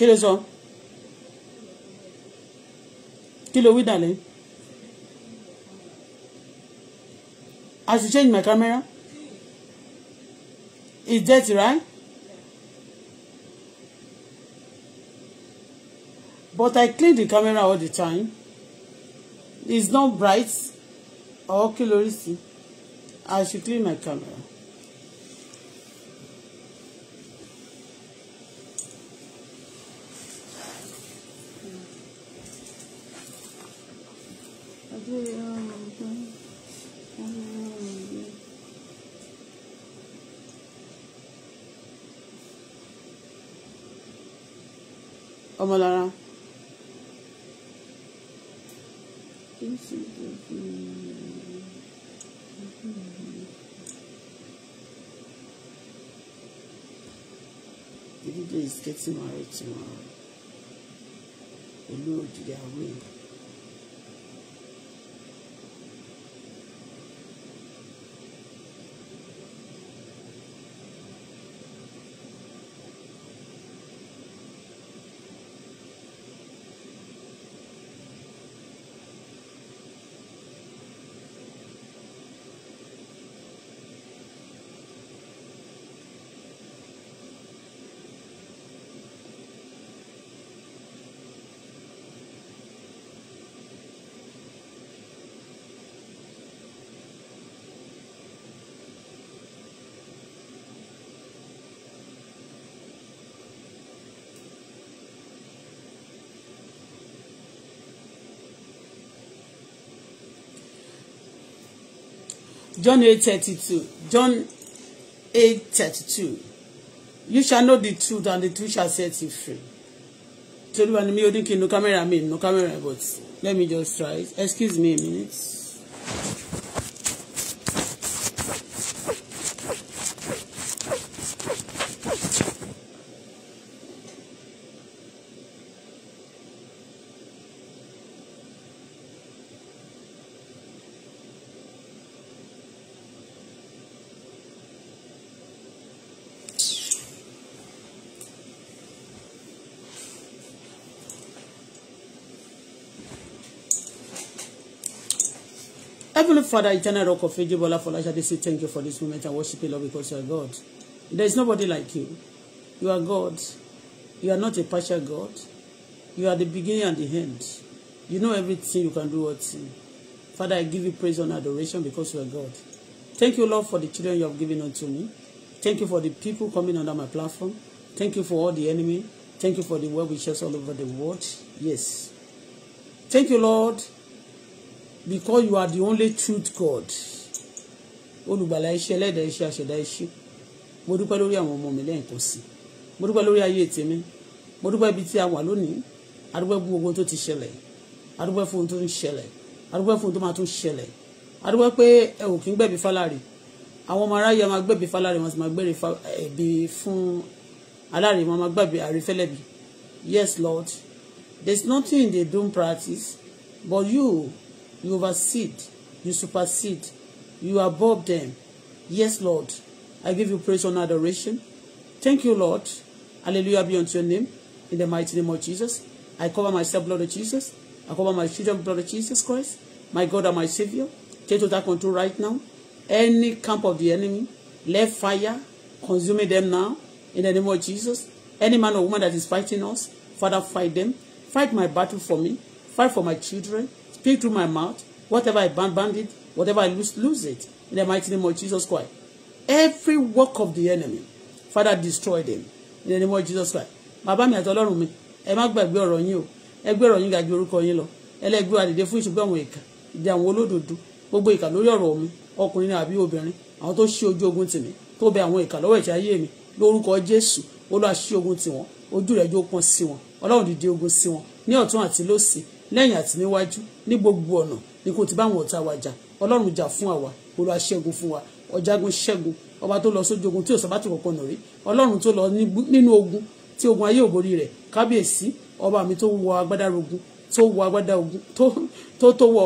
kí ló sọ kí ló wí dàlẹ́ I should change my camera it's dirty right but I clean the camera all the time it's not bright or oh, kí I should clean my camera. is getting married tomorrow. The Lord, they are John 8:32. John 8:32. You shall know the truth and the truth shall set you free. Tell you, I'm holding no camera, me no camera, but let me just try it. Excuse me a minute. Father, eternal rock of ages, Bola Folashade, say thank you for this moment. I worship you, Lord, because you are God. There is nobody like you. You are God. You are not a partial God. You are the beginning and the end. You know everything. You can do all you. Father, I give you praise and adoration because you are God. Thank you, Lord, for the children you have given unto me. Thank you for the people coming under my platform. Thank you for all the enemy. Thank you for the well wishes all over the world. Yes. Thank you, Lord, because you are the only truth God olùgbàlà iṣẹ́ ẹlẹ́dàá iṣẹ́ àṣẹ̀dá iṣẹ́ mo dúpẹ́ lórí àwọn ọmọ mi lẹ́yìn kan sí mo dúpẹ́ lórí ayé tèmi mo dúpẹ́ ibi tí a wà lónìí adúpẹ́ fún gbogbo tó ti ṣẹlẹ̀ adúpẹ́ fún ohun tó ń ṣẹlẹ̀ adúpẹ́ fún ohun tó máa tún ṣẹlẹ̀ adúpẹ́ pé ẹ ò kí ń gbẹ̀bí fálárì àwọn ọmọ aráyé máa gbẹ̀bí fálárì wọn sì máa gbẹ̀rẹ̀ ẹ̀bí fún alárè wọn máa gbàgbé àrífẹ́lẹ́bí yes Lord there is nothing they don't practice but you You overseed. You supersede. You above them. Yes, Lord. I give you praise and adoration. Thank you, Lord. Hallelujah be unto your name. In the mighty name of Jesus. I cover myself, blood of Jesus. I cover my children, blood of Jesus Christ. My God and my Savior. Take total control right now. Any camp of the enemy, let fire consume them now. In the name of Jesus. Any man or woman that is fighting us, Father, fight them. Fight my battle for me. Fight for my children speak through my mouth. Whatever I ban, ban it. Whatever I lose, lose it. In the mighty name of Jesus Christ. Every work of the enemy, Father, destroy them. In the name of Jesus Christ. Bàbá mi àti Ọlọ́run mi, ẹ má gbàgbé ọ̀rọ̀ yín o. Ẹ gbé ọ̀rọ̀ yín gàgbé orúkọ yín lọ. Ẹlẹ́gbẹ́ wa dìde fún ìṣùgbọ́n àwọn ìkà, ìdí àwọn olódodo, gbogbo ìkà lórí ọ̀rọ̀ mi, ọkùnrin àbí obìnrin, àwọn tó ṣí ojú ogun tì mí, tó bẹ àwọn ìkà lọ́wọ́ ìtì ayé mi, lórúkọ Jésù, Olúwa ṣí ogun tì wọ́n, ojú rẹ̀ jó pọ́n sí wọn, Ọlọ́run dìde ogun sí wọn, ní ọ̀tún àti lósì, lẹ́yìn àti níwájú ní gbogbo ọ̀nà ni kò ti bá àwọn ọ̀tá wa jà ọlọ́run jà fún àwa olúwa ṣẹ́gun fún wa ọ̀jágun ṣẹ́gun ọba tó lọ sójú ogun tí òsàn bá ti kọ̀kọ́ nà rí ọlọ́run tó lọ nínú ogun tí ogun ayé òborí rẹ̀ kábíyèsí ọba mi tó wọ agbádá ogun tó wọ agbádá ogun tó tó wọ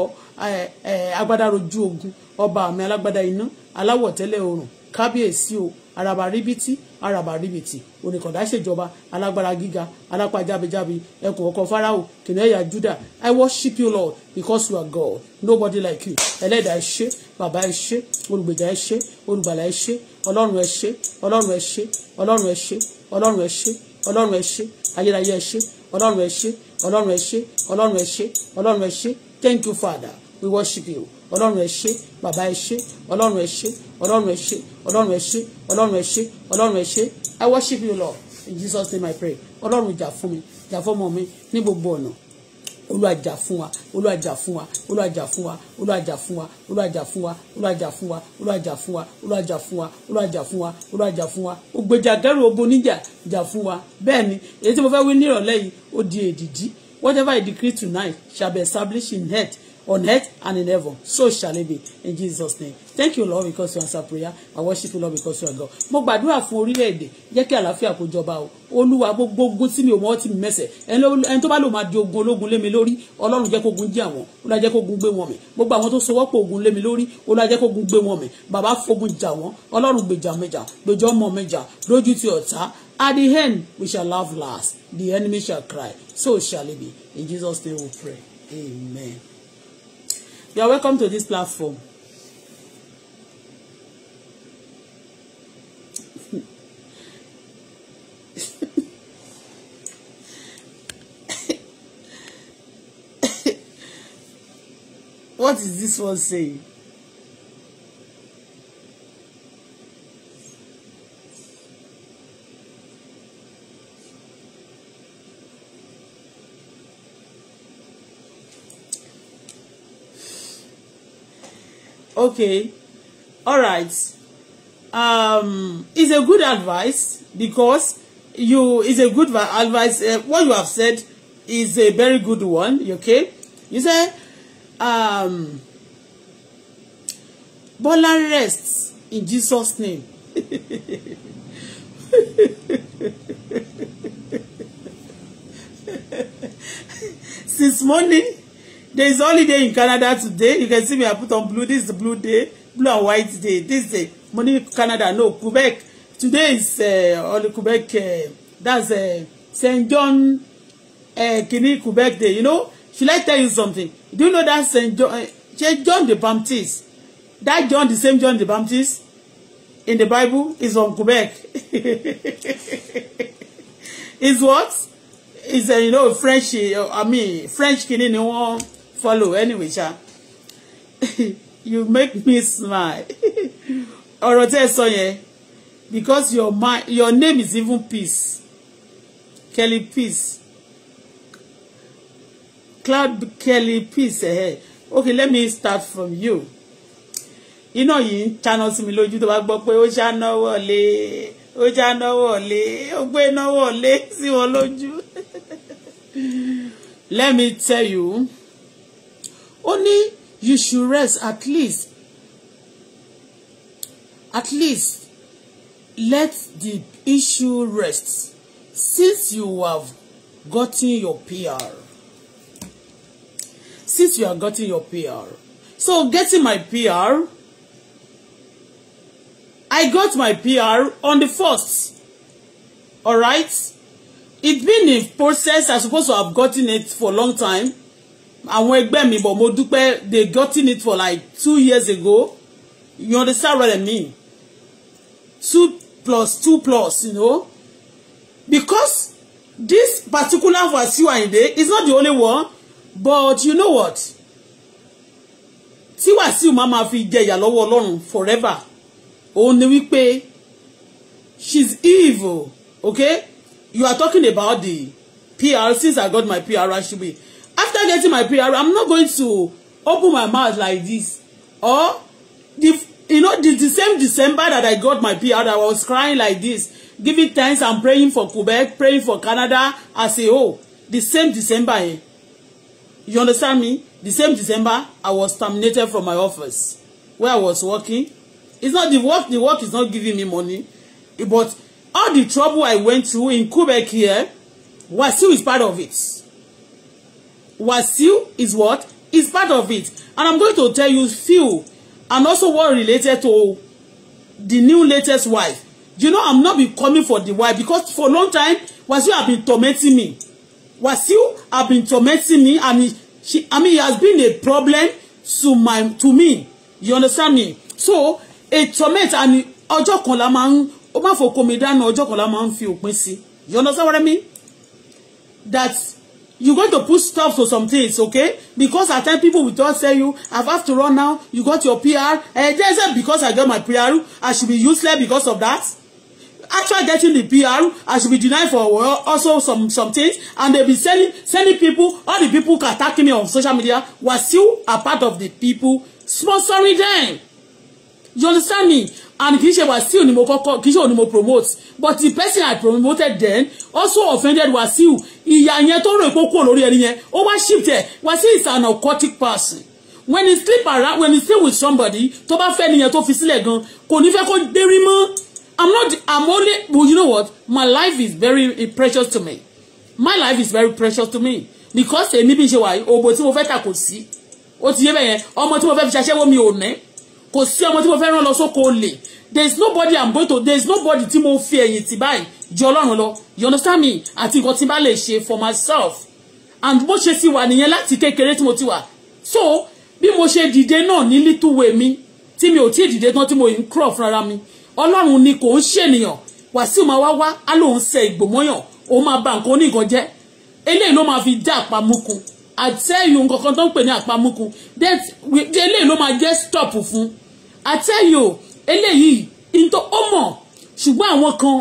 agbádá rojú ogun ọba mi alágbádá iná aláwọ̀ oòrùn kábíyèsí o araba ríbítí arabaribiti oníkàndá ṣèjọba alágbára gíga alápá jábíjábí ẹkùn ọkọ farao kìnìyà juda i worship you lord because you are god nobody like you ẹlẹ́dà ẹ ṣé bàbá ẹ ṣé olùgbèjà ẹ ṣé olùgbàlà ẹ ṣé ọlọ́run ẹ ṣé ọlọ́run ẹ ṣé ọlọ́run ẹ ọlọ́run ẹ ọlọ́run ẹ ayérayé ẹ ọlọ́run ẹ ọlọ́run ẹ ọlọ́run ẹ ọlọ́run ẹ thank you father we worship you ọlọ́run ẹ ṣé bàbá ẹ ṣé ọlọ́run ẹ ṣé ọlọ́run ẹ ṣé ọlọ́run ẹ ṣé ọlọ́run ẹ ṣé ọlọ́run ẹ ṣé i worship you lord in jesus name i pray ọlọ́run jà fún mi jà fún ọmọ mi ní gbogbo ọ̀nà olùwàjà fún wa olùwàjà fún wa olùwàjà fún wa olùwàjà fún wa olùwàjà fún wa olùwàjà fún wa olùwàjà fún wa olùwàjà fún wa olùwàjà fún wa olùwàjà fún wa ògbèjà kẹrù ogun níjà jà fún wa bẹ́ẹ̀ ni èyí tí mo fẹ́ wí nírọ̀lẹ́ yìí ó di èdìdí whatever I decree tonight shall be established in head on earth and in heaven so shall it be in Jesus name thank you Lord because you answer prayer I worship you Lord because you are God mo gbàdúrà fún orílẹ̀-èdè jẹ́ kí àlàáfíà kó jọba o olúwa gbogbo ogun tí mi ò mọ tí mi mẹsẹ̀ ẹni tó bá lò máa di ogun ológun lé mi lórí ọlọ́run jẹ́ kógun jẹ́ àwọn olúwa jẹ́ kógun gbé wọn mì gbogbo àwọn tó sowọ́pọ̀ ogun lé mi lórí olúwa jẹ́ kógun gbé wọn mì bàbá fogun jà wọ́n ọlọ́run gbèjà mẹ́jà gbèjà ọmọ mẹ́jà lójú ti ọ̀tá at the end we shall laugh last the enemy shall cry so shall it be in Jesus name we pray amen. You are welcome to this platform. What is this one saying? okay all right um it's a good advice because you it's a good advice uh, what you have said is a very good one okay you say um Bola rests in Jesus name since morning There is holiday in Canada today. You can see me, I put on blue. This is blue day, blue and white day. This day, money Canada, no, Quebec. Today is uh, on Quebec, uh, that's uh, St. John uh, Kini Quebec Day. You know, should I tell you something? Do you know that Saint John, uh, John the Baptist, that John, the same John the Baptist in the Bible is on Quebec. is what? Is, uh, you know, French, uh, I mean, French Kini ni wọ́n follow anyway ṣá you make me smile ọ̀rọ̀ tẹ́ sọ yẹn because your mind your name is even peace kelly peace cloud kelly peace eh. eh. okay let me start from you iná yìí ń ṣáná sí mi lójú tó bá gbọ́ pé ó ṣáná wọlé ó ṣáná wọlé ó gbé náà wọlé sí wọn lójú let me tell you ó ní you should rest at least at least let the issue rest since you have gotten your PR since you have gotten your PR so getting my PR I got my PR on the first all right it's been in process I supposed to have gotten it for a long time àwọn ẹgbẹ́ mi but mo dúpẹ́ they in it for like two years ago you understand what I mean two plus two plus you know because this particular Wasiu Ayinde is not the only one but you know what tí Wasiu máa ma fi jẹ ìyà lọ́wọ́ Ọlọ́run forever òun ni wípé she is evil okay you are talking about the PR since I got my PR I should be after getting my PR I'm not going to open my mouth like this or the you know the, the same December that I got my PR I was crying like this giving thanks and praying for Quebec praying for Canada I say, oh, the same December eh? you understand me the same December I was terminated from my office where I was working it's not the work the work is not giving me money but all the trouble I went through in Quebec here Wasiu is part of it Wasiu is what? Is part of it. And I'm going to tell you few and also what related to the new latest wife. You know, I'm not be coming for the wife because for long time, Wasiu have been tormenting me. Wasiu have been tormenting me and she, I mean, it has been a problem to my, to me. You understand me? So, a torment and ọjọ́ kan la máa ń, ó máa fòkó mi dáná, ọjọ́ kan la máa ń fi òpin sí. You understand what I mean? That's you're going to put stuff to some things, okay? Because at times people will just say you, I've have to run now, you got your PR. And eh, they say, because I got my PR, I should be useless because of that. Actually, getting the PR, I should be denied for also some, some things. And they'll be sending, sending people, all the people attacking me on social media, were still a part of the people sponsoring them. You understand me? and kì í ṣe Wasiu ni mo kọ́kọ́ kì í ṣe òun mo promote but the person I promoted then also offended Wasiu ìyá yẹn tó rò ìpókò lórí ẹni yẹn ó wá shift ẹ̀ Wasiu is an occultic person when he sleep around when he sleep with somebody tó bá fẹ́ nìyẹn tó fi sílẹ̀ gan kò ní fẹ́ kó gbérí mọ́ I'm not I'm only but you know what my life is very precious to me my life is very precious to me because èmi bí n ṣe wà ògbò tí mo fẹ́ tà kò sí ó ti yé bẹ́yẹn ọmọ tí mo fẹ́ fi ṣaṣẹ́wó mi ò ní kò sí ọmọ tí mo fẹ́ rán lọ sóko olè there is nobody i'm going to there is nobody tí mo fi ẹ̀yìn tì báyìí ju ọlọ́run lọ you understand me àti nǹkan tí n bá lè ṣe for myself and bó ṣe ti wà nìyẹn láti kékeré tí mo ti wà so bí mo ṣe dìde náà ní little way mi tí mi ò tí ì dìde tán tí mo ń kúrọ̀ fúnra mi ọlọ́run ni kò ń ṣènìyàn wàsíù máa wá wá á lóun ṣe ìgbòmọ́yàn òun máa ba nǹkan oníkan jẹ́ eléyìí ló máa fi dá àpamọ́kun àtẹ́yìn nǹkan kan tó ń pè ní àpamọ́kun eléyìí ló máa jẹ́ stop fún un I tell you eléyìí into ó mọ̀ ṣùgbọ́n àwọn kan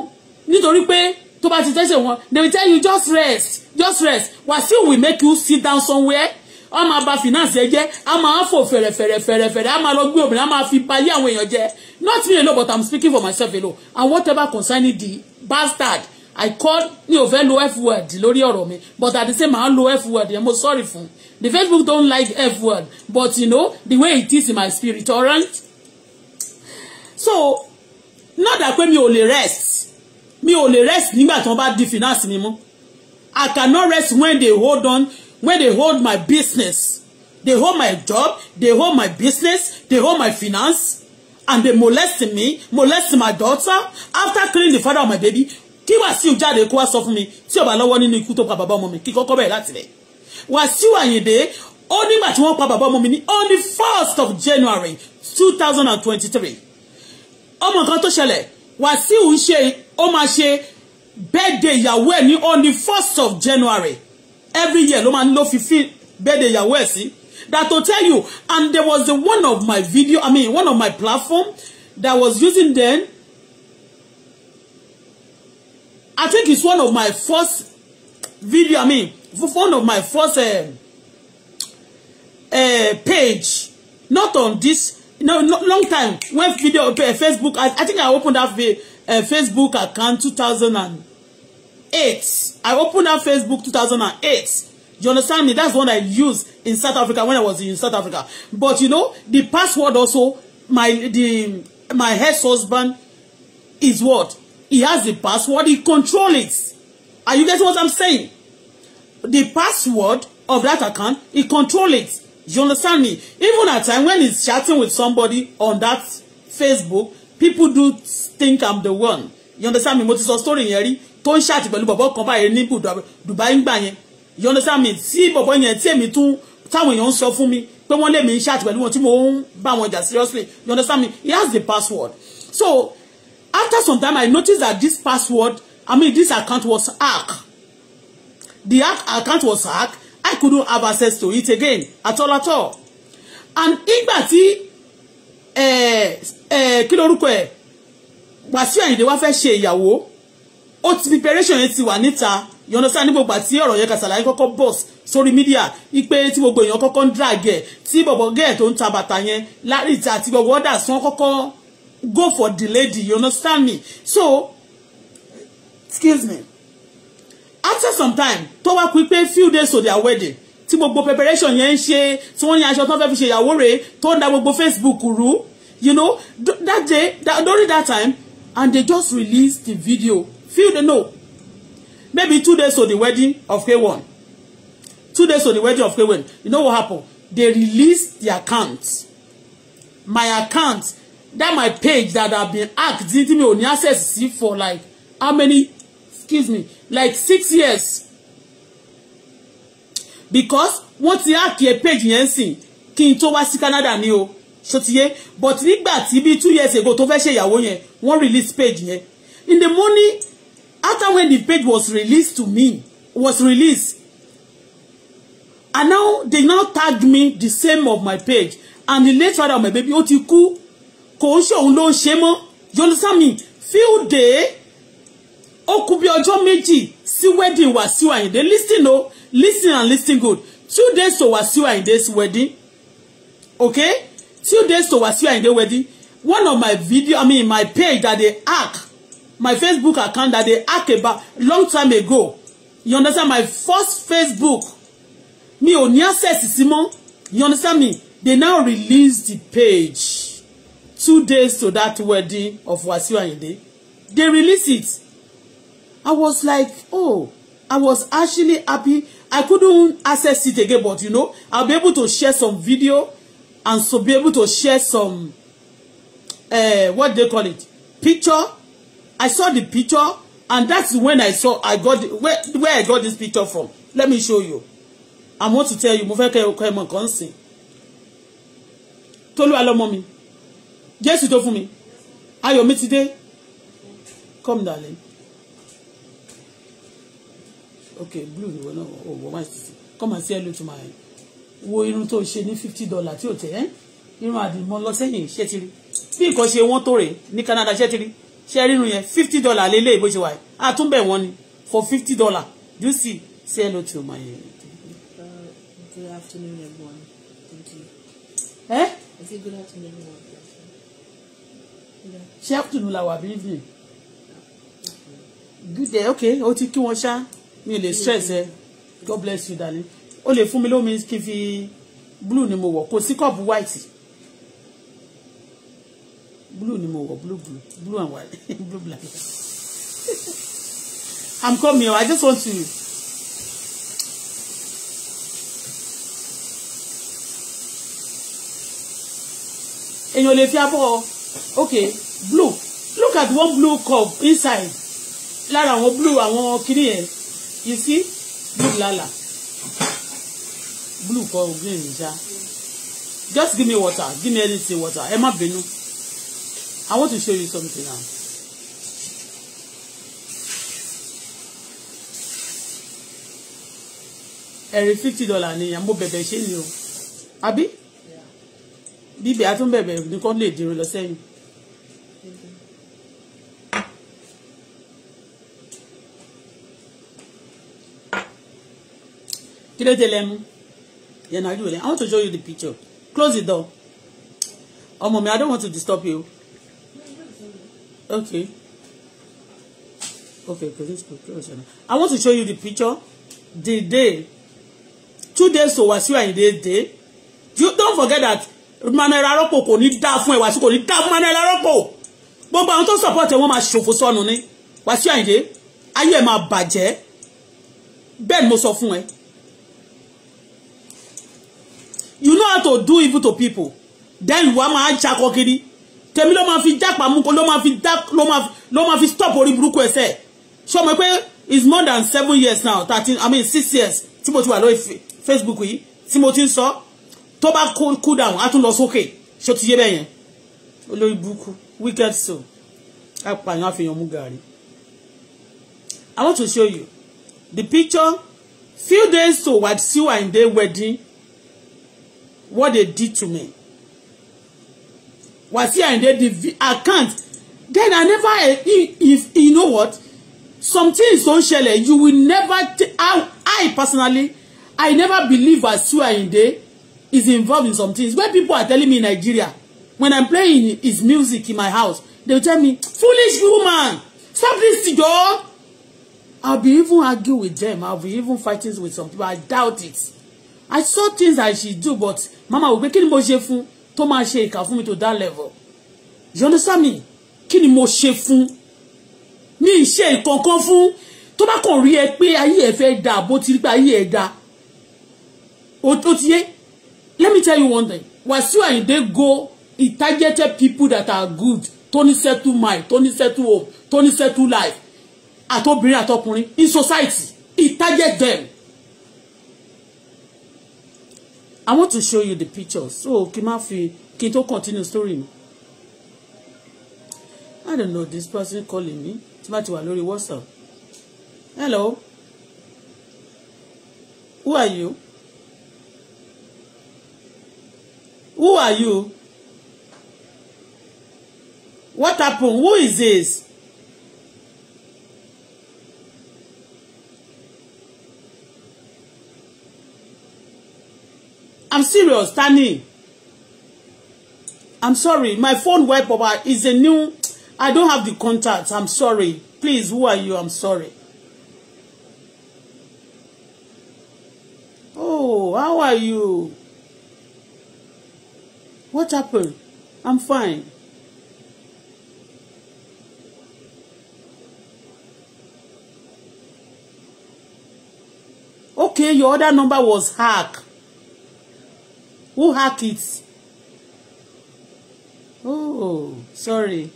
nítorí pé tó bá ti tẹ́sẹ̀ wọn they will tell you just rest just rest Wàsíù will make you sit down somewhere wọ́n máa ba finance ẹ jẹ́ a máa fò fẹ̀rẹ̀fẹ̀rẹ̀ fẹ̀rẹ̀fẹ̀rẹ̀ a máa lọ gbé obìnrin a máa fi bayé àwọn èèyàn jẹ́ not me alone but I'm speaking for myself alone and whatever concerning the bastard I call ní ó fẹ́ lo f word lórí ọ̀rọ̀ mi but at the same time I lo f word yẹn mo sorry fún the Facebook don't like f word but you know the way it is in my spirit alright so not that pé mi ò lè rest mi ò lè rest nígbà tí wọ́n di finance mi mo. I cannot rest when they hold on when they hold my business they hold my job they hold my business they hold my finance and they molest me molest my daughter after killing the father of my baby kí Wàsíù jáde kó wá sọ fún mi tí ó bá lọ́wọ́ nínú ikú tó pa bàbá ọmọ mi kí kọ́kọ́ bẹ̀rẹ̀ láti rẹ̀ Wàsíù Àyìndé ó nígbà tí wọ́n pa bàbá ọmọ mi ní on the first of January two thousand and twenty-three ọmọ nǹkan tó ṣẹlẹ̀ Wàsíù ń ṣe ó máa ṣe birthday ìyàwó ẹ̀ ní on the first of January every year ló máa ń lọ fífi birthday ìyàwó ẹ̀ sí that to tell you and there was the one of my video I mean one of my platform that was using then I think it's one of my first video I mean one of my first uh, uh, page not on this no, no long time when video uh, Facebook I, I think I opened that uh, eh, eh, Facebook account 2008 I opened that Facebook 2008 you understand me that's the one I used in South Africa when I was in South Africa but you know the password also my the my ex-husband is what he has the password he control it are you getting what I'm saying the password of that account he control it You understand me? Even at time when he's chatting with somebody on that Facebook, people do think I'm the one. You understand me? Mo ti sọ story yẹn rí tó ń ṣàtì pẹ̀lú bọ̀bọ̀ kan báyẹn ní Dubai ń gbà You understand me? Tí bọ̀bọ̀ yẹn tí èmi tún táwọn èèyàn ń sọ fún mi pé wọ́n lè mi ń ṣàtì pẹ̀lú wọn tí mo ń bá wọn seriously. You understand me? He has the password. So after some time I noticed that this password, I mean this account was hacked. The hack account was hacked I couldn't have access to it again at all at all and ìgbà tí kí lorúkọ ẹ̀ Wàsíù Àyìndé wá fẹ́ ṣe ìyàwó ó ti preparation yẹn ti wà níta you understand ní gbogbo àti ọ̀rọ̀ yẹn kàṣàlà yẹn kọ́kọ́ bọ́s sórí mídíà ipe tí gbogbo èèyàn kọ́kọ́ ń drag ẹ̀ tí bọ̀bọ̀ gẹ́ẹ̀ tó ń ta bàtà yẹn láríta àti gbogbo ọ̀dà sán kọ́kọ́ go for the lady you understand me so excuse me after some time tó wá kú pé few days to their wedding tí gbogbo preparation yẹn ń ṣe tí wọ́n ní aṣọ tó fẹ́ fi ṣe ìyàwó rẹ̀ tó ń da gbogbo Facebook rú you know that day that, during that time and they just released the video few days no maybe two days to the wedding of K1 two days to the wedding of K1 you know what happen they released the account my account that my page that I've been hacked didn't me only access see for like how many excuse me like six years because wọ́n ti hack a page yẹn sìn kí n tó wá sí Canada ni o ṣòtiyé but nígbà tí bíi two years ago tó fẹ́ ṣe ìyàwó yẹn wọ́n release page yẹn in the morning after when the page was released to me was released and now they now tag me the same of my page and the late father of my baby ó ti kú kò ń ṣe òun ló ń ṣe mọ́ you understand few days ó kù bí ọjọ́ méjì sí wedding Wàsíù Àyìndé listen o listen and listen good two days to Wàsíù Àyìndé's wedding okay two days to Wàsíù Àyìndé wedding one of my video I mean my page that they hack my Facebook account that they hack about long time ago you understand my first Facebook mi ò ní access sí mọ́ you understand me they now release the page two days to that wedding of Wasiu Ayinde they release it I was like, oh, I was actually happy. I couldn't access it again, but you know, I'll be able to share some video and so be able to share some, uh, what they call it, picture. I saw the picture and that's when I saw, I got, where, where I got this picture from. Let me show you. I want to tell you, mo fẹ́ kẹ́ ọkọ ẹmọ kan sìn. Tolúwa lọ́mọ mi. Jésù tó fún mi. Ayọ̀mítidé. Come darling okay blue ìwọ náà ò wọ one sixty come and say hello to my wo irun tó ṣe ní fifty dollar tí ò tẹ irun àdìmọ lọ sẹ́yìn ṣé ti rí bí nǹkan ṣe wọ́n tó rè ní Canada ṣé ti rí ṣe rírun yẹn fifty dollar lélẹ̀ bó ṣe wà àtúnbẹ̀ wọn ni for fifty dollar do you see say hello to my. Uh, good afternoon everyone thank you. Eh? I say good afternoon everyone. ṣé afternoon la wà bí evening good day okay o ti kí wọn ṣá mi ò lè stress ẹ god bless you darling o lè fún mi lómi kí n fi blue ni mo wọ̀ kò sí cup white blue ni mo wọ̀ blue blue blue and white blue black i'm coming o i just want to. èèyàn lè fi abọ́ okay blue look at one blue cup inside lára àwọn blue àwọn kìnìyẹn you see blue lala blue kọ o green nìjà just give me water give me anything water Emma, Benu. I want to show you something now. Every fifty dollar ni mo bẹ̀bẹ̀ ṣe I don't àbí You àtúnbẹ̀bẹ̀ nìkan you dìrò lọ sẹ́yìn. kí ló dé lẹ́nu yẹn náà I want to show you the picture close the door ọmọ mi I don't want to disturb you okay okay close the close the door I want to show you the picture the day two days to Wasiu Ayinde day you don't forget that Emmanuel Arọ́pò kò ní dá fún ẹ Wasiu kò ní dá fún Emmanuel Arọ́pò gbogbo àwọn tó support ẹ wọ́n máa ṣòfò sọnù ni Wasiu Ayinde ayé ẹ máa bàjẹ́ bẹ́ẹ̀ ni mo sọ fún ẹ you know how to do evil to people then ìwà máa jakọ kiri tèmi ló máa fi jápa mú kó ló máa fi dá ló máa ló máa fi stop orí burúkú ẹsẹ̀ ṣé o mọ̀ pé it's more than seven years now thirteen i mean six years tí mo ti wà lórí facebook yìí tí mo ti ń sọ tó bá cool down á tún lọ sókè ṣé o ti yé bẹ́ẹ̀ yẹn olórí burúkú wicked soul apààyàn àfihàn mú gàrí i want to show you the picture few days to Wasiu Ayinde wedding what they did to me. was Wasiu Ayinde the account then I never eh, if, you know what something things don ṣẹlẹ̀ you will never I, I personally I never believe as are in there is involved in some things when people are telling me in Nigeria when I'm playing his music in my house they tell me foolish woman stop this tijo oh. I'll be even argue with them I'll be even fighting with some people I doubt it I saw things that she do but mama wò pé kí ni mo ṣe fún tó máa ṣe ìkà fún mi to that level you understand me kí ni mo ṣe fún mi ṣe ìkankan fún tó bá kàn rí ẹ pé ayé ẹ fẹ́ dáa bó ti rí pé ayé ẹ dáa ó ti yé let me tell you one thing you and they go he targeted people that are good Tony ní settle mind Tony ní settle hope Tony ní settle life àtobìnrin àtọkùnrin in society he target them I want to show you the pictures so kí n má fi kí continue story I don't know this person calling me tí bá ti wà WhatsApp hello who are you who are you what happened? who is this. I'm serious, Tani. I'm sorry. My phone wipe over is a new. I don't have the contacts. I'm sorry. Please, who are you? I'm sorry. Oh, how are you? What happened? I'm fine. Okay, your other number was hacked. Who hacked it? Oh, sorry.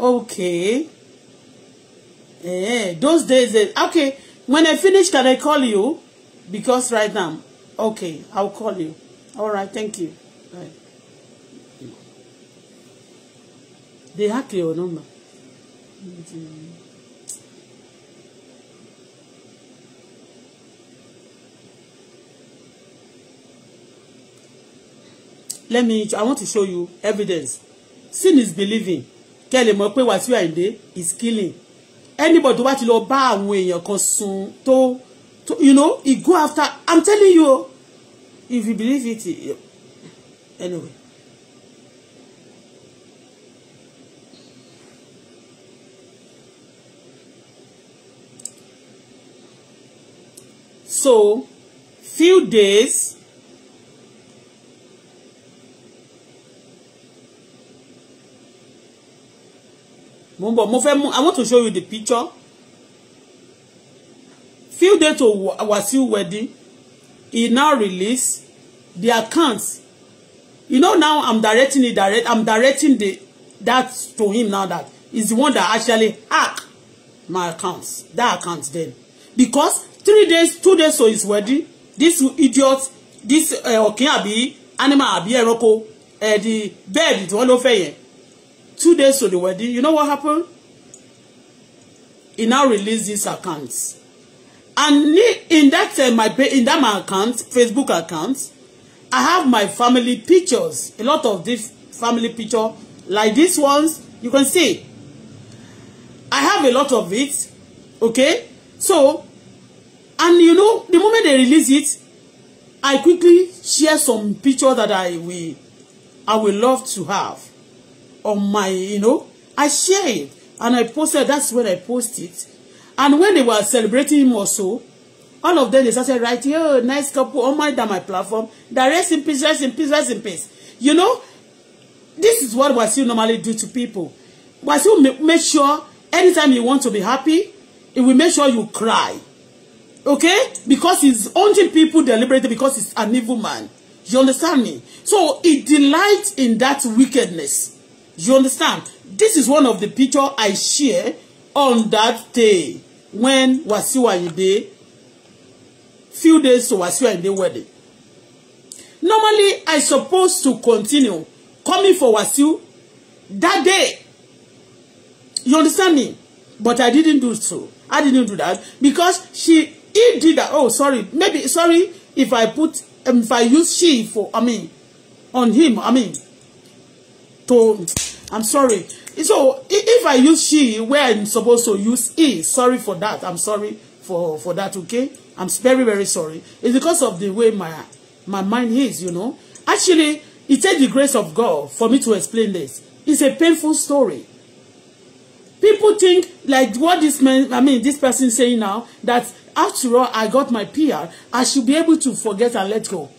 Okay. Eh, those days, eh, okay, when I finish, can I call you? Because right now, Okay, I'll call you. All right, thank you. Right. They hack your number. Let me, I want to show you evidence. Sin is believing. Kẹ́ lè mọ̀ pé Wasiu Ayinde is killing. Anybody tó bá ti lọ bá àwọn èèyàn kan to, you know he go after i'm telling you if you believe it anyway so few days mo bọ̀ mo i want to show you the picture few days to Wasiu wedding, he now released the accounts. You know now I'm directing it direct. I'm directing the that to him now that is the one that actually hack my accounts. That account then because three days, two days to his wedding, this idiot, this uh, okay abi animal abi ẹranko uh, the bed tí wọ́n ló fẹ́ Two days to the wedding. You know what happened? He now released these accounts and in that uh, my in that my account Facebook account I have my family pictures a lot of this family picture like these ones you can see I have a lot of it okay so and you know the moment they release it I quickly share some picture that I will I will love to have on my you know I share it and I posted that's when I post it And when they were celebrating him also, all of them, they started writing, oh, nice couple, all oh, my down my platform. They rest in peace, rest in peace, rest in peace. You know, this is what Wasiu normally do to people. Wasiu make sure anytime you want to be happy, it will make sure you cry. Okay? Because he's haunting people deliberately because he's an evil man. You understand me? So he delights in that wickedness. You understand? This is one of the picture I share on that day when Wasiu Ayinde few days to Wasiu Ayinde wedding. Normally, I supposed to continue coming for Wasiu that day. You understand me? But I didn't do so. I didn't do that because she he did that. Oh, sorry. Maybe sorry if I put um, if I use she for I mean on him. I mean to I'm sorry so if I use she where I'm supposed to use he, sorry for that. I'm sorry for for that. Okay, I'm very very sorry. It's because of the way my my mind is. You know, actually, it takes the grace of God for me to explain this. It's a painful story. People think like what this man, I mean, this person saying now that after all, I got my PR. I should be able to forget and let go.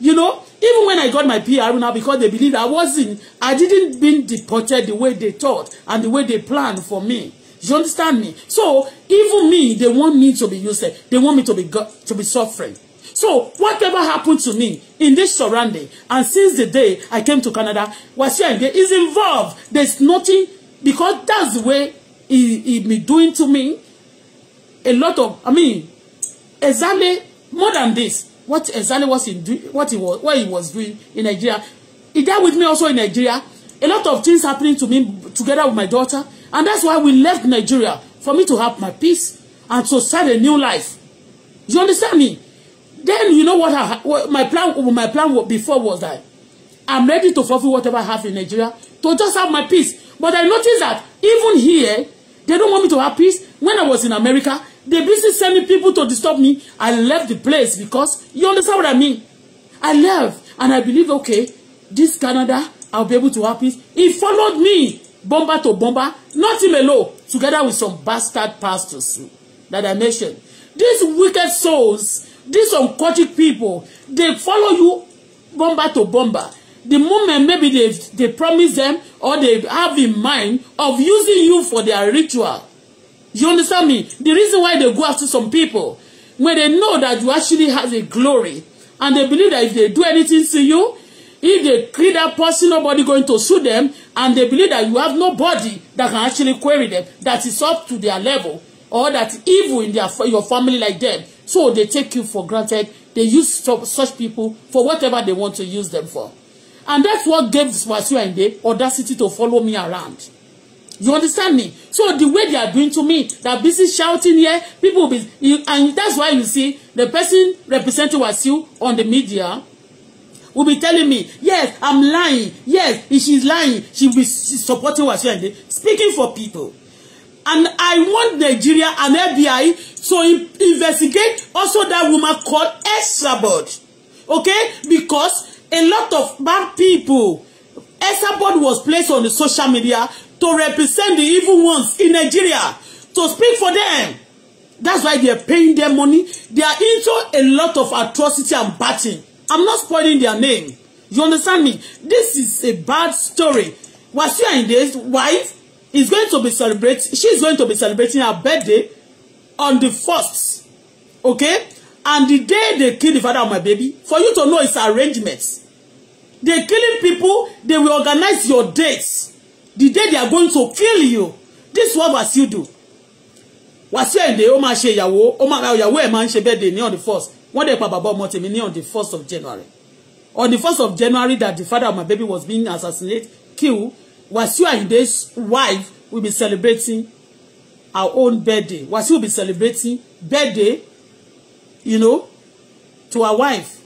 You know, even when I got my PR now, because they believe I wasn't, I didn't been deported the way they thought and the way they planned for me. You understand me? So even me, they want me to be used. They want me to be to be suffering. So whatever happened to me in this surrounding, and since the day I came to Canada, Wasiu Ayinde is involved. There's nothing because that's the way he he be doing to me. A lot of, I mean, exactly more than this what exactly was he doing, what he was, what he was doing in Nigeria. He died with me also in Nigeria. A lot of things happening to me together with my daughter, and that's why we left Nigeria for me to have my peace and to start a new life. You understand me? Then you know what, I, what my plan. My plan before was that I'm ready to fulfill whatever I have in Nigeria to just have my peace. But I noticed that even here, they don't want me to have peace. When I was in America, They busy sending people to disturb me. I left the place because you understand what I mean. I left and I believe okay, this Canada I'll be able to help it. He followed me bomber to bomber, not him alone, together with some bastard pastors that I mentioned. These wicked souls, these uncultured people, they follow you bomber to bomber. The moment maybe they they promise them or they have in mind of using you for their ritual You understand me? The reason why they go after some people, when they know that you actually have a glory, and they believe that if they do anything to you, if they kill that person, nobody going to sue them, and they believe that you have nobody that can actually query them, that is up to their level, or that evil in their your family like them. So they take you for granted. They use such people for whatever they want to use them for. And that's what gave and Ayinde audacity to follow me around. You understand me? So the way they are doing to me, that busy shouting here, people be, you, and that's why you see the person representing Wasiu on the media will be telling me, yes, I'm lying, yes, if she's lying, she'll be supporting Wasiu and speaking for people. And I want Nigeria and FBI to investigate also that woman called Esabod. Okay? Because a lot of bad people Esabod was placed on the social media to represent the evil ones in Nigeria, to speak for them. That's why they are paying them money. They are into a lot of atrocity and batting. I'm not spoiling their name. You understand me? This is a bad story. Wasiu this wife is going to be celebrating, she's going to be celebrating her birthday on the first, Okay? And the day they kill the father of my baby, for you to know it's arrangements. They're killing people, they will organize your dates the day they are going to kill you this is what Wasiu do Was Ayinde ó máa ṣe ìyàwó ó máa ra ìyàwó ẹ̀ máa ń birthday ní on the first wọ́n dẹ̀ pa bàbá ọmọ tèmi ní on the first of January on the first of January that the father of my baby was being assassinated kill. Was killed and his wife will be celebrating our own birthday Wasiu will be celebrating birthday you know to our wife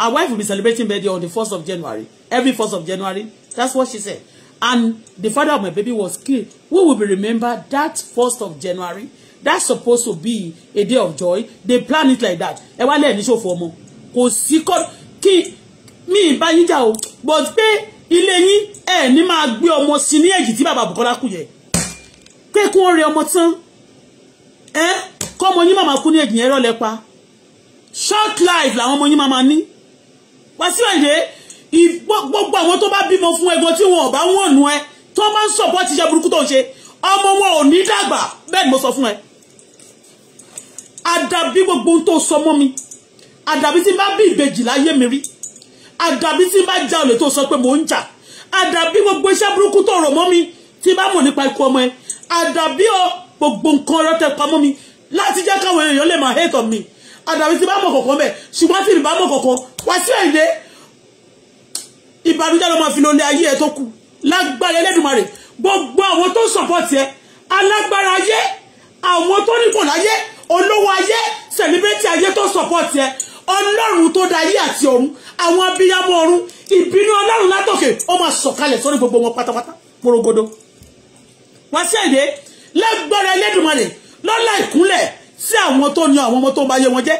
our wife will be celebrating birthday on the first of January every first of January that's what she said and the father of my baby was killed we will be remember that first of January that's supposed to be a day of joy they plan it like that ẹ wá lẹ́yìn níṣòfò ọmọ kò sí kọ́ kí mi bá yín jà o but pé ilé yín ẹ ní máa gbé ọmọ sí ní èjì tí bàbá Bukola kù yẹ pé kí wọ́n rí ọmọ tán ẹ kọ́ ọmọ yín màmá kú ní èjì yẹn rọ́lẹ́pa short life làwọn ọmọ yín màmá ní wá síwájú gbogbo àwọn tó bá bímọ fún ẹgbọn tí wọn ò bá wọn nù ẹ tó máa ń sọpọ tíṣe burúkú tó ń ṣe ọmọ wọn ò ní dàgbà bẹ́ẹ̀ ni mo sọ fún ẹ àdàbí gbogbo tó sọ mọ́ mi àdàbí tí n bá bí ìbejì láyé mi rí àdàbí tí n bá já olè tó sọ pé mò ń jà àdàbí gbogbo iṣẹ́ burúkú tó rọ̀ mọ́ mi tí n bá mọ̀ nípa ikú ọmọ ẹ àdàbí ọ gbogbo nǹkan rọ́tẹ̀ pamọ́ mi láti jẹ́ káwọn èèyàn lè máa hate on mi àdàbí tí n bá mọ̀ kọ̀ọ̀kan bẹ̀ ṣùgbọ́n tí n bá mọ̀ kọ̀ọ̀kan wá sí ẹ̀yẹ ìbànújẹ́ ló máa fi lólé ayé ẹ tó kù lágbára Ẹlẹ́dùmarè gbogbo àwọn tó sọ̀pọ̀tì ẹ alágbára ayé àwọn tó nípò láyé olówó ayé sẹ̀líbẹ́tì ayé tó sọ̀pọ̀tì ẹ ọlọ́run tó dá ayé àti ọ̀run àwọn abiyamọ ọ̀run ìbínú ọlọ́run látòkè ó máa sọ̀kalẹ̀ sórí gbogbo wọn pátápátá porogodo wá sí èdè lágbára Ẹlẹ́dùmarè lọ́lá ìkúnlẹ̀ sí àwọn tó ní àwọn ọmọ tó ń bà ayé wọn jẹ́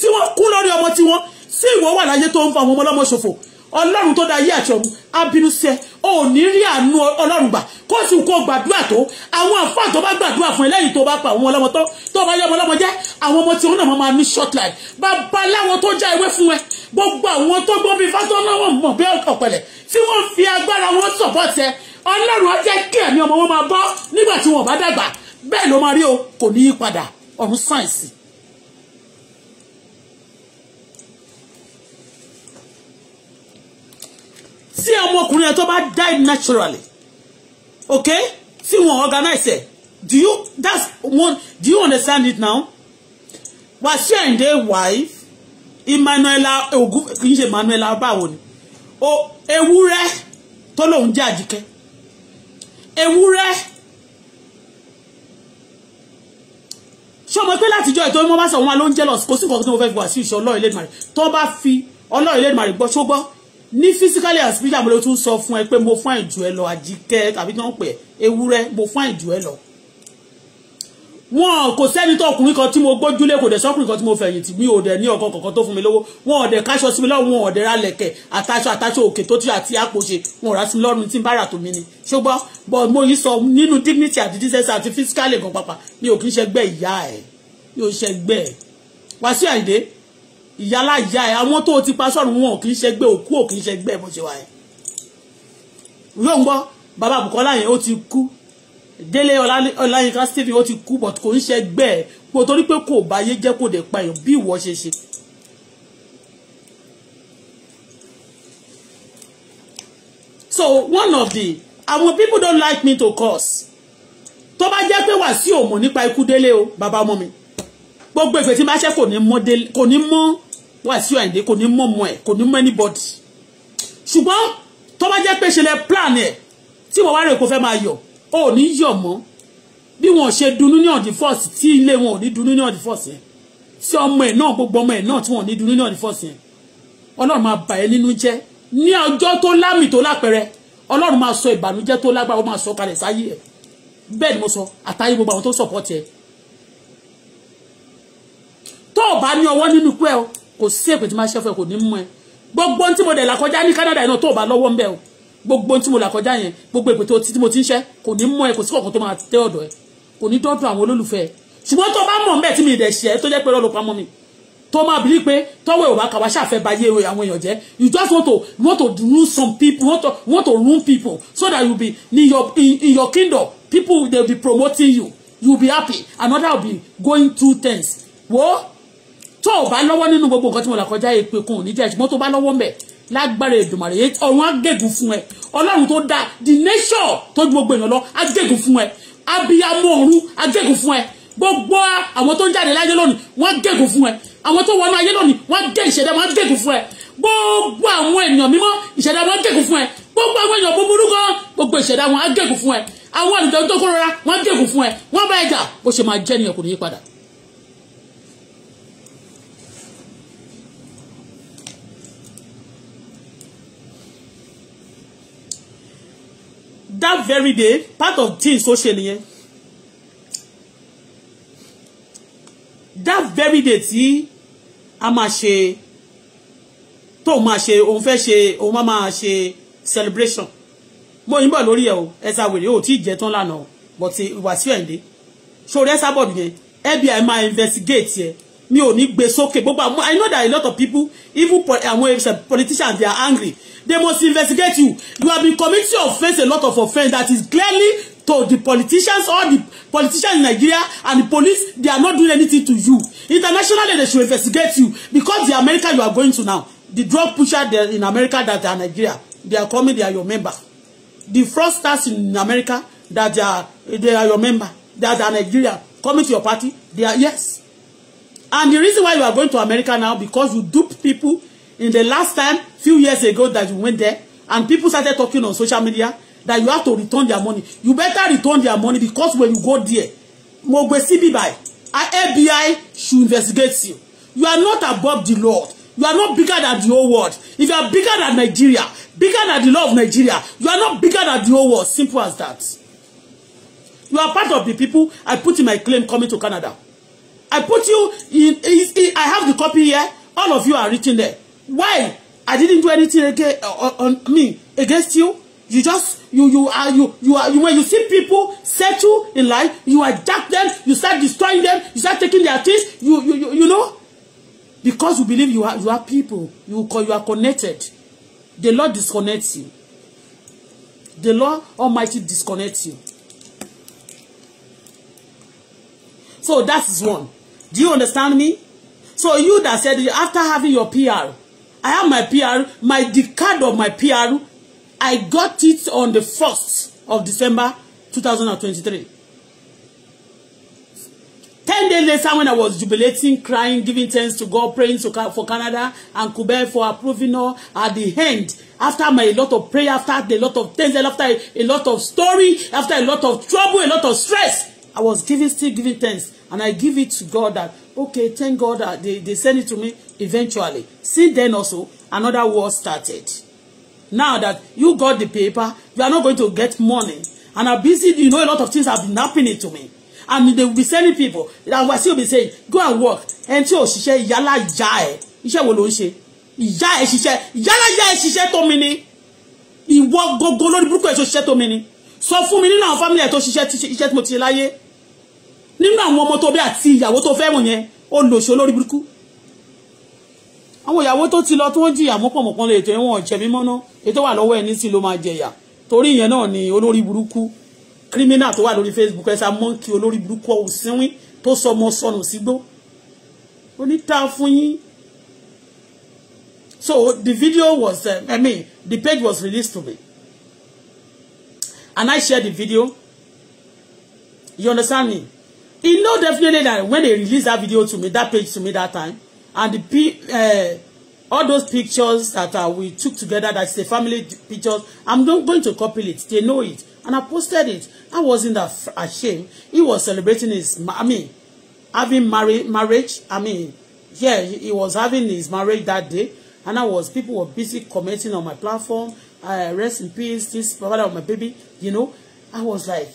tí wọ́n kú lórí ọmọ tí wọ́n sí ìwọ wà láyé tó ń fa àwọn ọmọ ọlọ́mọ ṣòfò ọlọ́run tó dá ayé àti ọ̀run abínú sẹ ò ní rí àánú ọlọ́run gbà kó sì kó gbàdúrà tó àwọn àfáà tó bá gbàdúrà fún eléyìí tó bá pa àwọn ọlọ́mọ tó tó bá yẹ ọmọ ọlọ́mọ jẹ́ àwọn ọmọ tí wọn náà máa ní short life bàbá láwọn tó já ewé fún ẹ gbogbo àwọn tó gbọ́ bí fásitì ọlọ́wọ́ mọ̀ bí ọ̀pẹ̀lẹ̀ tí wọ́n fi agbára wọn support ẹ ọlọ́run á jẹ́ kí ẹ̀mí ọmọ wọn máa bọ́ nígbà tí wọn bá dàgbà bẹ́ẹ̀ ló máa rí o kò ní í padà ọ̀run sáyẹ̀nsì tí ọmọkùnrin yẹn tó bá die naturally okay tí wọn organize ẹ do you that's one do you understand it now Wasiu Ayinde wife Emmanuela ogun kì í ṣe Emmanuela báwo ni o ewúrẹ́ tó lóun jẹ́ àjíkẹ́ ewúrẹ́ ṣé ọmọ pé látijọ́ ètò ìmọ̀ bá sọ wọn ló ń jẹ́ lọ kó sí nǹkan tí mo fẹ́ fi wà sí ìṣọ́ ọlọ́ọ̀lẹ́dìmọ̀rì tó bá fi ọlọ́ọ̀lẹ́dìmọ̀rì gbọ́ ṣó gbọ́ ní physically as bíjà mo ló tún sọ fún ẹ pé mo fún àìjù ẹ lọ àjíkẹ́ tàbí tí wọ́n pè ewúrẹ́ mo fún àìjù ẹ lọ. wọn kò sẹ́ni tó ọkùnrin kan tí mo gbójúlé kò dẹ̀ sọ́kùnrin kan tí mo fẹ̀yìntì mi ò dẹ̀ ní ọkọ̀ kọ̀ọ̀kan tó fún mi lówó wọn ò dẹ̀ káṣọ sí mi lọ́rùn wọn ò dẹ̀ ra lẹ̀kẹ̀ àtàṣọ àtàṣọ òkè tó ti àti àpòṣe wọn ò rà sí mi lọ́rùn tí ń bára tó mi ni ṣùgbọ́n bọ́ mo yí sọ nínú dignity àti decency àti physically gan pàpà mi ò kì í ṣẹgbẹ́ ìyá ìyálà ìyá ẹ àwọn tó ti pa sọ́run wọn kì í ṣe gbé òkú ò kì í ṣe gbé bó ṣe wà ẹ yóò ń gbọ́ bàbá Bùkọ́lá yẹn ó ti kú Délé Ọláyínká Stephen ó ti kú but kò ń ṣe gbé ẹ pé torí pé kò báyé jẹ́ kò dẹ̀ pa èèyàn bí ìwọ ṣe ṣe. so one of the àwọn people don't like me to curse tó bá jẹ́ pé Wàsíù ò mọ̀ nípa ikú Délé o bàbá ọmọ mi gbogbo ìfẹ́ tí bá ṣe kò ní mọ́ Wasiu Ayinde kò ní mọ̀ mọ́ ẹ̀ kò ní mọ̀ anybody ṣùgbọ́n tó bá jẹ́ pé ṣe lẹ plan ẹ̀ tí wọ́n wá rè kó fẹ́ máa yọ̀ ó ní yọ̀ mọ́ bí wọn ṣe dunú ní ọ̀dí fọ́ọ̀sì tí ilé wọn ò ní dunú ní ọ̀dí fọ́ọ̀sì yẹn tí ọmọ ẹ̀ náà gbogbo ọmọ ẹ̀ náà tí wọn ò ní dunú ní ọ̀dí fọ́ọ̀sì yẹn ọlọ́run máa bà ẹ́ nínú jẹ́ ní ọjọ́ tó lámì tó lápẹẹrẹ ọlọ́run máa sọ ìbànújẹ́ tó lágbára ó máa sọ kalẹ̀ sáyé ẹ̀ bẹ́ẹ̀ ni mo sọ àtàyè gbogbo àwọn tó sọ̀pọ̀ tiẹ̀ tó o bá ní ọwọ́ nínú pẹ́ o kò sí èpè tí máa ṣe fún kò ní mú ẹ gbogbo ohun tí mo dẹ̀ là ní Canada náà tó o bá lọ́wọ́ ń bẹ̀ o gbogbo ohun tí mo là yẹn gbogbo èpè tí mo ti ń ṣe kò ní mú ẹ kò sí kọ̀ọ̀kan tó máa tẹ́ ọ̀dọ̀ ẹ kò ní dọ́dọ̀ àwọn olólùfẹ́ ẹ ṣùgbọ́n tó bá mọ̀ mbẹ́ tí mi dẹ̀ ṣe tó jẹ́ pé lọ́lọ́ pamọ́ mi tó máa bí pé tọ́wọ́ ìwà kàwá ṣàfẹ́ ba yé àwọn èèyàn jẹ́ you just want to want to ruin some people want to want to ruin people so that you be in your in, in your kingdom people dey be promoting you you be happy another will be going through things wo tó o bá lọ́wọ́ nínú gbogbo nǹkan tí mo là kọjá èpè kan ò ní jẹ́ ṣùgbọ́n tó bá lọ́wọ́ mbẹ̀ lágbára Èdùmàrè ọ̀run á fún ẹ ọlọ́run tó dá the nation tó ju gbogbo èèyàn lọ á gègùn fún ẹ abiyamọ ọ̀run á gègùn fún ẹ gbogbo àwọn tó ń jáde láyé lónìí wọ́n á gègùn fún ẹ àwọn tó wọnú ayé lónìí wọ́n á gé ìṣẹ̀dá wọn á gègùn fún ẹ gbogbo àwọn èèyàn mímọ́ ìṣẹ̀dá wọn á fún ẹ gbogbo àwọn èèyàn búburú kan gbogbo ìṣẹ̀dá wọn á fún ẹ àwọn àlùjọ tó kórora wọ́n á gègùn fún ẹ wọ́n bá ẹja bó ṣe máa jẹ́ nìyẹn kò ní yí padà that very day part of things tó ṣe nìyẹn that very day tí a máa ṣe tó máa ṣe òun fẹ́ ṣe òun máa máa ṣe celebration mo yín bọ̀ lórí ẹ̀ o ẹ̀sà wèrè ò tí ì jẹ́ tán lánàá but ìwà sí ẹ̀ ń dé ṣòro ẹ̀sà bọ̀dù yẹn FBI máa investigate yẹn mi ò ní gbé sókè gbogbo àwọn i know that a lot of people even àwọn politicians they are angry they must investigate you you have been committing offence a lot of offence that is clearly to the politicians all the politicians in Nigeria and the police they are not doing anything to you internationally they should investigate you because the America you are going to now the drug pusher there in America that are Nigeria they are coming they are your member the fraudsters in America that they are they are your member that are Nigeria coming to your party they are yes And the reason why you are going to America now, because you duped people in the last time, few years ago that you went there, and people started talking on social media that you have to return their money. You better return their money because when you go there, mo gbé síbí FBI should investigate you. You are not above the law. You are not bigger than the whole world. If you are bigger than Nigeria, bigger than the law of Nigeria, you are not bigger than the whole world. Simple as that. You are part of the people I put in my claim coming to Canada. I put you in, in, in, I have the copy here. All of you are written there. Why? I didn't do anything again, on, uh, uh, on me against you. You just you you are you you are you, when you see people settle in life, you attack them, you start destroying them, you start taking their things. You you you, you know, because you believe you are you are people. You you are connected. The Lord disconnects you. The Lord Almighty disconnects you. So that is one. Do you understand me? So you that said after having your PR, I have my PR, my the card of my PR, I got it on the 1st of December 2023. Ten days later when I was jubilating, crying, giving thanks to God, praying to, for Canada and Quebec for approving all at the end, after my lot of prayer, after a lot of things, after a lot of story, after a lot of trouble, a lot of stress, I was giving, still giving thanks and I give it to God that, okay, thank God that they, they send it to me eventually. Since then also, another war started. Now that you got the paper, you are not going to get money. And I busy, you know, a lot of things have been happening to me. And they will be sending people. that will still be saying, go and work. Ẹni tí ò ṣiṣẹ́ yálà ìyá ẹ̀. wo ló ń ṣe? Ìyá ẹ̀ ṣiṣẹ́. Yálà ìyá ẹ̀ ṣiṣẹ́ tó mi ni. Ìwọ gógó lórí burúkú ẹ̀ tó ṣiṣẹ́ tó mi ni. Sọ fún mi nínú àwọn fámìlì ẹ̀ tó ṣiṣẹ́ tí mo ti láyé nínú àwọn ọmọ tó bí àti ìyàwó tó fẹ́ràn yẹn ó lò ṣe olórí burúkú àwọn ìyàwó tó ti lọ tó ń jìyà mọ́pọ̀mọ́pọ́n lè tó ẹ̀wọ̀n jẹ mímọ́ náà ètò wà lọ́wọ́ ẹ̀ ní sí ló máa jẹyà torí ìyẹn náà ni olórí burúkú kírímínà tó wà lórí Facebook ẹ̀ sá mọ́ǹkì olórí burúkú ọ̀hún tó sọmọ sọnù sígbó oníta fún yín So the video was, uh, I mean, the page was released to me. And I shared the video. You understand me? He know definitely that when they release that video to me, that page to me that time, and the uh, all those pictures that uh, we took together, that's the family pictures, I'm not going to copy it. They know it. And I posted it. I wasn't that ashamed. He was celebrating his, I mean, having marri marriage. I mean, yeah, he, he was having his marriage that day. And I was, people were busy commenting on my platform. Uh, rest in peace, this, father of my baby, you know. I was like,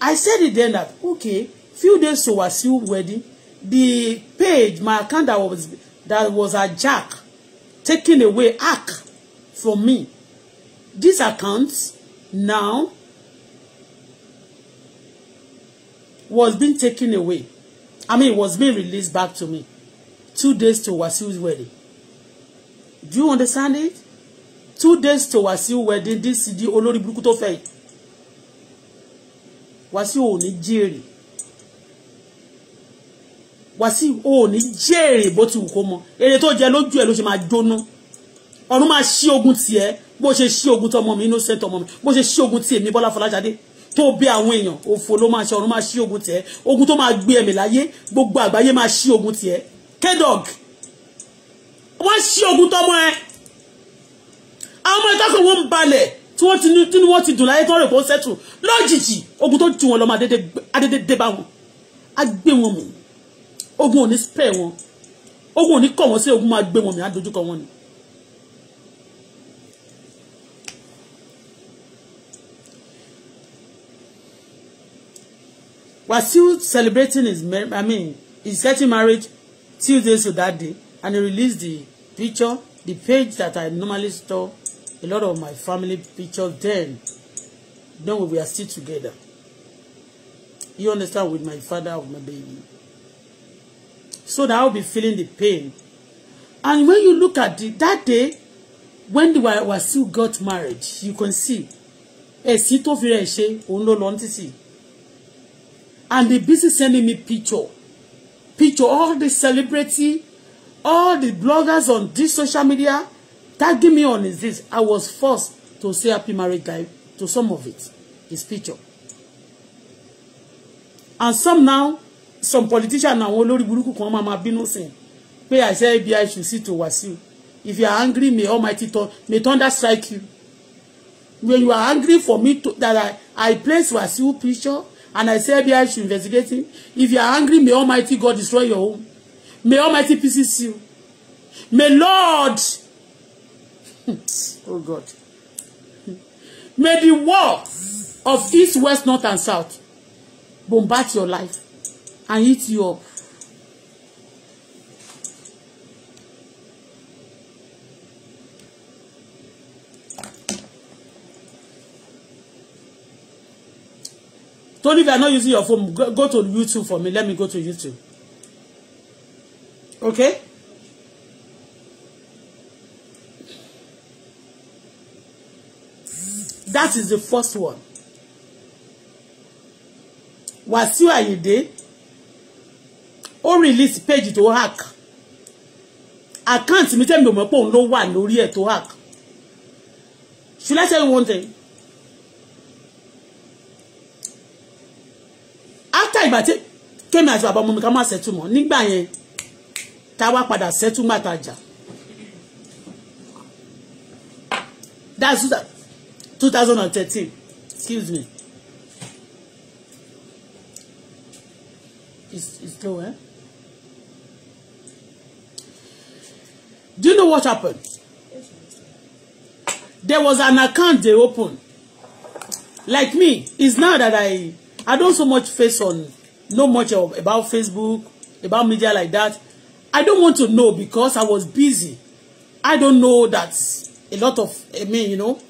I said it then that, okay, few days to Wasiu wedding, the page, my account that was that was a jack taken away hack from me. This account now was being taken away. I mean, it was being released back to me. Two days to Wasiu's wedding. Do you understand it? Two days to Wasiu wedding, this is the Olori tó fẹ́. Wasiu ò Jerry. Wàsíù o ò ní jèrè bó ti wù kó mọ èrè tó jẹ lójú ẹ ló ṣe máa jóná ọ̀run máa ṣí ogun tiẹ̀ bó ṣe ṣí ogun tọmọ mi innocent ọmọ mi bó ṣe ṣí ogun tiẹ̀ mi Bọ́lá Fọláṣadé tó bí àwọn èèyàn òfò ló máa ṣe ọ̀run máa ṣí ogun tiẹ̀ ogun tó máa gbé ẹ̀mí láyé gbogbo àgbáyé máa ṣí ogun tiẹ̀ kedog wọ́n ṣí ogun tọmọ ẹ àwọn ọmọ ìtọ́kùn wọn ń balẹ̀ tí wọ́n ti ní wọ́n ti dùn láyé tó kó sẹ́tù lójijì ogun tó ju wọn lọ máa adédé dé bá wọn á wọn mọ̀ ogun ò ní spare wọn ogun ò ní kọ̀ wọ́n sí ogun máa gbé wọn mi á wọn ni. Wasiu celebrating his I mean his getting married, marriage Tuesday to that day and he released the picture the page that I normally store a lot of my family pictures then then we were still together you understand with my father of my baby so that I'll be feeling the pain. And when you look at the, that day, when the still got married, you can see, ẹ̀sìn eh, tó fi rẹ̀ ṣe òun And the business sending me picture, picture all the celebrity, all the bloggers on this social media, tagging me on is this. I was forced to say happy marriage guy to some of it, his picture. And some now, some politician àwọn olórí burúkú kan máa ma bínú sìn pé àṣẹ ibi i should see to Wasiu if you are angry may almighty turn may thunder strike you when you are angry for me to that i i place Wasiu picture and i say ibi i should investigate him if you are angry may almighty God destroy your home may almighty pieces you may lord oh god may the war of east west north and south bombard your life and eat you up. Tony, if you are not using your phone, go, go to YouTube for me. Let me go to YouTube. Okay? That is the first one. Wasiu Ayinde ó release page tó hack account mi tẹ́mi ò mọ̀ pé òun ló wà lórí ẹ̀ tó hack should I tell you one thing after ìgbà tí kémi àti bàbá ọmọ mi ká má ṣẹ́tù mọ́ nígbà yẹn tá a wá padà ṣẹ́tù má ta jà that's two thousand and thirteen excuse me it's, it's low eh. Do you know what happened? There was an account they opened. Like me, it's now that I I don't so much face on know much of about Facebook, about media like that. I don't want to know because I was busy. I don't know that a lot of I mean, you know.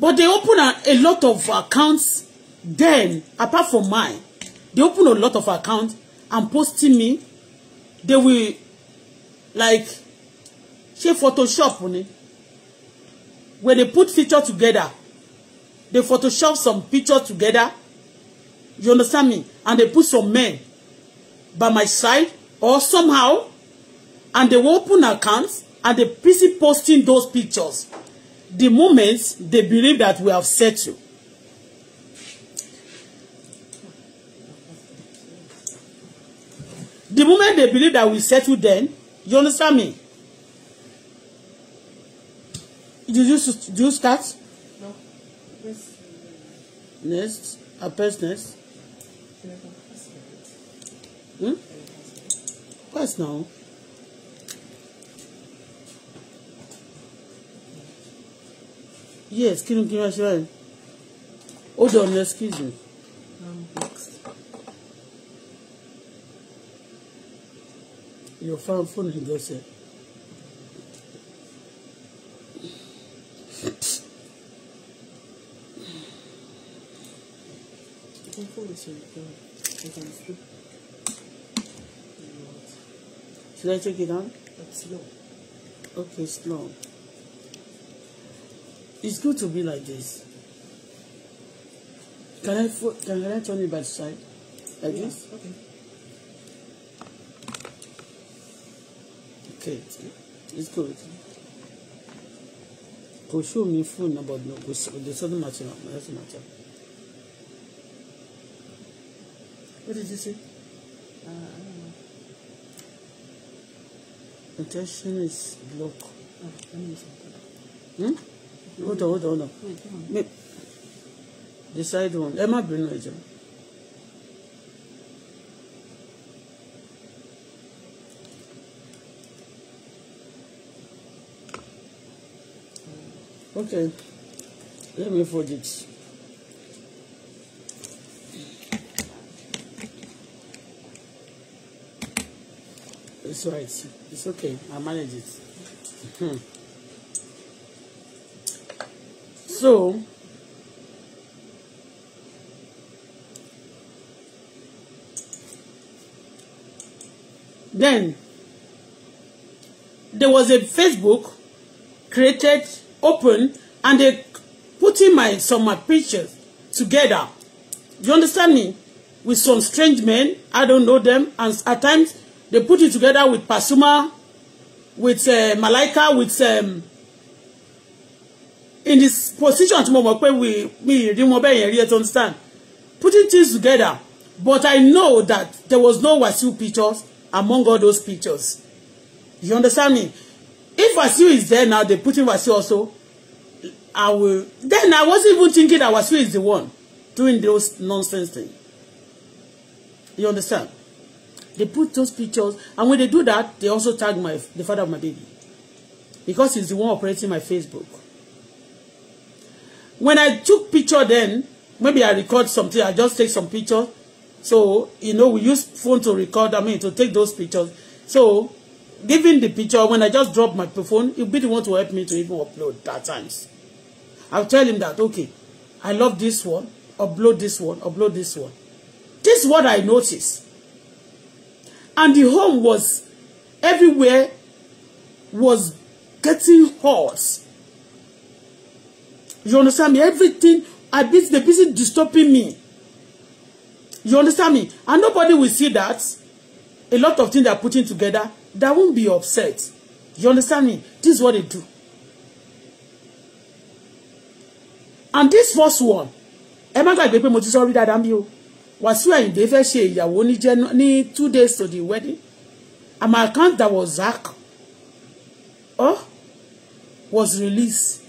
But they open a, a lot of accounts then, apart from mine. They open a lot of accounts and posting me. They will like ṣé photoshop ni when they put picture together they photoshop some picture together you understand me and they put some men by my side or somehow and they open accounts and they busy posting those pictures the moment they believe that we have set you. The moment they believe that we settle then. You understand me? Did you do you start? No. Yes. Next. a press next. Hmm? Press now. Yes, Can you give us wá Hold on, excuse me. your phone phone dey go sef. Should I take it down? It's slow. Okay, slow. It's good to be like this. Can I can I turn it by the side? Like yeah, this? Okay. kẹ̀tì ìsìkò rẹ̀ kò ṣó mi fóònù náà bọ̀dùn kò sí ọjọ́ sọ́dún màtí náà màtí náà màtí náà. What did you say? Uh, Attention is blocked. Oh, hmm? Hold on, hold on, hold on. Wait, come on. Decide one. Ẹ má bínú ẹjọ́. Okay, let me fold it. It's right. It's okay. I manage it. Hmm. So, then there was a Facebook created open and they putting my some my pictures together. You understand me? With some strange men, I don't know them, and at times they put it together with Pasuma, with uh, Malaika, with um, in this position tí mo mọ̀ we we rí wọn understand putting things together but I know that there was no Wasiu pictures among all those pictures you understand me if Wasiu is there now, they put in Wasiu also. I will. Then I wasn't even thinking that Wasiu is the one doing those nonsense things. You understand? They put those pictures, and when they do that, they also tag my the father of my baby because he's the one operating my Facebook. When I took picture, then maybe I record something. I just take some pictures. So you know, we use phone to record. I mean, to take those pictures. So giving the picture when I just drop my phone, he'll be the one to help me to even upload that times. I'll tell him that, okay, I love this one, upload this one, upload this one. This is what I noticed. And the home was everywhere was getting hot. You understand me? Everything, I beat the busy disturbing me. You understand me? And nobody will see that. A lot of things they are putting together They won't be upset. You understand me? This is what they do. And this first one, Emma, like gbàgbé pé mo ti sọ rí dáadáa mi o. Wàsíù Àyìndé fẹ́ ṣe ìyàwó two days to the wedding. And my account that was Zach. oh, was released.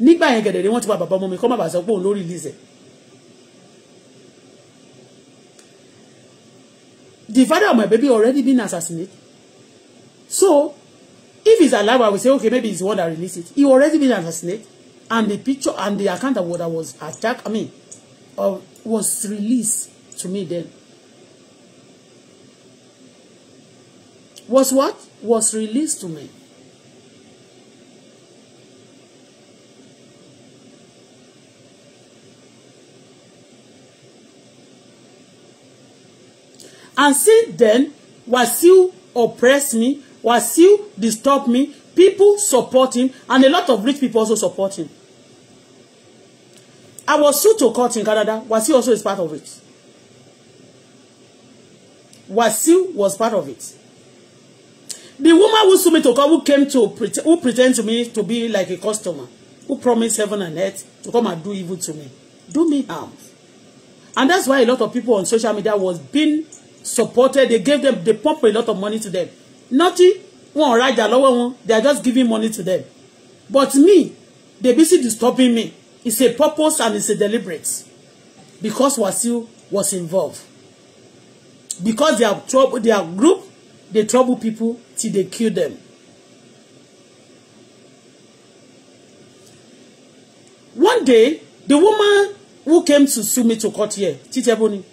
Nígbà yẹn they want to buy pa bàbá ọmọ mi kọ́ má bàa sọ release ẹ̀. the father of my baby already been assassinated. So, if he's alive, I will say, okay, maybe he's the one that released it. He already been assassinated. And the picture and the account of what I was attacked, I mean, uh, was released to me then. Was what? Was released to me. And since then, Wasiu oppressed me, Wasiu disturbed me, people support him, and a lot of rich people also support him. I was sued to court in Canada. Wasiu also is part of it. Wasiu was part of it. The woman who sued me to come, who came to pretend, who pretend to me to be like a customer, who promised heaven and earth to come and do evil to me, do me harm. And that's why a lot of people on social media was being supported they gave them they pump a lot of money to them nothing One right, rajà lower one. they are just giving money to them but me they busy disturbing me it's a purpose and it's a deliberate because Wasiu was involved because they are trouble they are group they trouble people till they kill them. One day, the woman who came to sue me to court here, Titeboni,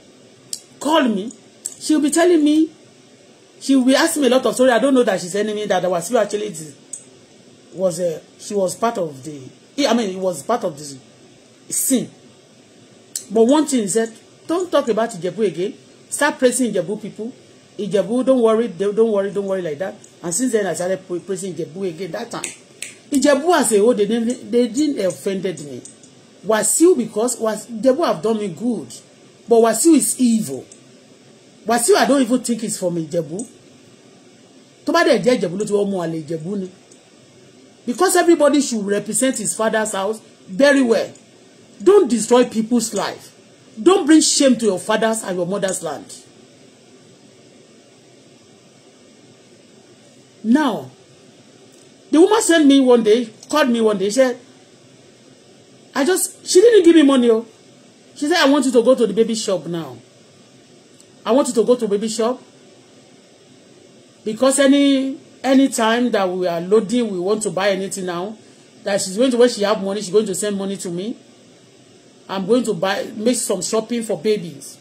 called me she will be telling me she will be asking me a lot of story i don't know that she's enemy. That that Wasiu actually did, was a uh, she was part of the i mean it was part of the scene but one thing he said don't talk about Ijebu again start praising Ijebu people Ijebu don't worry don't worry don't worry like that and since then i started praising Ijebu again that time Ijebu as a whole they didn't they didn't offended me Was still because was Ijebu have done me good but was still is evil Wàsíù I don't even think it's from Ìjẹ̀bú tó bá dẹ̀ jẹ́ Ìjẹ̀bú ló ti wọ́n mú àlè Ìjẹ̀bú ni because everybody should represent his father's house very well don't destroy people's life don't bring shame to your father's and your mother's land now the woman sent me one day called me one day she said I just she didn't give me money o oh. she said I want you to go to the baby shop now I want you to go to baby shop because any any time that we are loading, we want to buy anything now. That she's going to when she have money, she's going to send money to me. I'm going to buy make some shopping for babies.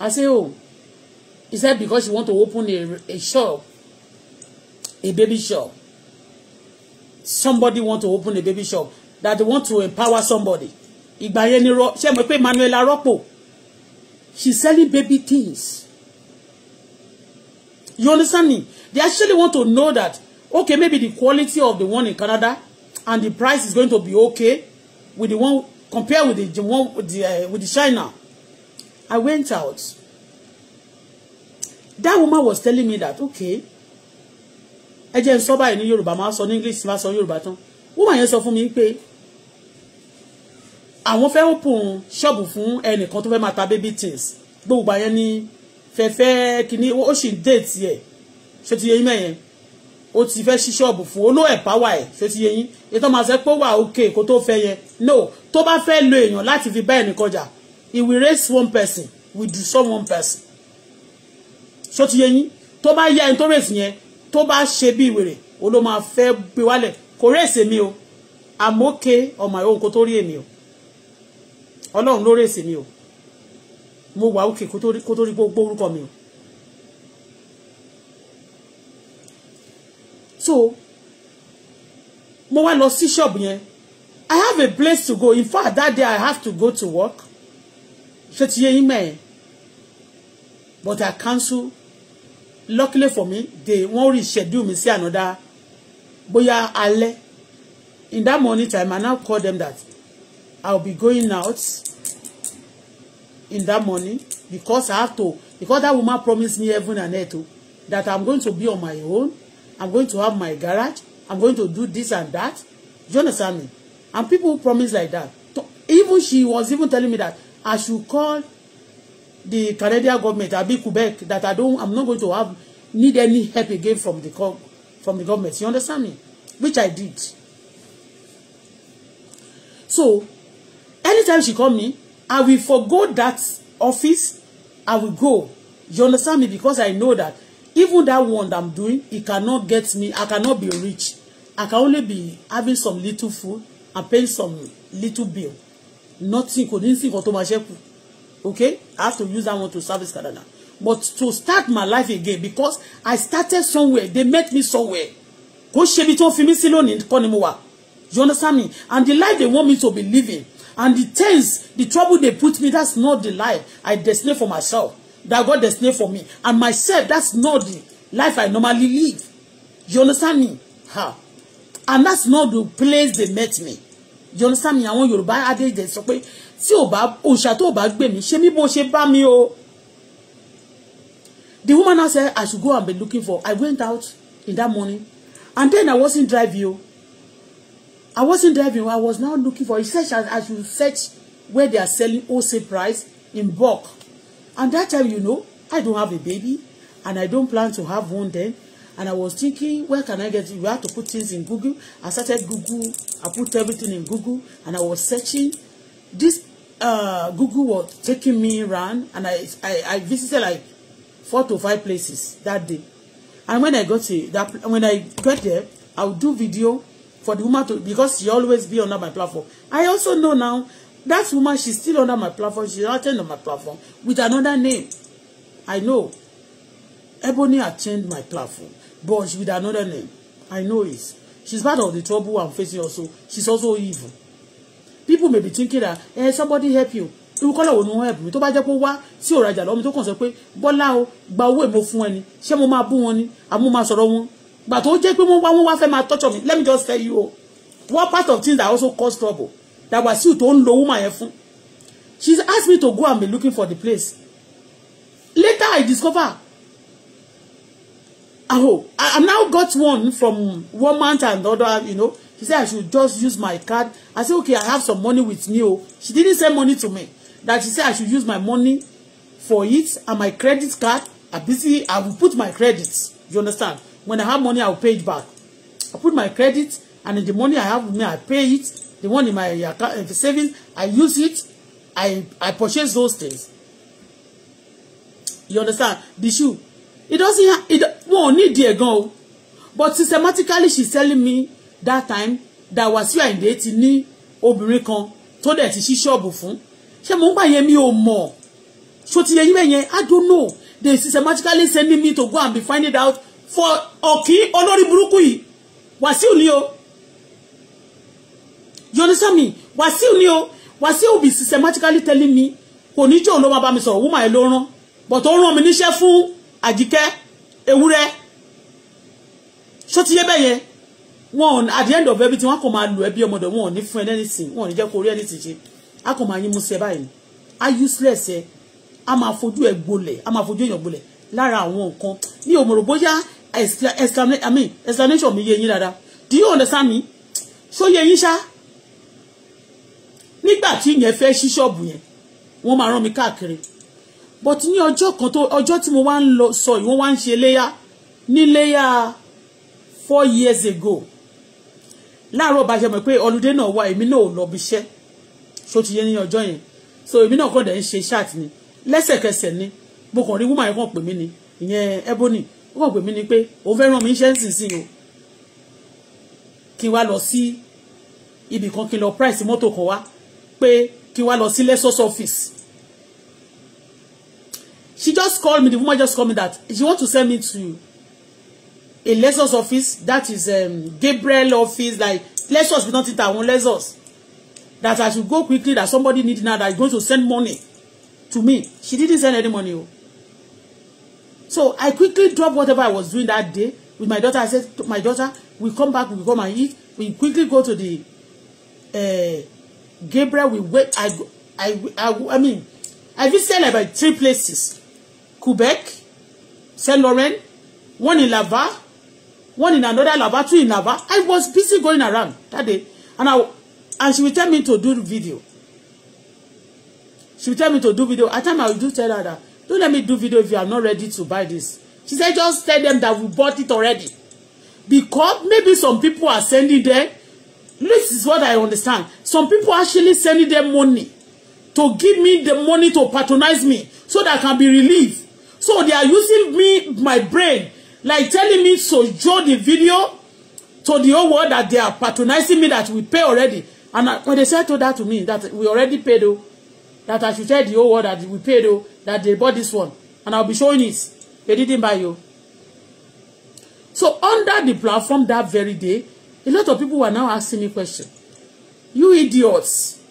I say, oh, is that because you want to open a, a shop, a baby shop? Somebody want to open a baby shop that they want to empower somebody. Ìgbà yẹn ni ṣé mo pé Manuela Rọ́pò. She's selling baby things. You understand me? They actually want to know that, okay, maybe the quality of the one in Canada and the price is going to be okay with the one, compared with the, the one with the, uh, with the China. I went out. That woman was telling me that, okay, ẹ jẹ́ n sọ báyìí ní Yorùbá, máa English, máa sọ Yorùbá tán. Woman yẹn sọ fún mi pé, àwọn fẹ́ open shop fún ẹnìkan tó fẹ́ máa ta baby things gbogbo àyẹn ní fẹ́fẹ́ kìíní ó sì ń déètì ẹ̀ ṣé ti yẹ yín mẹ́yẹn ó ti fẹ́ ṣí ṣọ́ọ̀bù fún olóò ẹ̀ power ẹ̀ ṣé ti yẹ yín ètò máa ṣe pé wà okay kó tó fẹ́ yẹn no tó bá fẹ́ lo èèyàn láti fi bá ẹnìkan jà he will raise one person will do some one person ṣó ti yẹ yín tó bá yá ẹni tó rèsì yẹn tó bá ṣe bí ìwèrè ó ló máa fẹ́ gbé wálẹ̀ kò rèsì mi o I'm okay on my own kó tó rí èmi o ọlọ́run ló rèsì mi o mo wà òkè kó tó rí gbogbo orúkọ mi o. so mo wá lọ sí ṣọ́ọ̀bù yẹn I have a place to go in fact that day I have to go to work ṣé ti yé yín mẹ́ẹ̀ but I cancel luckily for me they wọ́n reschedule me see another bóyá alẹ́ in that morning time I now call them that I'll be going out in that morning because I have to because that woman promised me heaven and earth oh, that I'm going to be on my own I'm going to have my garage I'm going to do this and that do you understand me and people promise like that to, even she was even telling me that I should call the Canadian government I'll be Quebec that I don't I'm not going to have need any help again from the from the government you understand me which I did so anytime she call me I will forgo that office I will go you understand me because I know that even that one that I'm doing it cannot get me I cannot be rich I can only be having some little food and paying some little bill nothing kò ní sí nǹkan tó máa ṣẹ́kù okay I have to use that one to service Canada but to start my life again because I started somewhere they met me somewhere kò ṣe ibi tó fi mí sí lónìí kọ́ ni mo wà you understand me and the life they want me to be living And the things, the trouble they put me, that's not the life I destined for myself. That God destined for me. And myself, that's not the life I normally live. You understand me? How? And that's not the place they met me. You understand me? Àwọn Yorùbá adéjẹ sọ pé tí ò bá òòṣà tó bá gbè mí ṣe mí bó ṣe bá mi o. The woman now said I should go and be looking for. I went out in that morning and then I wasn't driving o. I wasn't driving. I was now looking for. He said, as you search where they are selling wholesale price in bulk. And that time, you know, I don't have a baby and I don't plan to have one then. And I was thinking, where can I get it? You have to put things in Google. I started Google. I put everything in Google and I was searching. This uh, Google was taking me around and I, I, I visited like four to five places that day. And when I got to that, when I got there, I would do video for the woman to because she always be under my platform I also know now that woman she's still under my platform she's attend on my platform with another name I know Ebony changed my platform but with another name I know it she's part of the trouble I'm facing also she's also evil people may be thinking that hey, eh, somebody help you You call her ni wọ́n ẹ̀bùn mi tó bá jẹ́ pé wá sí òrajà lọ́mọ tó kàn sọ pé bọ́lá o gba owó èmo fún ẹni mo ma bú wọn ni àmú máa sọ̀rọ̀ wọn But tó jẹ́ pé wọ́n wá wọ́n wá fẹ́ máa tọ́jọ́ let me just tell you what part of things that also cause trouble that was you ń know woman yẹn fún she asked me to go and be looking for the place later I discover oh I, I now got one from one man and other you know she said I should just use my card I said okay I have some money with me she didn't send money to me that she said I should use my money for it and my credit card I busy I will put my credits. you understand When I have money, I'll pay it back. I put my credit, and the money I have with me, I pay it. The one in my account, uh, the savings, I use it. I, I purchase those things. You understand? The shoe. It doesn't, it won't need the ago, But systematically, she's telling me that time that was here in the 80 ní obìnrin kan tó dẹ̀ ti ṣí ṣọ́ọ̀bù fún. Ṣé mo ń gbà So ti yẹn yín I don't know. They systematically sending me to go and be finding out fọ ọ̀kí olórí burúkú yìí Wàsíù ni o you understand me Wàsíù ni o Wàsíù be systematically telling me kò ní jọ̀ọ́ ló máa bá mi sọ̀rọ̀ wúmà ẹ̀ ló rán bọ̀tọ̀ ó rán mi níṣẹ́ fún àjíkẹ́ ewúrẹ́ ṣó bẹ́ẹ̀ yẹn wọn at the end of everything wọn kò máa lù ẹ́ bí ọmọdé wọn ò ní fún ẹ anything wọn ò ní jẹ́ kó rí anything ṣe a kò máa yín mú sí báyìí a useless ẹ a máa fojú ẹ gbolẹ̀ a máa fojú èèyàn gbolẹ̀ lára àwọn nǹkan mi ò bóyá explanation mi yé yín dáadáa do you understand me So yé yín ṣá nígbà tí yẹn fẹ́ ṣí ṣọ́ọ̀bù yẹn wọ́n máa rán mi káàkiri but ní ọjọ́ kan tó ọjọ́ tí mo wá ń lọ sọ yìí wọ́n wá ń ṣe léyà ní léyà four years ago láàárọ̀ bá ṣe mọ̀ pé ọlùdé náà wá èmi náà ò lọ bí iṣẹ́ so ti yé ní ọjọ́ yẹn so èmi náà kọ́ dẹ̀ ń ṣe ṣáàtì ni lẹ́sẹ̀kẹsẹ̀ ni mo kàn rí woman yẹn kàn pè mí ni ìyẹn Ebony ó kàn pè mí ni pé òun fẹ́ ràn mí iṣẹ́ nísinsìnyí o kí n wá lọ sí ibì kan kí n lọ price mọ́tò kan wá pé kí n wá lọ sí lẹ́sọ̀s office she just called me the woman just called me that she want to send me to a lessons office that is um, Gabriel office like lessons we don't eat our own lessons that I should go quickly that somebody need now that is going to send money to me she didn't send any money o So I quickly dropped whatever I was doing that day with my daughter. I said to my daughter, we come back, we come and eat. We quickly go to the uh, Gabriel. We wait. I, I, I, I mean, I visited like about three places. Quebec, Saint Laurent, one in Laval, one in another Laval, two in Laval. I was busy going around that day. And I, and she will tell me to do video. She will tell me to do video. At time I will do tell her that Don't let me do video if you are not ready to buy this. She said, just tell them that we bought it already. Because maybe some people are sending them. This is what I understand. Some people actually sending them money to give me the money to patronize me so that I can be relieved. So they are using me, my brain, like telling me so show the video to the whole world that they are patronizing me that we pay already. And I, when they said to that to me that we already paid though, that I should tell the whole world that we paid oh that they bought this one and I'll be showing it they didn't buy you. Oh. So under the platform that very day a lot of people were now asking me questions. you idiots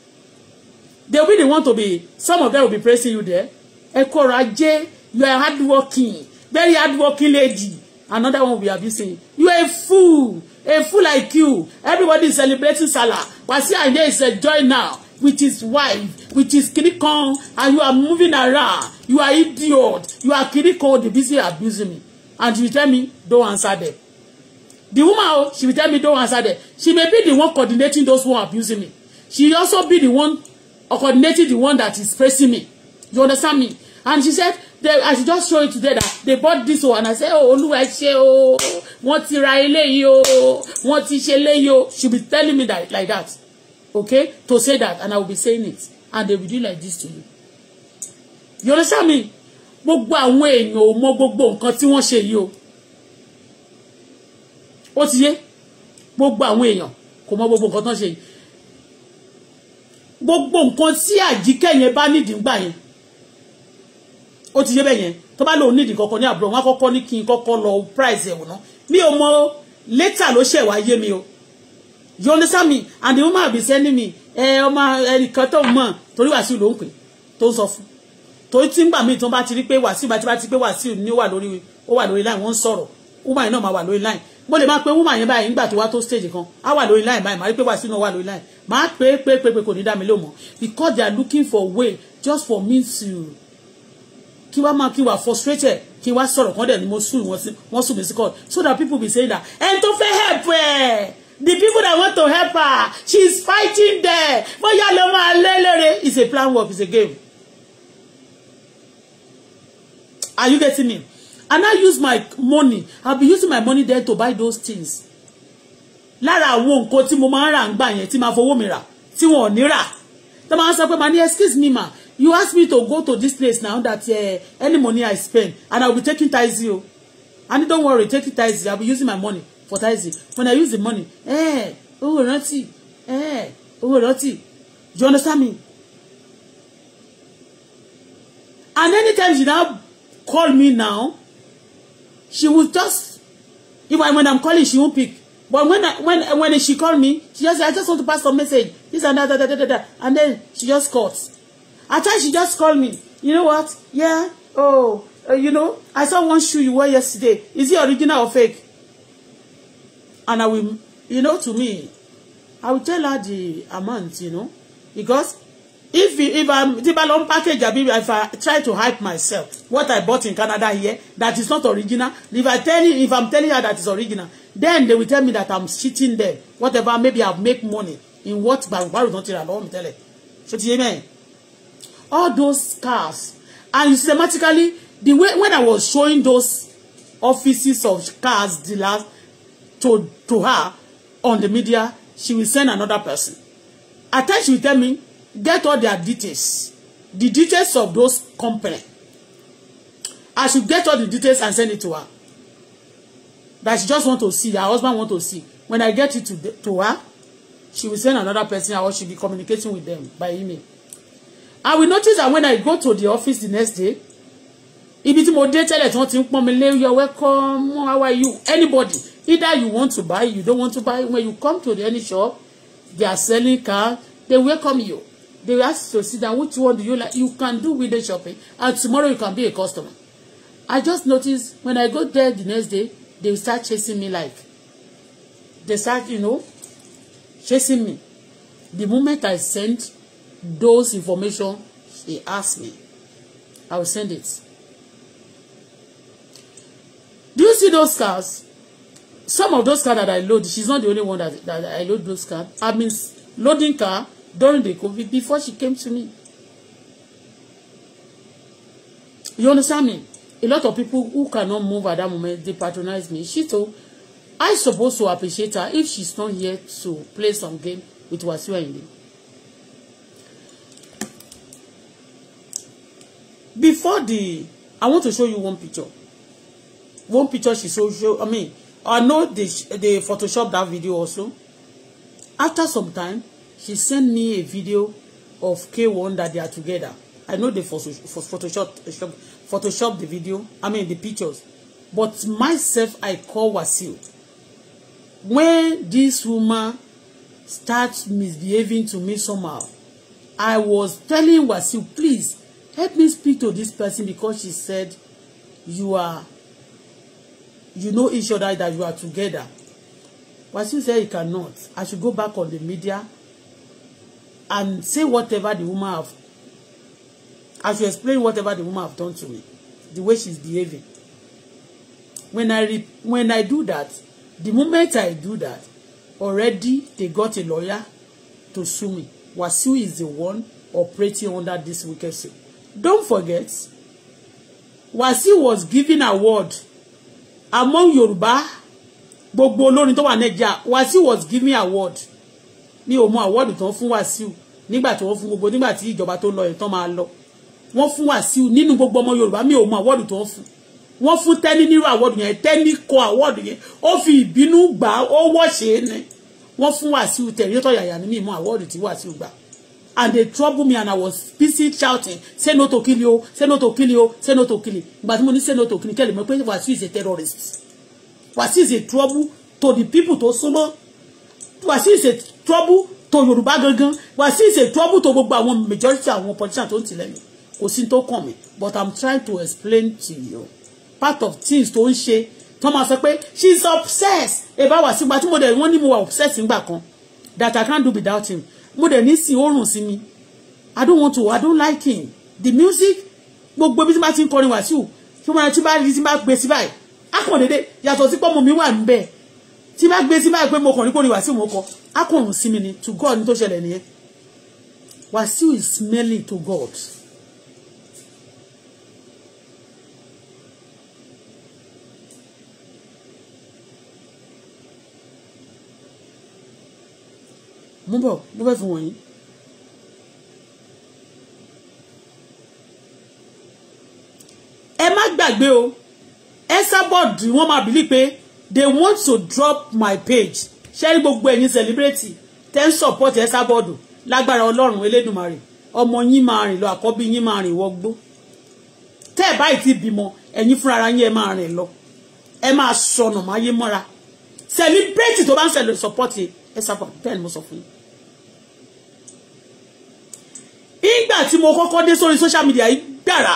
they will be the one to be some of them will be praising you there encourage you are hardworking very hardworking lady another one will be abusing you are a fool a fool like you everybody is celebrating Salah Wasiu Ayinde is joy now with his wife with his kirikan and you are moving around you are idiot you are kirikan The busy abusing me and she tell me don't answer them the woman oh, she will tell me don't answer them she may be the one coordinating those who are abusing me she also be the one or uh, coordinating the one that is pressing me you understand me and she said they, I should just show you today that they bought this one and I say, oh Olúwa I say, oh, wọ́n ti ra eléyìí o wọ́n ti ṣe she be telling me that like that okay, to say that, and I will be saying it, and they will do like this to you. You understand me? Gbogbo àwọn èèyàn ò mọ gbogbo nǹkan tí wọ́n ṣe yìí o. Ó ti yé? Gbogbo àwọn èèyàn kò mọ gbogbo nǹkan tó ń ṣe yìí. Gbogbo nǹkan tí àjíkẹ́ yẹn bá nídìí gbà yẹn. Ó ti yé bẹ́ẹ̀ yẹn? Tó bá lòun nídìí kankan ní àbúrò, wọ́n á kọ́kọ́ ní kí n kọ́kọ́ lọ price ẹ̀ wò Mi ò mọ létà ló ṣẹ̀ yé mi o you understand me and the woman be sending me ẹ eh, ọmọ ẹnìkan eh, tó mọ̀ torí wàsíù ló ń pè tó ń sọ fún torí tí ń gbà míì tó bá ti rí pé wàsíù bá ti bá ti pé wàsíù ni ó wà lórí ó wà lórí line wọ́n ń sọ̀rọ̀ woman náà máa wà lórí line mo lè máa pe woman yẹn báyìí nígbà tó wá tó stage kan á wà lórí line báyìí màá rí pé wàsíù náà wà lórí line màá pé pé pé pé kò ní dá mi lò mọ́ because they are looking for way just for me to kí wá máa kí wá frustrated kí wá sọ̀rọ̀ kan dẹ̀ ni mo sùn wọ́n sùn mí sí court so that people be saying that ẹni tó fẹ́ help ẹ̀. Eh? The people that want to help her, she's fighting there. Bóyá ló máa lélere. It's a plan work, is a game. Are you getting me? And I use my money. I'll be using my money there to buy those things. Lára àwọn nǹkan tí mo máa ń rà ń gbà yẹn tí máa fowó mi rà tí wọn ò ní rà. Tó máa sọ pé màá ní excuse me ma you ask me to go to this place now that uh, any money I spend and I will be taking taxi o. And don't worry taking taxi I will be using my money Fortize when I use the money eh owó ìrántí eh owó ìrántí you understand me and anytime she now call me now she will just even when I'm calling she won't pick but when I, when when she call me she just say I just want to pass some message this and that that that that, that. and then she just cuts at times she just call me you know what yeah oh uh, you know I saw one shoe you wear yesterday is it original or fake and I will, you know, to me, I will tell her the amount, you know, because if if I'm if I long package, if I try to hype myself, what I bought in Canada here, that is not original. If I tell you, if I'm telling her that is original, then they will tell me that I'm cheating There, Whatever, maybe I've make money in what by why don't you allow me tell it? So amen. All those cars, and systematically the way when I was showing those offices of cars dealers to, to her on the media, she will send another person. At times she will tell me, get all their details, the details of those company. I should get all the details and send it to her. That she just want to see, her husband want to see. When I get it to, to her, she will send another person or she'll be communicating with them by email. I will notice that when I go to the office the next day, if it's more detailed, tẹ́lẹ̀ tí wọ́n ti ń pọ́n mi lé you're welcome how are you anybody Either you want to buy, you don't want to buy. When you come to the any shop, they are selling car, they welcome you. They ask you to sit down, which one do you like? You can do window shopping, and tomorrow you can be a customer. I just noticed when I go there the next day, they start chasing me like, they start, you know, chasing me. The moment I send those information, they ask me. I will send it. Do you see those cars? some of those cars that I load, she's not the only one that, that I load those cars. I mean, loading car during the COVID before she came to me. You understand me? A lot of people who cannot move at that moment, they patronize me. She told, I supposed to appreciate her if she's not here to play some game with Wasiu Ayinde. Before the, I want to show you one picture. One picture she so show, I mean, I know they, they Photoshop that video also. After some time, she sent me a video of K1 that they are together. I know they Photoshop, Photoshop the video, I mean the pictures. But myself, I call Wasil. When this woman starts misbehaving to me somehow, I was telling Wasil, please, help me speak to this person because she said, you are you know each other that you are together Wasiu said he cannot I should go back on the media and say whatever the woman have I should explain whatever the woman have done to me the way she's behaving when I re when I do that the moment I do that already they got a lawyer to sue me Wasiu is the one operating under this wicked suit don't forget Wasiu was given word among Yoruba, gbogbo olórin tó wà Nàìjíríà Wasiu was giving award ní òmò award tó ń fún Wasiu nígbà tí wọ́n fún gbogbo nígbà tí ìjọba tó lọ ìtàn máa lọ wọ́n fún Wasiu nínú gbogbo ọmọ Yorùbá mi òmò award tó ń fún wọ́n fún tẹ́ni nírú award yẹn tẹ́ni kọ award yẹn ó fi ìbínú gbà ó wọ́ṣẹ́ ni wọ́n fún Wasiu tẹ̀rí tó yàyà nínú ìmọ̀ award tí Wasiu gbà and they trouble me and I was busy shouting say no to kill you, say no to kill you, say no to kill you." But mo ní say no to Kili kẹ́lẹ̀ mọ̀ pé what is a terrorist What is a trouble to the people to solo? What is a trouble to Yorùbá gangan What is a trouble to gbogbo àwọn majority àwọn politicians tó ń tì lẹ́yìn kò sí tó but I'm trying to explain to you part of things tó ń ṣe tó máa sọ pé she is obsessed ẹ bá Wàsíù gba tí mo dẹ̀ wọ́n ní mo obsessed nígbà kan that I can't do without him mo dẹ̀ ní sìn oorun sí mi i don't want to i don't like him the music gbogbo bí tí máa ti ń kọrin wàsíù tí wọ́n ti bá rí tí máa gbé sí báyìí akọ̀ dédé yàtọ̀ sí pọ́nmọ́ mi wà níbẹ̀ tí máa gbé sí báyìí pé mo kàn ní kórìí wàsíù mo kọ akọ̀ òun sí mi ni to God ní tó ṣẹlẹ̀ nìyẹn wàsíù is smelling to God. mú bọ̀ mo fẹ́ fi wọ̀nyí. ẹ má gbàgbé o Esabod wọ́n máa bìlí pé they want to drop my page ṣé rí gbogbo ẹ̀yin celebrate ten support Esabod lágbára ọlọ́run elédùnmarè ọmọ yín máa rìn lọ àkọ́bí yín máa rìn wọgbó tẹ́ ẹ̀ báyìí ti bímọ ẹ̀yin fúnra ara yín ẹ máa rìn lọ ẹ máa sọnù máyé mọ́ra celebrate tó bá ń celebrate support Esabod bẹ́ẹ̀ ni mo sọ fún yín. ìgbà tí mo kọ́kọ́ dé sórí social media yìí gbàrà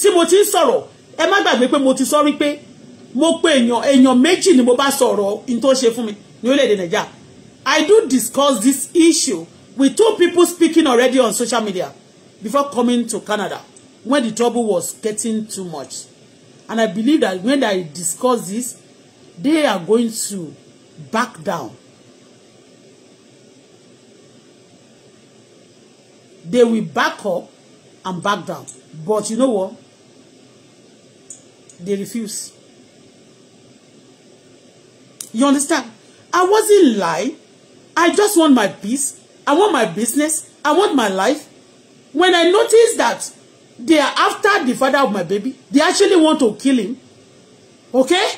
tí mo ti ń sọ̀rọ̀ ẹ má gbàgbé pé mo ti sọ rí mo pe èèyàn èèyàn méjì ni mo bá sọ̀rọ̀ in tó ṣe fún mi ní orílẹ̀-èdè nàìjíríà I do discuss this issue with two people speaking already on social media before coming to Canada when the trouble was getting too much and I believe that when I discuss this they are going to back down they will back up and back down. But you know what? They refuse. You understand? I wasn't lying. I just want my peace. I want my business. I want my life. When I noticed that they are after the father of my baby, they actually want to kill him. Okay?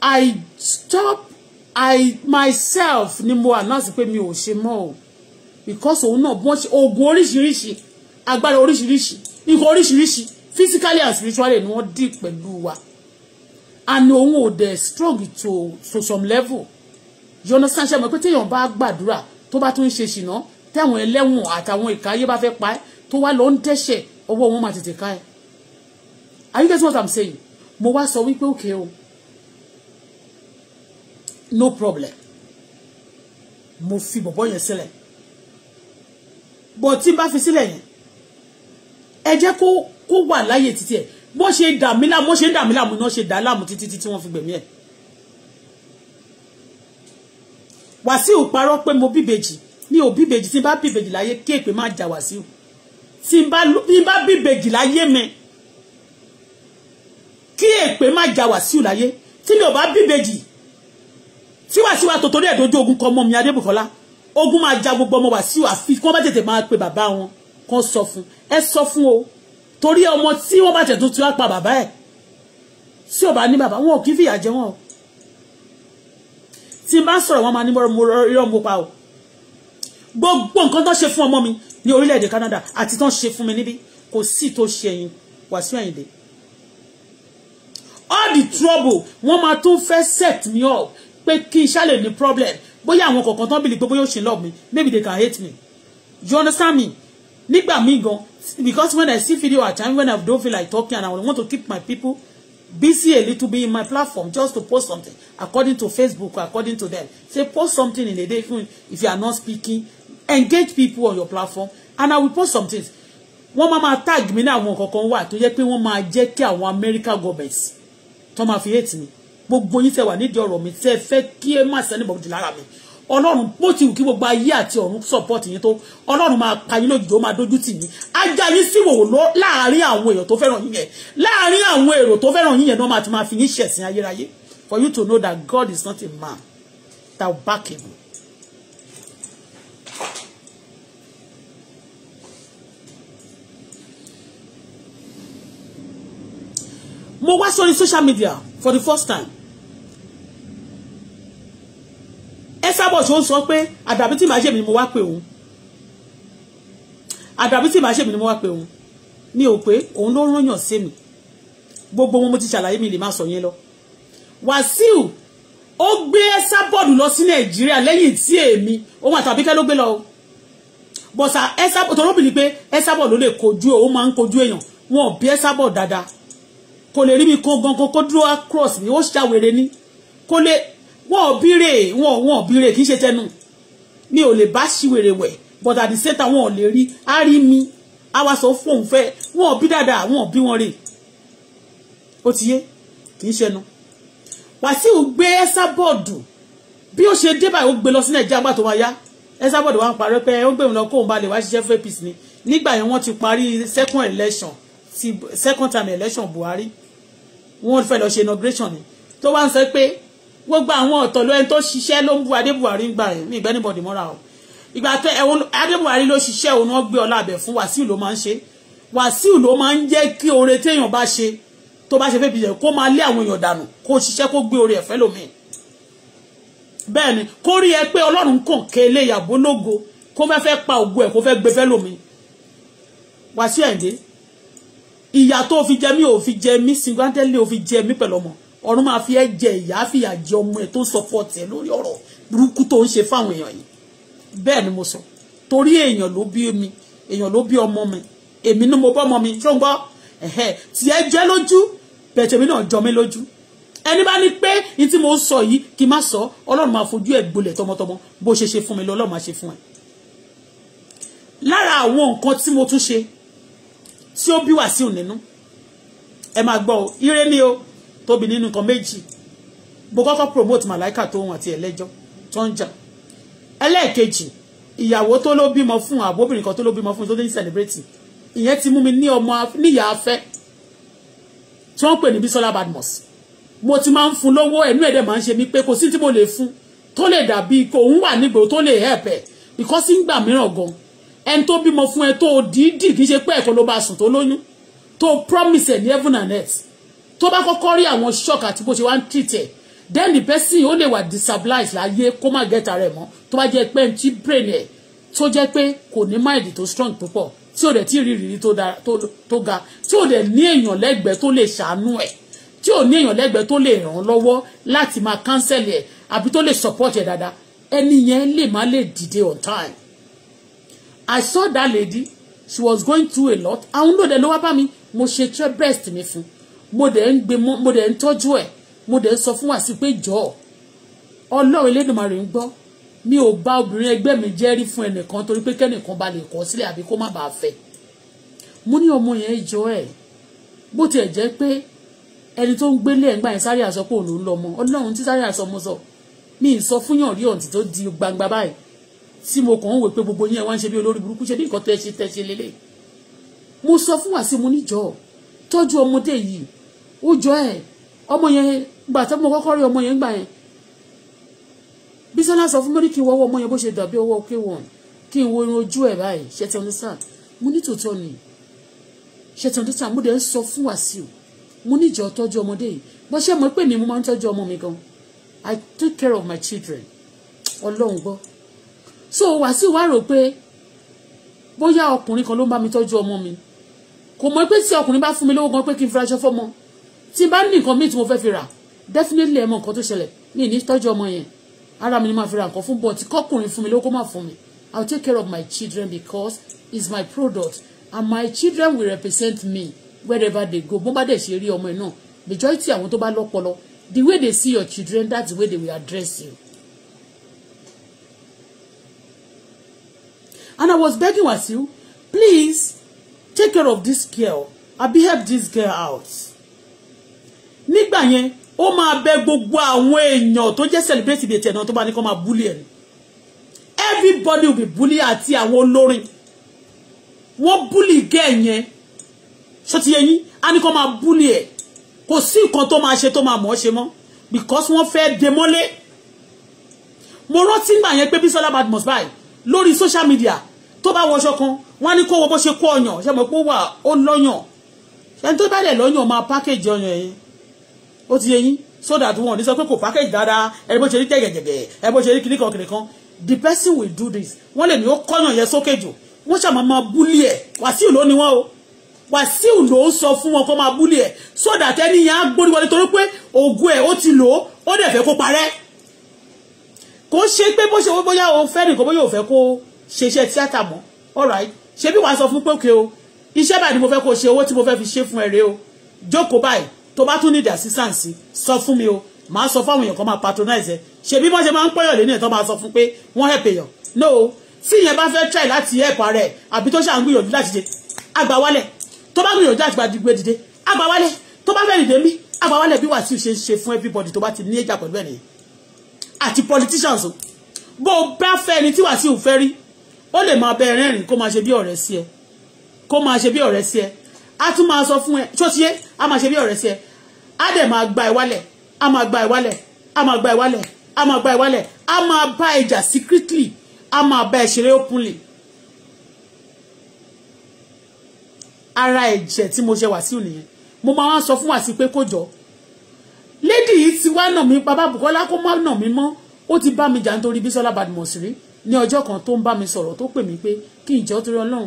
I stop. I myself ni mo announce pé mi ò because òun náà bọ́n ṣe oògùn oríṣiríṣi agbára oríṣiríṣi nǹkan oríṣiríṣi physically and spiritually ni wọ́n dì pẹ̀lú wa and òun ò dẹ̀ strong to to some level you understand ṣe mọ̀ pé téèyàn bá gbàdúrà tó bá tún ń ṣe ṣìnà táwọn ẹlẹ́wọ̀n àtàwọn ìkáyé bá fẹ́ pa ẹ́ tó wá lọ ń dẹ́ṣẹ̀ ọwọ́ wọn máa tètè ká ẹ́ are you getting what i'm saying mo wá sọ wípé òkè o no problem mo fi bọ̀bọ̀ yẹn sílẹ̀ but tí n bá fi sílẹ̀ yẹn ẹ jẹ́ kó kó wà láyè títí ẹ̀ bó ṣe dà mí láàmú bó ṣe dà mí láàmú iná ṣe dà láàmú títí títí wọ́n fi gbẹ̀mí ẹ̀. wàsíù parọ́ pé mo bíbejì mi ò bíbejì tí n bá bíbejì láyé kí èpè má jà wàsíù tí n bá bíbejì láyé mi kí èpè má jà wàsíù láyé tí mi ò bá bíbejì tí wàsíù àtòtò rẹ̀ dojú ogun kọ́ mọ́ mi adébùkọ́lá ogun máa ja gbogbo ọmọ Wàsíù àfi kí wọ́n bá tètè máa pe bàbá wọn kan sọ fún ẹ sọ fún o torí ọmọ tí wọ́n bá tẹ̀ tó ti wá pa bàbá ẹ̀ tí ò bá ní bàbá wọn ò kí fìyà jẹ wọn o tí n bá sọ̀rọ̀ wọn máa ní mo rọ́ mo pa o gbogbo nǹkan tó ṣe fún ọmọ mi ní orílẹ̀-èdè Canada àti tó ṣe fún mi níbí kò sí tó ṣe ẹ̀yìn Wàsíù Àyìndé all the trouble wọ́n máa tún fẹ́ set me up pé kí n ṣá problem bóyá àwọn kọ̀ọ̀kan tán bìlì pé bóyá ó ṣe love me maybe they can hate me you understand me nígbà míì gan because when I see video at time when I don't feel like talking and I want to keep my people busy a little bit in my platform just to post something according to Facebook according to them say post something in a day if you are not speaking engage people on your platform and I will post some things wọ́n máa máa tag mi ní àwọn kọ̀ọ̀kan wà tó yẹ pé wọ́n máa jẹ́ kí àwọn American governments tó máa fi hate mi gbogbo yín tẹ́ wà nídìí ọ̀rọ̀ mi tẹ́ fẹ́ kí ẹ má sẹ́ni bọ̀dì lára mi ọlọ́run bó ti wù kí gbogbo ayé àti ọ̀run support yín tó ọlọ́run máa pa yín lójijì ó máa dójú tì yín ajá yín sí wòló láàárín àwọn èrò tó fẹ́ràn yín yẹn láàárín àwọn èrò tó fẹ́ràn yín yẹn náà máa ti máa fi yín ṣẹ̀sìn ayérayé for you to know that God is not a man that will back him. mo wá sórí social media for the first time Esabod ṣó ń sọ pé àdàbí tí màá ṣe mi ni mo wá pè òun àdàbí tí màá ṣe mi ni mo wá pè òun mi ò pé òun ló rányàn sí mi gbogbo wọn mo ti ṣàlàyé mi lè má sọ yẹn lọ Wàsíù ó gbé Esabod lọ sí Nàìjíríà lẹ́yìn tí èmi òun àtàbíkẹ́ ló gbé lọ o bọ̀sà Esabod tọ́lọ́bìnrin pé Esabod ló lè kojú ẹ̀ ó máa ń kojú èèyàn wọn ò bí Esabod dáadáa kò lè rí mi kó gangan kó dúró cross mi ó ṣàwèrè ni kò lè wọn ò bírè wọn ò wọn ò bírè kì í ṣe tẹnu mi ò lè bá ṣìwèrè wẹ̀ but at the same time wọn ò lè rí á rí mi á wá sọ fóun fẹ́ wọn ò bí dáadáa wọn ò bí wọn rè ó ti yé kì í ṣẹnu Wàsíù gbé ẹ́sà bọ́ọ̀dù bí ó ṣe dé báyìí ó gbé lọ sí Nàìjíríà gbà tó wá yá ẹ́sà bọ́ọ̀dù wá ń parẹ́ pé ó gbé òun lọ kóun bá lè wá ṣiṣẹ́ fún APC ni nígbà yẹn wọ́n ti parí second election ti second time election Buhari wọ́n fẹ́ lọ ṣe inauguration ni tó wá ń sọ pé gbogbo àwọn ọ̀tọ̀ ló ẹni tó ṣiṣẹ́ ló ń bu adébùwárí ń gbà ẹ̀ mí ìgbẹ́ni bọ̀dì mọ́ra o ìgbà tó ẹ̀wọ̀n adébùwárí ló ṣiṣẹ́ òun wọ́n gbé ọlá abẹ fún wàsíù ló máa ń ṣe wàsíù ló máa ń jẹ́ kí oore téèyàn bá ṣe tó bá ṣe fẹ́ bìyẹn kó máa lé àwọn èèyàn dànù kó ṣiṣẹ́ kó gbé oore ẹ̀fẹ́ lómi bẹ́ẹ̀ ni kó rí ẹ pé ọlọ́run kàn ké lé ìyàbó lógo kó fẹ́ fẹ́ pa ògo ẹ̀ kó fẹ́ gbé fẹ́ lómi wàsíù ẹ̀ǹdé ìyà tó fi jẹ mí ò fi jẹ mí singantẹ́lẹ̀ ò fi jẹ mí pẹ̀lú ọmọ ọ̀run máa fi ẹ́ jẹ ìyá fìyà jẹ ọmọ ẹ̀ tó ń sọ fọ́ọ̀tì ẹ̀ lórí ọ̀rọ̀ burúkú tó ń ṣe fáwọn èèyàn yìí bẹ́ẹ̀ ni mo sọ torí èèyàn ló bí mi èèyàn ló bí ọmọ mi èmi ni mo bọ́ ọmọ mi tó ń gbọ́ ẹ̀hẹ́ tí ẹ jẹ́ lójú bẹ̀tẹ̀ mi náà jọ mí lójú ẹni bá ní pé ní tí mo ń sọ yìí kí n má sọ ọlọ́run máa fojú ẹ̀ gbolẹ̀ tọmọtọmọ bó ṣe ṣe fún mi lọ́lọ́run máa ṣe fún ẹ lára àwọn nǹkan tí mo tún ṣe tí ó bí Wàsíù nínú ẹ máa gbọ́ ọ ire ni o tóbi nínú nǹkan méjì mo kọ́kọ́ promote màláìkà tó ohun àti ẹlẹ́jọ́ tó ń jà ẹlẹ́ẹ̀kejì ìyàwó tó ló bímọ fún àbóbìnrin kan tó ló bímọ fún tó ní celebrate ìyẹn ti mú mi ní ọmọ níyà afẹ́ tí wọ́n pè ní Bisola Badmus mo ti máa ń fún lówó ẹnu ẹ̀dẹ̀ máa ń ṣe mí pé kò sí tí mo lè fún tó lè dàbí kò ń wà nígbò tó lè help ẹ̀ because ń gbà mìíràn gan-an ẹni tó bímọ fún ẹ tó dídì kì í ṣe pé ẹ̀kọ́ ló bá sùn tó lóyún tó promise ẹ̀ ní heaven and earth tó bá kọ́kọ́ rí àwọn shock àti bó ṣe wá ń treat ẹ̀ then the person ó lè wà disabilized láyé kó má get ara ẹ̀ mọ́ tó bá jẹ́ pé ẹni tí brain ẹ̀ tó jẹ́ pé kò ní mind tó strong púpọ̀ tí ò dẹ̀ tí ìrírí tó ga tí ò dẹ̀ ní èèyàn lẹ́gbẹ̀ẹ́ tó lè ṣàánú ẹ̀ tí ò ní èèyàn lẹ́gbẹ̀ẹ́ tó lè ràn án lọ́wọ́ láti máa cancel ẹ̀ àbí tó lè support ẹ̀ dáadáa ẹni yẹn lè má lè dìde on time I saw that lady she was going through a lot àwọn ló dẹ̀ ló wá bá mi mo ṣe tre breast mi fún mo dẹ̀ ń gbé mo dẹ̀ ń tọ́jú ẹ̀ mo dẹ̀ ń sọ fún Wàsíù pé jọ̀ọ́ Ọlọ́run Elédùmarè ń gbọ́ mi ò bá obìnrin ẹgbẹ́ mi jẹ́rí fún ẹnìkan torí pé kẹ́nìkan ba lè kọ̀ sílẹ̀ àbí kó má bàa fẹ́ mo ní ọmọ yẹn jọ ẹ̀ bó tiẹ̀ jẹ́ pé ẹni tó ń gbélé ẹ̀ ń gbà yẹn sáré àsọ pé òun ló ń lọ ọmọ Ọlọ́run tí sáré àsọ mo sọ mi ì sọ fúnyàn rí ọ̀ǹtì tó di gbangba báyìí tí mo kàn ń wò pé gbogbo yín ẹ wá ń ṣe bí olórí burúkú ṣe bí nǹkan tó ṣe tẹ ṣe lélẹ̀ mo sọ fún Wàsíù mo níjọ tọ́jú ọmọdé yìí ó jọ ẹ ọmọ yẹn gbà tí mo kọ́kọ́ rí ọmọ yẹn gbà yẹn Bísọ́lá sọ fún mi kí n wọ́wọ́ ọmọ yẹn bó ṣe dàbí ọwọ́ k1 kí n wo irun ojú ẹ̀ báyìí ṣe ti mo ní tòótọ́ ni ṣe ti mo dẹ̀ ń sọ fún Wàsíù mo níjọ tọ́jú ọmọdé yìí bó ṣe mọ̀ pé mi mo máa ń tọ́jú ọmọ mi gan I take care of my children ọlọ́run gbọ́ so Wàsíù wá rò pé bóyá ọkùnrin kan ló ń bá mi tọ́jú ọmọ mi kò mọ̀ pé tí ọkùnrin bá fún mi lówó gan pé kí n firaṣọ fọ́mọ tí n bá ní nǹkan míì tí mo fẹ́ fi rà definitely ẹ mọ̀ nǹkan tó ṣẹlẹ̀ mi ní tọ́jú ọmọ yẹn ara mi ni máa fi ra nǹkan fún bọ̀ tí kọ́kùnrin fún mi lówó kó má fún mi I will take care of my children because it's my product and my children will represent me wherever they go bó bá dẹ̀ ṣe rí ọmọ ẹ̀ náà majority àwọn tó bá lọ́pọlọ the way they see your children that's the way they will address you And I was begging Wasiu, please take care of this girl. be help this girl out. Nígbà yẹn, o ma bẹ gbogbo àwọn èèyàn To jẹ́ celebrate ìbètì ẹ̀nà tó bá ní kó máa búlì ẹ̀. Everybody will be bully àti àwọn olórin. Wọ́n búlì gẹ́ yẹn. Ṣọ́tí yẹn, a ní kó máa bully? ẹ̀. Kò sí nǹkan tó máa ṣe tó máa mọ̀ ọ́ ṣe mọ́. Because wọ́n fẹ́ demọ́lé. Mo rántí ìgbà yẹn pé Bísọ́lá Badmus báyìí lórí social media tó bá wọṣọ kan wọ́n ní kó wọ bó ṣe kó ọyàn ṣe mọ̀ pé ó wà ó lọ́yàn ẹni tó bá dẹ̀ lọ́yàn máa package ọyàn yẹn ó ti yẹ so that one, ò ní sọ pé kò package dáadáa ẹ bó ṣe rí tẹ̀gẹ̀gẹ̀gẹ̀ ẹ bó ṣe rí kìnìkan kìnìkan the person will do this wọ́n lè ní ó kọ́yàn yẹn sókè jù wọ́n ṣàmọ́ máa búlì ẹ̀ wàsíù ló ni wọ́n o wàsíù ló ń sọ fún wọn kó máa búlì ẹ̀ so that ẹni yẹn á gbóríwọlé torí pé ògùn ẹ̀ ó ti lò ó dẹ̀ fẹ́ kó parẹ́ kò ṣe pé bó ṣe wọ́n bóyá o fẹ́ nìkan bóyá o fẹ́ kó ṣe iṣẹ́ tíátà mọ́ all right ṣé bí wàá sọ fún pé òkè o iṣẹ́ báyìí ni mo fẹ́ kó ṣe owó tí mo fẹ́ fi ṣe fún ẹ̀rẹ́ o jókòó báyìí tó bá tún need assistance sọ fún mi o màá sọ fáwọn èèyàn kan máa patronize ẹ ṣe bí wọ́n ṣe máa ń pọ́yọ̀ lé ní ẹ̀tọ́ máa sọ fún pé wọ́n help èèyàn no tí ìyẹn bá fẹ́ try láti help ara ẹ̀ àbí tó ṣàǹ gbìyànjú láti ṣe àgbà wálẹ̀ tó bá gbìyànjú àti gbàdúgbò dìde àgbà wálẹ̀ tó bá fẹ́ dìde mí àgbà wálẹ̀ bí wàásù ṣe ń ṣe fún everybody tó bá ti ní ìjà pẹ̀lú ẹ̀nìyàn àti politicians o bó o bá fẹ́ ẹni tí wàá sí òfẹ́ rí ó lè máa bẹ ẹ̀rẹ́rìn kó máa ṣe bí ọ̀rẹ́ sí ẹ kó máa ṣe bí ọ̀rẹ́ sí ẹ á tún máa sọ fún ẹ tó ṣe á máa ṣe bí ọ̀rẹ́ sí ẹ á dẹ̀ máa gba ìwálẹ̀ á máa gba ìwálẹ̀ á máa gba ìwálẹ̀ á máa gba ìwálẹ̀ á máa bá ẹ secretly á máa bá ẹ openly. ara ẹ̀jẹ̀ tí mo ṣe wàsíù nìyẹn mo máa wá sọ fún wàsíù pé kò jọ lady yìí ti wá nà mí bàbá Bùkọ́lá kó má nà mí mọ́ ó ti bá mi jà nítorí Bísọ́lá Badmus rí ní ọjọ́ kan tó ń bá mi sọ̀rọ̀ tó pè mí pé kí n jọ́ torí Ọlọ́run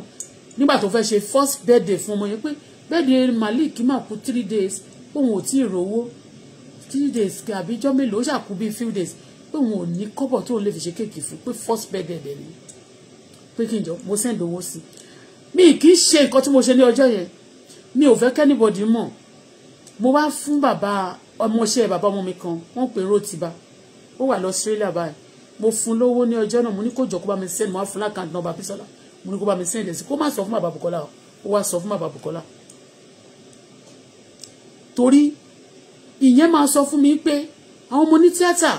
nígbà tó fẹ́ ṣe first birthday fún ọmọ yẹn pé birthday Malik mà kú three days òun ò tí ì rówó three days àbí ijọ́ mélòó ṣàkú bíi few days pé òun ò ní kọ́bọ̀ tóun lè fi ṣe kéèkì fún pé first birthday dẹ̀ ni pé kí n jọ mo send owó sí mi kì í ṣe nǹkan tí mo ṣe ní ọjọ́ yẹn mi ò fẹ́ kẹ́nìbọ̀dì mọ̀ mo wá fún bàbá ọmọọṣẹ́ bàbá ọmọ mi kan wọ́n pè rótìbá ó wà lọ Australia báyìí mo fún lówó ní ọjọ́ náà mo ní kó jọ kó bá mi send mo wá fún lákàntì nọ́mbà Bísọ́lá mo ní kó bá mi send ẹ̀sìn kó má sọ fún bàbá Bùkọ́lá ó wá sọ fún bàbá Bùkọ́lá torí ìyẹn máa sọ fún mi pé àwọn ọmọ ní tíátà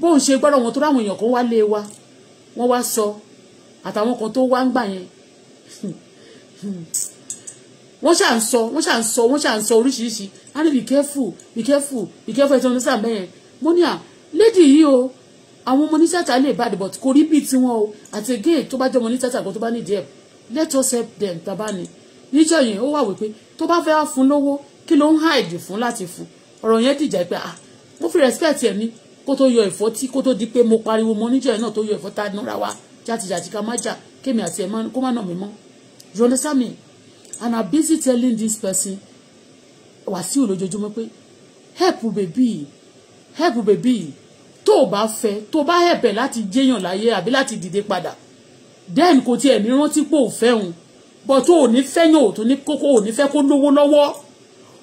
bóun ṣe gbọ́dọ̀ wọn tó ráwọn èèyàn kan wá lé wa wọ́n wá sọ àtàwọn kan tó wá ń gbà yẹn wọ́n ṣà ń sọ wọ́n ṣà ń sọ wọ́n ṣà ń sọ oríṣiríṣi a ní be careful be careful be careful ẹ̀tọ́ oníṣà bẹ́yẹn mo ní à lady yìí o àwọn ọmọ oníṣàtà lè bad but kò rí bíi tiwọn o àti again tó bá jẹ́ ọmọ oníṣàtà kan tó bá nídìí ẹ̀ let us help them tàbá ni níjọ́ yẹn ó wà wípé tó bá fẹ́ wá fún lówó kí ló ń hide fún láti fún ọ̀rọ̀ yẹn dìjà pé ah mo fi respect ẹ̀ ní kó tó yọ ẹ̀fọ́ tí kó tó di pé mo pariwo mo níjọ́ yẹn náà tó yọ ẹ̀fọ́ tá a nura wa jàtijàti ká má jà kémi àti ẹ̀ kó má nà mí mọ́ you understand me and i'm busy telling this person Wàsíù lójoojúmọ́ pé help baby help baby tó o bá fẹ́ tó o bá hẹ̀bẹ̀ láti jẹ́yàn láyé àbí láti dìde padà then kò tiẹ̀ ní rántí pò fẹ́ òun bọ̀ tó o ní fẹ́yàn o tó ní kókó ò ní fẹ́ kó lówó lọ́wọ́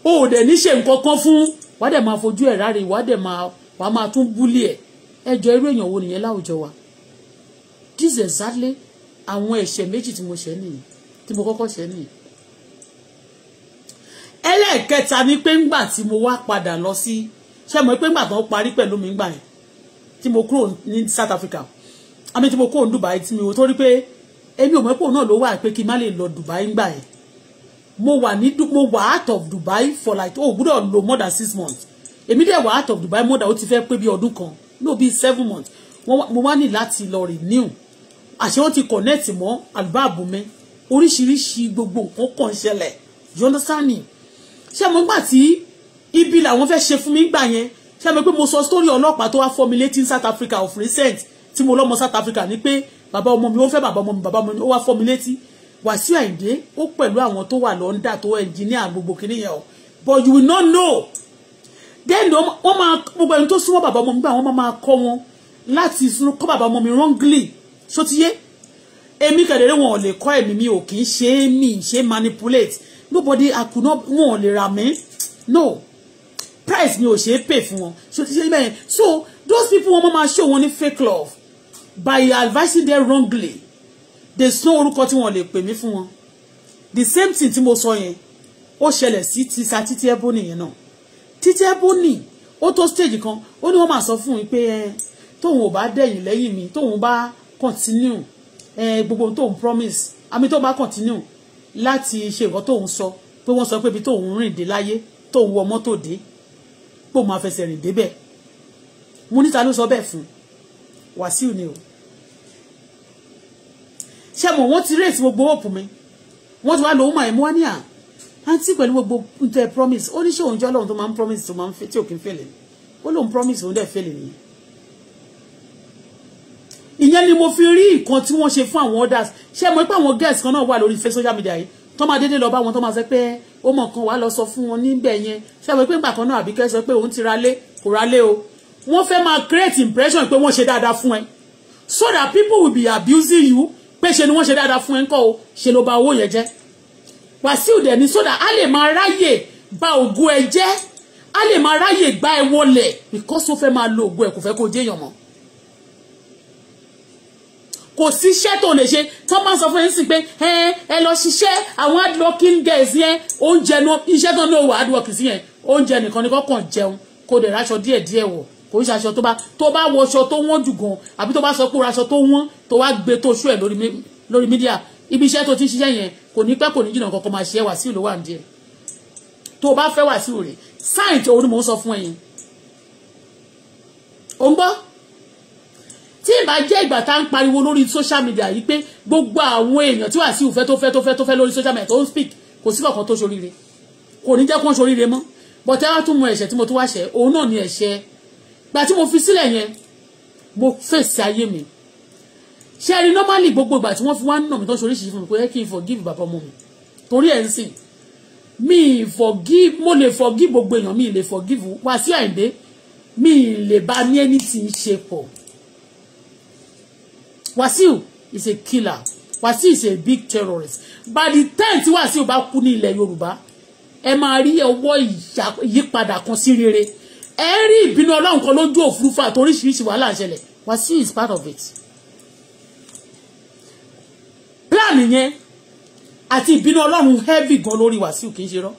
o ò dẹ̀ ní ṣe nǹkan kan fún wàá dẹ̀ máa fojú ẹ̀ ráre wàá dẹ̀ máa wàá máa tún búlé ẹ̀ ẹjọ́ irú èèyàn wo nìyẹn láwùjọ wa this exactly àwọn ẹ̀ṣẹ̀ méjì tí mo ṣẹ̀ nìyí tí mo kọ́kọ́ ṣẹ̀ nìyí ẹlẹ́ẹ̀kẹta ni pé ńgbà tí mo wá padà lọ sí ṣé mo pé ńgbà tó parí pẹ̀lú mi ńgbà yẹn tí mo kúrò ní South Africa àmì tí mo kúrò ní Dubai tí mi ò torí pé èmi ò mọ̀ pé òun náà ló wà pé kí n má lè lọ Dubai ńgbà yẹn mo wà ní mo wà out of Dubai for like o gbúdọ̀ lo more than six months èmi dẹ̀ wà out of Dubai more than ó ti fẹ́ pé bí ọdún kan no bí seven months mo wá ní láti lọ renew àṣẹ wọn ti connect mọ́ àlùbáàbù mi oríṣiríṣi gbogbo nǹkan kan ṣẹlẹ̀ you understand me ṣé mo gbà tí ibi làwọn fẹ́ ṣe fún mi gbà yẹn ṣé mo pé mo sọ sórí ọlọ́pàá tó wá fọ́ mi létí South Africa of recent tí mo lọ́mọ South Africa ni pé bàbá ọmọ mi ó fẹ́ bàbá ọmọ mi bàbá ọmọ mi ó wá fọ́ mi létí Wàsíù Àyìndé ó pẹ̀lú àwọn tó wà lọ́ndà tó ẹnjìníà gbogbo kìnìyàn o but you will not know then wọ́n máa gbogbo ẹni tó súnmọ́ bàbá ọmọ mi gbà wọ́n máa kọ́ wọn láti kọ́ bàbá ọmọ mi wrongly sotiye èmi kẹ̀dẹ̀rẹ́ wọn ò lè kọ́ ẹ̀mí mi ò kì í ṣe é mi ṣe manipulate nobody I could not wọn ò lè rà no price mi ò ṣe pay fún wọn so ti ṣe bẹ́ẹ̀ so those people wọn máa show wọn ní fake love by advising them wrongly they sọ orúkọ tí wọn lè pè mí fún wọn the same thing tí mo sọ yẹn ó ṣẹlẹ̀ sí ti sa títí ẹbó nìyẹn náà títí ẹbó nì to stage kan ó ní wọ́n máa sọ fún mi pé ẹ tóun ò bá dẹ̀yìn lẹ́yìn mi tóun bá continue Eh, gbogbo tóun promise àmì tóun bá continue láti ṣe nǹkan tóun sọ pé wọ́n sọ pé ibi tóun rìn dé láyé tóun wọ mọ́tò dé pò máa fẹsẹ̀ rìn débẹ̀ mo níta ló sọ bẹ́ẹ̀ fún Wàsíù ni o ṣé mo wọ́n ti rèsì gbogbo òpù mi wọ́n ti wá lòun máa mú wá ní à ah, àǹtí pẹ̀lú gbogbo ntẹ promise ó ní ṣé òun jẹ́ ọlọ́run tó máa ń promise tó máa ń fẹ́ tí òkè ń fẹ́lẹ̀ ó lóun promise òun dẹ̀ fẹ́lẹ̀ nìyẹn ìyẹn ni mo fi rí nǹkan tí wọ́n ṣe fún àwọn others ṣé mo pé àwọn guests kan náà wà lórí social media yìí tó máa dédé lọ bá wọn tó máa sọ pé ó mọ̀ kan wàá lọ sọ fún wọn níbẹ̀ yẹn ṣé mo pé nǹkan náà Àbíkẹ́ sọ pé òun ti ra lé kò ra lé o wọ́n fẹ́ máa create impression pé wọ́n ṣe dáadáa fún ẹ so that people will be abusing you pé ṣe ni wọ́n ṣe dáadáa fún ẹ ńkọ́ o ṣe ló ba owó yẹn jẹ́ Wàsíù dẹ̀ ni so that a lè máa ráyè ba ògo ẹ jẹ́ a lè máa ráyè gbá ẹ wọlẹ̀ because ó fẹ́ máa lo ògo ẹ kò fẹ́ kó jẹ́yàn mọ́ kò sí iṣẹ́ tó lè ṣe tó máa sọ fún ẹ sí pé ẹ lọ ṣiṣẹ́ àwọn hardworking girls yẹn oúnjẹ náà iṣẹ́ tó ní òwò hardwork sí yẹn oúnjẹ nìkan ni kọ́kàn jẹun kó dẹ̀ ráṣọ díẹ̀díẹ̀ wọ̀ kò ń ṣaṣọ tó bá tó bá wọṣọ tó wọ́n jù gan àbí tó bá sọ pé raṣọ tó wọ́n tó wá gbé tó ṣú ẹ̀ lórí mídíà ibi iṣẹ́ tó ti ń ṣiṣẹ́ yẹn kò ní pẹ́ kò ní jìnnà kankan máa ṣe é Wàsíù ló wà ní díẹ̀ tó o bá fẹ́ Wàsíù rẹ̀ ń tí ìbá jẹ́ ìgbà tá ń pariwo lórí social media yìí pé gbogbo àwọn èèyàn tí wà sí ìfẹ́ tó fẹ́ tó fẹ́ tó fẹ́ lórí social media tó ń speak kò sí kọ̀ọ̀kan tó ṣoríire kò ní jẹ́ kó ń ṣoríire mọ́ but ẹ wá tún mọ ẹ̀ṣẹ̀ tí mo tún wá ṣẹ̀ òun náà ni ẹ̀ṣẹ̀ gbà tí mo fi sílẹ̀ yẹn mo fèsì ayé mi ṣe rí normally gbogbo ìgbà tí wọ́n fi wá ń nà mí tó ṣe oríṣiríṣi fún mi kò yẹ kí n forgive bàbá ọmọ mi torí ẹ̀ ń sìn mi forgive mo lè forgive gbogbo èèyàn mi lè forgive Wàsíù Àyìndé mi lè bá ní ẹni tí ń ṣe pọ̀ Wasiu is a killer Wasiu is a big terrorist by the time tí Wasiu bá kú ní ilẹ̀ Yorùbá ẹ máa rí ọwọ́ ìyípadà kan sí rere ẹ rí ìbínú Ọlọ́run kan lójú òfurufú àti oríṣiríṣi wàhálà ń ṣẹlẹ̀ Wasiu is part of it plan yẹn àti ìbínú Ọlọ́run heavy gan lórí Wasiu kì í ṣe rán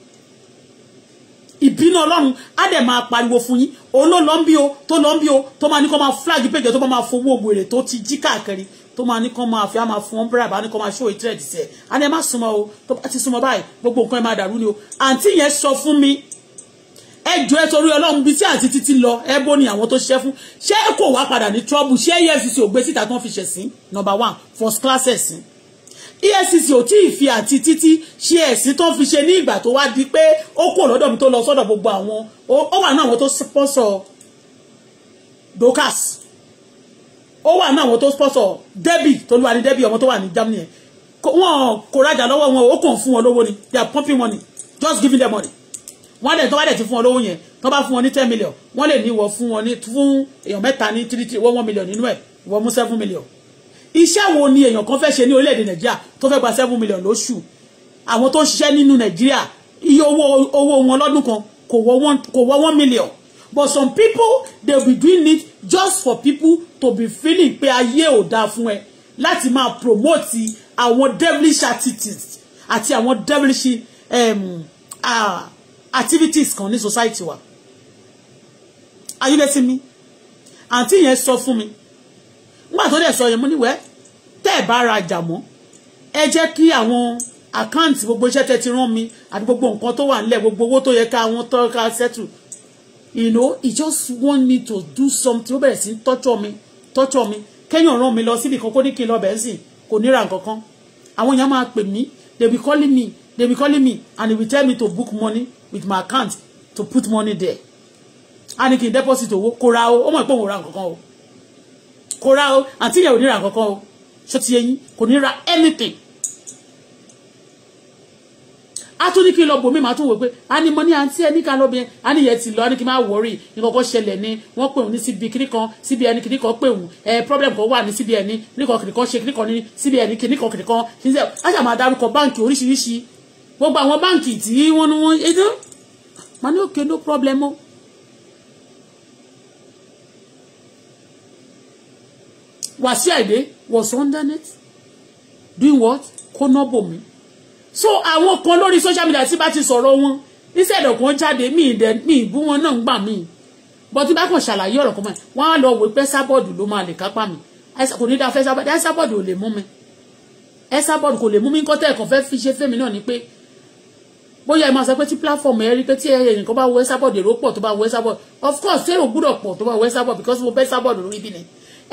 ìbínú ọlọ́run á dẹ̀ máa pariwo fún yín òun ló lọ ń bí o tó lọ o tó máa ní kó máa flag péjọ tó máa fowó ògbò èrè tó ti jí káàkiri tó máa ní kó máa fi á máa fún ọ́nbẹ́rẹ́ àbá ní kó máa ṣó ètò ẹ̀dì sẹ̀ á ní ẹ má súnmọ́ o tó bá ti súnmọ́ báyìí gbogbo nǹkan ẹ máa dàrú ni o àǹtí yẹn sọ fún mi ẹ jọ ẹ torí ọlọ́run bíi tí àǹtí títí lọ ẹ bó ni àwọn tó ṣiṣẹ́ fún ṣé kò wá padà ní trouble ṣé efcc ò gbé síta tó ń fi ṣẹ̀sín number one first class ẹ̀sìn EFCC ò tí ì fi àti títí ṣe ẹ̀sìn tó fi ṣe ní ìgbà tó wá di pé ó kúrò lọ́dọ̀ mi tó lọ sọ́dọ̀ gbogbo àwọn ó wà ní àwọn tó sponsor Dorcas ó wà ní àwọn tó sponsor Debbie tó lùwà ní Debbie ọmọ tó wà ní Germany yẹn wọn kò rajà lọ́wọ́ wọn ó kàn fún wọn lówó ni they are pumping money just giving them money wọ́n dẹ̀ tó wá dẹ̀ ti fún wọn lówó yẹn tó bá fún wọn ní ten million wọ́n lè ní ìwọ fún wọn ní fún èèyàn mẹ́ta ní three three one one million nínú ẹ̀ ìwọ mú seven million iṣẹ́ wo ni èèyàn kan fẹ́ ṣe ní orílẹ̀-èdè nàìjíríà tó fẹ́ gba seven million lóṣù àwọn tó ń ṣiṣẹ́ nínú nàìjíríà iye owó owó wọn lọ́dún kan kò wọ one kò wọ one million but some people they be doing it just for people to be feeling pé ayé ò dáa fún ẹ láti máa promote àwọn devilish activities àti àwọn devilish um, uh, activities kan ní society wa are you letting me àǹtí yẹn sọ fún mi nígbà tó dẹ̀ sọ yẹn mo níwẹ̀ tẹ́ ẹ̀ bá ra àjà mọ́ ẹ jẹ́ kí àwọn àkáǹtì gbogbo iṣẹ́ tẹ́ ti rán mi àti gbogbo nǹkan tó wà nílẹ̀ gbogbo owó tó yẹ ká àwọn tọ́ ká sẹ́tù you know he just want me to do something ó bẹ̀rẹ̀ sí tọ́jọ́ mi tọ́jọ́ mi kẹ́yìn rán mi lọ síbi kan kó ní kí n lọ bẹ̀ẹ́ sìn kò níra nǹkan àwọn èèyàn máa pè mí they be calling me they be calling me and they be tell me to book money with my account to put money there a ní kí n deposit owó kó ra o ó mọ̀ pé òun ra nǹkan kan o kò ra o àǹtí yẹn ò ní ra kankan o ṣé ti yẹn kò ní ra anything a tún ní kí n lọ bòmí màá tún wò pé a ní mo ní àǹtí ẹ ní ká lọ bẹ a ní yẹn ti lọ a ní kí n má wọrí nǹkan kan ṣẹlẹ̀ ni wọ́n pè wọ́n ní síbi kíní kan síbi ẹni kíní kan pè wọ́n ẹ problem kan wà ní síbi ẹni kíní kan kíní kan ṣe kíní kan ní síbi ẹni kíní kan kíní kan ṣíṣe a ṣà máa dárúkọ báǹkì oríṣiríṣi gbogbo àwọn báǹkì tí wọ́n ní wọ́n ètò màá ní òkè no problem o Wasi Aide was under it doing what kó ná bò mí so àwọn kan lórí social media tí bá ti sọ̀rọ̀ wọn instead of wọn jáde mí ìdẹ mí ìbú wọn náà ń gbà mí but tí bá kàn ṣàlàyé ọ̀rọ̀ kan mọ́ wọn á lọ wò pé sábọ́ọ̀dù ló máa lè kápá mi kò ní dá fẹ́ sábọ́ọ̀dù ẹ sábọ́ọ̀dù ò lè mú mi ẹ sábọ́ọ̀dù kò lè mú mi nǹkan tẹ́ ẹ̀kan fẹ́ fi ṣe fẹ́mi náà ni pé bóyá ẹ máa sọ pé tí platform ẹ rí pé tí ẹnìkan bá wọ ẹ sábọ́ọ̀dù èrò pọ̀ tó bá wọ ẹ sábọ́ọ̀dù of course ṣé ò gbúdọ̀ pọ̀ tó bá wọ ẹ sábọ́ọ̀dù because mo fẹ́ sábọ́ọ̀dù lórí bí ni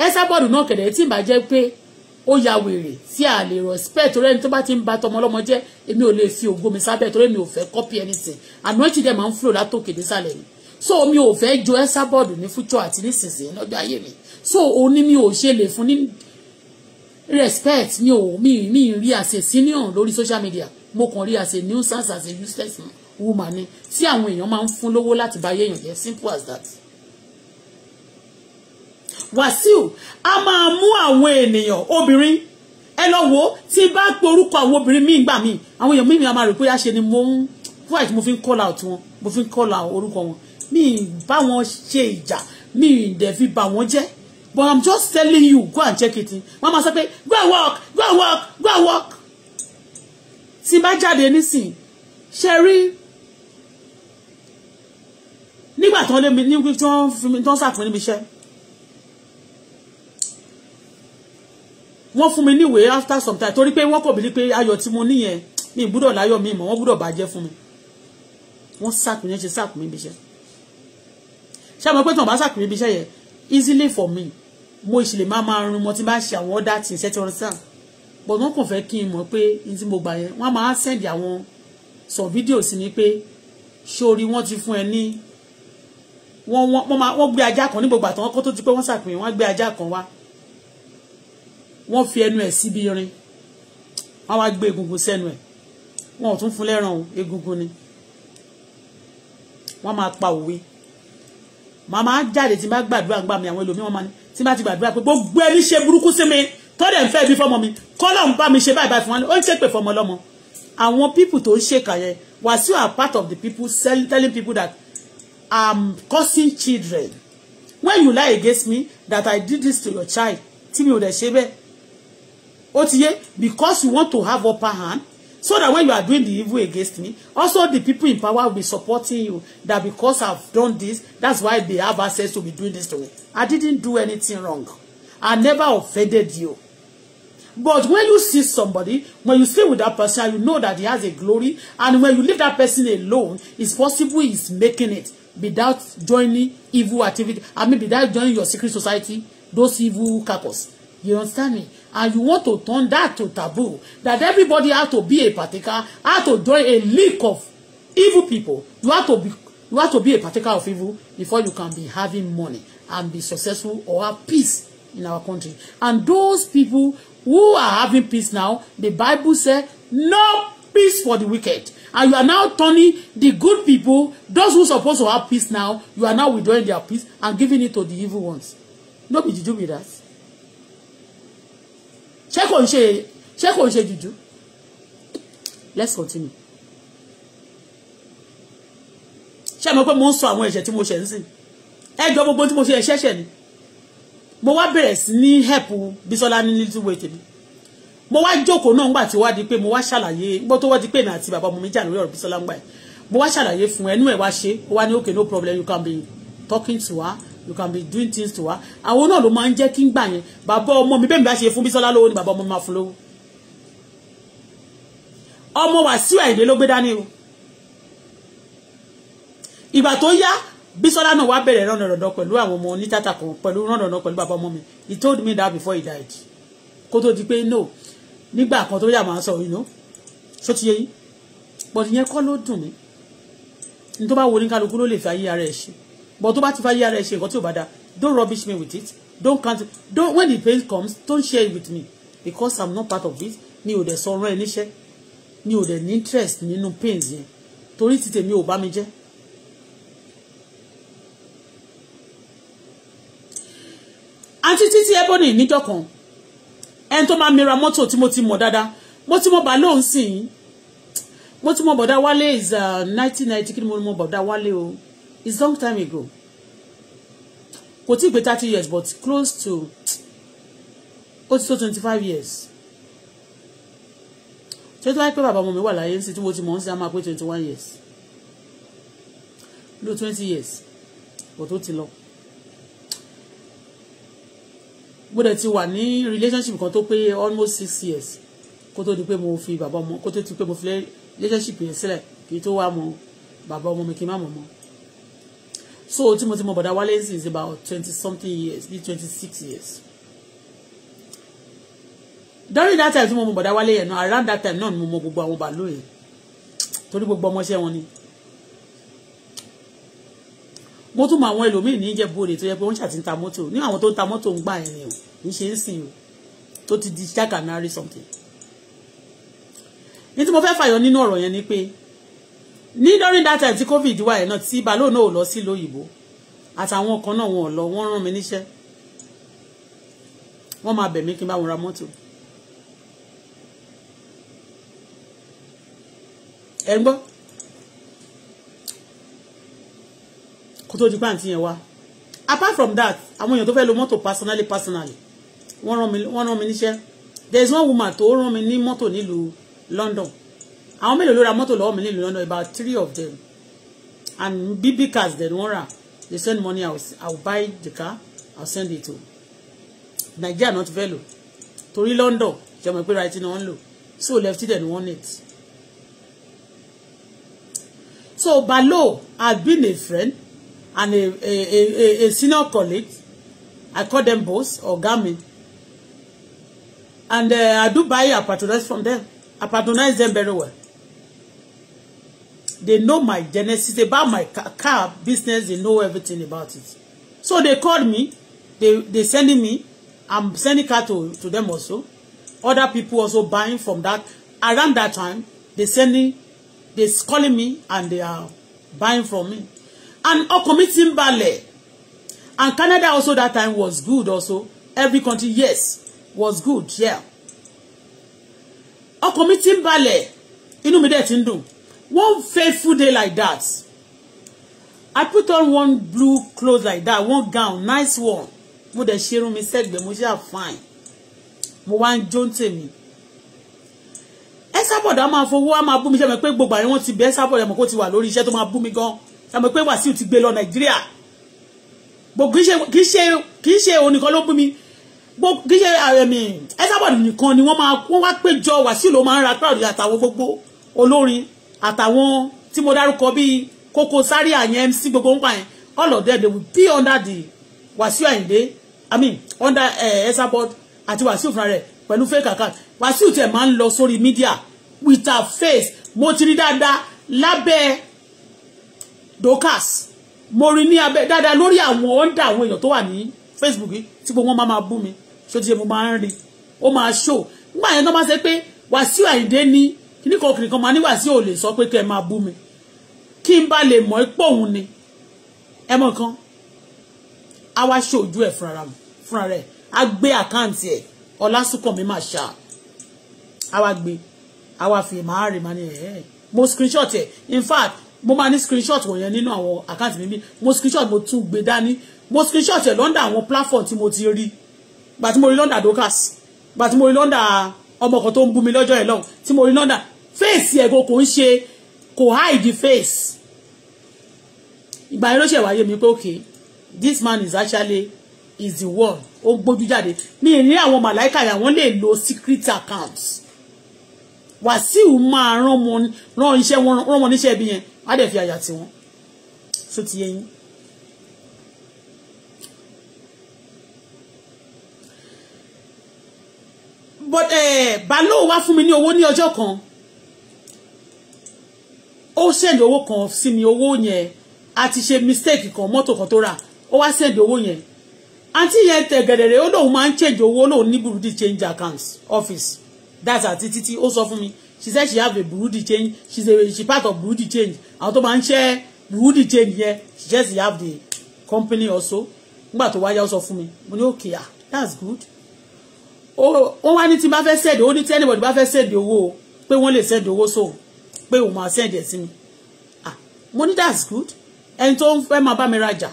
Esabod náà kẹ̀dẹ̀ tí ń bá jẹ́ pé ó ya wèrè tí a lè respect torí ẹni tó bá ti ń ba tọmọ ọlọ́mọ jẹ́ èmi ò lè fi ògo mi sábẹ́ torí mi ò fẹ́ copy anything anointing dẹ̀ máa ń flow látòkè nísàlẹ̀ ni so mi ò fẹ́ jo Esabod ní future àti nísinsìnyí lọ́jọ́ ayé mi so òun ni mi ò ṣe lè fún ní respect mi ò mi mi rí as senior lórí social media mo kàn rí as a nuisance as a useless woman ni tí àwọn èèyàn máa ń fún lówó láti bá yéèyàn jẹ́ simple as that. Wàsíù a máa mú àwọn ènìyàn obìnrin ẹ lọ wo tí bá pe orúkọ àwọn obìnrin míì gbà míì àwọn èèyàn míì mi a máa rò pé àṣẹ ni mo ń fún àìsí mo fi ń call out wọn mo fi ń call out orúkọ wọn mi bá wọn ṣe ìjà mi dẹ̀ fi bà wọ́n jẹ́ but i'm just telling you go and check it wọ́n máa sọ pé go and work go and work go and work tí bá jáde nísìn ṣe rí nígbà tí wọ́n lé mi ní tí fi mi tí wọ́n sàpín níbi iṣẹ́ wọ́n fún mi níwèé after some time torí pé wọ́n kò bìlí pé ayọ̀ tí mo níyẹn mi gbúdọ̀ láyọ̀ mi mọ̀ wọ́n gbúdọ̀ bàjẹ́ fún mi wọ́n sàkùn yẹn ṣe sàkùn mi ibiṣẹ́ ṣé àwọn pé tí wọ́n bá sàkùn mi ibiṣẹ́ yẹn easily for me mo ìṣẹ̀lẹ̀ máa máa rún mo ti bá ṣe àwọn ọ̀dà tí ìṣẹ́ ti rán sáà but wọ́n kàn fẹ́ kí n mọ̀ pé n tí mo gbà yẹn wọ́n máa send àwọn sọ fídíò sí mi pé sórí wọ́n ti fún ẹ ní wọ́n wọ́n gbé ajá kan nígbàgbà tí wọ́n kó tó ti pé wọ́n sàkùn yẹn wọ́n gbé ajá kan wá wọ́n fi ẹnu ẹ̀ síbi irin wọ́n wá gbé egungun sẹ́nu ẹ̀ wọn ò tún fún lẹ́ràn o egungun ni wọ́n máa pa òwe màmá jáde tí n bá gbàdúrà gbà mí àwọn ẹlòmíràn máa ní tí n bá ti gbàdúrà pé gbogbo ẹni ṣe burúkú sí mi tọ́lẹ̀ ń fẹ́ bí fọmọ mi kọ́lọ̀ ń bá mi ṣe báyìí báyìí fún wọn ó ń ṣépè fọmọ lọ́mọ àwọn people tó ń ṣèkà yẹn Wasiu are part of the people telling people that I'm causing children when you lie against me that I did this to your child tí mi ò dẹ̀ ṣe bẹ́ẹ̀ ó ti because you want to have upper hand so that when you are doing the evil against me also the people in power will be supporting you that because I've done this that's why they have access to be doing this to me I didn't do anything wrong I never offended you but when you see somebody when you stay with that person you know that he has a glory and when you leave that person alone it's possible he's making it without joining evil activity I mean without joining your secret society those evil couples you understand me and you want to turn that to taboo that everybody has to be a partaker has to join a league of evil people you have to be you have to be a partaker of evil before you can be having money and be successful or have peace in our country and those people who are having peace now the Bible say no peace for the wicked and you are now turning the good people those who supposed to have peace now you are now withdrawing their peace and giving it to the evil ones no be juju be that ṣé kò ń ṣe ṣé kò ń ṣe jùjú let's continue ṣé mo pé mo ń sọ àwọn ẹ̀ṣẹ̀ tí mo ṣẹ̀ ń sìn ẹjọ́ gbogbo tí mo ṣe ẹ̀ṣẹ̀ṣẹ̀ ni mo wá bẹ̀rẹ̀ sí ní help Bisola ní little way tèmi mo wá jókòó náà ńgbà tí wá di pé mo wá ṣàlàyé gbọ́ tó wá di pé èmi àti bàbá ọmọ mi jà lórí ọ̀rọ̀ Bisola ńgbà yìí mo wá ṣàlàyé fún ẹnu ẹ̀ wá ṣe ó wá ní okay no problem you can be talking to her you can be doing things to her àwọn náà ló máa ń jẹ́ kí n gbà yẹn bàbá ọmọ mi bẹ́ẹ̀ mi bá ṣe fún Bísọ́lá lówó ni bàbá ọmọ mi máa fún lówó ọmọ Wàsíù Àyìndé ló gbé dání o ìgbà tó yá Bísọ́lá náà wá bẹ̀rẹ̀ rànàrànà pẹ̀lú àwọn ọmọ onítàtà kan pẹ̀lú rànàrànà pẹ̀lú bàbá ọmọ mi he told me that before he died kó tó di pé no nígbà kan tó yà máa sọ yìí nù ṣó ti yẹ yín bọ̀dì yẹn kọ́ ló dùn mí ní tó bá wo ní kálukú ló lè fi ayé ara ẹ̀ ṣe but tó bá ti fa yíyá rẹ ṣe nǹkan tí don't rubbish me with it don't count don't when the pain comes don't share it with me because i'm not part of it mi ò dẹ̀ sọ̀rọ̀ ẹ níṣẹ́ mi ò dẹ̀ ní interest nínú pains yẹn torí ti tèmi ò bá mi jẹ́. àti títí ebony níjọ́ kan ẹni tó máa mira mọ́tò tí mo ti mọ̀ dáadáa mo ti mọ̀ bá lóun sìn mo ti mọ̀ bọ̀dá wálé is uh, nineteen ninety kí ni mo mọ̀ bọ̀dá wálé o it's long time ago kò tí ì pé thirty years but close to ó ti tó twenty five years Twenty-five years. pé bàbá ọmọ mi wà láyé ní sí tí mo ti mọ̀ ń sí á pé twenty one years No, twenty years but ó ti lọ mo dẹ̀ ti wà ní relationship kan tó pé almost six years kó tó di pé mo fi bàbá ọmọ kó tó di pé mo fi relationship yẹn sílẹ̀ kí n tó wá mọ bàbá ọmọ mi kí n má mọ̀ mọ́ so tí mo ti mọ bọ̀dá wálé is about twenty something years be twenty six years during that time tí mo mọ bọ̀dá wálé yẹn around that time náà ni mo mọ gbogbo àwọn bàálù yẹn torí gbogbo ọmọọṣẹ́ wọn ni mo tún mọ àwọn ẹlòmíì ní Ìjẹ̀bú Òde tó yẹ pé wọ́n ṣàti ń ta mọ́tò ní àwọn tó ń ta mọ́tò ń gbà ẹ̀ ni o ń ṣe ń sìn o tó ti di jákànárí something ní tí mo fẹ́ fàyọ nínú ọ̀rọ̀ yẹn ni pé ní during that time tí covid wà yẹn náà tí balóò náà ò lọ sí lóyìnbó àtàwọn kan náà wọn ò lọ wọ́n rán mi níṣẹ́ wọ́n máa bẹ̀ mí kí n bá wọn ra mọ́tò. ẹ ń gbọ́ kó tó di pàǹtí yẹn wá apart from that àwọn èèyàn tó fẹ́ lo mọ́tò personally personally wọ́n rán mi níṣẹ́ there is one woman tó rán mi ní mọ́tò nílùú London àwọn mélòó ló ra mọ́tò lọ́wọ́ mi nílùú lọ́nà about three of them and big big cars dem wọ́n rà they send money I will, I will buy the car I will send it to Nigeria not velo torí London jẹ́mọ̀ pé right ni wọ́n ń lò so lefty then won it. So Balo had been a friend and a, a, a, a, a senior colleague. I call them both or Gami. And uh, I do buy, I patronize from them. I patronize them very well they know my genesis about my car business they know everything about it so they called me they they sending me I'm sending car to to them also other people also buying from that around that time they sending they calling me and they are buying from me and ọkàn mi ti and Canada also that time was good also every country yes was good yeah ọkàn mi ti ń balẹ̀ inú mi dẹ̀ ti One fateful day like that, I put on one blue clothes like that, one gown, nice one. Mo dẹ̀ ṣe irun mi sẹ́gbẹ̀ẹ́, mo ṣe à fine. Mo wá ń jó ń tèmi. Esabod a máa fowó, a máa bú mi ṣe mọ̀ pé gbogbo àyẹ̀wò ti bẹ̀ Esabod ẹ̀ mọ̀ kó ti wà lórí iṣẹ́ tó máa bú mi gan. Ẹ mọ̀ pé Wàsíù ti gbé lọ Nàìjíríà. Gbogbo kì í ṣe kì í ṣe òun nìkan ló bú mi gbogbo kí ṣe àrẹ̀mí Esabod nìkan ni wọ́n máa wọ́n wá péjọ Wàsíù ló máa ń ra crowd àtàwọn gbogbo olórin àtàwọn tí mo dárúkọ bíi Koko Zaria yẹn MC gbogbo ń pa yẹn all of them they will be under the Wasiu Ayinde i mean under esa eh, Esabod àti Wasiu fúnra rẹ̀ pẹ̀lú fake account Wasiu tiẹ̀ máa ń lọ sórí media with her face mo ti rí dáadáa lábẹ́ Dorkas mo rí ní abẹ́ dáadáa lórí àwọn under àwọn èèyàn tó wà ní Facebook yìí tí gbogbo wọn máa máa bú mi O ti ṣe mo máa ń rí ó máa show nígbà yẹn tó máa ṣe pé Wasiu Ayinde ni kíní kan kìnìkan máa nígbà tí ò lè sọ pé kẹ́ ẹ máa bú mi kí n bá lè mọ̀ ẹ́ pọ̀ òun ni ẹ mọ̀ kan á wá ṣojú ẹ̀ fúnra rẹ̀ á gbé àkáǹtì ẹ̀ ọlásùnkànmí máa ṣá á wá gbé á wá fi máa rè máa ní ẹ̀ mo screenshot ẹ̀ in fact mo máa ní screenshot wọ̀nyẹn nínú àwọn àkáǹtì mi mo screenshot mo tún gbé dání mo screenshot ẹ̀ lọ́ndà àwọn platform tí mo ti rí gbà mo rí lọ́ndà dokas gbà mo rí lọ́ndà ọmọ kan tó ń bú mi lọ́jọ́ ẹ̀ lọ́hùn tí mo rí lọ́ndà fèsì ẹ̀gọ́ kò ń ṣe kò hide face ìgbà yẹn ló ṣe wáyé mi pé okay this man is actually is the one ó gbójú jáde ní ìrìn àwọn màláìka yà wọ́n lè lo secret accounts wàsíù máa rán mọ rán iṣẹ́ wọn rán mọ níṣẹ́ ibi yẹn á dẹ̀ fi àyà tiwọn tó ti yẹ yín. but eh, balo wa fún mi ni owó ní ọjọ́ kan ó send owó kan sí mi owó yẹn a ti ṣe mistake kan mọ́tò kan tó rà ó wá send owó yẹn àǹtí yẹn tẹ̀ gẹ̀dẹ̀rẹ̀ ó lóun máa ń change owó lóun ní burúdi change accounts office that's at títí ó sọ fún mi she said she have a burúdi change she's a she part of burúdi change àwọn tó máa ń ṣe burúdi change yẹn she just have the company also nígbà tó wáyá ó sọ fún mi mo ní okay ah that's good ó wá ní tí n bá fẹ́ send owó ní tí anybody bá fẹ́ send owó pé wọ́n lè send owó sóun pé òun máa send ẹ̀ sí mi ah mo ní that's good ẹni tó ń fẹ́ máa bá mi rajà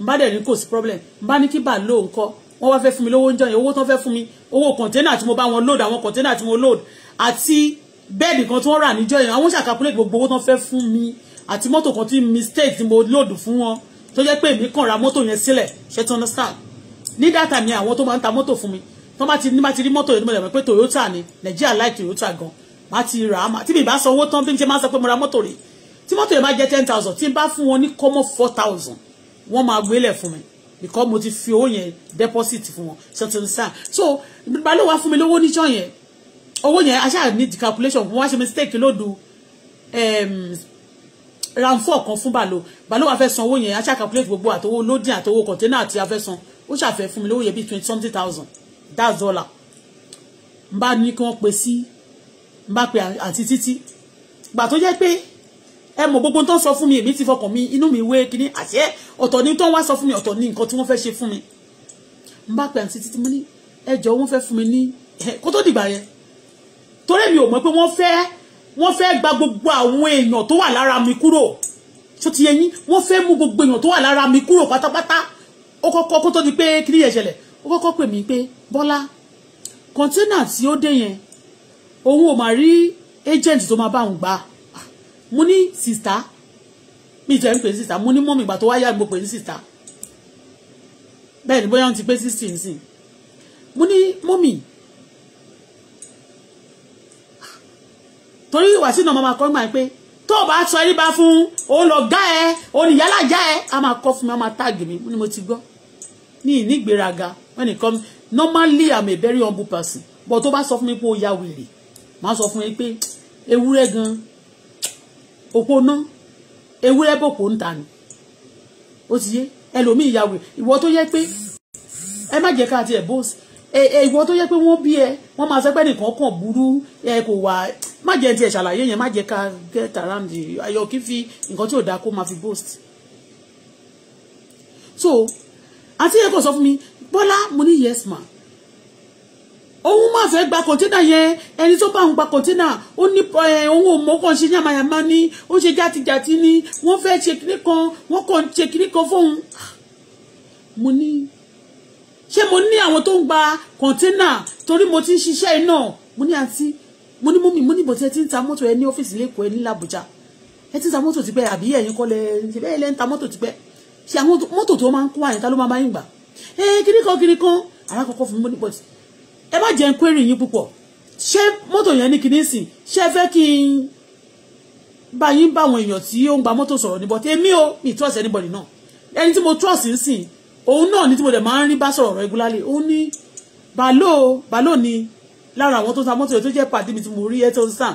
n bá dẹ̀ ní kò sí problem n bá ní kí bà lóun kọ́ wọ́n wá fẹ́ fún mi lówó ń jọyìn owó tán fẹ́ fún mi owó kọ̀ǹténà tí mo bá wọn load àwọn kọ̀ǹténà tí mo load àti bẹ́ẹ̀dì kan tí wọ́n rà níjọ́ yẹn àwọn ṣàkàpúlẹ̀ gbogbo owó tán fẹ́ fún mi àti mọ́tò kan tí mistake tí mo load fún wọn tó jẹ́ pé èmi kàn ra mọ́tò yẹn sílẹ̀ ṣe tí understand ní data mi àwọn tó máa ń ta mọ́tò fún mi tó bá ti rí mọ́tò yẹn mo lè mọ̀ pé Toyota ni Nàìjíríà like Toyota gan màá ti rà á tí mi bá sanwó tán bí mi ṣe máa sọ pé mo ra mọ́tò rè tí mọ́tò yẹn bá jẹ́ ten thousand tí n bá fún wọn ní kọ́mọ́ four thousand wọ́n máa gbélẹ̀ fún mi because mo ti fi owó yẹn deposit fún wọn certain sum so balẹ̀ wá fún mi lówó níjọ́ yẹn owó yẹn aṣáà ní calculation wọ́n wá ṣe mistake lódu ehm, round four kan fún balo balo wa fẹ́ san owó yẹn aṣáà calculate gbogbo àtowó loading àtowó container àti afẹ́san ó ṣàfẹ́ fún mi lówó yẹn bíi twenty something thousand that's dollar n bá ní kí wọ́n pe sí n bá pe àǹtí títí gbà tó jẹ́ pé ẹ mọ̀ gbogbo tó ń sọ fún mi èmi ti fọkàn mi inú mi wé kíní àṣẹ ọ̀tọ̀ ni tó ń wá sọ fún mi ọ̀tọ̀ ni nǹkan tí wọ́n fẹ́ ṣe fún mi n bá pe àǹtí títí mo ní ẹ jọ̀ọ́ wọ́n fẹ́ fún mi ní kó tó dìgbà yẹn torí mi ò mọ̀ pé wọ́n fẹ́ wọ́n fẹ́ gba gbogbo àwọn èèyàn tó wà lára mi kúrò tó ti yẹn wọ́n fẹ́ mú gbogbo èèyàn tó wà lára mi kúrò pátápátá ó kọ́kọ́ kó tó di pé kíní yẹn ṣẹlẹ̀ ó kọ́kọ́ pè mí pé Bọ́lá kọ́ńténà tí ó dé yẹn òun ò máa rí agent tó máa bá òun gbà mo ní sista mi jẹ́ ń pè ní sista mo ní mọ́mì ìgbà tó wáyà mo pè ní sista bẹ́ẹ̀ ni bóyá wọ́n ti pé sixty nsìn mo ní mọ́mì torí wàásù náà máa kọ́ ń gbà pé tó o bá sọ ẹni bá fún òun lọ gá ẹ oníyálàjá ẹ a máa kọ́ fún mi a máa táàgì mi ni mo ti gbọ́ ní ìnígbéraga when it comes normally I am a very humble person but tó bá sọ fún mi pé ó ya wèrè màá sọ fún yín pé ewúrẹ́ gan òpó ná ewúrẹ́ bòpó ń ta ni ó ti yé ẹlòmíì ìyàwó ìwọ tó yẹ pé ẹ má jẹ́ ká àti ẹ̀ bóòsì ìwọ tó yẹ pé wọ́n bí ẹ wọ́n máa sọ pé nìkan kàn burú ẹ kò wà má jẹ́ ti ẹ̀ ṣàlàyé yẹn má jẹ́ ká get around the ayọ̀ kí fi nǹkan tí ò dáa kó máa fi boost. so àti ẹ kò sọ fún mi Bọ́lá mo ní yes ma òun máa fẹ́ gba kọ̀ńténà yẹn ẹni tó bá ń gba kọ̀ńténà ó ní òun ò mọ́ ṣe yàmàyàmà ni ó ṣe játijàti ni wọ́n fẹ́ ṣe kinní kan wọ́n kàn ṣe kinní kan fóun. mo ní ṣé mo ní àwọn tó ń gba kọ̀ńténà torí mo ti ń ṣiṣẹ́ iná mo ní àǹtí mo ní mọ́mì mo ní bòtẹ́ tí ń ta mọ́tò ẹ ní ọ́fíìsì lẹ́kọ̀ọ́ ẹ ní làbújá ẹ ti ń ta mọ́tò tipẹ́ àbí ẹ̀yin kọ́ ṣe àwọn mọ́tò ẹ má jẹ́ ń query yín púpọ̀ ṣé mọ́tò yẹn ní kinní sìn ṣé fẹ́ kí n bá yín bá àwọn èèyàn tí ó ń gba mọ́tò sọ̀rọ̀ ní but èmi ò mi trust anybody náà ẹni tí mo trust ń sìn òun náà ni tí mo dẹ̀ máa ń rí bá sọ̀rọ̀ regularly ó ní bàálò bàálò ni lára àwọn tó ta mọ́tò yẹn tó jẹ́ pàdé mi tí mo rí ẹ tó ń sàn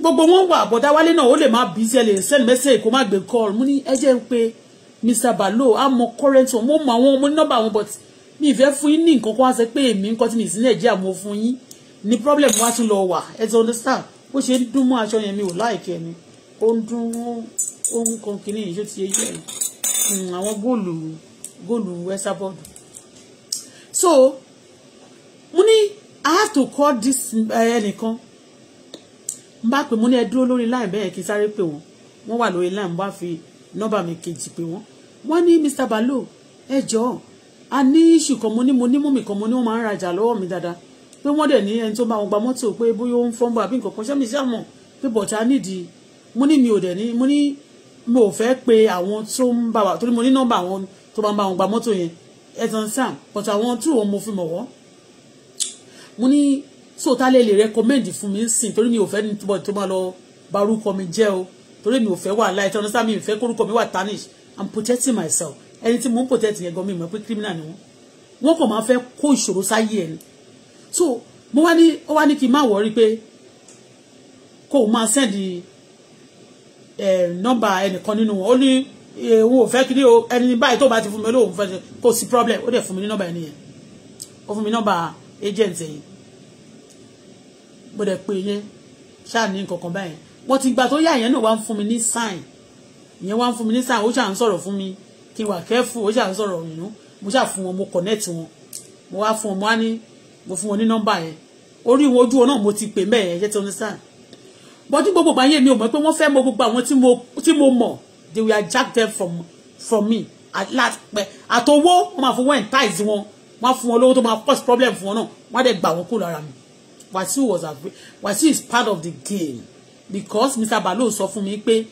gbogbo wọn wà àbọ̀dá wálé náà ó lè má bí sí ẹ lè send message kó má gbé call mo ní ẹ jẹ́ ń pe Mr. Balo a mọ current wọn mo mọ àwọn ọmọ nọ́mbà wọn but mi ìfẹ́ fún yín ní nǹkan kó wá ṣe pé èmi nǹkan tí mi sí nàìjíríà mo fún yín ni problem wá tún lọ wà ẹ ti understand bó ṣe ń dún mọ́ aṣọ yẹn mi ò láìkẹ́ ni ó ń dún ó ń kan kínní yìí ṣó ti yé yẹ hmm, àwọn góòlù góòlù wẹ́sàbọ̀dù so mo ní i have to call this eh, ẹnìkan n bá pè mo ní ẹ dúró lórí line bẹ́ẹ̀ kí n sáré pè wọ́n wọ́n wà lórí line mo bá fi nọ́mbà mi kejì pè wọ́n wọ́n ní Mr. Balo ẹ jọ̀ọ́ a ní ìṣù kan mo ní mo ní mú mi kan mo ní wọ́n máa ń rajà lọ́wọ́ mi dáadáa pé wọ́n dẹ̀ ní ẹni tó bá wọn gba mọ́tò pé bóyá ó ń fọ́nbọ̀ àbí nǹkan kan ṣẹ́mi ṣàmọ̀ pé bọ̀tà nídìí mo ní mi ò dẹ̀ ní mo ní mo ò fẹ́ pe àwọn tó ń bá wa torí mo ní nọ́mbà àwọn tó bá ń bá wọn gba mọ́tò yẹn ẹ̀tàn sam but àwọn tí òun mo fi mọ̀ wọ́n mo ní sóòtá lè lè rẹ́kọ́mẹ́ǹdì fún mi sìn torí mi ò fẹ́ ní tó máa lọ barúkọ mi jẹ́ o torí mi ò fẹ́ wà láì tọ́nu sáà mi ò fẹ́ kórúkọ mi wà tarnish I'm protecting myself ẹni tí mò ń protect yẹn gan mi mọ̀ pé criminal ni wọ́n wọ́n kàn máa fẹ́ kó ìṣòro sáyé ẹ̀ ni so mo wá ní ó wá ní kí n má wọrí pé kó o máa send nọ́mbà ẹnìkan nínú wọn ó ní òun ò fẹ́ kí ni o ẹni báyìí tó bá ti fún mi olóòwò fẹ́ kó sí problem ó dẹ̀ fún mi ní nọ́mbà ẹni yẹn ó fún mi nọ́mbà agent yìí mo dẹ̀ pè yẹn ṣáà ní nǹkan kan báyẹn wọ́n ti gbà tó yá yẹn náà wá ń fún mi ní sign ìyẹn wá ń fún mi ní sign ó ṣáà ń sọ̀rọ̀ fún mi kí wà kẹ́fù ó ṣà ń sọ̀rọ̀ ìlú mo ṣà fún wọn mo connect wọn mo wá fún wọn mo wá ní mo fún wọn ní nọ́mbà yẹn orí wọn ojú wọn náà mo ti pè mẹ́ẹ̀ yẹn jẹ́ ti understand bọ́dún gbogbo àyè mi ò mọ̀ pé wọ́n fẹ́ mọ gbogbo àwọn tí mo mọ̀ they were jack them from from me at last pẹ àtọwọ́ wọn máa fún wọn entice wọn wọn á fún wọn lówó tó máa cause problem fún wọn náà wọn á dẹ̀ gbà wọn kúrò lára mi Wasiu was agree Wasiu is part of the game because Mr. Balo sọ fún mi pé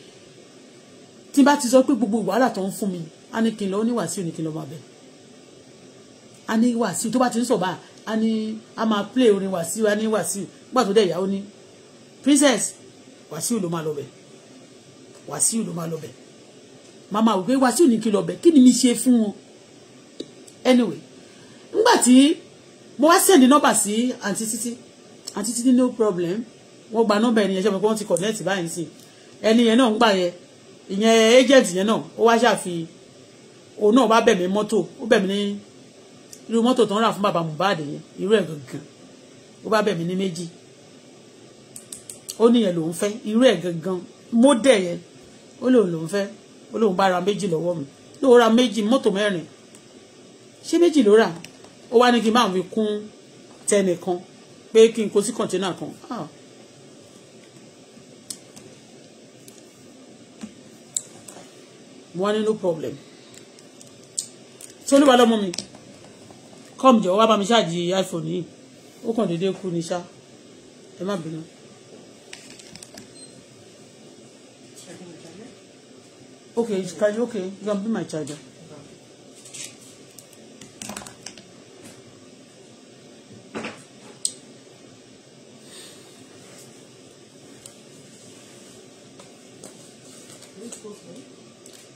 tí n bá ti sọ pé gbogbo wàhálà tó ń fún mi á ní kí n lọ ó ní wàásù ní kí n lọ máa bẹ̀ á ní wàásù tó bá ti ń sọ̀ bá a ní a máa play orin wàásù a ní wàásù nígbà tó dẹ̀ ìyàwó ní princess wàásù ló máa lọ bẹ̀ wàásù ló máa lọ bẹ̀ màmá wò pé ní kí bẹ̀ kí ni mi ṣe fún wọn anyway nígbà tí mo wá sẹ́ndì nọ́mbà sí àǹtí títí àǹtí títí no problem wọ́n gba nọ́mbà ẹni yẹn ṣe mọ̀ pé wọ́n ti connect báyìí sí ẹni yẹn náà ń gbà yẹn ìyẹn agent yẹn náà ó wá ṣàfihàn òun náà bá bẹ̀ mí mọ́tò ó bẹ̀ mí ní irú mọ́tò tó ń rà fún bàbá Mohbad yẹn irú ẹ̀ gangan ó bá bẹ̀ mí ní méjì ó níyẹn lòún fẹ́ irú ẹ̀ gangan mo dẹ̀ yẹn ó lòun lòún fẹ́ ó lòun bá ra méjì lọ́wọ́ mi lóò ra méjì mọ́tò mẹ́rin ṣé méjì ló rà ó wá ní kí n máa fi kún tẹnìkan pé kí n kó sí kọ̀ǹtínà kan. Ah. One no problem ṣé olúwa lọ́mọ mi kọ́ọ̀mù jọ̀wọ́ wá bá mi ṣáàjì iPhone yìí ó kàn déédéé kú ni ṣá ẹ má bínú. Okay, can you okay? You can be my charger.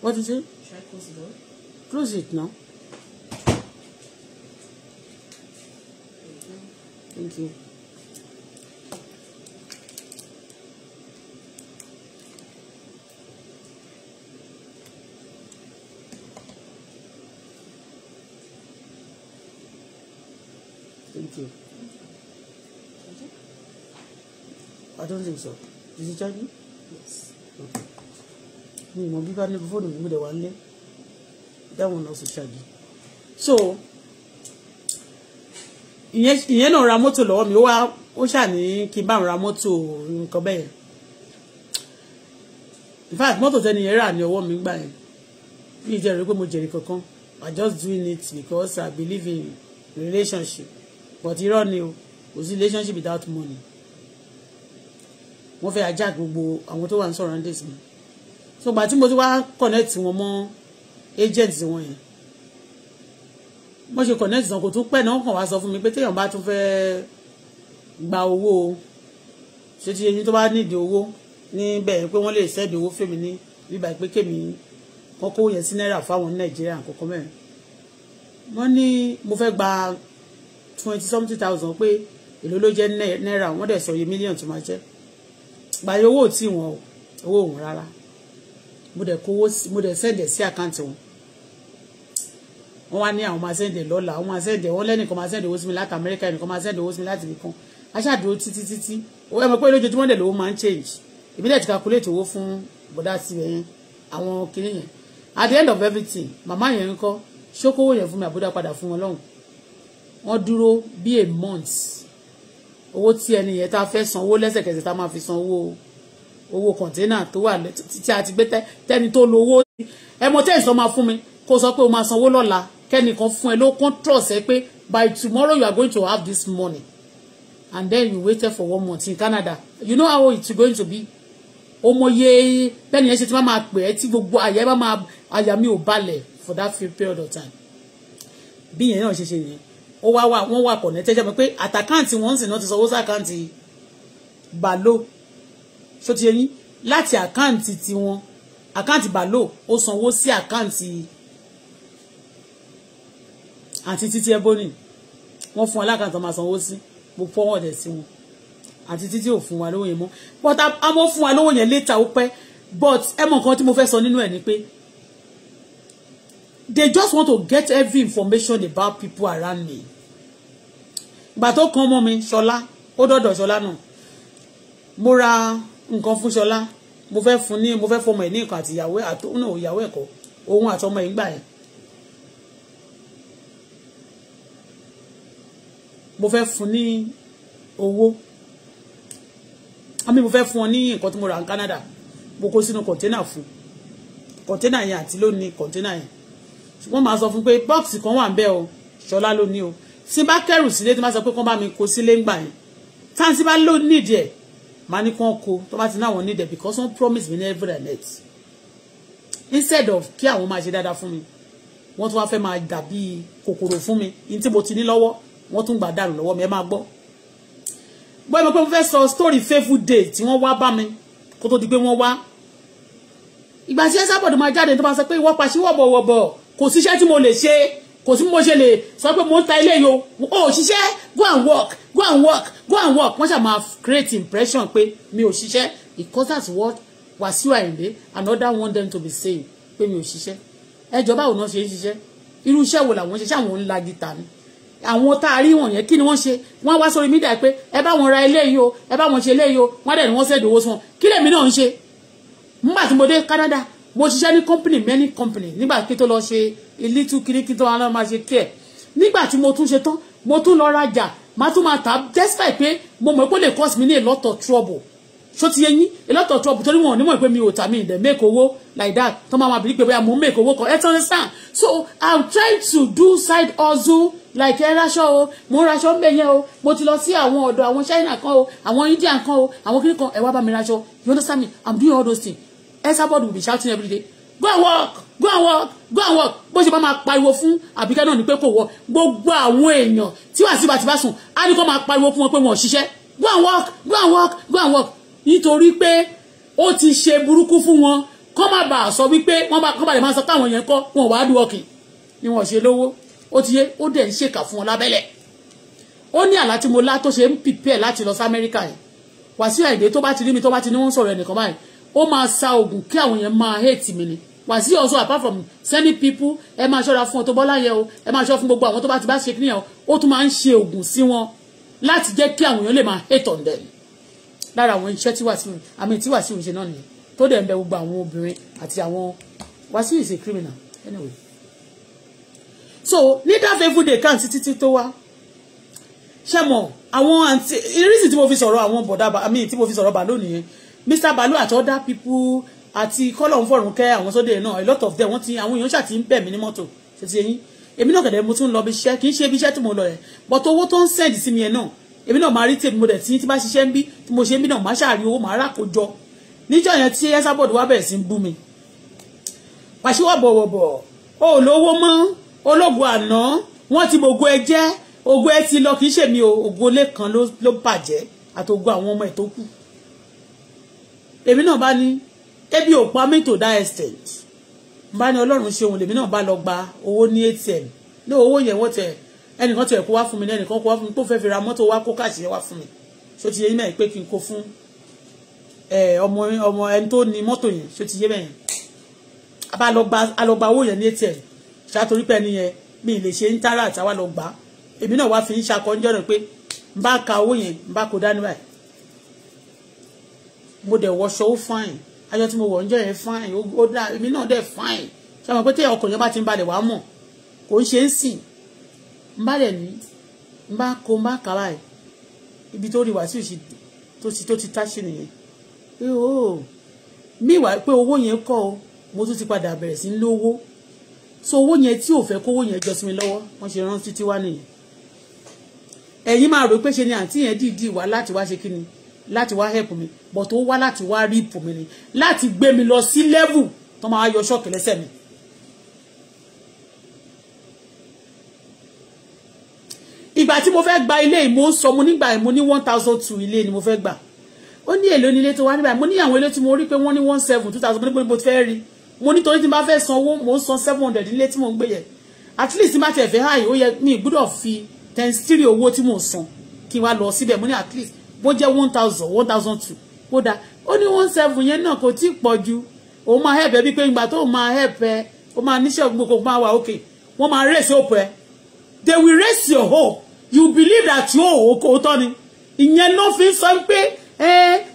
What is it? Should I close the door? Close it now. Thank you. Thank you. I don't think so. Is it charging? Yes. Okay. Mi mọ̀ bí bá ní fóònù mi mo That one also charging. So ìyẹn ìyẹn náà ra mọ́tò lọ́wọ́ mi ó wá ó ṣàní kí n bá ra mọ́tò nǹkan bẹ́ẹ̀ in fact mọ́tò tẹ́ni yẹn rà ní ọwọ́ mi gbà yẹn bí ìjẹ́ rẹ̀ pé mo jèrè kankan I just doing it because I believe in relationship but irọ́ ni o kò sí relationship without money wọ́n fẹ́ ajá gbogbo àwọn tó wà ní sọ̀rọ̀ ní so gbà tí mo ti wá connect wọn mọ́ agent wọn yẹn wọ́n ṣe connect sàn kò tún pẹ́ náà kàn wá sọ fún mi pé téèyàn bá tún fẹ́ẹ́ gba owó o ṣé ti ẹni tó bá nídìí owó níbẹ̀ pé wọ́n lè sẹ́ẹ̀dì owó fèmí ní bíbá pé kèmí kọ́kọ́ yẹn sí náírà fáwọn nàìjíríà kọ̀ọ̀kan mẹ́rin wọ́n ní mo fẹ́ gba twenty something thousand pé èló ló jẹ́ náírà wọ́n dẹ̀ sọ iye mílíọ̀nù tó máa jẹ́ gbàyẹ owó tí wọn owó òun rárá mo dẹ̀ kówó mo dẹ̀ sẹ́ẹ̀dẹ̀ sí àkáǹtì wọn wọ́n wá ní àwọn máa sẹ́ǹdẹ̀ lọ́la wọ́n máa sẹ́ǹdẹ̀ wọ́n lẹ́nìkan máa sẹ́ǹdẹ̀ owó sí mi láti amẹ́ríkà ẹnìkan máa sẹ́ǹdẹ̀ owó sí mi láti ibìkan aṣáàdúró títí títí owó ẹ̀ mọ̀ pé lójoojúmọ́ dẹ̀ lówó máa ń change ìbílẹ̀ ti calculate owó fún bọ́dá sí ẹ̀yìn àwọn kiri yẹn at the end of everything màmá yẹn ń kọ́ ṣókòwò yẹn fún mi àbúdá padà fún wọn lọ́hùn wọ́n dúró bí a month owó tí ẹni yẹn tá a fẹ́ san owó lẹ́sẹ̀kẹsẹ̀ tá a máa fi san owó owó kọ̀ǹténà tó wà tí a ti gbé tẹ́ni tó lo owó ẹmọ tẹ́sán máa fún mi kó sọ pé o máa sanwó lọ́la kẹ́nìkan fún ẹ ló kàn trust ẹ pé by tomorrow you are going to have this money and then you waited for one month in Canada you know how it's going to be omoye bẹ́ẹ̀ni ẹ ṣe ti máa máa pè ẹ́ tí gbogbo àyà ẹ bá máa àyà mi ò balẹ̀ for that few period of time bí yẹn náà ṣe ṣe yẹn ó wá wà wọ́n wà connected ṣe pé àtàkáǹtì wọ́n sì náà ti sanwó sàkáǹtì bàló ṣó ti yẹ yín láti àkáǹtì tiwọn àkáǹtì bàló ó sanwó sí àkáǹtì àti títí ẹbónì wọ́n fún alákàtà máa sanwó sí mo fọwọ́ dẹ̀ sí wọn àti títí ò fún wa lówó yẹn mọ́ but a fún wa lówó yẹn létà ó pẹ́ but ẹ mọ̀ tí mo fẹ́ sọ nínú ẹ̀ ni pé they just want to get every information about people around me ìgbà tó kan ọmọ mi ṣọlá ó dọ̀dọ̀ ṣọlá náà mo ra nǹkan fún ṣọlá mo fẹ́ fún ní mo fẹ́ fọmọ ẹ̀ ní nǹkan àti ìyàwó àtọ́nà ìyàwó ẹ̀kọ́ òun àtọmọ ẹ̀ ń gbà yẹn mo fẹ́ fún ní owó àmì mo fẹ́ fún ọ ní nǹkan tí mo rà ní Canada mo kó sínú kọ̀ńténà fún kọ̀ńténà yẹn àti lónìí kọ̀ńténà yẹn wọ́n máa sọ fún pé bọ́ọ̀sì kan wà ń bẹ̀ o ṣọlá lónìí o tí bá kẹ́rù sílé tí wọ́n sọ pé kán bá mi kó sílé ńgbà yẹn táǹtí bá ló nídìí ẹ̀ máa ní kán kó tó bá ti náwọn nídìí ẹ̀ because wọ́n promise me never and net instead of kí àwọn máa ṣe dáadáa fún mi wọ́n tún wá fẹ́ máa dàbí kòkòrò fún mi ní tí mo ti ní lọ́wọ́ wọ́n tún gbà dànù lọ́wọ́ mi ẹ máa gbọ́ gbọ́ ìmọ̀ pé mo fẹ́ sọ story faithful day tí wọ́n wá bá mi kó tó di pé wọ́n wá ìgbà tí Esabod máa jáde tó máa sọ pé ìwọ pàṣẹ wọ̀bọ̀wọ̀bọ̀ kò síṣẹ́ tí mo lè ṣe kò sí mo ṣe lè sọ pé mo ń ta ilé yo o ò ṣiṣẹ́ go and work go and work go and work wọ́n ṣà máa create impression pé mi ò ṣiṣẹ́ because that's what Wasiu Ayinde another want them to be saying pé mi ò ṣiṣẹ́ ẹjọ́ báwo náà ṣe ń ṣiṣẹ́ irú iṣẹ́ wo làwọn ṣe ṣáwọn ń la gita ni àwọn tá a rí wọn yẹn kí ni wọ́n ṣe wọ́n wá sórí mídà pé ẹ bá wọn ra eléyìí o ẹ bá wọn ṣe eléyìí o wọ́n dẹ̀ ni wọ́n sẹ́dọ̀ owó sí wọn kí lèmi náà ń ṣe nígbà tí mo dé Canada mo ṣiṣẹ́ ní company many company nígbà kí tó lọ ṣe little kiri kí tó wọn lọ máa ṣe care nígbà tí mo tún ṣe tán mo tún lọ rajà máa tún máa tà despite pé mo mọ̀ pé ó lè cause me ní a lot of trouble so ti yẹn a lot of trouble torí wọn ò ní mọ̀ pé mi ò tà mí ìdẹ̀ make owó like that tó máa ma bìí pé bóyá mo make owó kan ẹ tán ẹ sàn so I'm trying to do side hustle like ẹ raṣọ o mo ń raṣọ ń bẹ yẹn o mo ti lọ sí àwọn ọ̀dọ̀ àwọn China kan o àwọn India kan o àwọn kiri kan ẹ wá bá mi raṣọ you understand me i'm doing all those things esabod will be shouting every day go and work go and work go and work bó ṣe bá máa pariwo fún àbíkẹ́ náà ni pé kò wọ gbogbo àwọn èèyàn tí wàá sí bàtí bá sùn á ní kó máa pariwo fún wọn pé wọn ò ṣiṣẹ́ go and work go and work go and work nítorí pé ó ti ṣe burúkú fún wọn kọ́ má bàa sọ wípé wọ́n bá lè máa sọ káwọn yẹn kọ́ wọn ò wá dúwọ́kì ni wọ́n ṣe lówó ó ti yé ó dẹ̀ ń ṣèkà fún wọn lábẹ́lẹ̀ ó ní àlá tí mo lá tó ṣe ń pìpẹ́ láti lọ sí amẹ́ríkà yìí wàsíù àìdè tó bá ti rí mi tó bá ti ní wọ́n sọ̀rọ̀ ẹnìkan báyìí ó máa sa oògùn kí àwọn yẹn máa hate mi ni wàsíù also apart from sending people ẹ máa ṣọ́ra fún Auto Bola yẹn o ẹ máa ṣọ́ra fún gbogbo àwọn tó bá ti bá ṣe kí nìyẹn o ó tún máa ń ṣe oògùn sí wọn láti jẹ́ kí àwọn èèyàn lè máa hate on them lára àwọn iṣẹ́ tí wàsíù àmì tí wàsíù ń ṣe náà nìyẹn tó dẹ̀ ń bẹ gbogbo àwọn obìnrin àti àwọn wàsíù is a criminal anyway so ní that faithful day kan títí tí tó wá ṣe mọ̀ àwọn àǹtí irísì tí mo fi sọ̀rọ̀ àwọn bọ̀dá àmì tí mo fi sọ̀rọ̀ bàálù nìyẹn Mr. Balu àti other people àti kọ́lọ̀ ń fọ̀rùn kẹ́ àwọn sóde náà a lot of them wọ́n ti àwọn èèyàn ṣàti ń bẹ̀ mí ní mọ́tò ṣètì eyín èmi náà kẹ̀dẹ̀ mo tún lọ bí iṣẹ́ kì í ṣe bí iṣẹ́ tí mo lọ yẹn but owó tó ń send sí mi yẹn náà èmi náà máa rí tèmi mo dẹ̀ tí tí bá ṣiṣẹ́ ń bí tí mo ṣe ń bí náà máa ṣàrí owó máa rà kó jọ níjọ́ yẹn tí ẹ́sà bọ̀dù wá bẹ̀rẹ̀ sí ń bú mi pàṣíwọ̀ bọ̀wọ̀bọ̀ o ò lówó mọ́ ológo àná wọ́n ti mògo ẹ jẹ́ ògo ẹ ti lọ kì í ṣe mi ògo lẹ́kan ló bàjẹ́ àti ògo àwọn ọmọ ẹ̀ tó kù èmi náà bá ní ebi ò pa mí to that extent bá ní ọlọ́run ṣe òun lèmi náà bá lọ gba owó ní atm ní owó yẹn wọ́n tẹ ẹnìkan tẹ kó wá fún mi ẹnìkan kó wá fún mi tó fẹ́ fi ra mọ́tò wá kó káàsì yẹn wá fún mi ṣó ti yé yín mẹ́rin pé kí n kó fún ọmọ ẹni tó ní mọ́tò yẹn ṣó ti yé mẹ́rin a bá lọ gba owó yẹn ní atm ṣàtòrí pẹ́ nìyẹn mi lè ṣe ń tára àtàwà lọ gbà á èmi náà wá fi ń ṣàkọ́njọ́ náà pé n bá ka owó yẹn n bá kó dání báyìí mo dẹ̀ wọṣọ ó fáìn aṣọ tí mo wọ̀ ń jọ yẹn fáìn ó dá èmi náà dẹ̀ fáìn ṣe àwọn pé tí ọkọ̀ yẹn bá ti ń balẹ̀ wá mọ̀ kò ń ṣe ń sìn n bá dẹ̀ ní n bá kó n bá kà báyìí ibi tó rí wàásù sí tó ti tó ti táṣì nìyẹn oh. mi wà pé owó yẹn kọ́ o mo tún ti padà bẹ̀rẹ̀ sí ń lówó so owó yẹn tí ò fẹ́ kówó yẹn jọ sí mi lọ́wọ́ wọ́n ṣe rán títí wá nìyẹn ẹ̀yin máa rò pé ṣe ni àǹtí yẹn dìídì wá láti wá ṣe kíni láti wá help mi but ó wá láti wá rí ipò mi ni láti gbé mi lọ sí level tó máa yọ ṣọ́ọ̀kì lẹ́sẹ̀ mi. ìgbà tí mo fẹ́ gba ilé yìí mo ń sọ mo nígbà yìí mo ní one thousand two ilé ni mo fẹ́ gbà ó ní èlò nílé tó wá nígbà mo ní àwọn ilé tí mo rí pé wọ́n ní one seven two thousand mo ní pé mo fẹ́ rí i mo nítorí tí n bá fẹ́ san owó mo ń san seven hundred nílé tí mo ń gbé yẹn at least tí n bá tiẹ̀ fẹ́ háyì ó yẹ mi gbọ́dọ̀ fi times three owó tí mo san kí n wá lọ síbẹ̀ mo ní at least bó jẹ́ one thousand one thousand two kó dáa ó ní one seven yẹn náà kò tí ì pọ̀ ju òun máa help ẹ bí pé ìgbà tó máa help ẹ ó máa níṣẹ́ gbogbo máa wà okay wọ́n máa raise hope ẹ they will raise your hope you believe that yóò kó tọ́ ni ìyẹn ló fi sọ pé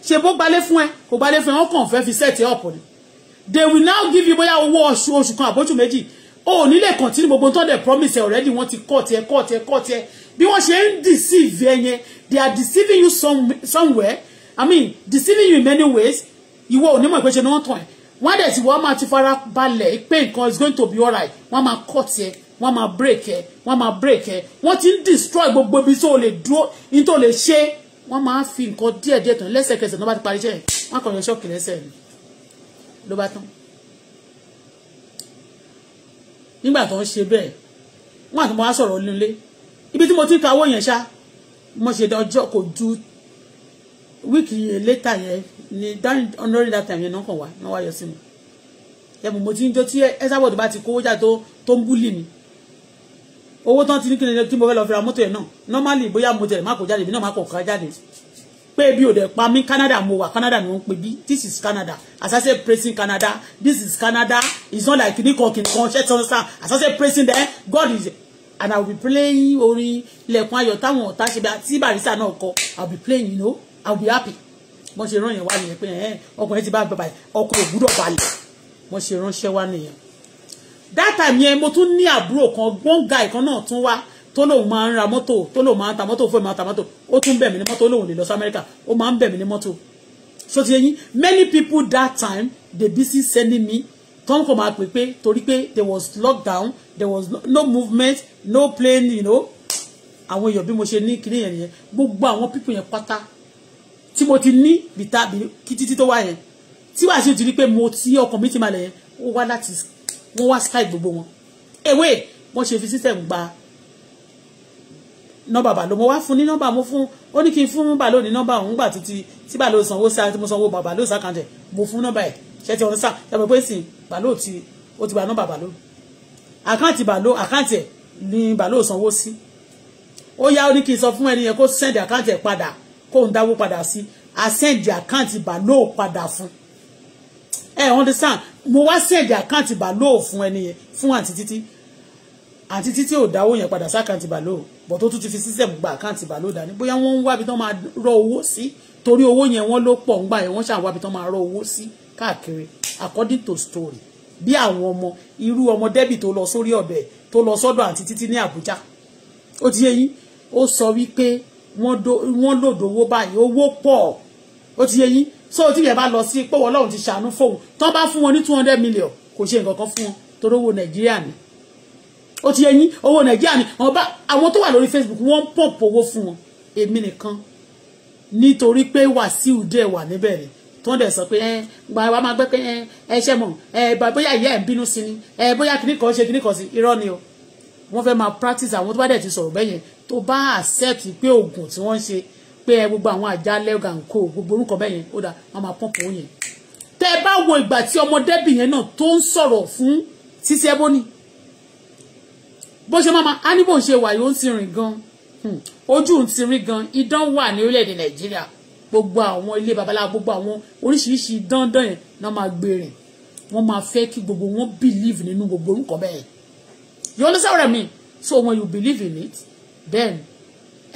ṣe bó gbalé fún ẹ kò gbalé fún ẹ wọ́n kàn fẹ́ fi set up ni they will now give you bóyá owó oṣù oṣù kan àbójú méjì o ò ní lè continue gbogbo tó dẹ̀ promise already wọ́n ti kọ́ tiẹ̀ kọ́ tiẹ̀ kọ́ tiẹ̀ bí wọ́n ṣe ń deceive ẹ they are deceiving you some, somewhere i mean deceiving you in many ways ìwọ ò ní mọ̀ ìpèsè ni wọ́n tàn ẹ́ wọ́n dẹ̀ tí wọ́n máa ti fara balẹ̀ pé nǹkan is going to be alright wọ́n máa kọ́ tiẹ̀ wọ́n máa break ẹ wọ́n máa break ẹ wọ́n ti destroy gbogbo ibi tó lè dúró ní tó lè ṣe wọ́n máa fi nǹkan díẹ̀díẹ̀ tán lẹ́sẹ̀kẹsẹ̀ tó bá ti parí iṣẹ́ yẹn wọ́n á kọ̀ yẹn ló bá tán nígbà tó ń ṣe bẹ́ẹ̀ wọ́n àti mo wá sọ̀rọ̀ nílé ibi tí mo ti ń kawó yẹn ṣá mo ṣe ọjọ́ kò ju wíìkì létà yẹn ni dáhùn honoring that time yẹn náà kàn wá náà wá yọ sí mi yẹ́n mo ti ń jó tí Esabod bá ti kówó jà tó ń búlì mi owó tán ti ní kí ni kí mo fẹ́ lọ fi ra mọ́tò yẹn náà normally bóyá mo tẹ̀lé má kó jáde èmi náà má kó ká jáde pé ebi ò dẹ̀ pa mí Canada mo wà Canada ni wọ́n ń bí this is Canada as I say praising Canada this is Canada it's not like kìnìkan kìnìkan ṣe tí wọ́n sá as I say praising there God is and I will be playing orin lẹ̀kùn ayọ̀ táwọn ọ̀tá ṣe bí tí barista náà kọ I will be playing you know I will be happy wọ́n ṣe rán yẹn wá nìyẹn pé ẹ̀ ọkùnrin ti bá gbà báyìí ọkọ̀ ò balẹ̀ wọ́n ṣe ránṣẹ́ wá nìyẹn that time yẹn mo tún ní àbúrò kan gbọ́ngà ìkan náà tún wá tó lóun máa ń ra mọ́tò tó lóun máa ń ta mọ́tò fún ìmọ̀ mọ́tò ó tún bẹ̀ ní mọ́tò lóun lè lọ sí Amẹ́ríkà ó máa ń bẹ̀ ní mọ́tò so ti yẹn many people that time they busy sending me tọ́n kò máa pè pé torí pé there was lockdown there was no, movement no plane you know àwọn èèyàn bí mo ṣe ní kinní yẹn nìyẹn gbogbo àwọn people yẹn pátá tí mo ti ní bìtá kí títí tó wá yẹn tí wàá ṣe ti rí pé mo tí ọkàn mi ti máa lẹ̀ yẹn ó wá láti wọ́n wá skype gbogbo wọn ewé wọ́n ṣe fi system gba nọ́mbà bàló mo wá fún ní nọ́mbà mo fún ó ní kí n fún bàló ní nọ́mbà òun gbà títí tí bàló sanwó sí àti mo sanwó bàló sàkàndẹ̀ mo fún nọ́mbà ẹ̀ ṣe ti ọ̀run sà yàtọ̀ pé sì bàló ti ó ti gba nọ́mbà bàló àkáǹtì bàló àkáǹtì ẹ̀ ní bàló sanwó sí ó yá ó ní kí n sọ fún ẹni yẹn kó send àkáǹtì ẹ̀ padà kó ń dáwó padà sí a send àkáǹtì bàló padà fún ẹ understand mo wá send àkáǹtì bàló fún ẹni yẹn fún àǹtí títí àti títí ò dáwó yẹn padà sákàǹtì bàló bọ̀ tó tún ti fi sísẹ̀mù gba àkáǹtì bàló dání bóyá wọ́n ń wábi tán máa rọ owó sí torí owó yẹn wọ́n ló pọ̀ ńgbà yẹn wọ́n ṣàwábi tán máa rọ owó sí káàkiri according to story bí àwọn ọmọ irú ọmọ débì tó lọ sórí ọ̀dẹ̀ tó lọ sọ́dọ̀ àti títí ní Àbújá ó ti yé yín ó sọ wípé wọ́n lòdò owó báyìí owó pọ̀ ó ti yé yín so tí yẹn bá lọ sí pé Ọlọ́run ti ṣàánú fóun tán bá fún wọn ní two hundred million kò ṣe nǹkan kan fún wọn torí owó Nàìjíríà ni ó ti yẹ yín owó nàìjíríà ni wọ́n bá àwọn tó wà lórí facebook wọ́n ń pọ̀pọ̀ owó fún wọn èmi nìkan nítorí pé wàsíù dẹ̀ wà níbẹ̀ rẹ̀ tó ń dẹ̀ sọ pé ẹ gba wa máa gbẹ́ pé ẹ ẹ ṣe mọ̀ ẹ bóyá ìyá ẹ̀ ń bínú sí ni ẹ bóyá kíní kan ṣe kíní kan sí irọ́ ni o wọ́n fẹ́ máa practice àwọn tó bá dẹ̀ ti sọ̀rọ̀ bẹ́yẹn tó bá accept pé oògùn tí wọ́n ń ṣe pé ẹ gbogbo àwọn àjálẹ̀ gàǹkó gbogbo orúkọ bẹ́yẹn ó dà wọ́n máa pọ́ǹpù yẹn tẹ́ ẹ bá wo ìgbà tí ọmọdébìyẹn náà tó ń sọ̀rọ̀ fún sísẹ́bónì bó ṣe máa á ní bó ṣe wà yóò ti rìn gan hmm. ojú ń ti rí gan idán wà ní orílẹ̀-èdè nàìjíríà gbogbo àwọn ilé babaláwo gbogbo àwọn oríṣiríṣi dandan yẹn náà máa gbé rìn wọ́n máa fẹ́ kí gbogbo wọn believe nínú gbogbo orúkọ bẹ́ẹ̀ you understand what I mean so when you believe in it then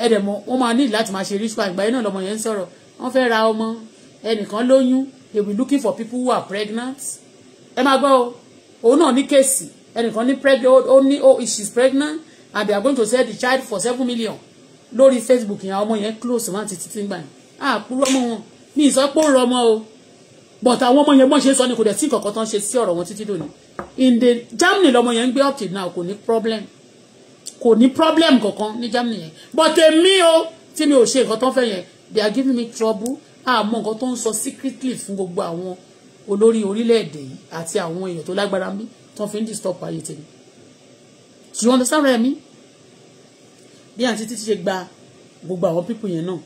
ẹ̀dẹ̀mọ̀ wọ́n máa need láti máa ṣe ritual ìgbà yẹn náà lọ́mọ yẹn ń sọ̀rọ̀ wọ́n fẹ́ ra ọmọ ẹnìkan lóyún they be looking for people who are pregnant ẹ máa gbọ́ o òun náà ní kéèsì ẹnìkan ní pregnant ó ní oh she's pregnant and they are going to sell the child for seven million lórí Facebook yẹn ọmọ yẹn close wọn àti títí gbà yẹn à kúrú ọmọ wọn mi ì sọ pé ó rọ ọmọ o but àwọn ọmọ yẹn bọ́n ṣe sọ ni kò dẹ̀ sí kankan tán ṣe sí ọ̀rọ̀ wọn títí dòní in the Germany lọmọ yẹn ń gbé up till now kò ní problem kò ní problem kankan ní Germany yẹn but èmi o tí mi ò ṣe nǹkan tán fẹ́ yẹn they are giving me trouble Ah, àmọ́ nǹkan tó ń sọ secretly fún gbogbo àwọn olórí orílẹ̀-èdè yìí àti àwọn èèyàn tó lágbára mi tán fi ń disturb ayé tèmi tí wọ́n mi sáré mi bí àǹtí títí ṣe gba gbogbo àwọn pípù yẹn náà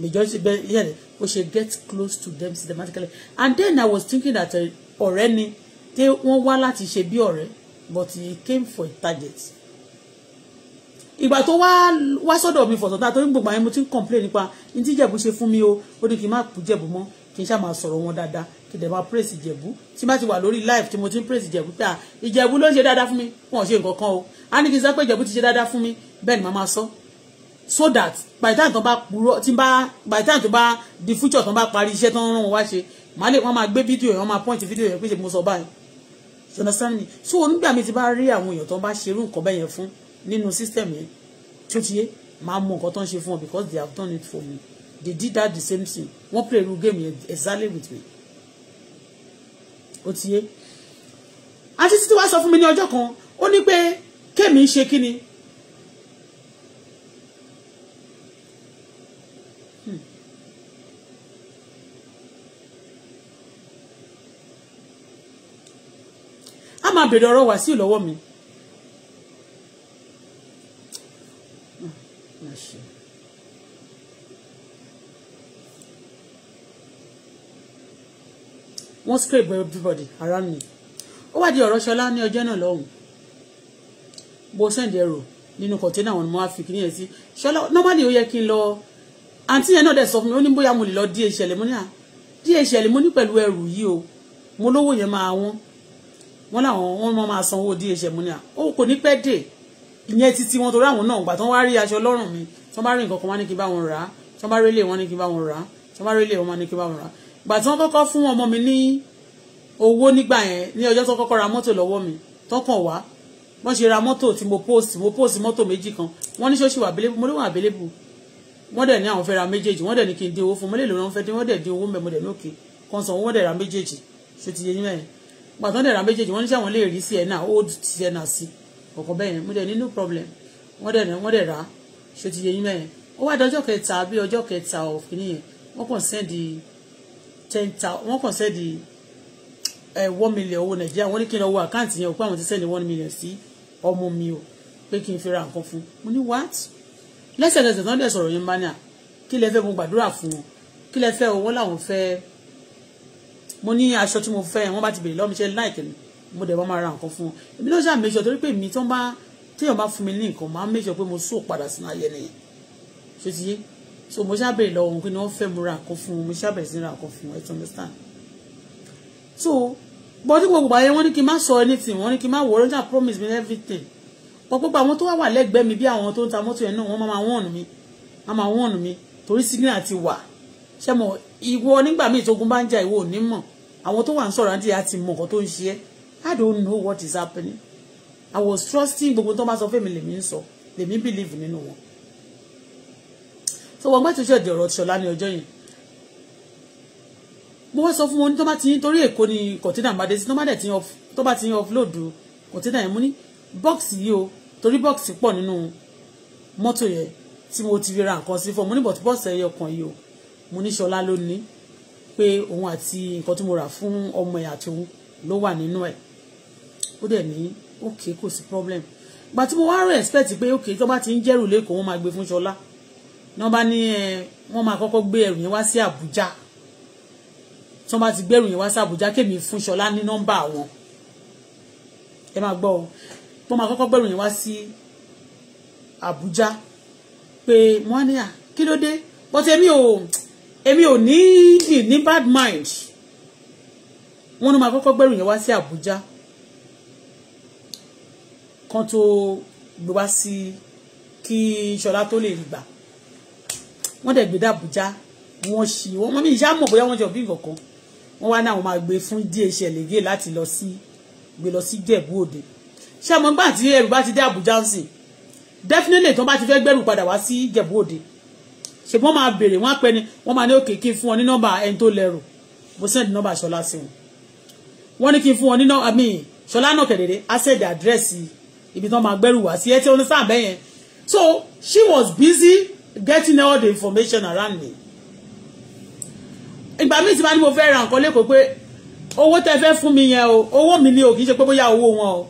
majority bẹ yẹrẹ o ṣe get close to them systematically and then I was thinking that eh, ọ̀rẹ́ ni tí wọ́n wá láti ṣe bí ọ̀rẹ́ but he came for a target to wa wá wá sọ́dọ̀ mi fọ̀sọ̀tà tó ń gbogbo àwọn ẹni mo ti complain nípa ní tí Ìjẹ̀bú ṣe fún mi o ó ní kí n má kú Jẹ̀bú mọ́ kí n ṣáà máa sọ̀rọ̀ wọn kì dẹ̀ máa praise ìjẹ̀bú tí bá ti wà lórí live tí mo ti ń praise ìjẹ̀bú pé ah, ìjẹ̀bú ló ń ṣe dáadáa fún mi wọn ò ṣe nǹkan kan o a ní kí n sọ pé ìjẹ̀bú ti ṣe dáadáa fún mi bẹ́ẹ̀ ni màá máa sọ so that by time tó bá purọ́ tí bá by time tó bá di future tó bá parí iṣẹ́ tó ń rán wọn wá ṣe màá lè wọ́n máa gbé fídíò yẹn wọ́n máa point fídíò yẹn pé ṣe mo sọ báyìí you understand me so nígbà mi ti bá rí àwọn èèyàn tó bá ṣerú nǹkan bẹ́yẹn fún nínú system yẹn tó ti yé máa mọ nǹkan tó ń ṣe fún ọ because they have done it for me they did that the same thing wọ́n play irú game yẹn exactly with me ó ti yé àti títí wá sọ fún mi ní ọjọ́ kan ó ní pé kémi ń ṣe kíni hmm. a máa bèrè ọ̀rọ̀ wá mi. wọ́n scrape everybody around me ó wá di ọ̀rọ̀ ṣọlá ní ọjọ́ náà lọ́hùn bó send ẹrù nínú kọ̀tẹ́nà wọn ni mo wá fi kíní yẹn sí ṣọlá normally ó yẹ kí n lọ àǹtí yẹn náà dẹ̀ sọ fún mi ó ní bóyá mo lè lọ díẹ̀ ìṣẹ̀lẹ̀ mo ní à díẹ̀ ìṣẹ̀lẹ̀ mo ní pẹ̀lú ẹrù yìí o mo lówó yẹn máa wọ́n wọ́n làwọn wọ́n máa sanwó díẹ̀ ìṣẹ̀lẹ̀ mo ní à ó kò ní pẹ́ dé ìyẹn títí wọn torí àwọn náà gbà tán wá rí aṣọ lọ́rùn mi tán bá rí nǹkan kan wá ní kí n bá wọn rà á tán bá rí ilé wọn ní kí n bá wọn rà á tán bá rí ilé wọn ní kí n bá wọn rà á gbà tí wọ́n kọ́kọ́ fún ọmọ mi ní owó nígbà yẹn ní ọjọ́ tó kọ́kọ́ ra mọ́tò lọ́wọ́ mi tọkàn wá wọ́n ṣe ra mọ́tò tí mo post mo post mọ́tò méjì kan wọ́n ní ṣóṣì wà abẹ́lẹ́bù mo ló wà abẹ́lẹ́bù wọ́n dẹ̀ ní àwọn fẹ́ ra méjèèjì wọ́n dẹ̀ ní kí n dín owó fún mo lè lò wọ́n fẹ́ dín wọ́n dẹ̀ dín owó mẹ́ mo dẹ̀ ní òkè kan sanwó wọ́n dẹ̀ ra méjèèjì ṣó ti yé nímẹ̀ pàtàn dẹ̀ ra méjèèjì wọ́n ní sàwọn lè rí sí ẹ̀ náà old sí ẹ̀ náà sí ọ̀kọ̀ bẹ́ẹ̀ mo dẹ̀ ní no problem wọ́n dẹ̀ wọ́n dẹ̀ ra ṣó ti yé nímẹ̀ ó wá dọjọ́ kẹta bí ọjọ́ kẹta ọ̀fìn yẹn wọ́n kàn sẹ́ndì ten thousand wọ́n kàn sẹ́ẹ̀dì eh, one million owó nàìjíríà wọ́n ní kí n lọ wo àkáǹtì yẹn o pé àwọn ti sẹ́ẹ̀dì one million sí ọmọ mi o pé kí n fi ra nǹkan fún mo ní what lẹ́sẹ̀lẹsẹ̀ tán dẹ̀ sọ̀rọ̀ yẹn bá ní à kí lẹ fẹ́ mo gbàdúrà fún wọn kí lẹ fẹ́ owó làwọn fẹ́ mo ní aṣọ tí mo fẹ́ wọ́n bá ti bèrè lọ́mí ṣe láìkẹ́ mi mo dẹ̀ bá máa ra nǹkan fún wọn èmi ló ṣáà méjọ torí pé mi tó ń bá téèyàn bá fún mi ní nǹkan máa ń méjọ pé mo sóò padà sínú ayẹyẹ nìyẹn ti yé so mo ṣàbẹ̀rẹ̀ lọ́wọ́ wọn pé ni wọ́n fẹ́ mo ra àkọ́ fún wọn mo ṣàbẹ̀rẹ̀ sí ra àkọ́ fún wọn ẹ ti understand so bọ́dí gbogbo àyẹ̀ wọ́n ní kí n má sọ anything wọ́n ní kí n má wọ̀rọ̀ níta promise me everything wọ́n gbogbo àwọn tó wà wà lẹ́gbẹ̀ẹ́ mi bí àwọn tó ń ta mọ́tò yẹn náà wọ́n máa wọ́n mi wọ́n máa wọ́n mi torí signal ti wà ṣé mo ìwọ nígbà míì tógun bá ń jà ìwọ ò ní mọ̀ àwọn tó wà ń sọ̀rọ̀ àti àti mọ̀ nǹkan tó ń ṣe é I don't know what is happening I was trusting gbogbo tó bá sọ fún mi lèmi ń sọ lèmi believe nínú wọn so wọn gbàtí ṣe ọ̀rọ̀ ṣọlá ní ọjọ́ yẹn mo wá sọ fún wọn ní tó bá ti ń torí èkó ni kọ̀tínà máa dé sí tó bá dẹ̀ ti ń tó bá ti ń offload kọ̀tínà yẹn mú ní bọ́ọ̀sì yìí o torí bọ́ọ̀sì pọ̀ nínú mọ́tò yẹn tí mo ti fi ra nǹkan sí fún ọ mo ní bọ̀tí bọ́ọ̀sì ẹyọ kan yìí o mo ní ṣọlá ló ní pé òun àti nǹkan tí mo rà fún ọmọ ẹ̀ àti òun ló wà nínú ẹ̀ ó dẹ̀ ní Ok, kò sí problem gbà tí mo wá rẹ̀ expect pé okay tó bá ti ń jẹ́rù lẹ́kọ̀ọ́ wọn máa gbé fún ṣọlá ní wọ́n bá ní wọ́n máa kọ́kọ́ gbé ẹrù yẹn wá sí Àbújá tí wọ́n bá ti gbé ẹrù yẹn wá sí Àbújá kémi fún Ṣọlá ní nọ́mbà wọn ẹ máa gbọ́ wọ́n máa kọ́kọ́ gbé ẹrù yẹn wá sí Àbújá pé wọ́n ní à kí ló dé but èmi ò èmi ò ní ní bad mind wọ́n ní máa kọ́kọ́ gbé ẹrù yẹn wá sí Àbújá kan tó gbé wá sí kí Ṣọlá tó lè rí gbà wọ́n dẹ̀ gbé dàbújá wọ́n ṣì wọ́n mọ́ mi ìṣá mọ̀ bóyá wọ́n jọ bí nǹkan wọ́n wá náà wọ́n máa gbé fún DHL lè láti lọ sí gbé lọ sí Jẹ̀bú Òde ṣé àmọ́ gbà tí ẹrù bá ti dé Àbújá ń sìn definitely tó bá ti fẹ́ gbẹ́rù padà wá sí Jẹ̀bú Òde ṣe wọ́n máa béèrè wọ́n á pẹ́ ni wọ́n máa ní òkè kí n fún ọ ní nọ́mbà ẹni tó lẹ́rù bó sẹ́ndì nọ́mbà Ṣọlá sí wọn wọ́n ní ibi tí wọ́n máa gbẹ́rù wá sí ẹ tí wọ́n ní sáà bẹ́yẹn so she was busy getting all the information around me ìgbà míì tí bá ní mo fẹ́ ra nǹkan lẹ́kọ̀ọ́ pé owó tẹ́ fẹ́ fún mi yẹn o owó mi ni o kì í ṣe pé bóyá owó wọn o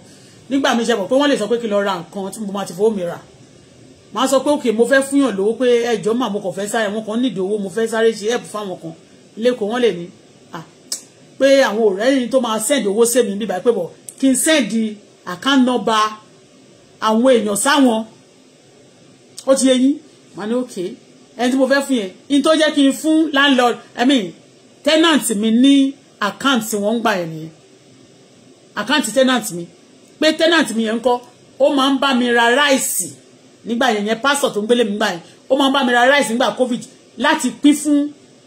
nígbà míì ṣe mọ̀ pé wọ́n lè sọ pé kí lọ ra nǹkan tí mo máa ti fowó mi rà màá sọ pé òkè mo fẹ́ fúnyàn lówó pé ẹjọ́ mà mo kàn fẹ́ sáré wọn kan nídìí owó mo fẹ́ sáré ṣe ẹ̀pù fáwọn kan lẹ́kọ̀ọ́ wọ́n lè ní pé àwọn ọ̀rẹ́ yìí tó máa send owó sẹ́mi bíbá pé bọ̀ kí n send account number àwọn èèyàn sáwọn ó ti yẹ yín wọn ni okay ẹni tí mo fẹ́ fún yẹn in tó jẹ́ kí n fún landlord i mean tenant mi ní account tí wọ́n ń gbà yẹn nìyẹn account tenant mi pé tenant mi yẹn ń kọ́ ó máa ń bá mi ra ráìsì nígbà yẹn yẹn pásọ̀ tó ń gbélé mi gbà yẹn ó máa ń bá mi ra ráìsì nígbà covid láti pín fún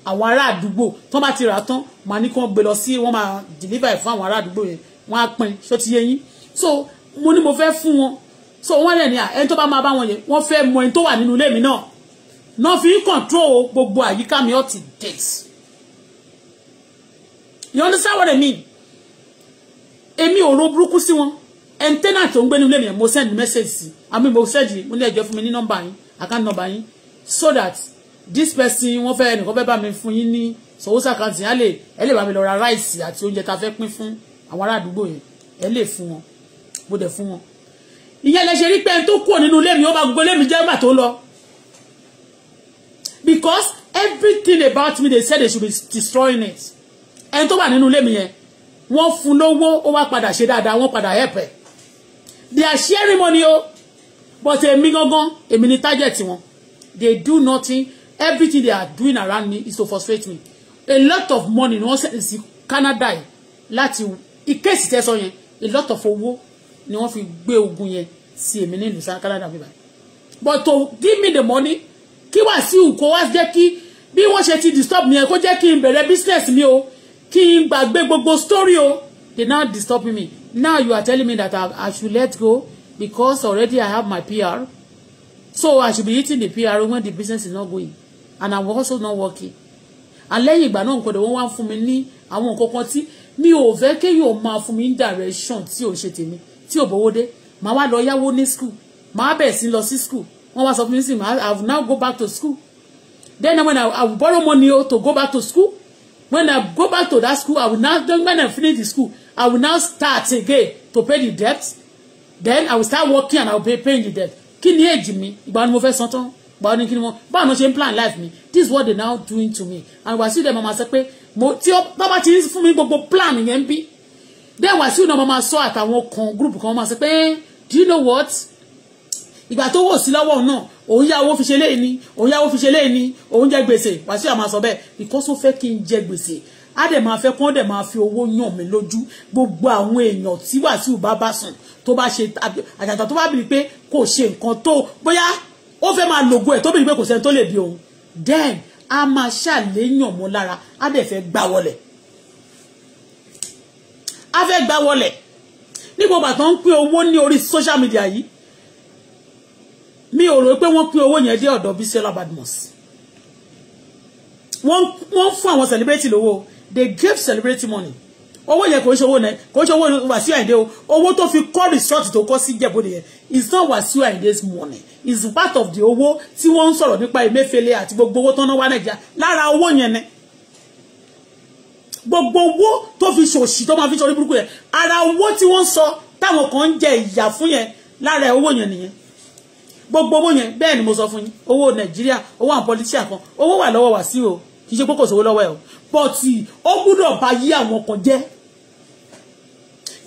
àwọn ará àdúgbò tó bá ti rà tán màá ní kí wọ́n gbé lọ sí wọ́n máa deliver fún àwọn ará àdúgbò yẹn wọ́n á pín ṣó ti yé yín so mo ní mo fẹ́ fún wọn so wọ́n lẹ̀ ní à ẹni tó bá máa bá wọn yẹn wọ́n fẹ́ mọ ẹni tó wà nínú ilé mi náà náà fi ń control gbogbo àyíká mi up to date you understand what I mean èmi ò ro burúkú sí wọn ẹni tẹ́nà tó ń gbé nínú ilé mi mo send message sí àmì mo send mo ní ẹjọ́ fún mi ní nọ́mbà yín account number yín so that this person wọ́n fẹ́ ẹnìkan fẹ́ bá mi fún yín ní sọwọ́sà àkáǹtì yẹn á lè ẹ lè bá mi lọ ra ráìsì àti oúnjẹ tá a fẹ́ pín fún àwọn ará àdúgbò yẹn ẹ lè fún wọn mo dẹ̀ fún wọn ìyẹn lẹ ṣe rí pé tó kúrò nínú ilé mi ó bá gbogbo ilé mi jẹ́ nígbà tó lọ because everything about me they said they should be destroying it ẹni tó wà nínú ilé mi yẹn wọ́n fún lówó ó wá padà ṣe dáadáa wọ́n padà help ẹ̀ they are sharing money o but èmi gangan èmi ni target wọn they do nothing everything they are doing around me is to frustrate me a lot of money ni wọ́n send sí Canada yìí láti ìkéèsì tẹ́sán yẹn a lot of owó ni wọ́n fi gbé ogun yẹn sí èmi nílùú san Canada bíbá but to give me the money kí Wàsíù kó wá jẹ́ kí bí wọ́n ṣe ti disturb mi yẹn kó jẹ́ kí n bẹ̀rẹ̀ business mi o kí n gbàgbé gbogbo story o they now disturb me now you are telling me that I, I should let go because already I have my PR so I should be eating the PR when the business is not going and I'm also not working and lẹ́yìn ìgbà náà nkọ̀dọ̀ wọ́n wá fún mi ní àwọn nǹkan kan tí mi ò fẹ́ kéèyàn máa fún mi ní direction tí ò ṣe tèmi tí ò bówó dé màá wá lọ yáwó ní school màá bẹ̀rẹ̀ sí lọ sí school wọ́n wá sọ fún mi sí màá I will now go back to school then when I, I will borrow money oh, to go back to school when I go back to that school I will now then when I finish the school I will now start again to pay the debt then I will start working and I will pay paying the debt kí ni èjì mi ìgbà ni mo fẹ́ san tán báwo ni kí ni wọn báwo ni wọn ṣe ń plan life mi this is what they now doing to me and wàásù dẹ̀ mọ̀ máa sọ pé mo tí ó bá bá ti fún mi gbogbo plan yẹn bí then Wasiu náà mo máa sọ àtàwọn kan group kan máa sọ pé do you know what ìgbà tó wò sí lọ́wọ́ náà òun yá owó fi ṣe léyìn ni òun yá owó fi ṣe léyìn ni òun jẹ gbèsè Wasiu àmà sọ bẹ́ẹ̀ because ó fẹ́ kí n jẹ gbèsè á dẹ̀ máa fẹ́ kán dẹ̀ máa fi owó yàn mí lójú gbogbo àwọn èèyàn tí Wasiu bá bá sùn tó bá ṣe àjàtà tó bá bìrì pé kò ṣe nǹkan tó bóyá ó fẹ́ máa lògùn ẹ̀ tó bìrì pé kò sẹ́ni tó lè bí òun then a máa ṣàléyàn mọ́ lára á dẹ̀ fẹ́ gbà wọlẹ̀ a fẹ́ gba wọlẹ̀ ní gbogbo àtọ́ ń pín owó ní orí social media yìí mi ò rò pé wọ́n pín owó yẹn dé ọ̀dọ̀ Bisola Badmus wọ́n fún àwọn celebrity lówó they gave celebrity money owó yẹn kò ń ṣe owó náà kò ń ṣe owó Wàsíù Àyìndé o owó tó fi kọ́ resort tó kọ́ sí Ìjẹ̀bú nìyẹn it's not Wàsíù Àyìndé's money Is part of the owó tí wọ́n ń sọ̀rọ̀ nípa Emefiele àti gbogbo owó tó ń wá Nàìjíríà lára owó yẹn náà gbogbo owó tó fi ṣòṣì tó máa fi ṣorí burúkú yẹn ara owó tí wọ́n sọ táwọn kan ń jẹ ìyà fún yẹn lára owó yẹn nìyẹn gbogbo owó yẹn bẹ́ẹ̀ ni mo sọ fún yín owó nàìjíríà owó àwọn politician kan owó wà lọ́wọ́ wá sí o kì í ṣe pé kò sówó lọ́wọ́ ẹ̀ o but ó gbúdọ̀ bá yí àwọn kan jẹ́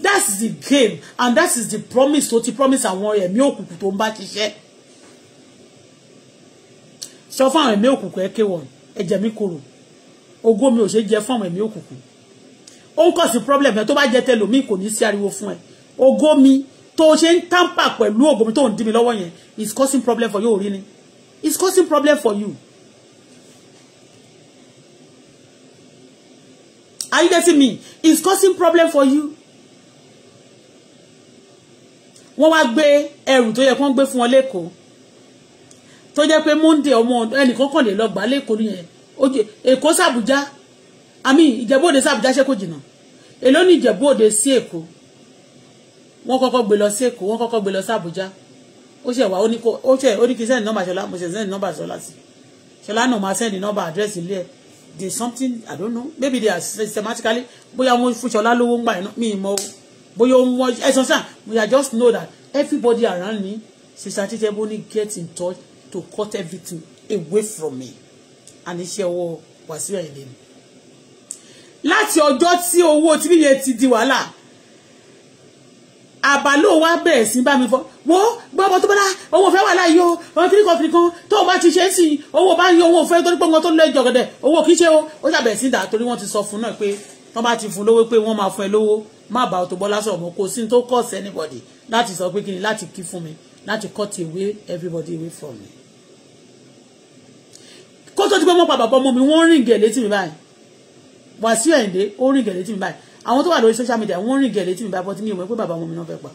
that's the game and that is the promise tó ti promise àwọn ẹ̀mí òkùnkùn tó ń bá ṣiṣẹ́ sọ fún àwọn ẹ̀mí òkùnkùn ẹ̀ kéwọ̀n ẹ̀jẹ̀ mi korò ògo mi ò ṣe jẹ fún àwọn ẹ̀mí òkùnkùn ó ń kọ̀ sí problem ẹ tó bá jẹ tẹlòmíì kò ní sí ariwo fún ẹ ògo mi tó ṣe ń tamper pẹ̀lú ògo mi tó ń dí mi lọ́wọ́ yẹn is causing problem for you orí ni is causing problem for you. are you getting me is causing problem for you. wọ́n wá gbé ẹrù tó yẹ kó ń gbé fún ọ lẹ́kọ̀ọ́ tó jẹ́ pé monday ọmọ ẹnìkan kàn lè lọ gbà lẹ́kọ̀ọ́ nìyẹn èkó sàbújá àmì ìjẹ̀bú òde sàbújá ṣé kò jìnnà èló ní ìjẹ̀bú òde sí èkó wọ́n kọ́kọ́ gbé lọ sí èkó wọ́n kọ́kọ́ gbé lọ sàbújá ó ṣe wà ó ní kí sẹ́ni nọ́mbà ṣọlá mo ṣe sẹ́ni nọ́mbà ṣọlá sí ṣọlá náà máa sẹ́ni nọ́mbà àdírẹ́sì ilé ẹ̀ there's something I don't know maybe they are systematically bóyá wọ́n fún ṣọlá lówó ń gbà yẹn mi mọ́ bóyá ó ń wọ́n we are just know that everybody around me sister títẹ́ bó ní get in touch to cut everything away from me àní iṣẹ́ ọwọ́ Wàsíù Àyìndé ni láti ọjọ́ tí owó tí bíyẹn ti di wàhálà àbálò wa bẹ̀rẹ̀ sí bá mi fọ́ wo gbọ́bọ̀ tó bọ́lá owó fẹ́ wà láàyò ọ̀hún kiri kan kiri kan tó o bá ti ṣe é sí owó bá yọ owó fẹ́ torí pé nǹkan tó lọ ẹjọ́ gẹ̀dẹ̀ owó kì í ṣe o ó ṣàbẹ̀rẹ̀ sí dà torí wọ́n ti sọ fún náà pé wọ́n bá ti fún lówó pé wọ́n máa fún ẹ lówó má bàa tó bọ́lá sọ̀rọ̀ mọ́ kó sí tó cost anybody láti sọ pé kí ni láti kí fún mi láti cut away everybody away from me tó ti pé wọ́n pa bàbá ọmọ mi wọ́n rìn gẹ̀ létí mi báyìí Wàsíù Ẹ̀ǹdé ó rìn gẹ̀ létí mi báyìí àwọn tó wà lórí social media wọ́n rìn gẹ̀ létí mi báyìí bọ́tí mi ò mọ̀ pé bàbá ọmọ mi náà fẹ́ pa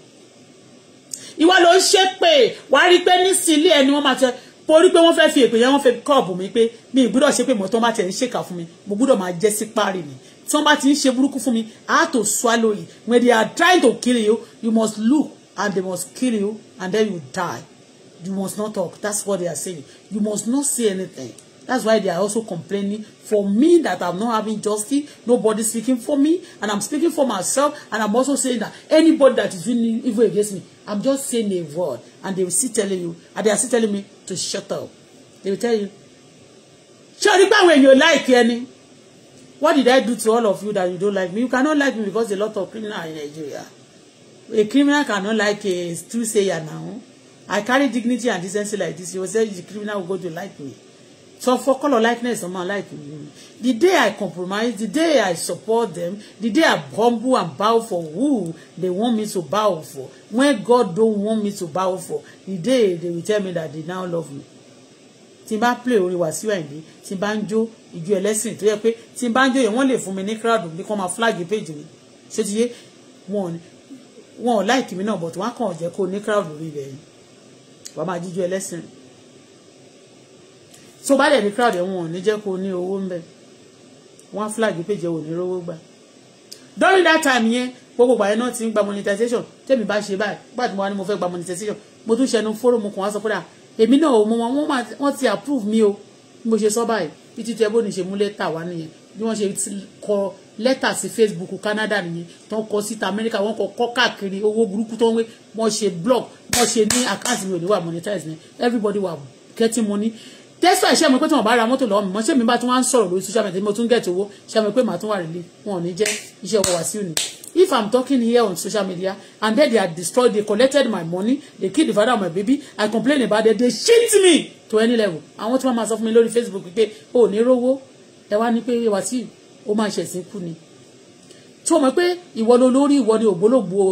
ìwọ ló ń ṣe pé wà á rí pé nísìn ilé ẹni wọ́n máa tẹ torí pé wọ́n fẹ́ fi èpè yẹn wọ́n fẹ́ kọ́ọ̀bù mi pé mi ìgbúdọ̀ ṣe pé mọ̀tọ́ bá tẹ̀ ń ṣèkà fún mi mo gbúdọ̀ máa jẹ́ sí páàrì mi tí wọ́n bá ti ń ṣe burúkú fún mi I have to swallow it when they are trying to kill you you must look and they must kill you and then you die you must not talk that's what they are saying you must not say anything That's why they are also complaining for me that I'm not having justice. Nobody speaking for me, and I'm speaking for myself. And I'm also saying that anybody that is doing evil against me, I'm just saying a word, and they will still telling you, and they are still telling me to shut up. They will tell you, "Shut up when you like any." What did I do to all of you that you don't like me? You cannot like me because a lot of criminal in Nigeria. A criminal cannot like a true sayer now. I carry dignity and decency like this. You will say the criminal will go to like me. So for color likeness, I'm like the day I compromise, the day I support them, the day I humble and bow for who they want me to bow for. When God don't want me to bow for, the day they will tell me that they now love me. Timba play orin Wàsíù Àyìndé tí n timba ń you do a lesson? yẹ pé tí n bá ń jó yẹn wọ́n lè fún mi ní crowd bí kò máa flag page mi ṣé ti yé wọn wọn ò láìkí mi náà but wọn á you call kó ní crowd lórí ibẹ̀ yẹn wàá máa jíjó ẹlẹ́sìn so bá dẹ̀ ní crowd ẹ̀ wọn ò ní jẹ́ kó ní owó ń bẹ̀ wọ́n flag péjẹ wò ní rówó gbà during that time yẹn gbogbo gbàyẹn náà ti ń gba monetization tẹ́mi bá ṣe báyìí gbà tí mo wá ní mo fẹ́ gba monetization mo tún ṣẹnu fórómù kan wá sọ kódà èmi náà ò mọ wọn wọ́n ti approve mi o bí mo ṣe sọ báyìí bí títí ẹbí ò ní ṣe mú lẹ́tà wá nìyẹn bí wọ́n ṣe kọ lẹ́tà sí Facebook Canada nìyẹn tó ń kọ síta America wọ́n kọ kọ́ káàkiri owó burúkú tó ń wé wọ́n ṣe blog wọ́n ṣe ní àkáǹtì mi ò ní wà monetize ni everybody wà getting money tẹ́sítọ̀ ìṣe mi pé tí wọ́n bá ra mọ́tò lọ́wọ́ mi mọ́ ṣé mi bá tún wá ń sọ̀rọ̀ lórí social media mo tún gẹ̀ẹ́tì owó ṣe mi pé màá tún wà rèlé wọn ò ní jẹ́ iṣẹ́ ọkọ̀ wá sí òní if i'm talking here on social media and then they are destroyed they collected my money they killed the father of my baby i complain about it, they shit me to any level àwọn tí wọ́n máa sọ fún mi lórí facebook pé o ò ní rówó ẹ wá ní pé Wàsíù ó máa ṣẹ̀sìn kú ni tí wọ́n mọ̀ pé ìwọ lolórí ìwọ ni ògbólógbòó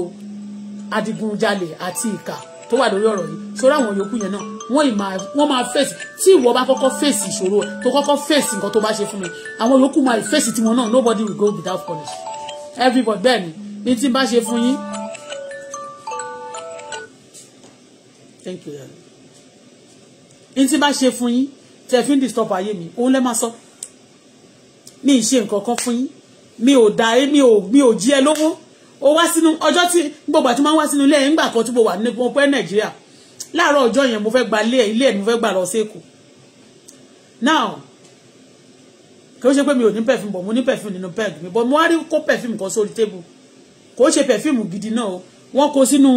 adigunjalè àti ìkà tó wà lórí ọ̀rọ̀ yìí sórí àwọn yòókù yẹn náà wọ́n ì máa wọ́n máa fèsì tí ìwọ bá kọ́kọ́ fèsì ìṣòro ẹ̀ tó kọ́kọ́ fèsì nǹkan tó bá ṣe fún mi àwọn yòókù máa fèsì tiwọn náà nobody will go without polish everybody bẹ́ẹ̀ ni ní tí bá ṣe fún yín. thank you ní tí bá ṣe fún yín tẹ̀ fi ń disturb ayé mi òun lẹ́ máa sọ mi ì ṣe nǹkan kan fún yín mi ò dá mi ò mi ò jí ẹ lówó ó wá sínú ọjọ́ tí gbogbo àti máa ń wá sínú ilé ńgbà kan tí mo wà ní pẹ́ nàìjíríà láàárọ̀ ọjọ́ yẹn mo fẹ́ gba ilé ilé mi fẹ́ gbà lọ sí èkó now kí ó ṣe pé mi ò ní perfume bọ̀ mo ní perfume nínú peg mi bọ̀ mo wá rí kó perfume kan sórí table kò ṣe perfume gidi náà o wọ́n kó sínú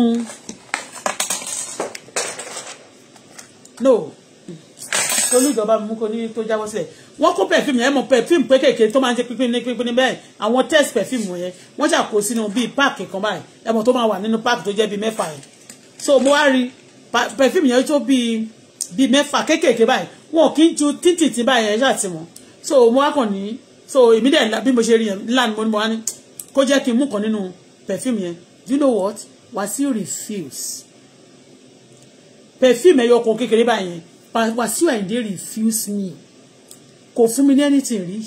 no olùjọba mú kó ní tó jáwọ́ sílẹ̀ wọ́n kó perfume yẹn mọ̀ perfume pékèké tó máa ń ṣe pínpín ní pínpín ní bẹ́ẹ̀ àwọn test perfume yẹn wọ́n ṣàkó sínú bíi páàkì kan báyìí ẹ̀mọ̀ tó máa wà nínú páàkì tó jẹ́ bíi mẹ́fà yẹn so mo wá rí perfume yẹn tó bíi bíi mẹ́fà kékèké báyìí wọn kì í ju títì tí báyìí yẹn ṣàtì wọn so mo wá kàn ní so èmi dẹ̀ bí mo ṣe rí yẹn lánàá mo ní mo wá ní kó kí n mú kan perfume yẹn you perfume kékeré báyìí Wasiu Ayinde refuse me kò fún mi ní anything rí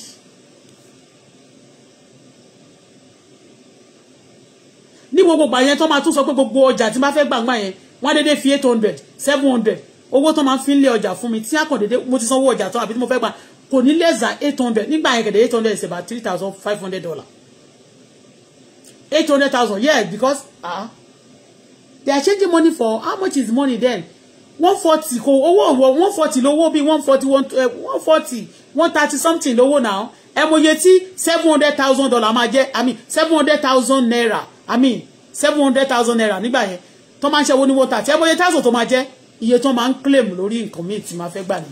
ní gbogbo ìgbà yẹn tó máa tún sọ pé gbogbo ọjà tí bá fẹ́ gbàgbà yẹn wọ́n á dédé fi eight hundred seven hundred owó tó máa fi ń lé ọjà fún mi tí àkàndédé mo ti sanwó ọjà tó àbí tí mo fẹ́ gbà kò ní less than eight hundred nígbà yẹn kẹ̀dẹ̀ eight hundred is about three thousand five hundred dollar eight hundred thousand Yes, because ah they are changing money for how much is money then one forty kò owó òwò one forty lówó bíi one forty one eh, one forty one thirty something lówó náà ẹ mọ tí seven hundred thousand dollar máa jẹ́ i mean seven hundred thousand naira i mean seven hundred thousand naira nígbà yẹn tó máa ń ṣẹ́wó ní one thirty ẹ mọ iye thousand tó máa jẹ́ iye tó máa ń claim lórí nǹkan míì tí máa fẹ́ gbà ní.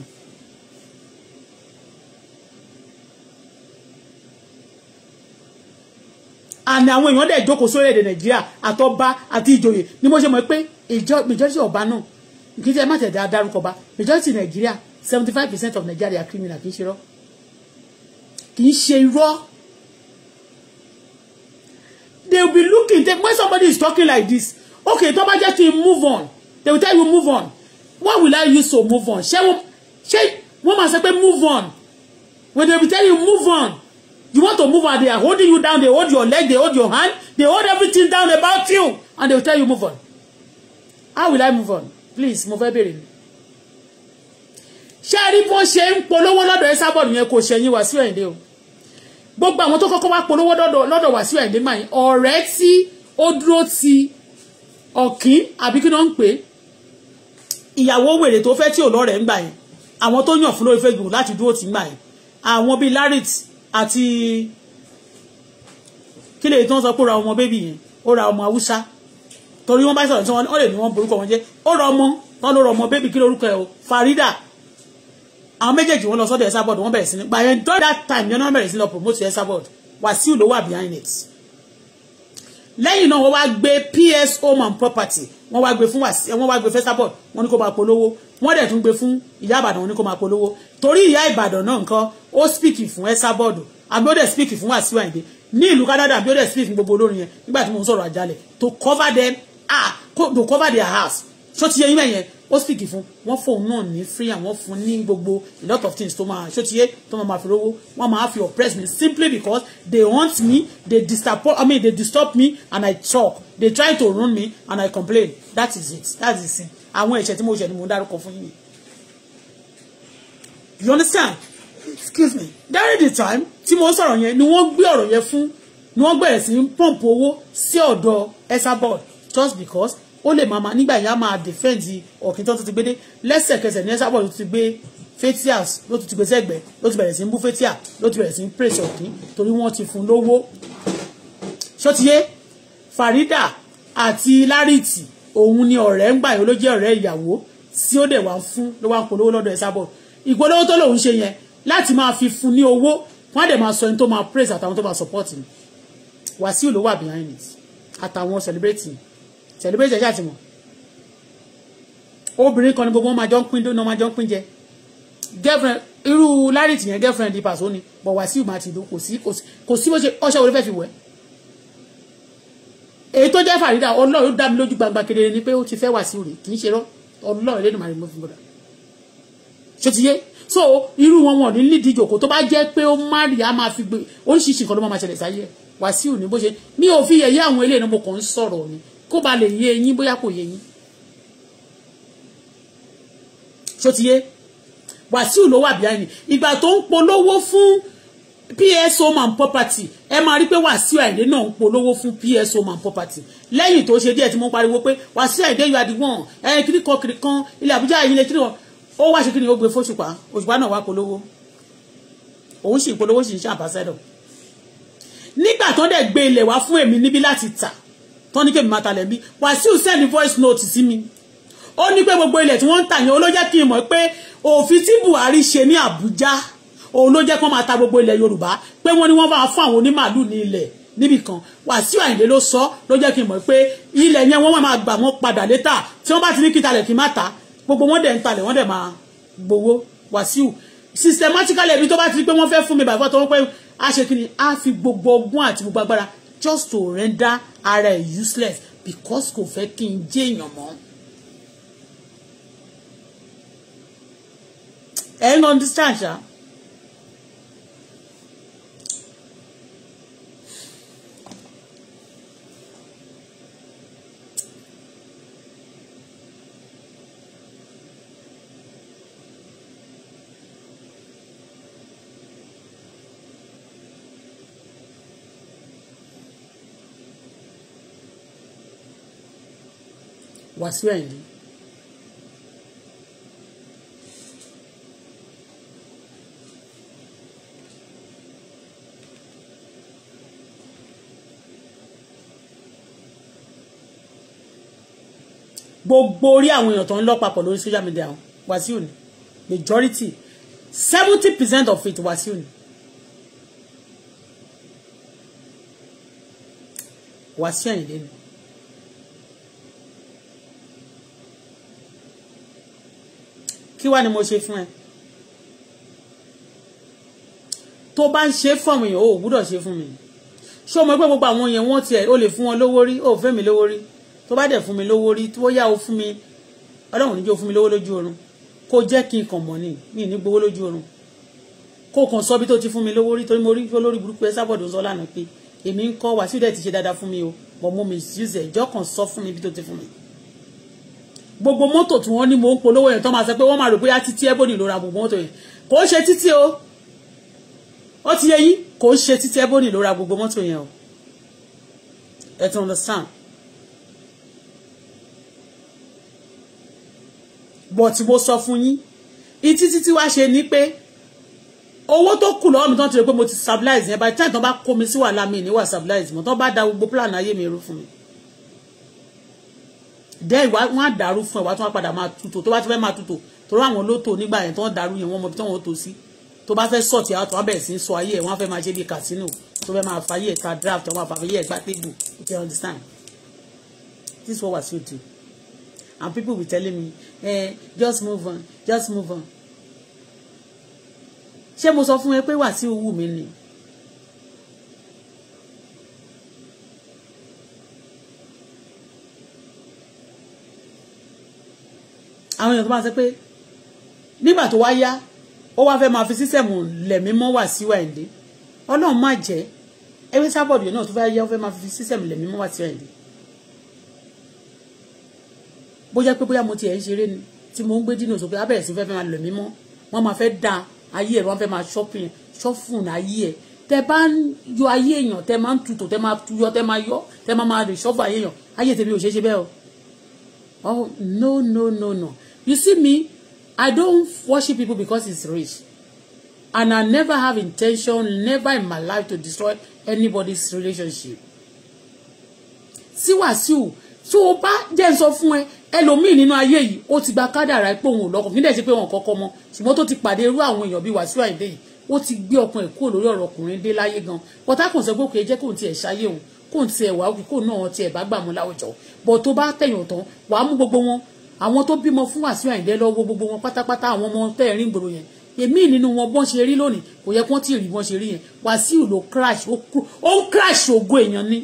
àmì àwọn èèyàn dẹ̀ jókòó sórí èdè nàìjíríà àtọba àti ìjòyè ni mo ṣe mọ̀ pé ìjọ ìjọ́sí ọba náà kì í ṣe má tẹ̀dá dárúkọ bá majority Nigeria seventy five percent of Nigeria are criminal kì í ṣe irọ́ kì í ṣe irọ́ they will be looking they, when somebody is talking like this okay tó bá jẹ́ kí move on they will tell you move on what will I use to move on ṣé wọ́n ṣé wọ́n máa sọ pé move on when they will tell you move on you want to move on they are holding you down they hold your leg they hold your hand they hold everything down about you and they will tell you move on how will I move on please mo fẹ́ bèrè mi. ṣé rí bó ṣe ń polówó lọ́dọ̀ ẹ sábọ̀ nìyẹn kò ṣẹ̀yìn Wàsíù Àyìndé o gbogbo àwọn tó kọ́kọ́ wá polówó lọ́dọ̀ Wàsíù Àyìndé máa yín ọ̀rẹ́ tí ó dúró ti ọ̀kín àbí kí ló ń pè é ìyàwó wèrè tó fẹ́ tí ò lọ́rẹ̀ẹ́ ń gbà yẹn àwọn tó yàn fún lórí Facebook láti dúró tì ń gbà yẹn àwọn bíi Larit àti kí lè tán sọ pé ó ra ọmọ bébì yẹn ó ra ọmọ Haúsá torí wọ́n bá sọ̀rọ̀ tí wọ́n ó lè ní wọ́n borúkọ wọn jẹ́ ó rọ ọmọ ló rọ bébì kí lórúkọ ẹ̀ o Farida àwọn méjèèjì wọn lọ sọ́dọ̀ Esabod wọ́n bẹ̀rẹ̀ sí ní gbàyẹn during that time yẹn náà bẹ̀rẹ̀ sí lọ promote Esabod Wàsíù ló wà behind it lẹ́yìn náà wọ́n wá gbé PS home and property wọ́n wá gbé fún Wàsíù wọ́n wá gbé Esabod wọ́n ní kó máa polówó wọ́n dẹ̀ tún gbé fún ìyá Ìbàdàn wọ́n ní kó máa polówó torí ìyá Ìbàdàn náà nǹkan ó speak fún Esabod àbí ó dẹ̀ speak fún Wàsíù Àyìndé ní ìlú Canada àbí ó dẹ̀ speak fún gbogbo olórin yẹn nígbà tí mo ń sọ̀rọ̀ àjálẹ̀ to cover them ah to cover their house So ti yẹ yín mẹ́yẹn ó speak fún wọ́n fóun náà ní free and wọ́n fún ní gbogbo a lot of things to máa So ti yẹ tó máa fi rówó wọ́n máa fi oppress me simply because they want me they disturb I mean they disturb me and I talk they try to ruin me and I complain that is it that is it àwọn ẹ̀ṣẹ̀ tí mo ṣẹ̀ ni mo dárúkọ fún yín you understand excuse me during the time tí mo sọ̀rọ̀ yẹn ni wọ́n gbé ọ̀rọ̀ yẹn fún ni wọ́n bẹ̀rẹ̀ sí pọ́ǹpù owó sí ọ̀dọ̀ esabod just because ó lè máa nígbà yẹn á máa defend ọ̀kìn tó ti gbé dé lẹ́sẹ̀kẹsẹ̀ ní ẹ́sàbọ̀ ló ti gbé fetias ló ti gbé sẹ́gbẹ̀ẹ́ ló ti bẹ̀rẹ̀ sí ń bú fetia ló ti bẹ̀rẹ̀ sí ń praise ọ̀kìn torí wọ́n ti fún lówó ṣọ́tiyé Farida àti Larity òun ni ọ̀rẹ́ ń gbà yẹn ló jẹ́ ọ̀rẹ́ ìyàwó tí ó dẹ̀ wá fún ló wá ń polówó lọ́dọ̀ ẹ́sàbọ̀ ìpolówó tó lòun ṣe yẹn láti praise àtàwọn tó máa support ni Wàsíù behind it àtàwọn celebrating celebrate ẹ̀ṣá àtìmọ̀ obìnrin kan ni gbogbo wọn máa jọ ń pín dóná máa jọ ń pín jẹ girlfriend irú Larry tìyẹn girlfriend di pàṣọ ni bọ̀ Wàsíù máa ti dùn kò sí kò sí bó ṣe ọṣẹ wo ló fẹ́ fi wẹ̀ èyí tó jẹ́ fàrídà Ọlọ́run dá mi lójú gbangba kedere ni pé ó ti fẹ́ Wàsíù rè kì í ṣe rọ́ Ọlọ́run lẹ́nu màrí mo fi gbọ́dọ̀ ṣé ti yé so irú wọn wọn ò ní nídìí ìjòkó tó bá jẹ́ pé ó má rí a máa fi gbé oríṣiríṣi nǹkan ló máa ṣẹlẹ̀ sáyé Wàsíù ní bó ṣe mi ò fi yẹ̀yẹ́ àwọn eléyìí mo kàn ń sọ̀rọ̀ ni kó ba lè yé yín bóyá kò yé yín ṣó ti yé Wàsíù ló wà behind ni ìgbà tó ń polówó fún PSO man property ẹ máa rí pé Wàsíù Àyìndé náà ń polówó fún PSO man property lẹ́yìn tó ṣe díẹ̀ tí mo pariwo pé Wàsíù Àyìndé yóò adigun ẹ kiri kan kiri kan ilẹ̀ Àbújá ẹ̀yìn lè kiri kan ó wá ṣe kí ni ó gbé fóṣùpá òṣùpá náà wá polówó òun sì polówó sì ń ṣe nígbà tó dẹ̀ gbé ilẹ̀ wá fún èmi níbí láti tà tán ní kèmí máa talẹ̀ bí Wàsíù send voice note sí mi ó ní pé gbogbo ilẹ̀ tí wọ́n ń tà yẹn olójẹ́ kí n mọ̀ pé òfin tí Buhari ṣe ní Àbújá òun ló jẹ́ kó máa ta gbogbo ilẹ̀ Yorùbá pé wọ́n ní wọ́n bá fún àwọn onímàálù ní ilẹ̀ níbì kan Wàsíù Àyìndé ló sọ ló jẹ́ kí n mọ̀ pé ilẹ̀ yẹn wọ́n máa gbà wọ́n padà létà tí wọ́n bá ti ní kí talẹ̀ kí má ta gbogbo wọn dẹ̀ ń talẹ̀ wọ́n dẹ̀ máa gbowó Wàsíù systematically ẹbí tó bá ti rí pé wọ́n fẹ́ fún mi bàbá tó wọ́n pé a ṣe kí ni a fi gbogbo ọgbọ́n àti gbogbo agbára just to render ara ẹ̀ useless because kò fẹ́ kí n jẹ́ èèyàn mọ́. ẹ̀ ń understand ṣáà. Wàsíù Àyìndé. gbogbo orí àwọn èèyàn tó ń lọ papọ̀ lórí social media wọn Wàsíù majority seventy percent of it Wàsíù ni Wàsíù Àyìndé ni. kí wá ni mo ṣe fún ẹ tó bá ń ṣe fún àwọn èèyàn ó gbúdọ̀ ṣe fún mi ṣé o mọ̀ gbogbo àwọn èèyàn wọ́n tiẹ̀ o lè fún wọn lówó rí o fẹ́ mi lówó rí tó bá dẹ̀ fún mi lówó rí tó yá o fún mi ọlọ́run níjó fún mi lówó lójú oorun kó jẹ́ kí n kàn mọ́ ni mi ní gbowó lójú oorun kó kàn sọ bí tó ti fún mi lówó rí torí mo rí olórí burúkú ẹ sábọ̀dọ̀ sọ lánàá pé èmi ń kọ́ wàásù dẹ̀ ti ṣe dáadáa fún mi o bọ̀ mo mi ṣùṣẹ̀ gbogbo mọ́tò tí wọ́n ní mò ń polówó yẹn tó máa sọ pé wọ́n máa rò bóyá títí ẹ́bọ̀nì ló ra gbogbo mọ́tò yẹn kò ń ṣe títí o ó ti yẹ yín kò ń ṣe títí ẹ́bọ̀nì ló ra gbogbo mọ́tò yẹn o ẹ ti understand bọ̀ tí mo sọ fún yín ìtí títí wá ṣe ni pé owó tó kù lọ́wọ́ mi tán ti rò pé mo ti stabilize yẹn by the time bá kó mi sí wàhálà mi ní wà stabilize mọ́ tán bá da gbogbo plan ayé mi rú fún mi then ìwà wọn á dàrú fún ẹ wá tí wọn padà máa tutò tó bá ti fẹ́ máa tutò torí àwọn olóòtò nígbà yẹn tó ń dàrú yẹn wọn mọ bí tí wọn ò tó sí tó bá fẹ́ sọ̀tì àwọn tó wá bẹ̀rẹ̀ sí ń sọ ayé ẹ̀ wọ́n fẹ́ máa ṣe bí kàtínù tó fẹ́ máa fàyè ẹ̀ka draft wọ́n máa fàyè ẹ̀gbá table you can understand this is what Wasiu do and people be telling me eh, just move on just move on ṣé mo sọ fún ẹ pé Wasiu wù mí ni àwọn èèyàn tó máa sọ pé nígbà tó wá yá ó wá fẹ́ máa fi sísẹ̀mù lẹ̀mí mọ́ wà sí wàyíndé ọlọ́run má jẹ́ ewé sábọ̀dù náà tó fẹ́ yá ó fẹ́ máa fi sísẹ̀mù lẹ̀mí mọ́ wà sí wàyíndé bóyá pé bóyá mo tiẹ̀ ń ṣeré ni tí mo ń gbé dínà sókè abẹ́rẹ́ sí fẹ́ fẹ́ máa lẹ̀mí mọ́ wọ́n máa fẹ́ da ayé ẹ̀ wọ́n fẹ́ máa ṣọ́pìn ṣọ́fùn ayé ẹ̀ tẹ bá ń yọ ayé èèyàn tẹ máa ń tutù tẹ máa yọ tẹ máa yọ tẹ máa máa rè ṣọ́fù ayé èèyàn ayé tèmi ò ṣeé ṣe bẹ́ẹ̀ o Oh, no, no, no, no. You see me, I don't worship people because it's rich. And I never have intention, never in my life to destroy anybody's relationship. Sí Wàsíù, tó o bá jẹ́ ń sọ fún ẹ, ẹlòmíì nínú ayé yìí, ó ti gba kádàrá pé òun ò lọ́kọ, kí n dẹ̀ ṣe pé wọn kọ́kọ́ mọ́, ṣùgbọ́n tó ti pàdé irú àwọn èèyàn bíi Wàsíù Àyìndé yìí, ó ti gbé ọkàn kúrò lórí ọ̀rọ̀ ọkùnrin dé láyé gan. Pọ̀tákùn sọ pé òkè jẹ́ kóun tiẹ̀ ṣáyé òun, kò ń tiẹ̀ wá kò náà tiẹ̀ bá gbà mú láwùjọ bọ̀ tó bá tẹ̀yàn tán wàá mú gbogbo wọn àwọn tó bímọ fún Wàsíù Àyìndé lọ́wọ́ gbogbo wọn pátápátá àwọn ọmọ tẹ́ẹ̀rín gbòòrò yẹn èmi nínú wọn bọ́n ṣe rí lónìí kò yẹ kí wọ́n ti rí bọ́n ṣe rí yẹn Wàsíù ló crash ó ń crash ògo èèyàn ni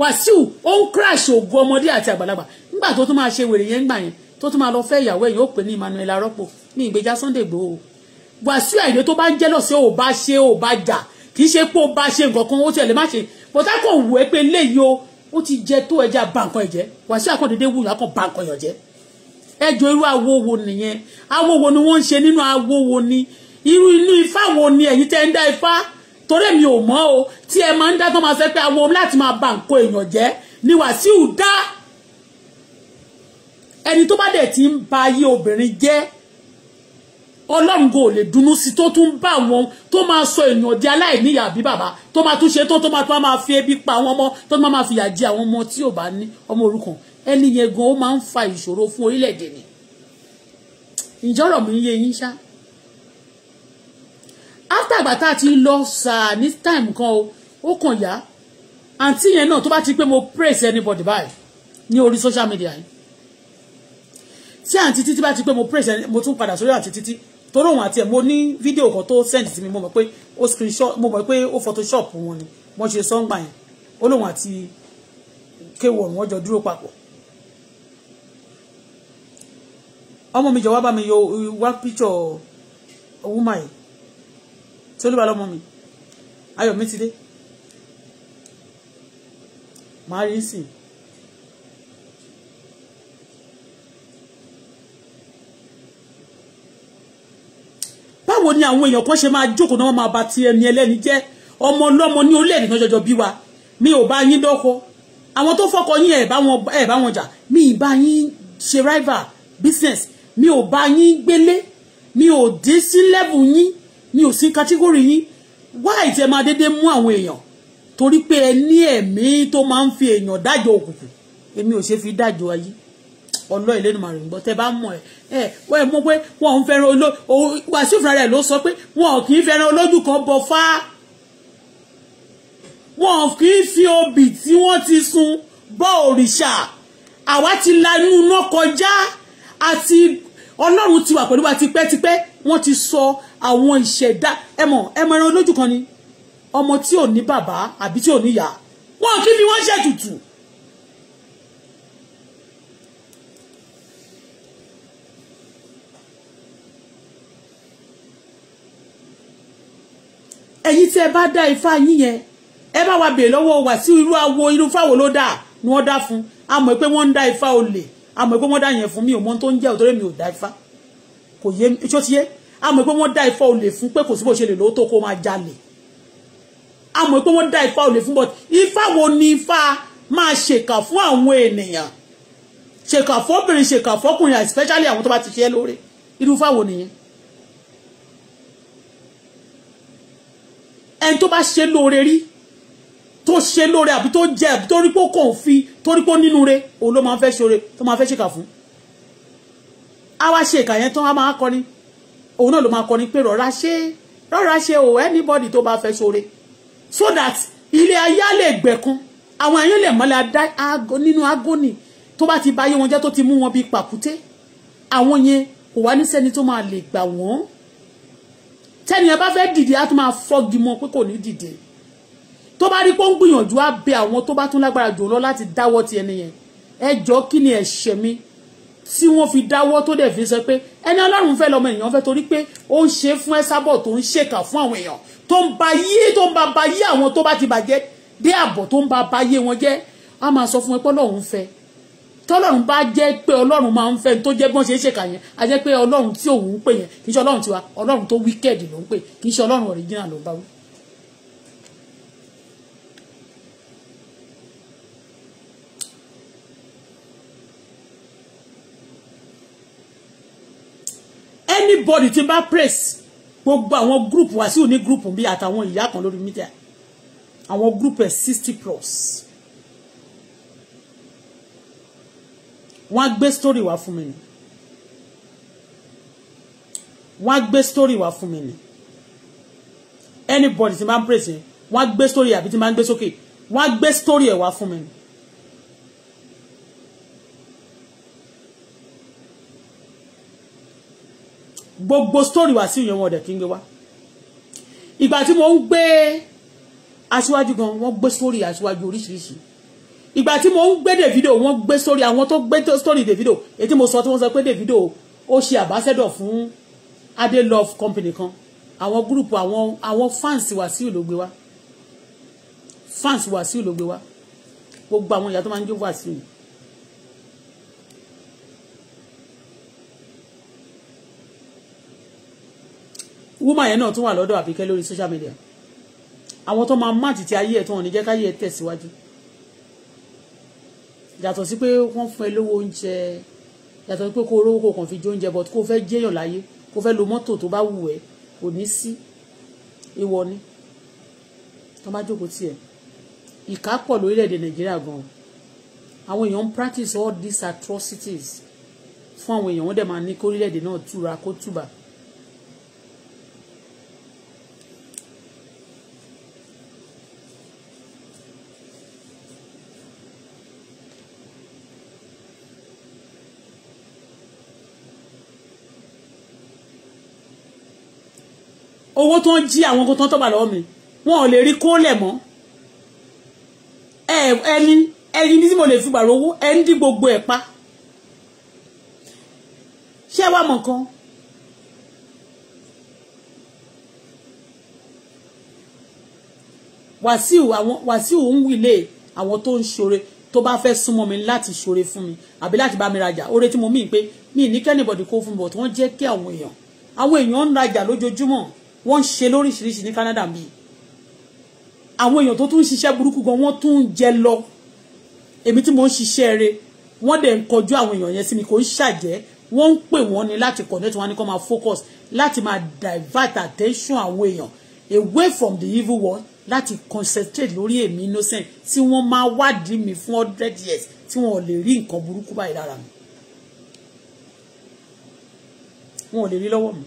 Wàsíù ó ń crash ògo ọmọdé àti àgbàlagbà nígbà tó tún máa ṣe wèrè yẹn ńgbà yẹn tó tún máa lọ fẹ́ ìyàwó ẹ̀yìn ó pè ní Emmanuel arọ́pò ní ìgbéjà Sunday Igboho Wàsíù Àyìndé tó bá ń jẹ́lọ̀ sí ò bá ṣe ò bá jà kì í ṣe pé ó bá ṣe nǹkan kan ó tiẹ̀ lè má ṣe bọ́tá kò wù ẹ́ pé léyìí o ó ti jẹ tó ẹja bàǹkan ẹ̀jẹ̀ wàṣẹ àkọ́dédé wù yàkọ̀ bàǹkan ẹ̀jẹ̀ ẹjọ́ irú awowo nìyẹn awowo ni wọ́n ń ṣe nínú awowo ni irú inú ifá wo ni ẹ̀yin tẹ́ ń dá ifá torí mi ò mọ̀ o tí ẹ máa ń dá tó máa sọ pé awo láti máa ba nǹkan èèyàn jẹ́ ni Wàsíù dá ẹni tó bá dẹ̀ ti ń ba ayé obìnrin jẹ́ ọlọ́run kò lè dunú sí tó tún bá wọn tó máa sọ èèyàn di aláìníyà bí bàbá tó máa tún ṣe tó tó máa tó máa fi ebi pa àwọn ọmọ tó máa máa fìyà jẹ àwọn ọmọ tí ò bá ní ọmọ òrukàn ẹni yẹn gan ó máa ń fa ìṣòro fún orílẹ̀-èdè ni ìjọ́rọ̀ mi yé yín ṣá after àgbàtà ti lọ sáà ní time kan ó kàn yá àǹtí yẹn náà tó bá ti pé mo praise anybody báyìí ní orí social media yìí tí àǹtí títí bá ti pé mo praise mo tún padà sórí àǹtí títí torí òun àti ẹ̀ mo ní fídíò kan tó send sí mi mo mọ̀ pé ó screenshot mo mọ̀ pé ó photoshop wọn ni wọ́n ṣe sọ́ngbà yẹn ó lóun àti kéwọ̀n wọ́n jọ dúró papọ̀ ọmọ mi jọ wá bá mi yọ wá píṣọ wúmà yìí tí olúwa lọmọ mi ayọ̀ mi ti dé màá rí sí i. báwo ni àwọn èèyàn kan ṣe máa jókòó náà wọ́n máa ba ti ẹni ẹlẹ́ni jẹ́ ọmọ ọlọ́mọ ní orílẹ̀-èdè náà jọjọ bí wa mi ò bá yín dọ́kọ àwọn tó fọkọ yín ẹ̀ bá wọn jà mi ì bá yín ṣe rival business mi ò bá yín gbélé mi ò dín sí level yín mi ò sí category yín wáì tẹ máa dédé mú àwọn èèyàn torí pé ẹ ní ẹ̀mí tó máa ń fi èèyàn dájọ́ òkùnkùn èmi ò ṣe fi dájọ́ ayé ọlọ́ ìlẹ́nu màrún gbọ́ tẹ bá mọ̀ ẹ ẹ wọ́n ẹ mọ̀ pé wọ́n ń fẹ́ràn oló wàásù fúnra rẹ̀ ló sọ pé wọ́n kì í fẹ́ràn olójú kan bọ̀ fá wọ́n kì í fi obì tí wọ́n ti sun bọ́ òrìṣà àwa ti la inú iná kọjá àti ọlọ́run ti wà pẹ̀lú wa tipẹ́tipẹ́ wọ́n ti sọ àwọn ìṣẹ̀dá ẹmọ ẹmọ ẹran olójú kan ni ọmọ tí ò ní bàbá àbí tí ò ní ìyá wọn kí ni wọ́n ṣètùtù ẹ̀yin tí ẹ bá dá ifá yín yẹn ẹ bá wa bèè lọ́wọ́ wà sí irú awo irú fáwo ló dà ni wọ́n dá fún a mọ̀ pé wọ́n ń dá ifá olè a mọ̀ pé wọ́n dá yẹn fún mi ò mọ̀ tó ń jẹ́ òtóré mi ò dá ifá kò yé mi ṣó ti yé a pé wọ́n dá ifá olè fún pé kò sí bó ṣe lè lóòótọ́ kó máa jalè a pé wọ́n dá ifá olè fún but ifá wo ni ifá máa ṣèkà fún àwọn ènìyàn ṣèkà fọ́bìnrin ṣèkà fọ́kùnrin especially àwọn tó bá ti ṣe lóore irú fáwo nìyẹn ẹni tó bá ṣe lóore rí tó ṣe lóore àbí tó jẹ àbí tó rí pé ó kàn fi tó rí pé ó nínú re òun ló máa fẹ́ ṣoore tó máa fẹ́ ṣèkà fún a wá ṣe ìkà yẹn tán a máa kọrin òun náà ló máa kọrin pé rọra ṣe rọra ṣe o anybody tó bá fẹ́ ṣoore so that ilé ayá lè gbẹ̀kan àwọn èèyàn lè mọ́lẹ̀ nínú agoni tó bá ti báyé wọn jẹ́ tó ti mú wọn bíi pàkúté àwọn yẹn kò wá ní sẹ́ni tó máa lè gbà wọ́n tẹ́ni ẹ bá fẹ́ dìde á tún máa fọ́gi mọ́ pé kò ní dìde tó bá rí pé ó ń gbìyànjú á bẹ àwọn tó bá tún lágbára jù lọ láti dáwọ́ ti ẹni yẹn ẹ jọ kí ni ẹ̀ṣẹ̀ mi tí wọ́n fi dáwọ́ tó dẹ̀ fi sọ pé ẹni ọlọ́run fẹ́ lọ́mọ èèyàn fẹ́ torí pé ó ń ṣe fún Ẹsábọ̀ tó ń ṣèkà fún àwọn èèyàn tó ń ba yé tó ń ba ba yé àwọn tó bá ti bàjẹ́ dé àbọ̀ tó ń ba ba yé wọn jẹ́ á máa sọ fún ẹ pé ọlọ́run fẹ́ tọ́lọ́run bá jẹ́ pé ọlọ́run máa ń fẹ́ tó jẹ́ bọ́n ṣe é ṣèkà yẹn a jẹ́ pé ọlọ́run tí òun pè yẹn kì í ṣe ọlọ́run tiwa ọlọ́run tó wicked ló ń pè kì í ṣe ọlọ́run original ló bá wí. anybody tí n bá praise gbogbo àwọn group wàsíù ní group bíi àtàwọn ìyá kan lórí media àwọn group ẹ̀ sixty plus. wọ́n á gbé story wá fún mi ni wọ́n á gbé story wá fún mi ni anybody tí n ń praise wọ́n á gbé story àbí tí n bá ń gbé sókè wọ́n á gbé story ẹ̀ wá fún mi ni. gbogbo story wá sí ìyẹn wọn ọ̀dẹ̀ kí n gbé wá ìgbà tí mo ń gbé aṣíwájú gan wọ́n gbé story aṣíwájú oríṣiríṣi ìgbà tí mo ń gbé Davido wọ́n gbé sórí àwọn tó gbé sórí Davido èyí mo sọ tí wọ́n sọ pé Davido ó ṣe àbáṣẹ́dọ̀ fún Adé Love Company kan àwọn gúrùpù àwọn àwọn fans Wàsíù ló gbé wá fans Wàsíù ló gbé wá gbogbo àwọn ìyá tó máa ń jó Wàsíù ni. woman yẹn náà tún wà lọ́dọ̀ Àbíkẹ́ lórí social media àwọn tó máa má títí ayé ẹ̀ tó wọn ní jẹ́ káyé ẹ̀ tẹ̀síwájú yàtọ̀ sí pé wọ́n fún ẹ lówó oúnjẹ yàtọ̀ sí pé kó rówó kó kàn fi jẹ oúnjẹ but kó fẹ́ jẹ́yàn láyé kó fẹ́ lo mọ́tò tó bá wù ẹ́ kò ní sí ìwọ ni tó bá jókòó tiẹ̀ ìkà pọ̀ lórílẹ̀‐èdè nàìjíríà gan-an àwọn èèyàn ń practice all these atrocities fún àwọn èèyàn wọ́n dẹ̀ máa ní kórílẹ̀‐èdè náà túra kó túbà. owó tó ń jí àwọn ogun tó ń tọ́gbà lọ́wọ́ mi wọn ò lè rí kólẹ̀ mọ́ ẹni ẹni tí mo lè fi gbàrọ̀ owó ẹni dí gbogbo ẹ̀ pa ṣé wàá mọ̀ kan wàsíù àwọn wàsíù ń wílé àwọn tó ń ṣoore tó bá fẹ́ súnmọ́ mi láti ṣoore fún mi àbí láti bá mi rajà oore tí mo mí pé mi ní kẹ́nìbọ̀dì kó fún mi bọ̀ tí wọ́n jẹ́ kí àwọn èèyàn àwọn èèyàn ń rajà lójoojúmọ́ wọ́n ń ṣe lóríṣiríṣi ní Canada bíi àwọn èèyàn tó tún ń ṣiṣẹ́ burúkú gan wọ́n tún ń jẹ lọ èmi tí mò ń ṣiṣẹ́ rẹ wọ́n dẹ̀ ń kọjú àwọn èèyàn yẹn sí mi kò ń ṣàjẹ́ wọ́n ń pè wọ́n ni láti connect wọn ni kó máa focus láti máa divert attention àwọn èèyàn away from the evil one láti concentrate lórí èmi innocent tí wọ́n máa wádìí mi fún hundred years tí wọn ò lè rí nǹkan burúkú báyìí lára mi wọn ò lè rí lọ́wọ́ mi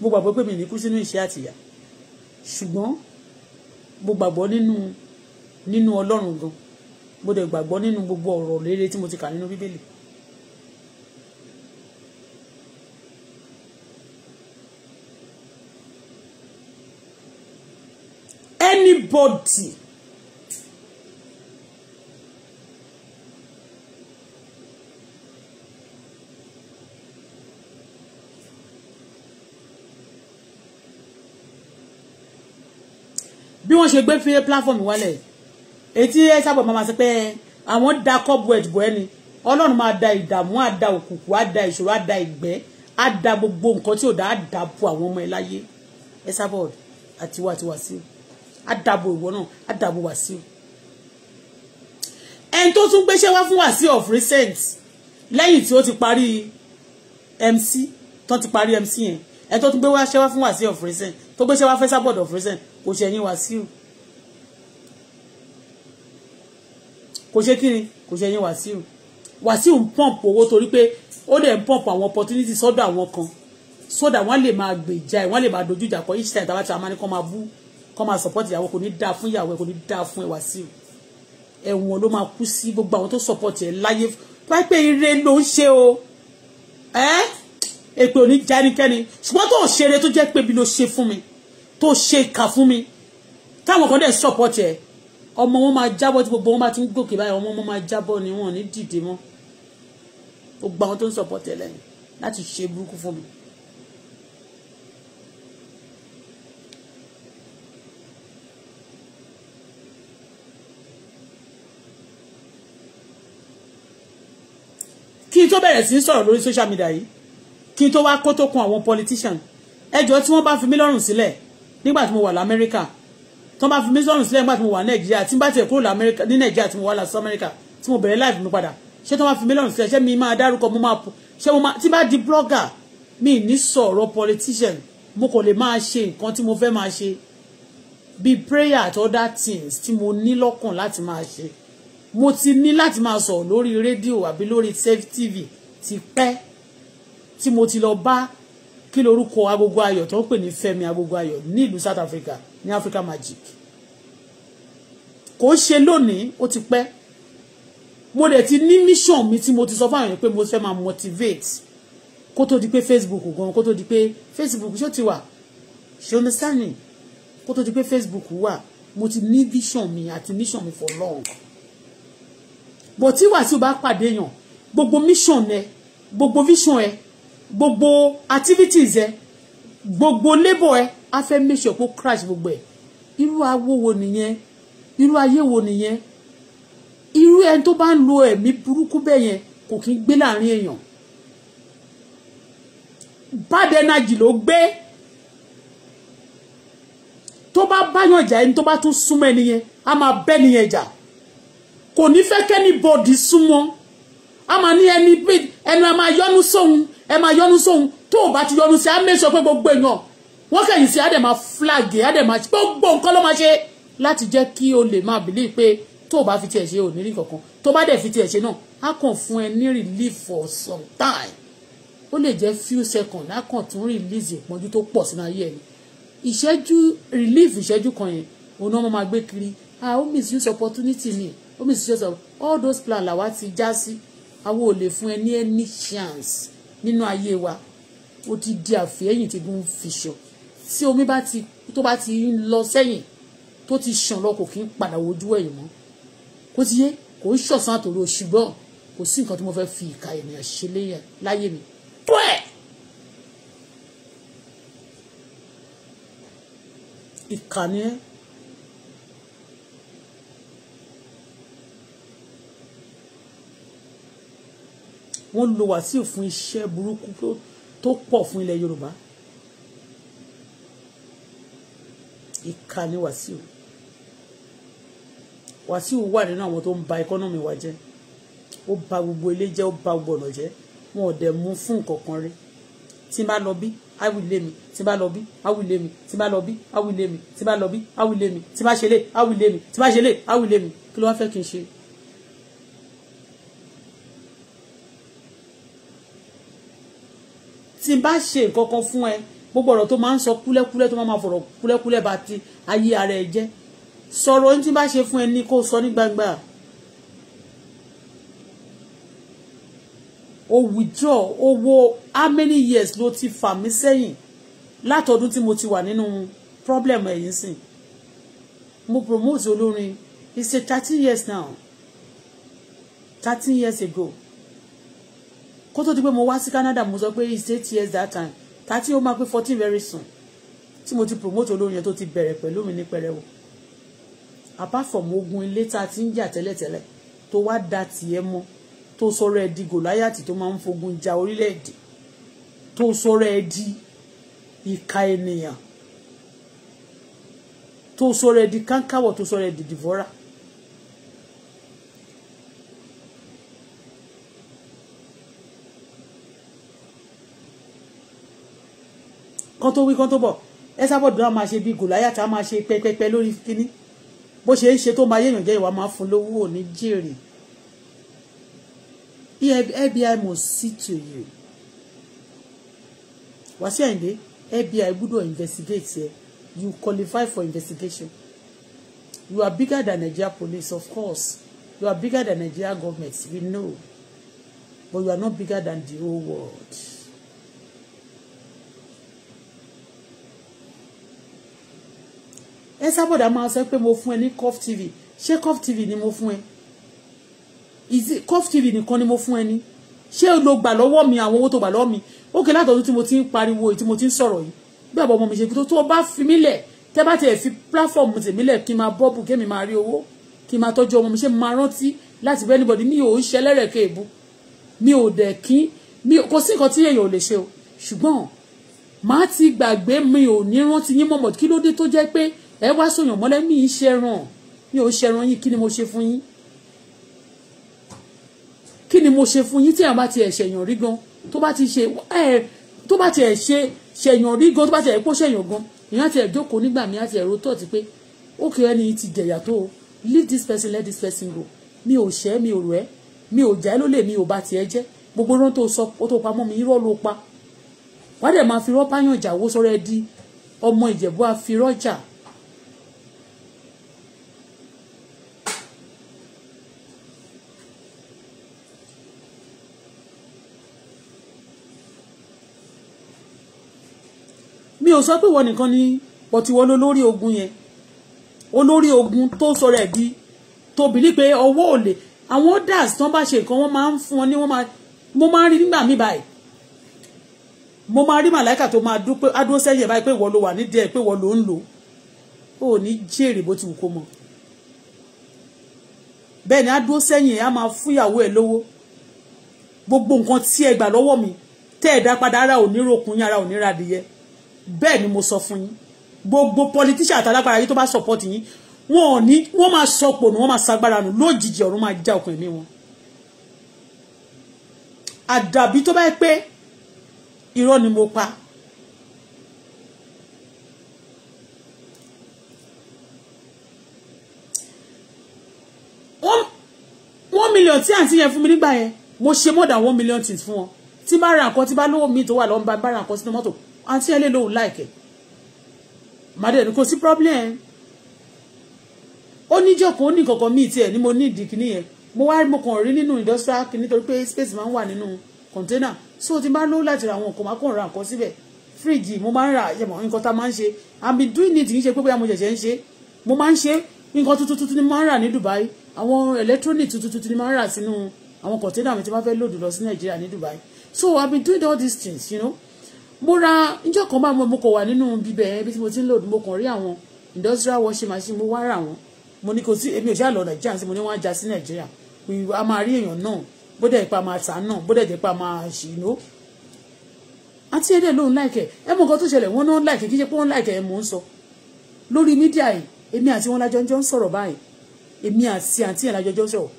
mo pé mi ní kú sínú ìṣẹ́ àtìyà ṣùgbọ́n mo gbàgbọ́ nínú nínú ọlọ́run gan mo dẹ̀ gbàgbọ́ nínú gbogbo ọ̀rọ̀ rere tí mo ti kà nínú bíbélì. anybody bí wọ́n ṣe gbé fi platform wálẹ̀ etí ẹ sábà máa sọ pé àwọn da cobweb bọ̀ ẹni ọlọ́run máa da ìdààmú á da òkùnkùn á da ìṣòro á da ìgbẹ́ á da gbogbo nǹkan tí ò dá á dàbò àwọn ọmọ ẹ láyé ẹ sábà àtiwá àtiwá sí i á dàbò ìwọ náà á dàbò wá sí i ẹni tó tún gbéṣẹ́ wá fún wàsíù of recent lẹ́yìn tí ó ti parí MC tó ti parí MC yẹn ẹni tó tún gbé wá ṣẹ́ wá fún wàsíù of recent tó gbéṣẹ́ wá fẹ́ sábọ̀dọ̀ of recent kò ṣe ẹ̀yin Wàsíù kò ṣe kíni kò ṣe ẹ̀yin Wàsíù Wàsíù ń pọ̀mpù owó torí pé ó dẹ̀ ń pọ̀mpù àwọn opportunity sọ́dọ̀ àwọn kan sọ́dọ̀ wọ́n lè máa gbèjà ẹ̀ wọ́n lè máa dojú ìjà kọ each time tàbátì àmọ́ ni kọ́ máa bú kọ́ máa support ìyàwó kò ní dáa fún ìyàwó ẹ̀ kò ní dáa fún ẹ̀ Wàsíù ẹ̀wọ̀n ló máa kú sí gbogbo àwọn tó support ẹ̀ láyé pẹ́pẹ́ ire ló ń ṣe o ẹ́ èpè ò ní já ẹnikẹ́ni ṣùgbọ́n tó ò ṣeré tó jẹ́ pé bí ló ṣe fún mi To ṣe ìkà fún mi táwọn kan dẹ̀ support ẹ̀ ọmọ wọn máa jábọ́ tí gbogbo wọn máa ti ń gòkè báyìí ọmọ wọn máa jábọ́ ni wọn ní dìde mọ́ gbogbo àwọn tó support ẹ̀ lẹ́yìn láti ṣe burúkú fún mi. kí n tó bẹ̀rẹ̀ sí sọ̀rọ̀ social media yìí kí n tó wá kó tó kun àwọn politician ẹjọ́ tí wọ́n bá fi mí lọ́rùn sílẹ̀ nígbà tí mo wà lamẹ́ríkà tó bá fi mísọ̀rùn sílẹ̀ nígbà tí mo wà nàìjíríà tí n bá tiẹ̀ kúrò lamẹ́ríkà ní nàìjíríà tí mo wà lásán amẹ́ríkà tí mo bẹ̀rẹ̀ láìpẹ́ mi padà ṣé tó bá fi mílíọ̀nù sílẹ̀ ṣé mi máa dárúkọ mo máa ṣé mo máa tí bá di blogger mi ní sọ̀rọ̀ politician mo kò lè máa ṣe nǹkan tí mo fẹ́ máa ṣe bíi prayer at other things tí mo ní lọ́kàn láti máa ṣe mo ti ní láti máa sọ̀rọ̀ lórí rédíò àbí lórí tv ti pẹ́ tí mo ti lọ bá kí lorúkọ agogo ayọ̀ tó ń pè ní Fẹ́mi agogo ayọ̀ ní ìlú South Africa ní Africa Magic kò ń ṣe lónìí ó ti pẹ́ mo dẹ̀ ti ní mission mi tí mo ti sọ fún àwọn èèyàn pé mo fẹ́ máa motivate kó tó di pé Facebook gan kó tó di pé Facebook ṣó ti wà ṣe understanding kó tó di pé Facebook wà mo ti ní vision mi àti mission mi for long but tí wàá tí o bá pàdé yàn gbogbo mission ẹ gbogbo vision ẹ gbogbo activities ẹ gbogbo labour ẹ a fẹ́ make sure kó crash gbogbo ẹ irú awo wo nìyẹn irú ayé wo nìyẹn irú ẹni tó bá ń lo ẹ̀mí burúkú bẹ́ẹ̀ yẹn kò kí ń gbé láàrin èèyàn bad energy ló gbé tó bá báyàn jà ẹni tó bá tún súnmọ́ ẹni yẹn a máa bẹ́ nìyẹn jà kò ní fẹ́ kẹ́ni bọ́ọ̀dì súnmọ́ a máa ní ẹni pé ẹnu ẹ máa yọnu sóhun ẹ máa yọnu sóhun tó o bá ti yọnu sí á mẹ́sọ̀ pé gbogbo èèyàn wọ́n kẹ̀yìn sí á dẹ̀ máa flag á dẹ̀ máa gbogbo nǹkan ló máa ṣe láti jẹ́ kí o lè máa bìlí pé tó o bá fi tiẹ̀ ṣe ò ní rí kankan to bá dẹ̀ fi tiẹ̀ ṣe náà á kàn fún ẹ ní relief for some time ó lè jẹ́ few seconds á kàn tún release ìpọ́njú tó pọ̀ sínú ayé ẹ̀ ni ìṣẹ́jú relief ìṣẹ́jú kan yẹn òun náà máa gbé kiri ah ó misuse opportunity ni ó misuse all those plans làwa ti já sí awo ò lè fún ẹ ní any chance nínú ayé wa ó ti di àfẹ́yìn tí gún fi ṣọ tí omi bá ti tó bá ti ń lọ sẹ́yìn tó ti ṣàn lọ kò kí ń padà wojú ẹ̀yìn mọ́ kó ti yé kò ń ṣọ̀sán àtòrò ṣùgbọ́n kò sí nǹkan tí mo fẹ́ fi ìka ènìyàn ṣe láyé mi ìkànnì ẹ̀. wọ́n ń lo Wàsíù fún iṣẹ́ burúkú tó pọ̀ fún ilẹ̀ Yorùbá ìka ni Wàsíù Wàsíù wà nínú àwọn tó ń ba ẹkọ́nọ́mì wa jẹ́ ó ba gbogbo ilé jẹ́ ó ba gbogbo ọ̀nà jẹ́ wọn ò dẹ̀ mú fún nǹkan kan rí tí n bá lọ bí awilé mi tí n bá lọ bí awilé mi tí n bá lọ bí awilé mi tí n bá lọ bí awilé mi tí n bá ṣe lé awilé mi tí bá ṣe lé awilé mi kí ló wá fẹ́ kí n ṣe. tí n bá ṣe nǹkan kan fún ẹ gbogbo ọ̀rọ̀ tó máa ń sọ kúlẹ́kúlẹ́ tó máa ma fọ̀rọ̀ kúlẹ́kúlẹ́ bá ti ayé ara ẹ jẹ́ sọ̀rọ̀ ní tí bá ṣe fún ẹ ní kó sọ ní gbangba o withdraw owó how many years ló ti fà mí sẹ́yìn látọdún tí mo ti wà nínú problem ẹ̀yìn sìn mo promote olórin it's a thirteen years now thirteen years ago kó tó di pé mo wá sí Canada mo sọ pé it's eight years that time thirty o máa pé fourteen very soon tí mo ti promote olórin yẹn tó ti bẹ̀rẹ̀ pẹ̀lú mi ní pẹrẹwu apart from ogun ilé tá a ti ń jà tẹ́lẹ̀tẹ́lẹ̀ tó wá da tiẹ̀ mọ́ tó sọ̀rọ̀ ẹ̀ di gòláyàtì tó máa ń fogun ja orílẹ̀-èdè tó sọ̀rọ̀ ẹ̀ ìka ènìyàn tó sọ̀rọ̀ ẹ̀ di tó sọ̀rọ̀ ẹ̀ di kan tó wí kan tó bọ̀ ẹ sábọ̀ dùn á máa ṣe bí gòláyà tá a máa ṣe pẹ́pẹ́pẹ́ lórí kíní bó ṣe ń ṣe tó máa yéèyàn jẹ́ ìwà máa fún lówó òní jèrè FBI must see to you Wàsíù Àyìndé FBI gbọ́dọ̀ investigate ẹ you qualify for investigation you are bigger than Nigeria police of course you are bigger than Nigeria government we know but you are not bigger than the whole world. ẹ sábọ̀dà máa sọ pé mo fún ẹ ní cough tv ṣé cough tv ni mo fún ẹ cough tv nìkan ni mo fún ẹ ní ṣé o lo gbà lọ́wọ́ mi àwọn owó tó gbà lọ́wọ́ mi ó kè látọ̀dún tí mo ti ń pariwo tí mo ti ń sọ̀rọ̀ yìí bí àbọ̀ ọmọ mi ṣe tó tó bá fi mí lẹ̀ tẹ́ bá tiẹ̀ fi platform tèmi lẹ̀ kí n máa bọ́ọ̀bù kí èmi máa rí owó kí n máa tọ́jú ọmọ mi ṣe máa rántí láti bẹ́ẹ̀ níbọ̀dí mi ò ń ṣe ẹlẹ́rẹ̀kẹ́ èbú mi ò dẹ̀ kí mi kò sí nǹkan tí èèyàn ò lè ṣe o ṣùgbọ́n màá ti gbàgbé mi ò ní rántí yín mọ̀mọ́ kí ló dé tó jẹ́ pé ẹ wá sóyàn mọ́lẹ́ mi ì ṣẹran mi ò ṣẹran yín kí ni mo ṣe fún yín kí ni mo ṣe fún yín tí àwọn bá ti ẹ̀ ṣẹ̀yàn rí gan tó bá ti ṣe ẹ̀ tó bá ti ẹ̀ ṣe ṣẹ̀yàn rí gan tó bá ti ẹ̀ kó ṣẹ̀yàn gan ìyá ti ẹ̀ jókòó nígbà mi àti ẹ̀rọ tó ti pé ó kì ẹni ti jẹ̀yà tó o leave this person let this person go mi ò ṣẹ́ mi ò rọ̀ ẹ́ mi ò jẹ́ ló lè mi ò bá tiẹ̀ jẹ́ gbogbo rán tó sọ ó tó pamọ́ mi irọ́ ló pa wádẹ̀ máa fi rọ́páyàn ìjà wó sọ́rẹ́ di ọmọ Ìjẹ̀bú afirọ́jà mi ò sọ pé ìwọ nìkan ni pọ̀tiwọ́ lólórí ogun yẹn olórí ogun tó sọ̀rọ̀ ẹ̀ di tóbi ní pé ọwọ́ òlè àwọn dars tán bá ṣe nǹkan wọ́n máa ń fún wọn ní wọ́n máa mo máa ń rí nígbà míì báyìí mo máa rí màláìkà tó máa dúpẹ́ adúró sẹ́yìn báyìí pé ìwọ ló wà nídìí ẹ̀ pé ìwọ ló ń lò ó ní jèrè bó ti wù kó mọ̀ bẹ́ẹ̀ ni adúró sẹ́yìn ẹ̀ á máa fún ìyàwó ẹ̀ lówó gbogbo nǹkan tí ẹ gbà lọ́wọ́ mi tẹ́ ẹ̀ dá padà ara ò ní rokun yín ara ò ní radìyẹ bẹ́ẹ̀ ni mo sọ fún yín gbogbo politician àtàlágbára yìí tó bá support yín wọn ò ní wọ́n máa sọpọ̀ nù wọ́n máa sagbára nù lójijì ọ̀run máa já ọkàn ẹ̀mí wọn. àdàbí tó bá yẹ pé irọ́ ni mo pa one million tí àǹtí yẹn fún mi nígbà yẹn mo ṣe more than one million things fún wọn tí bá ra nǹkan tí bá lówó mi tó wà lọ́nba bá ra nǹkan sínú mọ́tò àǹtí ẹlẹ́ lòun láìkẹ́ màdé ni kò sí problem ó níjọ́ kan ó ní kankan míì tiẹ̀ ni mo ní ìdí kìíní yẹn mo wá mo kàn rí nínú industrial kìíní torí pé space máa ń wà container so ti máa no lówó láti ra àwọn nǹkan máa kàn ra nǹkan síbẹ̀ fíríjì mo máa ń ra yẹmọ nǹkan tá a máa ń ṣe doing it kìí ṣe pé bóyá mo ṣẹ̀ṣẹ̀ ń ṣe mo máa ń ṣe nǹkan tuntun tuntun ni mo máa ń Dubai àwọn electronic tuntun tuntun ni mo máa ń rà container mi tí wọ́n fẹ́ lòdù lọ sí Nàìjíríà ní Dubai so I been doing all these things you know mo ra níjọ́ kan máa mọ mo kò wà nínú bíbẹ̀ ibi tí mo ti ń lòdì mo kàn rí àwọn industrial washing machine mo wá rà wọ́n mo ní kò sí èmi ò ṣáà lọ nàìjíríà sí mo ní wọ́n á já sí nàìjíríà a máa rí èèyàn náà bódà ìpa máa tà náà bódà ìpa máa ṣì ń lò àti ẹ̀dẹ̀ lòun láìkẹ̀ ẹ mọ̀ nǹkan tó ṣẹlẹ̀ wọ́n náà láìkẹ̀ kí ṣe pé wọ́n láìkẹ̀ ẹ̀ mò ń sọ lórí mídíà yìí èmi àti wọn lájọ jọ ń sọ̀rọ̀ báyìí èmi àti àǹtí ẹ̀ lájọ jọ ń sọ̀rọ̀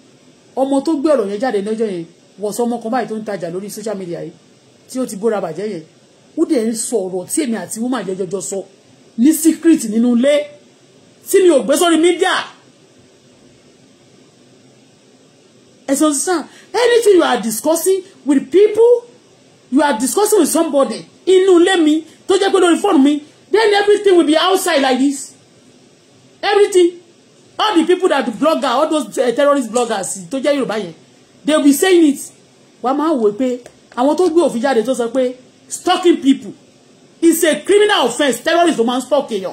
ọmọ tó gbé ọ̀rọ̀ yẹn jáde lọ́jọ́ yẹn wọ̀sọ̀ ọmọ kan báyìí tó ń tajà lórí social media yìí tí ó ti bóra bàjẹ́ yẹn ó dẹ̀ ń sọ ọ̀rọ̀ tí èmi àti woman jọjọjọ sọ ní secret nínú ilé tí mi ò gbé sórí mídíà ẹ̀sìn ọ̀sán anything you are discussing with people you are discussing with somebody inú ilé mi tó jẹ́ pé lórí fóònù mi then everything will be outside like this everything all the people that blogger all those uh, terrorist bloggers tó jẹ́ Yorùbá yẹn they will be saying it wàá máa wò pé àwọn tó gbé òfin jáde tó sọ pé stalking people it's a criminal offence terrorist ló máa ń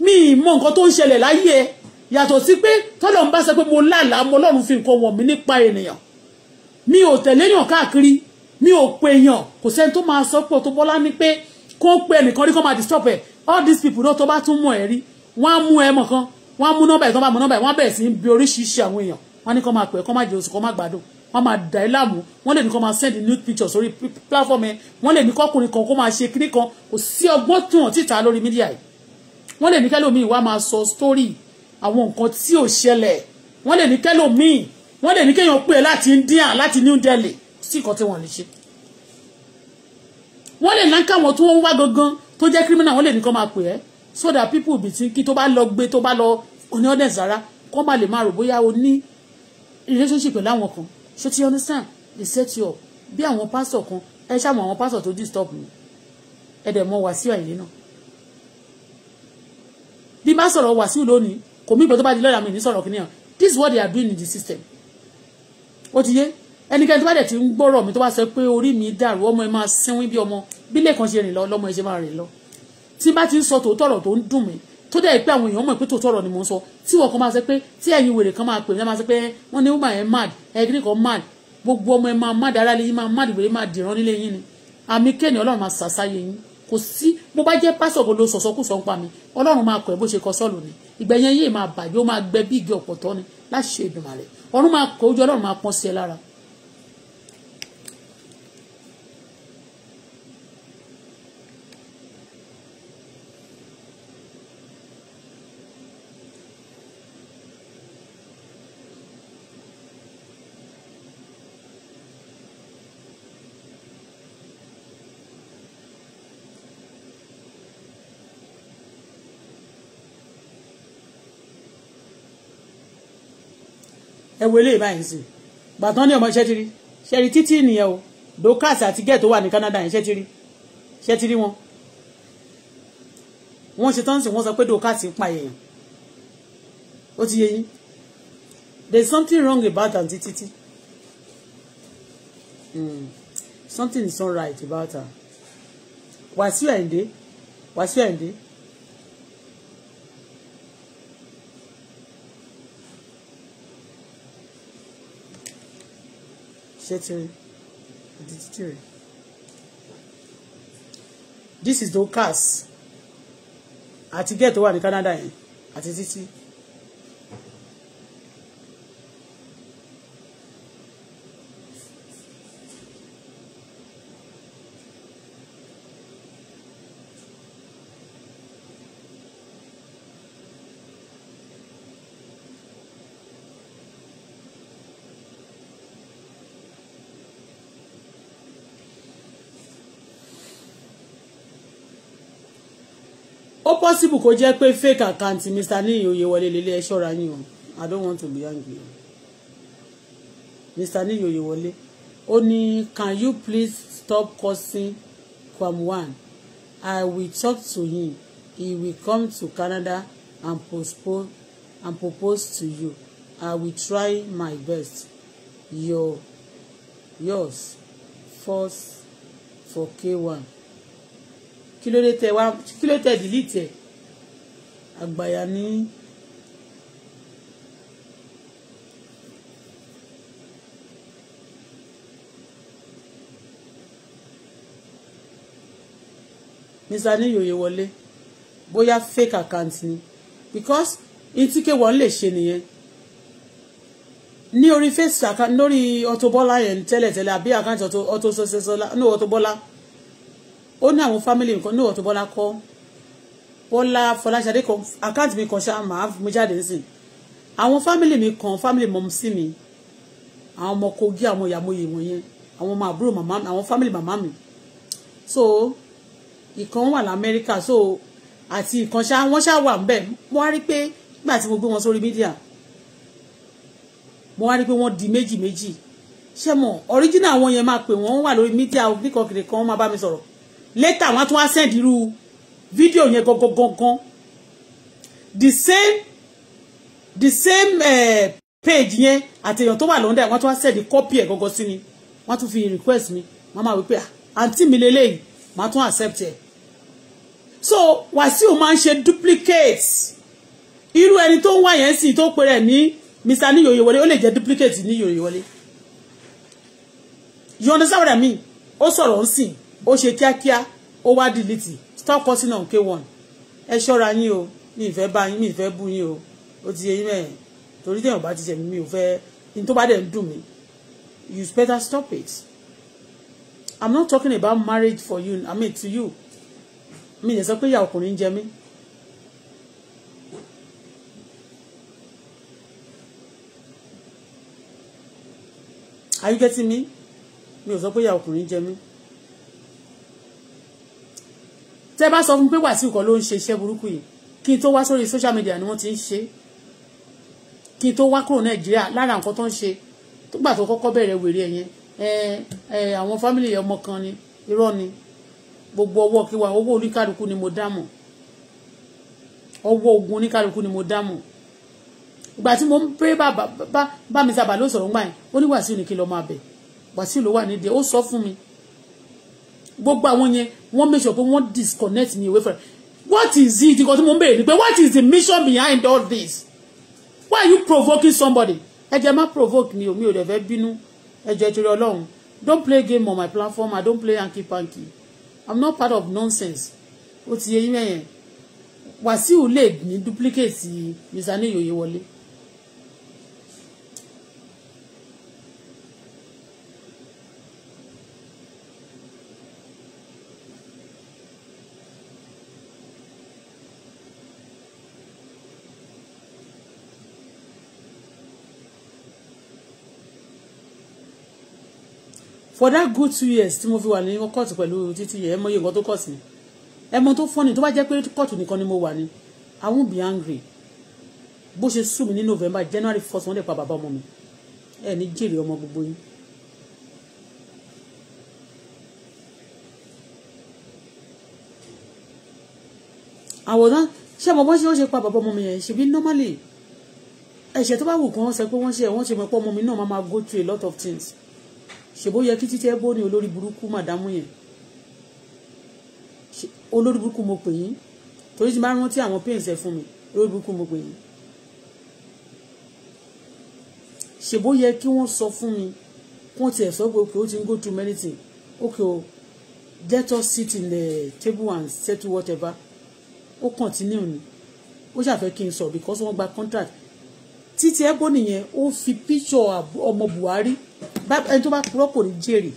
Me èèyàn mi mọ nǹkan tó ń ṣẹlẹ̀ láyé ẹ yàtọ̀ sí pé tọ́lọ́run bá sọ pé mo lálàá mo lọ́run fi nǹkan wọ̀n mi nípa ènìyàn mi ò tẹ̀lé yàn káàkiri mi ò pe èèyàn kò sẹ́ni tó máa sọ pé tó bọ́lá ní pé kó pe ẹnìkan rí kó máa disturb ẹ̀ all these people náà tó bá tún mọ̀ ẹ̀ rí wọ́n á mú ẹ mọ̀ kan wọ́n á mú nọ́mbà ẹ̀ tó bá mọ̀ nọ́mbà ẹ̀ wọ́n á bẹ̀rẹ̀ sí í bi oríṣiríṣi àwọn èèyàn wọ́n á ní kó máa pè é kó máa jẹ oṣù kó máa gbádùn wọ́n máa dà ẹ́ láàmú wọ́n lè ní kó máa send nude pictures sórí platform ẹ̀ wọ́n lè ní kọ́kùnrin kan kó máa ṣe kíní kan kò sí ọgbọ́n tí wọ́n ti ta lórí mídíà yìí wọ́n lè ní kẹ́lòmíì wá máa sọ story àwọn nǹkan tí ò ṣẹlẹ̀ wọ́n lè ní kẹ́lòmíì wọ́n lè ní kéèyàn pè é láti India láti New Delhi sí nǹkan tí wọ́n lè ṣe wọ́n lè ní káwọn tí wọ́n wá gangan tó jẹ́ criminal wọ́n lè ní kó máa pè é so that people be thinking tó bá lọ gbé tó bá lọ oní ọ̀dẹ̀ sára kó má lè máa rò bóyá o ní relationship pẹ̀lú àwọn kan ṣé ti understand they set you up bí àwọn pastor, kan ẹ ṣàmù àwọn pastor tó disturb mi ẹ dẹ̀ mọ Wàsíù Àyìndé náà bí má sọ̀rọ̀ Wàsíù lónìí kò mí ìgbà tó bá di lọ́la mi ní sọ̀rọ̀ kìnìyàn this is what they are doing in the system ó ti yé ẹnikẹ́ni tó bá dẹ̀ ti ń gbọ́rọ̀ mi tó bá sọ pé orí mi dàrú ọmọ ẹ máa sínwín bí ọmọ bí lẹ́ẹ̀kan ṣe rìn lọ lọ́mọ ẹ ṣe máa rìn lọ tí bá ti ń sọ tòótọ́ ọ̀rọ̀ tó ń dùn mí tó dẹ̀ pé àwọn èèyàn mọ̀ pé tòótọ́ ọ̀rọ̀ ni mò ń sọ tí wọ́n kan máa sọ pé tí ẹ̀yin wèrè kan máa pè mí máa sọ pé wọ́n ní woman ẹ̀ mad ẹ̀gírí kan mad gbogbo ọmọ ẹ̀ máa mad ara lè máa mad wèrè máa dìran nílé yín ni àmì kéènì ọlọ́run máa sàsáyé yín kò sí mo bá jẹ́ pásọ̀ kò lo sọ̀sọ́kùsọ ń pa mi ọlọ́run máa kọ̀ ẹ́ bó ṣe kọ sọ́ọ̀lù ni ìgbẹ̀yẹn yìí máa bàjẹ́ ó máa gbẹ bí igi ọ̀pọ̀tọ́ ni láṣẹ ìdùnmọ̀lẹ̀ ọ̀run máa kọ̀ ojú ọlọ́run máa pọ́n sí ẹ lára ẹ̀wọ̀ eléyìí báyìí sí gbàtàn ní ọmọ ṣẹ́tìrí ṣẹ́rí títí nìyẹn o Dorcas àti gẹ́ẹ̀ tó wà ní Canada yẹn ṣẹ́tìrí ṣẹ́tìrí wọn wọ́n ṣe tán sí wọ́n sọ pé Dorcas ń pa èèyàn ó ti yẹ yín there is something wrong about aunty títí mm. something is not right about her Wàsíù Àyìndé Wàsíù Àyìndé ṣẹ́tìrì ìdítìrì this is the Dorcas I gẹ́ẹ̀ tó wà ní Canada yẹn àti títí. ó possible kó jẹ́ pé fake account Mr. Niyi Oyewole lélẹ̀ ẹ ṣọ́ra yín o I don't want to be angry Mr. Niyi Oyewole ó ní can you please stop cursing Kwam1 I will talk to him he will come to Canada and postpone and propose to you I will try my best your yours first for K1 kí ló dé tẹ wá tẹ delete ẹ àgbàyà ní. mr wọlé bóyá fake account ni because ntike wọn lè ṣe nìyẹn ní orí face account lórí Auto Bola yẹn tẹ́lẹ̀tẹ́lẹ̀ àbí account Auto Auto Success Ọlá no Auto No, ó ní àwọn fámìlì nǹkan ní ọ̀tún bọ́lá kọ́ bọ́lá fọláṣadé kan àkáǹtì mi kan ṣáà máa mú jáde nísìn àwọn fámìlì mi kan fámìlì mọ̀mú sí mi àwọn ọmọ kogi àwọn ìyàmóye wọ̀nyẹn àwọn ọmọ àbúrò màmá mi àwọn fámìlì màmá mi so ìkan wà lamẹ́ríkà so àti ìkan ṣá wọ́n ṣá wà ńbẹ̀ mo wá rí pé nígbà tí mo gbé wọn sórí mídíà mo wá rí pé wọ́n di méjì méjì ṣé mo ọ̀ríjínà àwọn yẹn máa pè wọ́n wà lórí mídíà oníkan kiri kan wọ́n máa bá mi sọ̀rọ̀ later wọ́n tún wá send irú fídíò yẹn gangan gangan the same the same uh, page yẹn àti èèyàn tó wà lọ́ndà wọ́n tún wá send copy ẹ̀ gangan sí mi wọ́n tún fi request mi wọ́n máa wí pé ah, àǹtí mi lélẹ́yìn màá tún accept ẹ̀ so Wàsíù máa ń ṣe duplicate irú ẹni tó ń wá yẹn sì tó pe rẹ̀ ní Mr. Níyòyèwọlé ó lè jẹ́ duplicate Níyòyèwọlé you understand what I mean ó sọ̀rọ̀ ń sìn ó ṣe kíákíá ó wá dìlítì stop cursing on k1 ẹ ṣọ́ra yín o mi ìfẹ́ bá yín mi ìfẹ́ bú yín o ó ti yẹ yín mẹ́rin torí téèyàn bá ti jẹ mi ò fẹ́ ní tó bá dẹ̀ ń dùn you better stop it i'm not talking about marriage for you i mean to you mi lè sọ pé ìyá ọkùnrin jẹ mí. are you getting me mi ò sọ pé ìyá ọkùnrin jẹ mí. tẹ́ bá sọ fún pé Wàsíù kan ló ń ṣe iṣẹ́ burúkú yìí kí n tó wá sórí social media ni wọ́n ti ń ṣe kí n tó wá kúrò Nàìjíríà lára nǹkan tó ń ṣe tó gbà tó kọ́kọ́ bẹ̀rẹ̀ wèrè ẹ̀yẹn àwọn fámìlì ọmọ kan ni irọ́ ni gbogbo ọwọ́ kíwa owó oníkálukú ni mo dámọ̀ ọwọ́ ogun oníkálukú ni mo dámọ̀ ìgbà tí mo ń pé bá mi sábà ló sọ̀rọ̀ ń gbà yẹn ó ní Wàsíù ní kí lọ́ọ́ máa bẹ̀ Wàsíù ló wà nídìí ó sọ fún mi gbogbo àwọn yẹn wọ́n make sure pé wọ́n disconnect me away from what is it Because tí mo ń béèrè ni pé what is the mission behind all this why are you provoking somebody ẹ jẹ́ má provoke mi o mi ò dẹ̀ fẹ́ bínú ẹ jẹ́ torí ọlọ́run don't play game on my platform i don't play hanky panky i'm not part of nonsense ó ti yẹ yín mẹ́yẹn wàsíù lè ní duplicate Mr. Niyoyewole. for that good two years tí mo fi wà ní kóòtù pẹ̀lú títí yẹn ẹ mọ iye nǹkan tó kọ̀ sí ẹ mọ tó fọ́ni tó bá jẹ́ pé kóòtù nìkan ni mo wà ní I won't be angry bó ṣe sùn mí ní November January first wọ́n dẹ̀ pa bàbá ọmọ mi ẹ ní jèrè ọmọ gbogbo yín. àwòrán ṣé ọmọ bọ́n ṣe wọ́n ṣe pa bàbá ọmọ mi yẹn ṣèbí normally ẹ̀ṣẹ̀ tó bá wù kán ṣe pé wọ́n ṣe wọ́n ṣe mọ̀ pé ọmọ mi náà máa go through a lot of things ṣèbó yẹ kí títí ẹ bó ni olórí burúkú màdámù yẹn olórí burúkú mo pè yín torí ti máa ń rántí àwọn pains ẹ fún mi olórí burúkú mo pè yín ṣèbó yẹ kí wọ́n sọ fún mi kí wọ́n tiẹ̀ sọ pé okay ó ti ń go through many things okay o let us sit in the table and settle whatever ó continue ni ó ṣàfẹ́ kí n sọ because wọ́n gba contract títí ẹ bó nìyẹn ó fi picture ọmọ Buhari ẹni tó bá purọ́ kò ní jèrè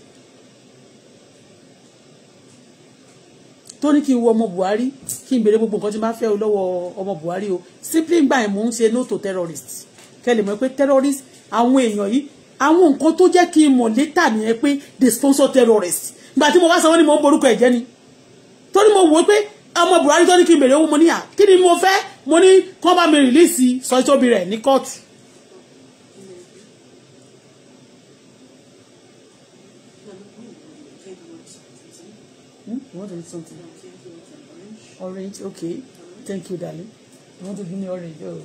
tó ní kí n wo ọmọ Buhari kí n béèrè gbogbo nǹkan tí n bá fẹ́ lọ́wọ́ ọmọ Buhari o simply ngbà ẹ̀ mò ń ṣe no to terrorist kẹlẹ̀ mọ̀ pé terrorist àwọn èèyàn yìí àwọn nǹkan tó jẹ́ kí n mọ̀ létà nìyẹn pé they sponsor terrorist ìgbà tí mo wá sanwó ni mo ń borúkọ ẹ̀jẹ̀ ni torí mo wò ó pé ọmọ Buhari tó ní kí n béèrè owó mo ní kí ni mo fẹ́ mo ní kọ́ bá mi rìlíìsì sọ́jọ́bí rẹ̀ ní kóòtù You want to eat something? Orange, okay. Thank you, darling. You want to give me orange? Oh,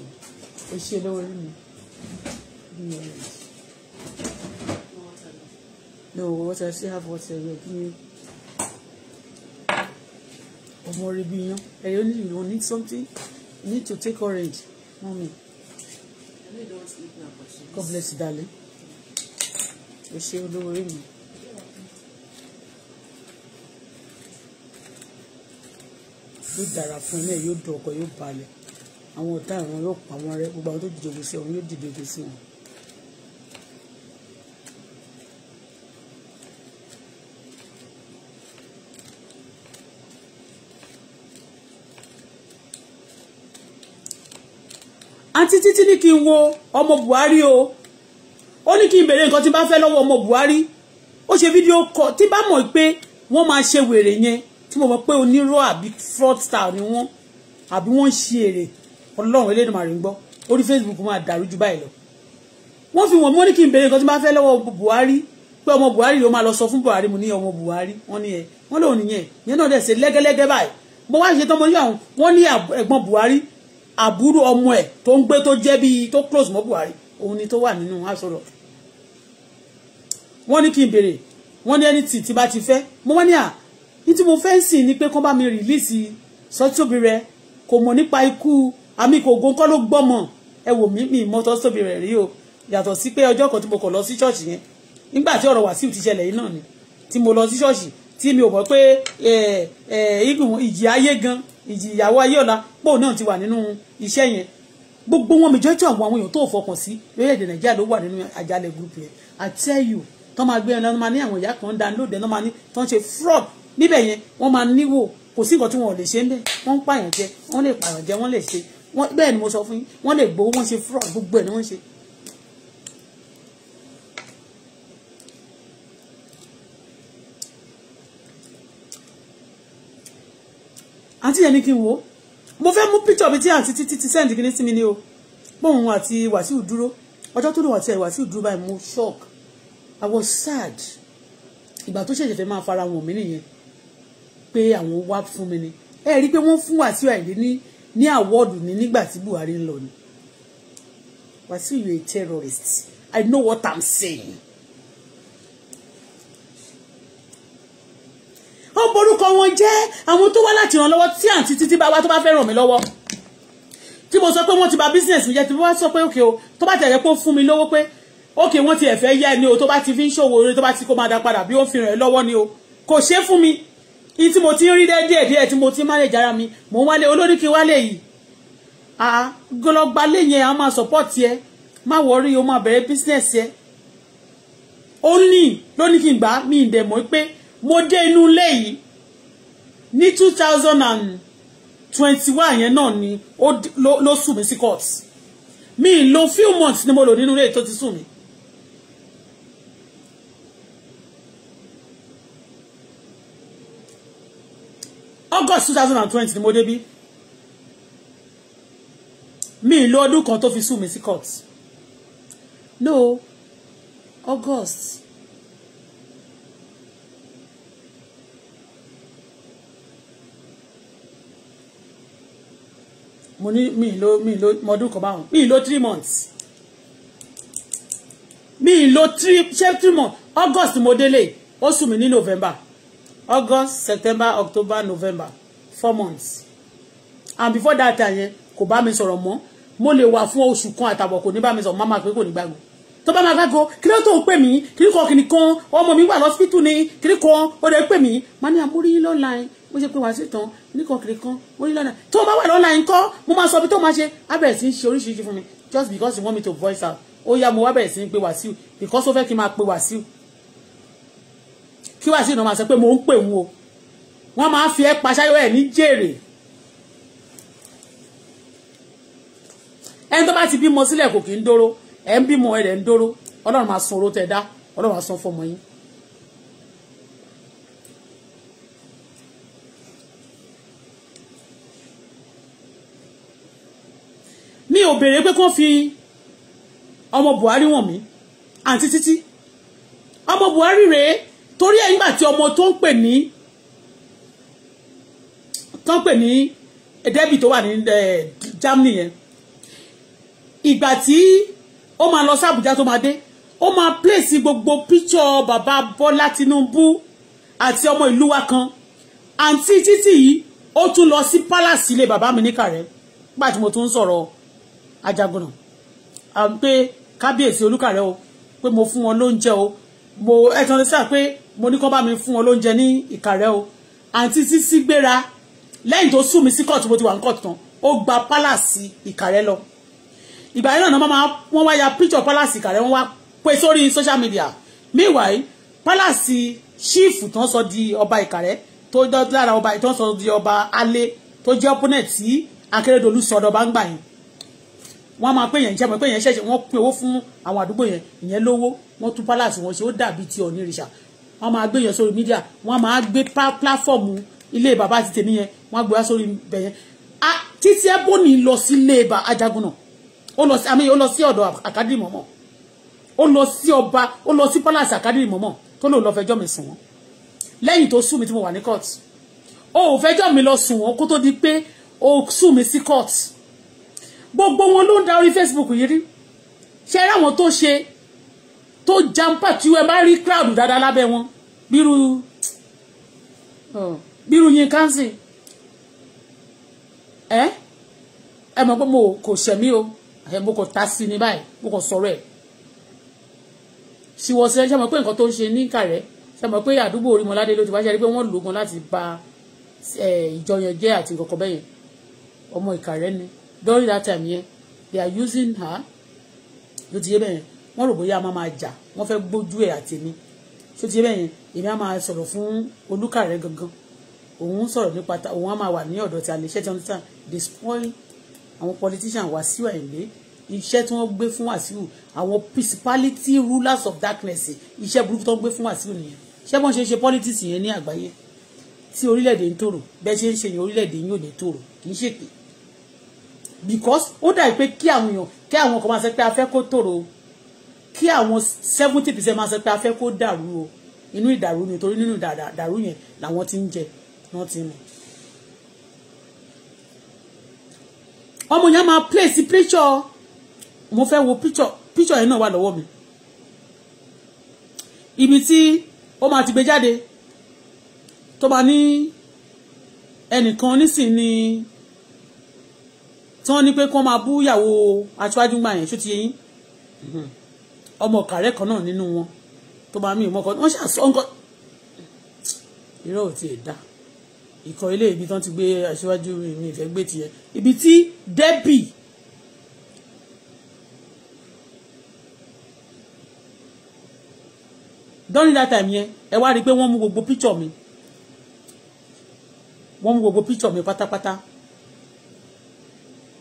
oh, she don't worry me. Give me orange. No, what I still have water. Yeah, give me. ọmọ more bí yan only you need something you need to take orange mommy God bless you darling o ṣe olówó rẹ mi. yóò dára fún ẹ náà yóò dùn ọkọ yóò balẹ̀ àwọn ọ̀tá àwọn yóò pa wọn rẹ́ gbogbo àwọn tó dìde ogun sí ọ̀run yóò dìde ogun sí wọn. àti títí ní kí n wo ọmọ Buhari o ó ní kí n bèrè nǹkan tí n bá fẹ́ lọ́wọ́ ọmọ Buhari ó ṣe fídíò kọ tí bá mọ̀ pé wọ́n máa ṣe wèrè yẹn tí mo mọ̀ pé onírọ́ àbí star ni wọ́n àbí wọ́n ń ṣe èrè ọlọ́run elédùnmarè ń gbọ́ orí Facebook máa dàrú ju báyìí lọ wọ́n fi wọ́n mọ́ ní kí n béèrè nǹkan tí bá fẹ́ lọ́wọ́ Buhari pé ọmọ Buhari ló máa lọ sọ fún Buhari mo ní ọmọ Buhari wọ́n ní ẹ wọ́n lòun nìyẹn ìyẹn náà dẹ̀ ṣe lẹ́gẹ́lẹ́gẹ́ báyìí mo wá ṣe tọmọ yàwọn wọ́n ní ẹ̀gbọ́n Buhari àbúrò ọmọ ẹ̀ tó ń gbé tó jẹ́ bíi tó close mọ́ Buhari òun ni tó wà nínú aṣọ́rọ̀ wọ́n ní kí n béèrè wọ́n ní ẹni tì tí bá ti fẹ́ mo wá ní à ní tí mo fẹ́ ń sìn ni pé kán bá mi rìlíìsì sọ́tòbí rẹ kò mọ̀ nípa ikú àmì kò gún kọ́ ló gbọ́mọ̀ ẹ wò mí mi mọ́ sọ́tòbí rẹ rí o yàtọ̀ sí pé ọjọ́ kan tí mo kọ̀ lọ sí ṣọ́ọ̀ṣì yẹn nígbà tí ọ̀rọ̀ Wàsíù ti ṣẹlẹ̀ yìí náà ni tí mo lọ sí ṣọ́ọ̀ṣì tí mi ò mọ̀ pé ìjì ayé gan ìjì ìyàwó ayé ọ̀la pò náà ti wà nínú iṣẹ́ yẹn gbogbo wọn majority àwọn àwọn èèyàn tó fọkàn sí lórílẹ̀-èdè Nàìjíríà ló wà nínú àjálẹ̀ group yẹn I tell you tọ́ máa gbé ẹran máa ní àwọn ìyá kan download ẹ̀ máa ní tọ́ ń ṣe fraud níbẹ̀ yẹn wọ́n máa níwò kò sí nǹkan tí wọ́n ò lè ṣe ń bẹ̀ wọ́n ń pààyàn jẹ wọ́n lè pààyàn jẹ wọ́n lè ṣe bẹ́ẹ̀ ni mo sọ fún yín wọ́n lè gbowó wọ́n ṣe fraud gbogbo ẹ̀ ni wọ́n ṣe àǹtí yẹn ni kí n wò ó mo fẹ́ mú picture mi tí àǹtí títí ti send kìíní sí mi ni o bóun àti wàsíù dúró ọjọ́ tó lò wàsíù àti wàsíù dúró báyìí mo shock I was sad ìgbà tó ṣẹ̀ṣẹ̀ fẹ́ máa fara wọn mí nìyẹn pé àwọn wá fún mi ni ẹ rí i pé wọ́n fún Wàsíù Àyìndé ní ní àwọ́ọ̀dù ní nígbà tí Buhari ń lọ ni Wàsíù you a terrorist I know what I'm saying. ó borúkọ wọn jẹ́ àwọn tó wá láti ràn lọ́wọ́ tí àǹtí títí bá wá tó bá fẹ́ ràn mí lọ́wọ́ tí mo sọ pé wọ́n ti bà business mi jẹ́ tí wọ́n sọ pé òkè o tó bá tẹ̀yẹ pé ó fún mi lówó pé òkè wọ́n ti ẹ̀fẹ́ yá ẹni o tó bá ti fi ń ṣòwò oore tó bá ti kó máa dá padà bí ó fi ràn ẹ́ lọ́wọ́ ni o kò ṣe é fún mi kí tí mo ti rí dẹ́ díẹ̀ díẹ̀ tí mo ti manage ara mi mò ń wálé olórí kí wálé yìí àá gọlọgbalé yẹn a máa support yẹ má wọrí o máa bẹ̀rẹ̀ business yẹ ó ní lónìí kí n gbà mí ìdẹ̀ mọ́ pé mo dé inú ilé yìí ní two thousand and twenty one yẹn náà ni ló sùn mí sí court mi lo few months ni mo lò nínú ilé tó ti sùn mí August two thousand and twenty ni mo débí mi lo ọdún kan tó fi sùn mí sí court no August mo ní mi lo mi lo mọdún kan báwọn mi lo three months mi lo three ṣé three months August mo délé ó sùn mí ní November. August September October November four months and before that time yẹn kò bá mi sọ̀rọ̀ mọ́ mo le wa fun oṣù kan atabo kò ní bá mi sọ̀rọ̀ máma pé kò ní gbàgbọ́ tó bá máa gbàgbọ́ kí ló tó ń pè mí kiri kan kiri kan ọmọ mi wà lọ́sípítù ni kiri kan ó lè pè mí má ní amúríyìn lọ́la ẹ̀ bó ṣe pé wàá sí tán kiri kan kan ó yí lọ́la tó bá wà lọ́la ẹ̀ mo máa sọ bí tó máa ṣe á bẹ̀rẹ̀ sí í ṣe oríṣiríṣi mi just because you want me to voice out ó yá mo wá bẹ̀rẹ̀ sí í pé Wàsíù because ó fẹ́ kí n máa pe Wàsíù kí wá sí ìnáwó máa sọ pé mo ń pè wọn o wọ́n máa fi ẹ́ paṣáyọ́ ẹ̀ ní jèrè ẹni tó bá ti bímọ sílẹ̀ kò kì í dóró ẹ̀ ń bímọ ẹ̀ ń dóró ọlọ́run máa san oró tẹ̀ dá ọlọ́run máa san fọmọ yín. mi ò béèrè pé kó fi ọmọ Buhari wọ̀n mi àǹtí títí ọmọ Buhari rèé torí ẹ̀ nígbà tí ọmọ tó ń pè ní tó ń pè ní débì tó wà ní Germany yẹn ìgbà tí ó máa lọ sí Àbújá tó máa dé ó máa pèsè gbogbo píṣọ bàbá Bọ́lá Tinubu àti ọmọ ìlú wa kan àǹtí títì yìí ó tún lọ sí pálàsì ilé bàbá mi ní Kàrẹ́ nígbà tí mo tún ń sọ̀rọ̀ Ajagunna à pé kábíyèsí Olúkàrẹ́ o pé mo fún wọn lóúnjẹ o mo ẹ̀tàn lè sá pé mo ní kó bá mi fún wọn lóúnjẹ ní ìkàrẹ́ o àǹtí títí gbéra lẹ́yìn tó sùn mí sí kóòtù mo ti wà ní kóòtù tán ó gba pálàsì ìkàrẹ́ lọ ìgbà yẹn náà wọ́n wá ya picture pálàsì ìkàrẹ́ wọ́n wá pé sórí social media meanwhile pálàsì ṣíìfù tó sọ di ọba ìkàrẹ́ tó dára ọba tó sọ di ọba alẹ́ tó jẹ́ opponent tí akérèdọ́lù sọ̀dọ̀ bá ń gbà yẹn wọ́n máa pè yẹn jẹ́ mọ̀ pé yẹn ṣẹ̀ṣẹ̀ wọ́n pín owó fún àwọn àdúgbò yẹn ìyẹn lówó wọ́n tún pálàsì wọn ṣe ó dàbí ti ọ̀nìrìṣà wọ́n máa gbé yẹn sórí mídíà wọ́n máa gbé pláfọ́ọ̀mù ilé bàbá àti tèmi yẹn wọ́n á gbé wá sórí ibẹ̀ yẹn títí Ẹ̀bùnì lọ sí ilé bà Ajagun náà ó lọ sí àmì ó lọ sí ọ̀dọ̀ àkádìrì mọ́mọ́ ó lọ sí ọba ó lọ sí palace àkádìrì mọ́mọ́ tó lòun lọ fẹjọ́ mi sùn wọ́n lẹ́yìn tó sùn mi tí mo wà ní court ó ò fẹjọ́ mi lọ sùn wọ́n kó tó di pé ó sùn mi sí court gbogbo wọn ló ń da orí Facebook yìí rí ṣe é ráwọn tó ṣe tó jampa tí ẹ bá rí crowd dáadáa lábẹ́ wọn bírú oh, bírú yín kánsìn ẹ ẹ mọ̀ pé mo kò ṣẹ̀mí o ẹ mo kò ta sí ni báyìí mo kò sọ̀rọ̀ ẹ̀ ṣìwọ̀sẹ̀ ṣe mọ̀ pé nǹkan tó ń ṣe ní kàrẹ́ ṣe mọ̀ pé àdúgbò Orímọládé ló ti wá ṣe rí pé wọ́n lò ó gan láti ba ìjọ jẹ́ àti nǹkan bẹ́yẹn ọmọ ìkàrẹ́ ni during that time yẹn they are using her ló ti yé bẹ́yẹn wọ́n rò bóyá a máa máa jà wọ́n fẹ́ gbójú ẹ̀ àti mi tó ti bẹ́yẹn èmi á máa sọ̀rọ̀ fún olúkàrẹ́ gangan òun sọ̀rọ̀ nípa ta òun a máa wà ní ọ̀dọ̀ tí a lè ṣẹ́ tí wọ́n ti tàn dey spoil àwọn politician Wàsíù Àyìndé iṣẹ́ tí wọ́n gbé fún Wàsíù àwọn principality rulers of darkness iṣẹ́ burúkú tó ń gbé fún Wàsíù nìyẹn ṣé bọ́n ṣe ń ṣe politics yẹn ní àgbáyé tí orílẹ̀-èdè ń tòrò bẹ́ẹ̀ ṣe ń ṣe yẹn orílẹ̀-èdè yóò ní tòrò kì í ṣèpè because ó dàbí pé kí àwọn èèyàn kí àwọn kan máa sọ pé a kó tòrò o kí àwọn seventy percent máa sọ pé a fẹ́ kó dàrú o inú ìdàrú ni torí nínú ìdàrú yẹn làwọn ti ń jẹ wọ́n ti mọ̀. ọmọ yẹn máa play sí picture mo fẹ́ wo picture picture yẹn náà wà lọ́wọ́ mi ibi tí ó máa ti gbé jáde tó bá ní ẹnìkan nísìn ni tí wọ́n ní pé kí wọ́n máa bú ìyàwó aṣáájú gbà yẹn ṣó ti yẹ ọmọ ọ̀kàrẹ́ kan náà nínú wọn tó máa mí ìmọ̀kọ wọ́n ṣàṣọ nǹkan irọ́ ò tiẹ̀ dá ìkọ̀ ilé ibi tán ti gbé aṣíwájú mi ìfẹ́ gbé tiẹ̀ ibi tí Debby during that time yẹn ẹ wá rí i pé wọ́n mú gbogbo picture mi wọ́n mú gbogbo picture mi pátápátá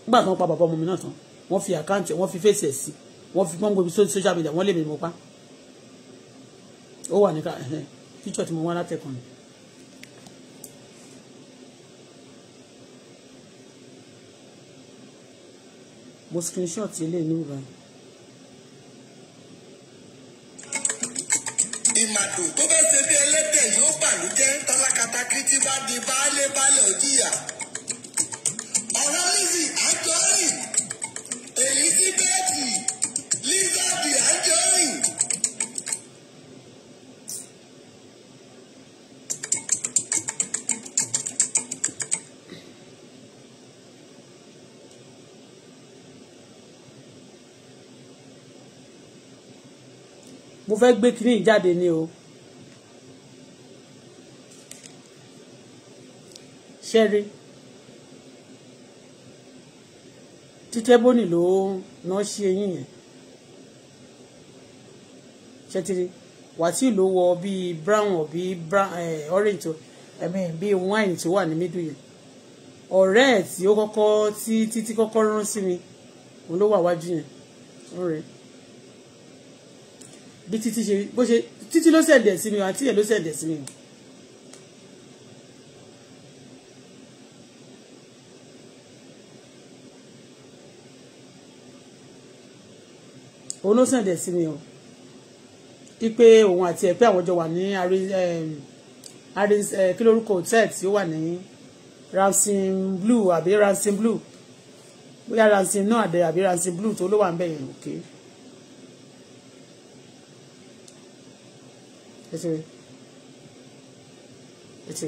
nígbà tí wọ́n pa bàbá ọmọ mi náà tán wọ́n fi àkáǹtì wọ́n fi fèsì ẹ̀ sí i wọ́n fi gbọ́ngbò sórí social media wọ́n lè mi mo pa ó wà ní ká picture tí mo wá látẹ̀kùn ni. mo screenshot ilé inú ra. ìmàdùn tó bẹ́ẹ̀ ṣe bí ẹlẹ́dẹ̀ yóò bàlújẹ́ tálákàtà kìtì bá di baálé baálé òjìyà. ọ̀rọ̀ lizzy àjọyìn èyí sí bẹ́ẹ̀tì mo fẹ́ gbé kinní jáde ni o ṣẹ́rí títẹ́bónì ló ná ṣe eyín yẹn ṣẹ́tìrì wàtí ló wọ bíi brown or bíi brown orange tó i mean bíi wine tó wà ní middle yẹn ọ̀rẹ́ ẹ̀ tí ó kọ́kọ́ tí títí kọ́kọ́ rán sí mi òun ló wà wájú yẹn ọ̀rẹ́ bí títí ṣe bó ṣe títí ló ṣẹ̀dẹ̀ sí mi àti ẹ̀ ló ṣẹ̀dẹ̀ sí mi. òun ló ṣẹ̀dẹ̀ sí mi o pípé òun àti ẹ̀ pé àwọn jọ wà ní eh, kí lórúkọ hotel tí ó wà ní Ransom Blue àbí Ransom Blue bóyá Ransom náà àdẹ àbí Ransom Blue tó ló wà ń bẹ̀ òkè. Ẹ ti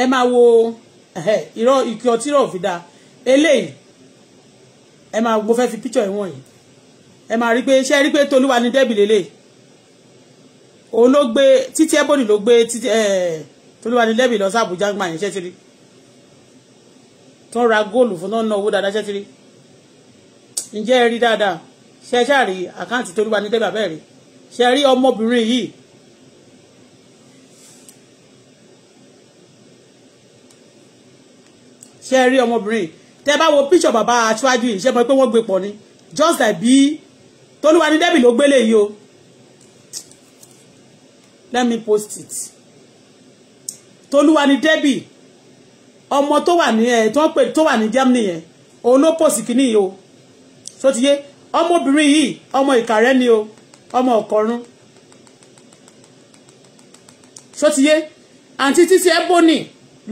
ẹ máa wo irọ́ ìkí ọtí rọ̀ fi da eléyìí ẹ máa mo fẹ́ fi píchọ̀ ẹ̀ wọ̀nyí ẹ máa rí pé ṣe rí pé tolúwa ni débìlì lè òun ló gbé títí ẹ́bọ̀nì ló gbé títí tolúwa ni débìlì lọ sí àbújá gbà yẹn ṣẹ́ ti rí tó ń ra góòlù fún náà ná owó dáadáa ṣẹ́ ti rí ǹjẹ́ ẹ rí dáadáa ṣe ṣáà rí àkáǹtì tolúwa ni débìlì àbẹ́ẹ̀ ṣe rí ọmọbìnrin yìí ṣe rí ọmọbìnrin tẹ bá wo píṣọ bàbá aṣáájú yìí ṣe mọ̀ pé wọ́n gbé pọ̀ ni just like bí tolúwa ní débì ló gbélé yìí o let me post it tolúwa ní débì ọmọ tó wà ní ẹ eh, tó wà ní Germany yẹn òun ló pọ̀ sí kínní yìí o tó ti yé ọmọbìnrin yìí ọmọ ìkàrẹ́ ni o ọmọ ọ̀kọ̀run tó ti yé àǹtí títí Ebony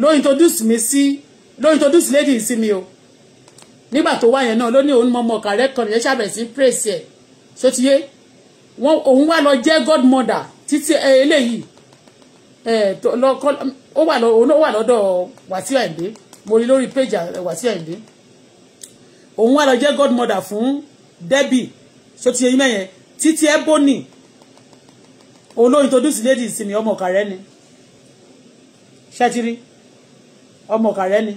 ló introduce mi sí. Si, ló introduce lady sí mi o nígbà tó wá yẹn náà ló ní òun mọmọ kàrẹ́ kan yẹn ṣàbẹ̀ sí praise ẹ̀ sotiye wọn Eh, to lọ jẹ́ godmother títí eléyìí ó wà lọ́dọ̀ Wàsíù Àyìndé mo rí lórí page Wàsíù Àyìndé òun wá lọ jẹ́ godmother fún Debbie So sotiye yìí mẹ́yẹn Titi Ebony òun ló introduce lady sí mi ọmọ kàrẹ́ ni ṣẹ́tìrí ọmọ ọ̀kàrẹ́ ni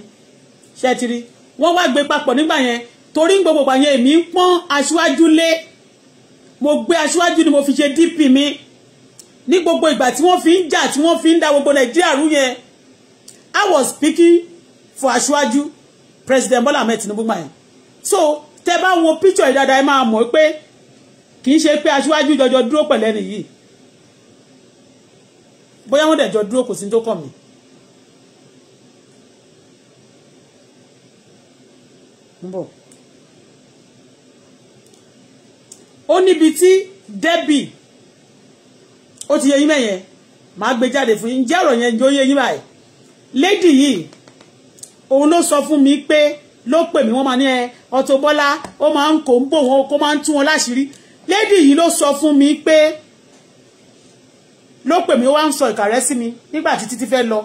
ṣe ti rí wọ́n wá gbé papọ̀ nígbà yẹn torí gbogbo ìgbà yẹn èmi ń pọ́n aṣíwájú lé mo gbé aṣíwájú ni mo fi ṣe dp mi ní gbogbo ìgbà tí wọ́n fi ń jà tí wọ́n fi ń da gbogbo nàìjíríà rú yẹn I was speaking for aṣíwájú president Bola Ahmed Tinubu gbà yẹn so tẹ bá wo picture yìí dáadáa ẹ máa mọ̀ pé kì í ṣe pé aṣíwájú jọjọ dúró pẹ̀lẹ́ni yìí bóyá wọ́n dẹ̀ jọ dúró kò sí tó kàn mí ń bọ̀. ó níbi tí Debbie ó ti yẹ yín mẹ́yẹn màá gbé jáde fún yín ǹjẹ́ ọ̀rọ̀ yẹn ó yẹ yín báyìí lady yìí òun ló sọ fún mi pé ló pè mí wọ́n máa ní ẹ Auto Bola ó máa ń kó ń bò wọn kó máa ń tú wọn láṣìírí lady yìí ló sọ fún mi pé ló pè mí ó wá ń sọ ìkàrẹ́ sí mi nígbà tí fẹ́ lọ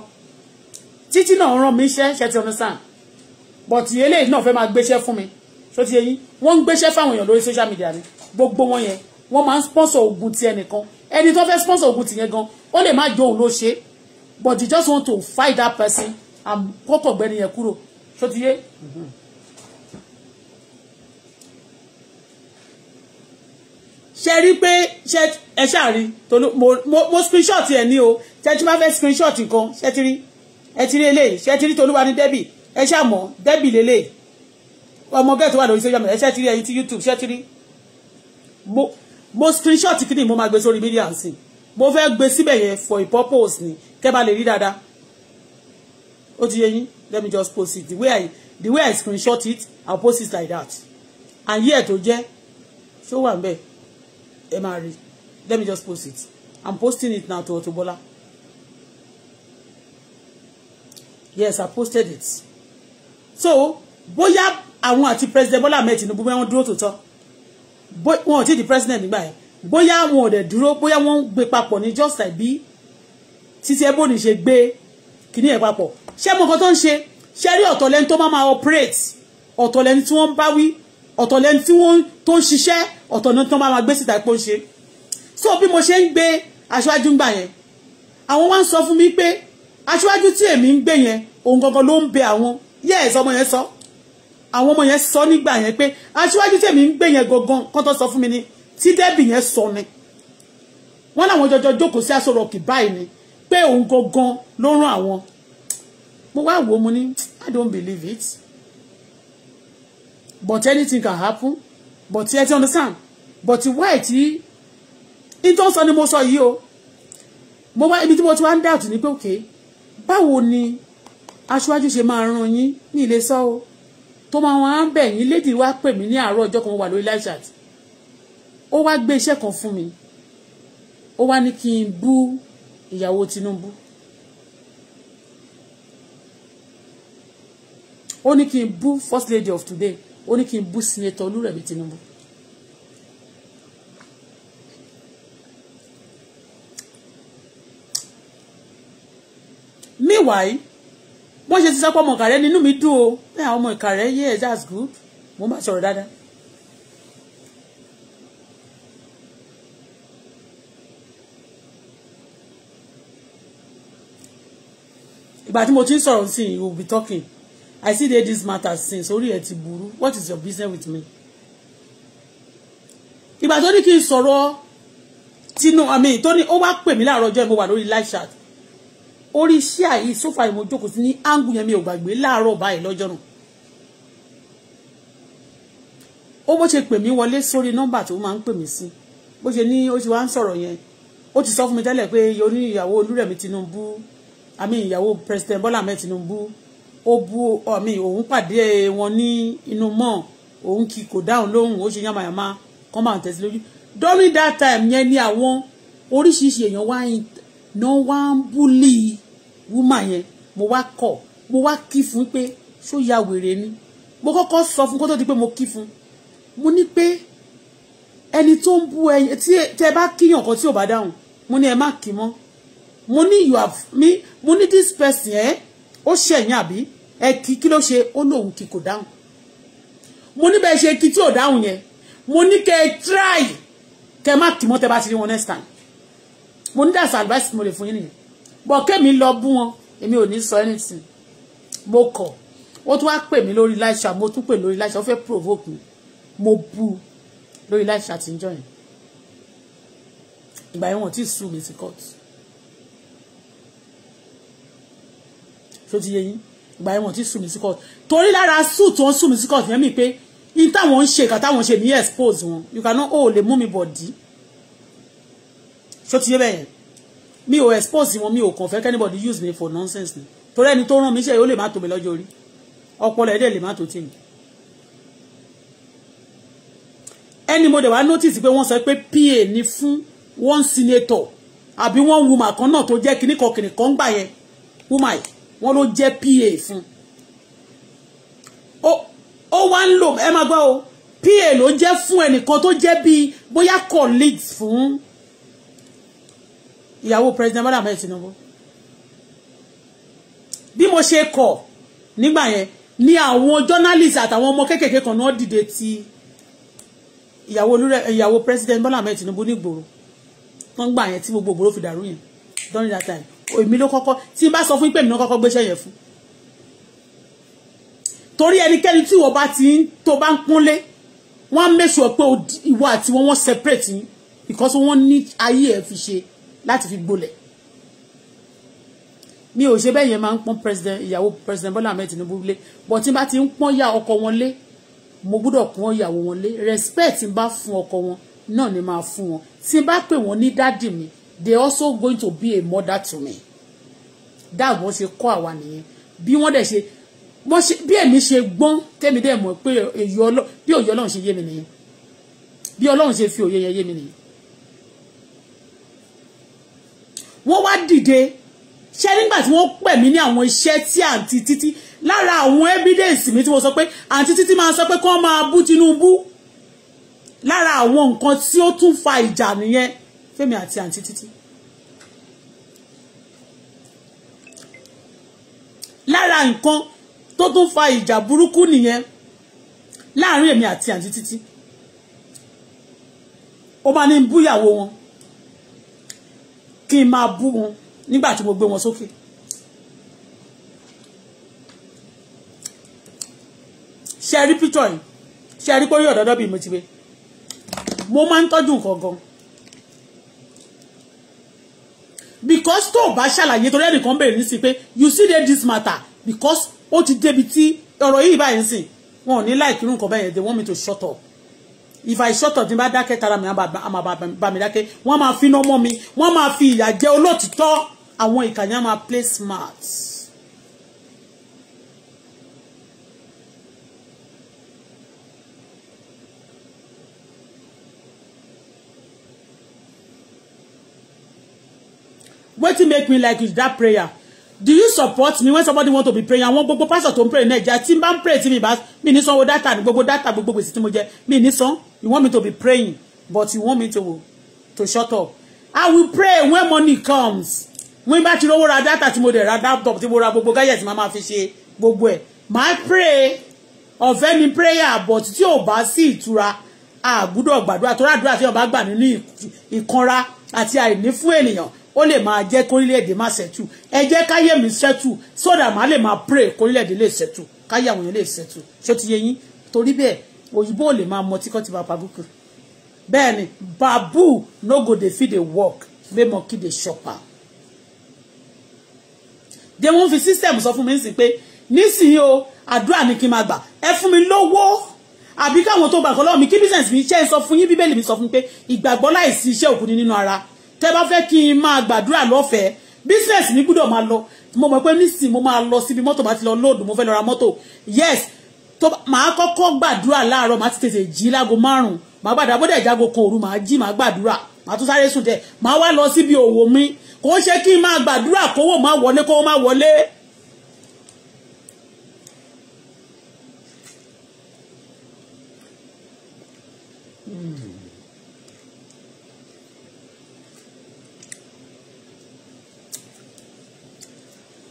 títí náà rán mi iṣẹ́ ṣe ti ọ̀nà but eléyìí náà fẹ́ máa gbéṣẹ́ fún mi So ti yé yín wọ́n ń gbéṣẹ́ fáwọn èèyàn lórí social media ni gbogbo wọn yẹn wọ́n máa ń sponsor oògùn ti ẹnìkan ẹni tó fẹ́ sponsor oògùn tìyẹn gan ó lè má jó òun ló but you just want to fight that person and kókò gbẹ́ni yẹn kuro. So ti yé. ṣe rí pé ṣe ẹ ṣáà rí tolu mo screenshot ẹ ni o ṣe tí wọ́n fẹ́ screenshot nǹkan ṣe ti rí ẹ ti rí eléyìí ṣe ti rí tolúwa ní débì ẹ ṣàmọ́ débì lélẹ̀ ọmọ gẹ́gẹ́ tó wà lórí social ẹ ṣẹ́ ti ẹyin ti YouTube ṣẹ́ ti mo mo screenshot kíni mo máa gbé sórí media sí mo fẹ́ gbé síbẹ̀ yẹn for a purpose ni kẹ́ bá lè rí dáadáa ó ti yé let me just post it the way I the way I screenshot it I'll post it like that and here tó jẹ́ ṣó wà nbẹ ẹ máa rí let me just post it I'm posting it now to Auto yes I posted it so bóyá àwọn àti president Bọ́lá Ahmed Tinubu wọ́n dúró tòótọ́ wọn ò tí di president nígbà yẹn bóyá wọn ò dẹ̀ dúró bóyá wọ́n ń gbé papọ̀ ní just like bí títí ẹbọnì ṣe gbé kíní ẹ̀ papọ̀ ṣé mo kan tó ń ṣe ṣe rí ọ̀tọ̀ lẹ́ni tó máa máa operate ọ̀tọ̀ lẹ́ni tí wọ́n ń bá wí ọ̀tọ̀ lẹ́ni tí wọ́n tó ń ṣiṣẹ́ ọ̀tọ̀ lẹ́ni tó máa gbé síta ipò ń ṣe so bí mo ṣe ń gbé aṣáájú ń gbà yẹn àwọn wá ń sọ fún mi pé aṣáájú tí èmi ń gbé yẹn òun gangan ló ń bẹ àwọn yes ọmọ yẹn sọ àwọn ọmọ yẹn sọ nígbà yẹn pé aṣíwájú tèmi ń gbé yẹn gangan kán tó sọ fún mi ni tí débì yẹn sọ ni wọ́n làwọn jọjọ jókòó sí aṣọ rọ̀kì báyìí ni pé òun gangan ló rán àwọn mo wá wò ó mo ní I don't believe it but anything can happen but ẹ ti understand but why ti ìtọ́ sọ ni mo sọ yìí o mo wá ibi tí mo ti wá ń doubt ni pé okay báwo ni aṣáájú ṣe máa ran yín ní ilé sọ o tó máa wọn á ń bẹ̀ yín lédi wá pè mí ní àárọ̀ ọjọ́ kan wà lórí live ó wá gbé iṣẹ́ kan fún mi ó wá ní kí n bú ìyàwó Tinubu ó ní kí n bú first lady of today ó ní kí n bú senator Olúrẹ̀mí Tinubu meanwhile bó ṣe ti sọ pé ọmọ ìkàrẹ́ nínú mi dùn o ẹ ọmọ ìkàrẹ́ yes that's good mo máa sọ̀rọ̀ dáadáa. ìgbà tí mo ti ń sọ̀rọ̀ sí i will be talking I see that this matter since orí ẹ̀ ti burú what is your business with me. ìgbà tó ní kí n sọ̀rọ̀ tinú àmì tó ní ó wá pè mí láàárọ̀ ọjọ́ ẹ̀ wà lórí live chat orí iṣẹ́ àyè sófà ìmọ̀ ojókòó sí ní áńgù yẹn mi ò gbàgbé láàárọ̀ báyìí lọ́jọ́ náà ó bó ṣe pè mí wọlé sórí nọ́mbà tó máa ń pè mí sí bó ṣe ní ó ti wá ń sọ̀rọ̀ yẹn ó ti sọ fún mi tẹ́lẹ̀ pé oní ìyàwó Olúrẹ̀mí Tinubu àmì ìyàwó President Bọ́lá Ahmed Tinubu ó bu àmì òun pàdé wọn ní inú mọ́ òun kì kò dáhùn lóhùn ó ṣe yàmàyàmà kọ́ máa tẹ̀sí lójú during that time yẹn ni àwọn oríṣiríṣi èèyàn wá ń bully wúmà yẹn mo wá kọ̀ mo wá kí fún pé ṣó ya wèrè ni mo kọ́kọ́ sọ fún kó tó di pé mo kí fún mo ní pé ẹni tó ń bú ẹyin tí ẹ bá kíyàn kan tí ò bá dáhùn mo ní ẹ má kí mọ́ mo ní you have me mo ní this person ẹ ó ṣẹ̀yìn àbí ẹ kí kí ló ṣe ó lóun kí kò dáhùn mo ní bẹ́ẹ̀ ṣe kí tí ò dáhùn yẹn mo ní kẹ́ ẹ try kẹ́ ẹ má kí mọ́ tẹ́ bá ti rí wọn next time mo ní that's advice mo lè fún yín nìyẹn bọ̀ kémi lọ bú wọn èmi ò ní sọ anything mo kọ̀ ó tún wá pè mí lórí láìsà mo tún pè lórí láìsà ó fẹ́ provoke mi mo bú lórí láìsà tí ń jọ yẹn ìgbà yẹn wọn ti sùn mi sí court ṣó ti yé yín ìgbà yẹn wọn ti sùn mi sí court torí lára sùn tó ń sùn mi sí court yẹn mi pé in táwọn ń ṣe ìkà táwọn ṣe mí expose wọn you cannot ó lè mú mi bọ̀ dí ṣó ti bẹ́ẹ̀ yẹn mi ò expose wọn mi ò kàn fẹ́ kẹ́nìbọ̀dì use me for nonsense ni torí ẹni tó rán mi ṣe ó lè má tó mi lọ́jọ́ orí ọpọlọ ẹ̀dẹ̀ lè má tó tì mí. ẹni mo dẹ̀ wá notice pé wọ́n sọ pé PA ni fún one senator àbí one woman kan náà tó jẹ́ kinní kan kìnì kan gbà yẹn woman wọn ló jẹ́ PA fún. ó wá ń lò ẹ máa gbọ́ o PA ló jẹ́ fún ẹnìkan tó jẹ́ bíi bóyá colleagues fún ìyàwó president Bọ́lá Ahmed Tinubu bí mo ṣe kọ̀ nígbà yẹn ni àwọn journalist àtàwọn ọmọ kéékèèké kan náà dìde ti ìyàwó olúrẹ ìyàwó president Bọ́lá Ahmed Tinubu nígboro wọ́n gbà yẹn tí gbogbo ògbóró fi dàrú yẹn during that time èmi ló kọ́kọ́ tí n bá sọ fún pé èmi náà kọ́kọ́ gbéṣẹ́ yẹn fún torí ẹnikẹ́ni tí ìwọ bá ti ń tó bá ń kúnlé wọ́n á make sure ìwọ àti wọn wọ́n separate yín because wọ́n ní ayé ẹ̀ fi ṣe láti fi gbolẹ̀ mi ò ṣe bẹ́ẹ̀ yẹn máa ń pọ́n president ìyàwó president Bọ́lá Ahmed Tinubu lé bọ̀ tí n bá ti ń pọ́n ya ọkọ wọn lé mo gbọ́dọ̀ pọ́n ìyàwó wọn lé respect n bá fún ọkọ wọn náà ni máa fún wọn tí n bá pè wọ́n ní dádì mi they also going to be a mother to me dáàbò ṣe kọ́ àwa nìyẹn bí wọ́n dẹ̀ ṣe bó ṣe bí èmi ṣe gbọ́n tẹ́mi dẹ̀ mọ̀ pé èyí ọlọ́ bí òye ọlọ́run ṣe yé mi nìyẹn bí ọlọ́run ṣe fi òye yẹn yé mi nìyẹn wọ́n wá dìde ṣé nígbà tí wọ́n pè mí ní àwọn iṣẹ́ tí àǹtí títí lára àwọn evidence mi tí mo sọ pé àǹtí títí máa sọ pé kí wọ́n máa bú Tinubu lára àwọn nǹkan tí ó tún fa ìjà nìyẹn Fẹ́mi àti àǹtí títí. lára nǹkan tó tún fa ìjà burúkú nìyẹn láàrin èmi àti àǹtí títí ó máa ní búyàwó wọn kí n máa bú wọn nígbà tí mo gbé wọn sókè. ṣe rí píkítọ̀ yìí ṣe rí pórí ọ̀dọ́dọ́ bíi mo ti gbé mo máa ń tọ́jú nǹkan gan because tó o bá ṣàlàyé torí ẹnìkan bèrè ní sí pé you see dey this matter because ó ti débi tí ọ̀rọ̀ yìí báyìí ń sìn wọn ò ní láìkírun nǹkan bẹ́ẹ̀ yẹn they want me to shut up if I shut up tí n bá dákẹ́ tara mi àmà bá mi dákẹ́ wọ́n máa fi iná mọ́ mi wọ́n máa fi ìyà jẹ olóòtítọ́ àwọn ìkànnì máa play smart. wetin make me like is that prayer do you support me when somebody want to be praying àwọn gbogbo pastor tó ń pray naija tí n bá ń pray tí mi bá mi ní sanwó data ní gbogbo data gbogbo gbèsè tí mo jẹ mi ní san you want me to be praying but you want me to to shut up i will pray when money comes wọ́n bá ti rówó ra data tí mo dẹ̀ ra laptop tí mo ra gbogbo gáyẹ̀ tí màá máa fi ṣe gbogbo ẹ̀ máa pray ọ̀fẹ́ ni prayer but tí ò bá sí ìtura àgúdọ̀ gbàdúrà tó ràdúrà tí ò bá gbà nínú ìkanra àti àìní fún ènìyàn ó lè máa jẹ́ kórílẹ̀-èdè má ṣẹ́tù ẹ jẹ́ káyé mi ṣẹ́tù sódà má lè máa pray kórílẹ̀-èdè lè ṣẹ́tù káyé àwọn yẹn lè ṣẹ́tù ṣó ti yé yín torí bẹ́ẹ̀ òyìnbó lè máa mọ tíkọ́ ti bá pa gúkú bẹ́ẹ̀ ni babu no go dey fit dey work make monkey dey chop de wọ́n fi system sọ fún mi sí pé nísìnyí o àdúrà ni kí n máa gbà ẹ fún mi lówó àbí káwọn tó gbà kọ́ lọ́wọ́ mi kí business mi ṣe sọ fún yín bíbélì mi sọ fún pé ìgbàgbọ́ láìsí iṣẹ́ òkú ni nínú ara tẹ́ bá fẹ́ kí n máa gbàdúrà lọ́fẹ̀ẹ́ business mi gbúdọ̀ máa lọ mo mọ̀ pé nísìnyí mo máa lọ síbi mọ́tò bá ti lọ lóòdù mo fẹ́ lọ ra mọ́tò yes tó máa kọ́kọ́ gbàdúrà láàárọ̀ máa ti tètè jí láago márùn-ún máa gbàdúrà bó dẹ̀ jágo kan òru máa jí máa gbàdúrà máa tún sáré sùn tẹ̀ máa wá lọ síbi òwò mi kò ń ṣe kí n máa gbàdúrà kówó máa wọlé kówó máa wọlé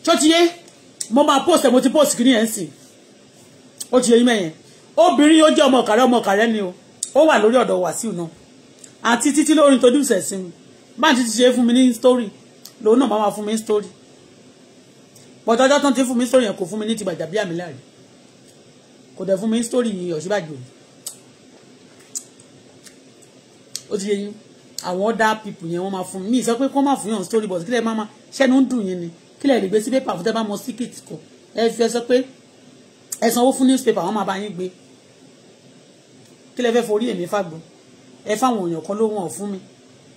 tó ti yé mo máa post ẹ̀ mo ti post kìíní ẹ̀ ń sìn ó ti yé yín mẹ́yẹn obìnrin yóò jẹ́ ọmọ ọ̀kàrẹ́ ọmọ ọ̀kàrẹ́ ni o ó wà lórí ọ̀dọ̀ wàsíù náà àti títí lórí introduce ẹ̀ sí mi máa ti ti ṣe fún mi ní story lòun náà máa ma fún mi story but ọjọ́ tán ti fún mi story yẹn kò fún mi ní ti gbàjà bí àmì láàrin kò dẹ̀ fún mi story yìí ọ̀ṣibàjò ó ti yé yín àwọn people, pipu yẹn wọ́n máa fún mi sọ pé kó má fún yàn story but kílẹ̀ mama, ma ṣẹ́nu ń dùn ni kílẹ̀ lè gbé sí pépà fún tẹ́ bá mọ síkìtì kọ ẹ fi ẹ sọ pé ẹ sanwó fún newspaper wọn máa bá yín gbé kílẹ̀ fẹ́ forí èmi fàgbọ́ ẹ fáwọn èèyàn kan ló wọ̀n fún mi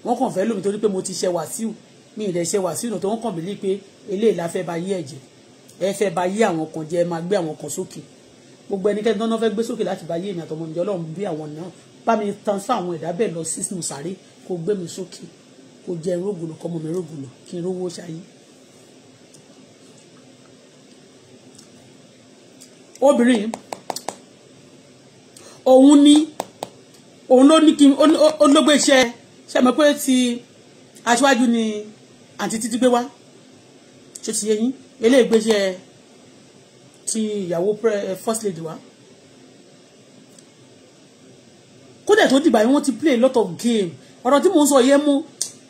wọ́n kàn fẹ́ lómi torí pé mo ti ṣe wàsíù mi ì lẹ̀ ṣe wàsíù náà tó wọ́n kàn mí lé pé eléyìí la fẹ́ ba yí ẹ̀jẹ̀ ẹ fẹ́ ba yí àwọn kan jẹ́ ẹ máa gbé àwọn kan sókè gbogbo ẹnikẹ́ni tó ń fẹ́ gbé sókè láti ba yí èmi àtọmọ mi jẹ́ ọlọ́run bí àwọn náà bá mi tan sá àwọn ẹ̀dá bẹ́ẹ̀ lọ sínú sàárè kó gbé mi sókè kó jẹ́ rógùlù kọ́mọ mi rógùlù kí n obìnrin òun ni òun ló ní kí ó ló gbé iṣẹ́ ṣe mọ̀ pé ti aṣíwájú ni àǹtí títí gbé wá ṣe ti yẹyìn eléyìí gbé iṣẹ́ ti ìyàwó eh, first lady wá kódà tó dìgbà yìí wọ́n ti play a lot of games. ọ̀rọ̀ tí mò ń sọ yẹn mú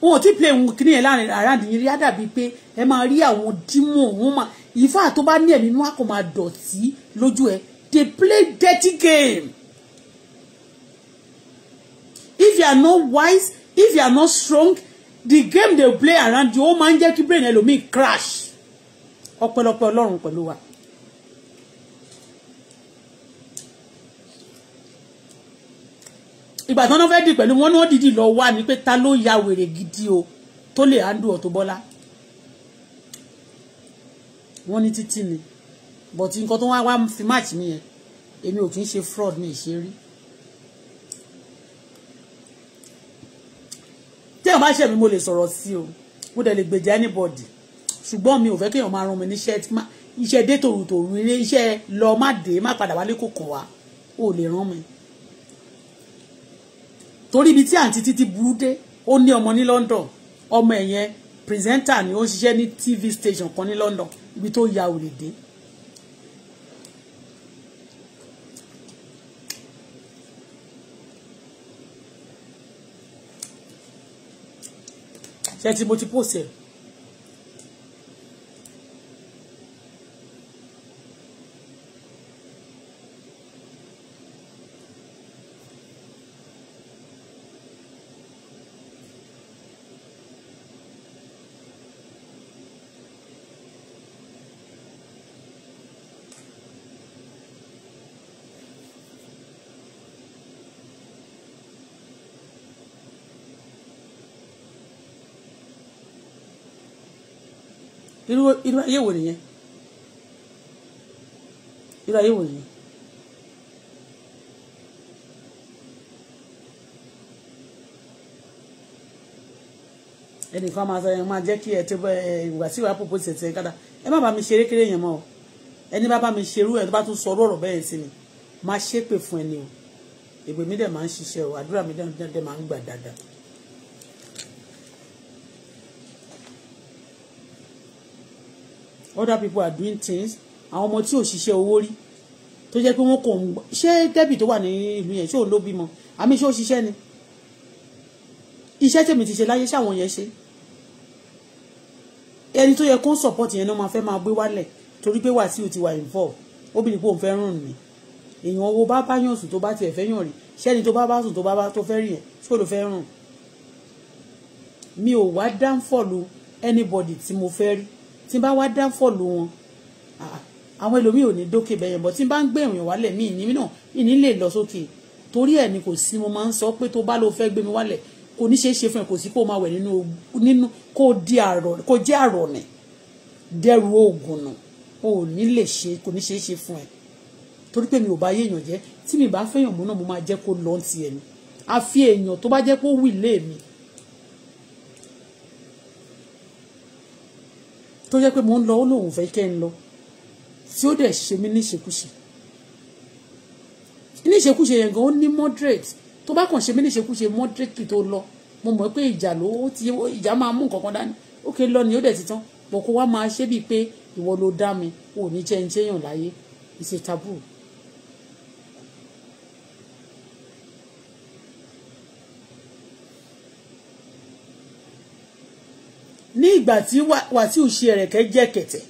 wọn ò tí play òun kí ni yẹn láàrin àràǹdì yìí rí á dàbí pé ẹ máa rí àwọn dímọ̀ òun máa ìfà tó bá ní ẹ̀mí mímọ́ kò máa dọ̀tí lójú ẹ they play dirty game if you are not wise if you are not strong the game they play around you ó máa ń jẹ́ kí brain ẹlòmíì crash ọpẹ́lọpẹ́ Ọlọ́run pẹ̀lú wa. ìgbà tí wọn fẹ́ dì pẹ̀lú wọn ni wọn dìdì lọ wá ni pé ta ló ya wèrè gidi o tó lè handle Auto Bola wọ́n ní títí ni but nǹkan tó wá wá fi match mi yẹn èmi ò kì í ṣe fraud mi ìṣe rí. téèyàn bá ṣẹ̀ mí mo lè sọ̀rọ̀ sí o mo dẹ̀ lè gbèjà anybody ṣùgbọ́n mi ò fẹ́ kéèyàn máa rán mi níṣẹ́ iṣẹ́ dé tòrùtòrù ilé iṣẹ́ lọ má dé má padà wálé kò kàn wá ò lè rán mi. torí ibi tí àǹtí títí burú dé ó ní ọmọ ní London ọmọ ẹ̀yẹn pírẹsẹ́ńtà ni ó ń ṣiṣẹ́ ní TV station kan ní London ibi tó ya ò lè dé. ṣé tí mo ti pòsè. irú ayé wò nìyẹn irú ayé wò nìyẹn. ẹnìkan máa sọ yẹn máa jẹ́ kí ẹ ti ìwà sí ìwà pòpò tẹ̀ tẹ̀ kádà ẹ má bá mi ṣeré kéré yẹn mọ́ o ẹni bá bá mi ṣerú ẹ̀ tó bá tún sọ ọ̀rọ̀ ọ̀rọ̀ bẹ́ẹ̀ sí ni máa ṣépè fún ẹni o ègbè mi dẹ̀ máa ń ṣiṣẹ́ o àdúrà mi dẹ̀ máa ń gbà dáadáa. other people are doing things àwọn ọmọ tí ò ṣiṣẹ́ owó rí tó jẹ́ pé wọ́n kò ń gbọ́ ṣé débì tó wà ní ìlú yẹn ṣé òun ló bímọ àmì ṣé ó ṣiṣẹ́ ni iṣẹ́ tèmi ti ṣe láyé ṣáwọn yẹn ṣe ẹni tó yẹ kó ń support yẹn náà máa fẹ́ máa gbé wálẹ̀ torí pé Wàsíù ti wà involve obìnrin pé òun fẹ́ ràn mí èèyàn owó bá bá yàn sùn tó bá tiẹ̀ fẹ́ yàn rí ṣẹ́ni tó bá bá sùn tó bá bá tó fẹ́ rí yẹn tí kò ló fẹ́ ràn mi ò wá dáńfọ̀lù anybody tí mo fẹ́ rí tí n bá wá dáfọ̀lù wọn àwọn ẹlòmíì ò ní dókè bẹ́yẹn bọ́ tí n bá ń gbé ìrìn wálẹ̀ mí ìní náà ìní lè lọ sókè torí ẹ̀ ni kò sí mo máa ń sọ pé tó bá ló fẹ́ gbé mi wálẹ̀ kò ní ṣeé ṣe fún ẹ kò sí kó máa wẹ̀ nínú nínú kó di àrọ̀ kó jẹ́ àrọ̀ nì dẹ́rù oògùn nù o ò ní lè ṣe kò ní ṣeé ṣe fún ẹ torí pé mi ò bá yéèyàn jẹ́ tí mi bá fẹ́yàn mú náà mo máa jẹ́ kó lọ́ọ́ tiẹ̀ ni àfi èèyàn tó bá jẹ́ kó wù lé mi tó jẹ́ pé mò ń lọ ó lóun fẹ́ kẹ́ ń lọ tí ó dẹ̀ ṣe mí níṣekúṣe níṣekúṣe yẹn gan ó ní moderate tó bá kàn ṣe mí níṣekúṣe moderate tó lọ mo mọ̀ pé ìjà ló ó ti ìjà máa mú nǹkan kan dání ó ké lọ ni ó dẹ̀ ti tán bọ̀ kó wá máa ṣe bíi pé ìwọ ló dá mi ò ní jẹ́ ń jẹ́yàn láyé it's taboo. ní ìgbà tí wàsíù ṣe ẹ̀rẹ̀kẹ́ jẹ́ kẹ̀tẹ̀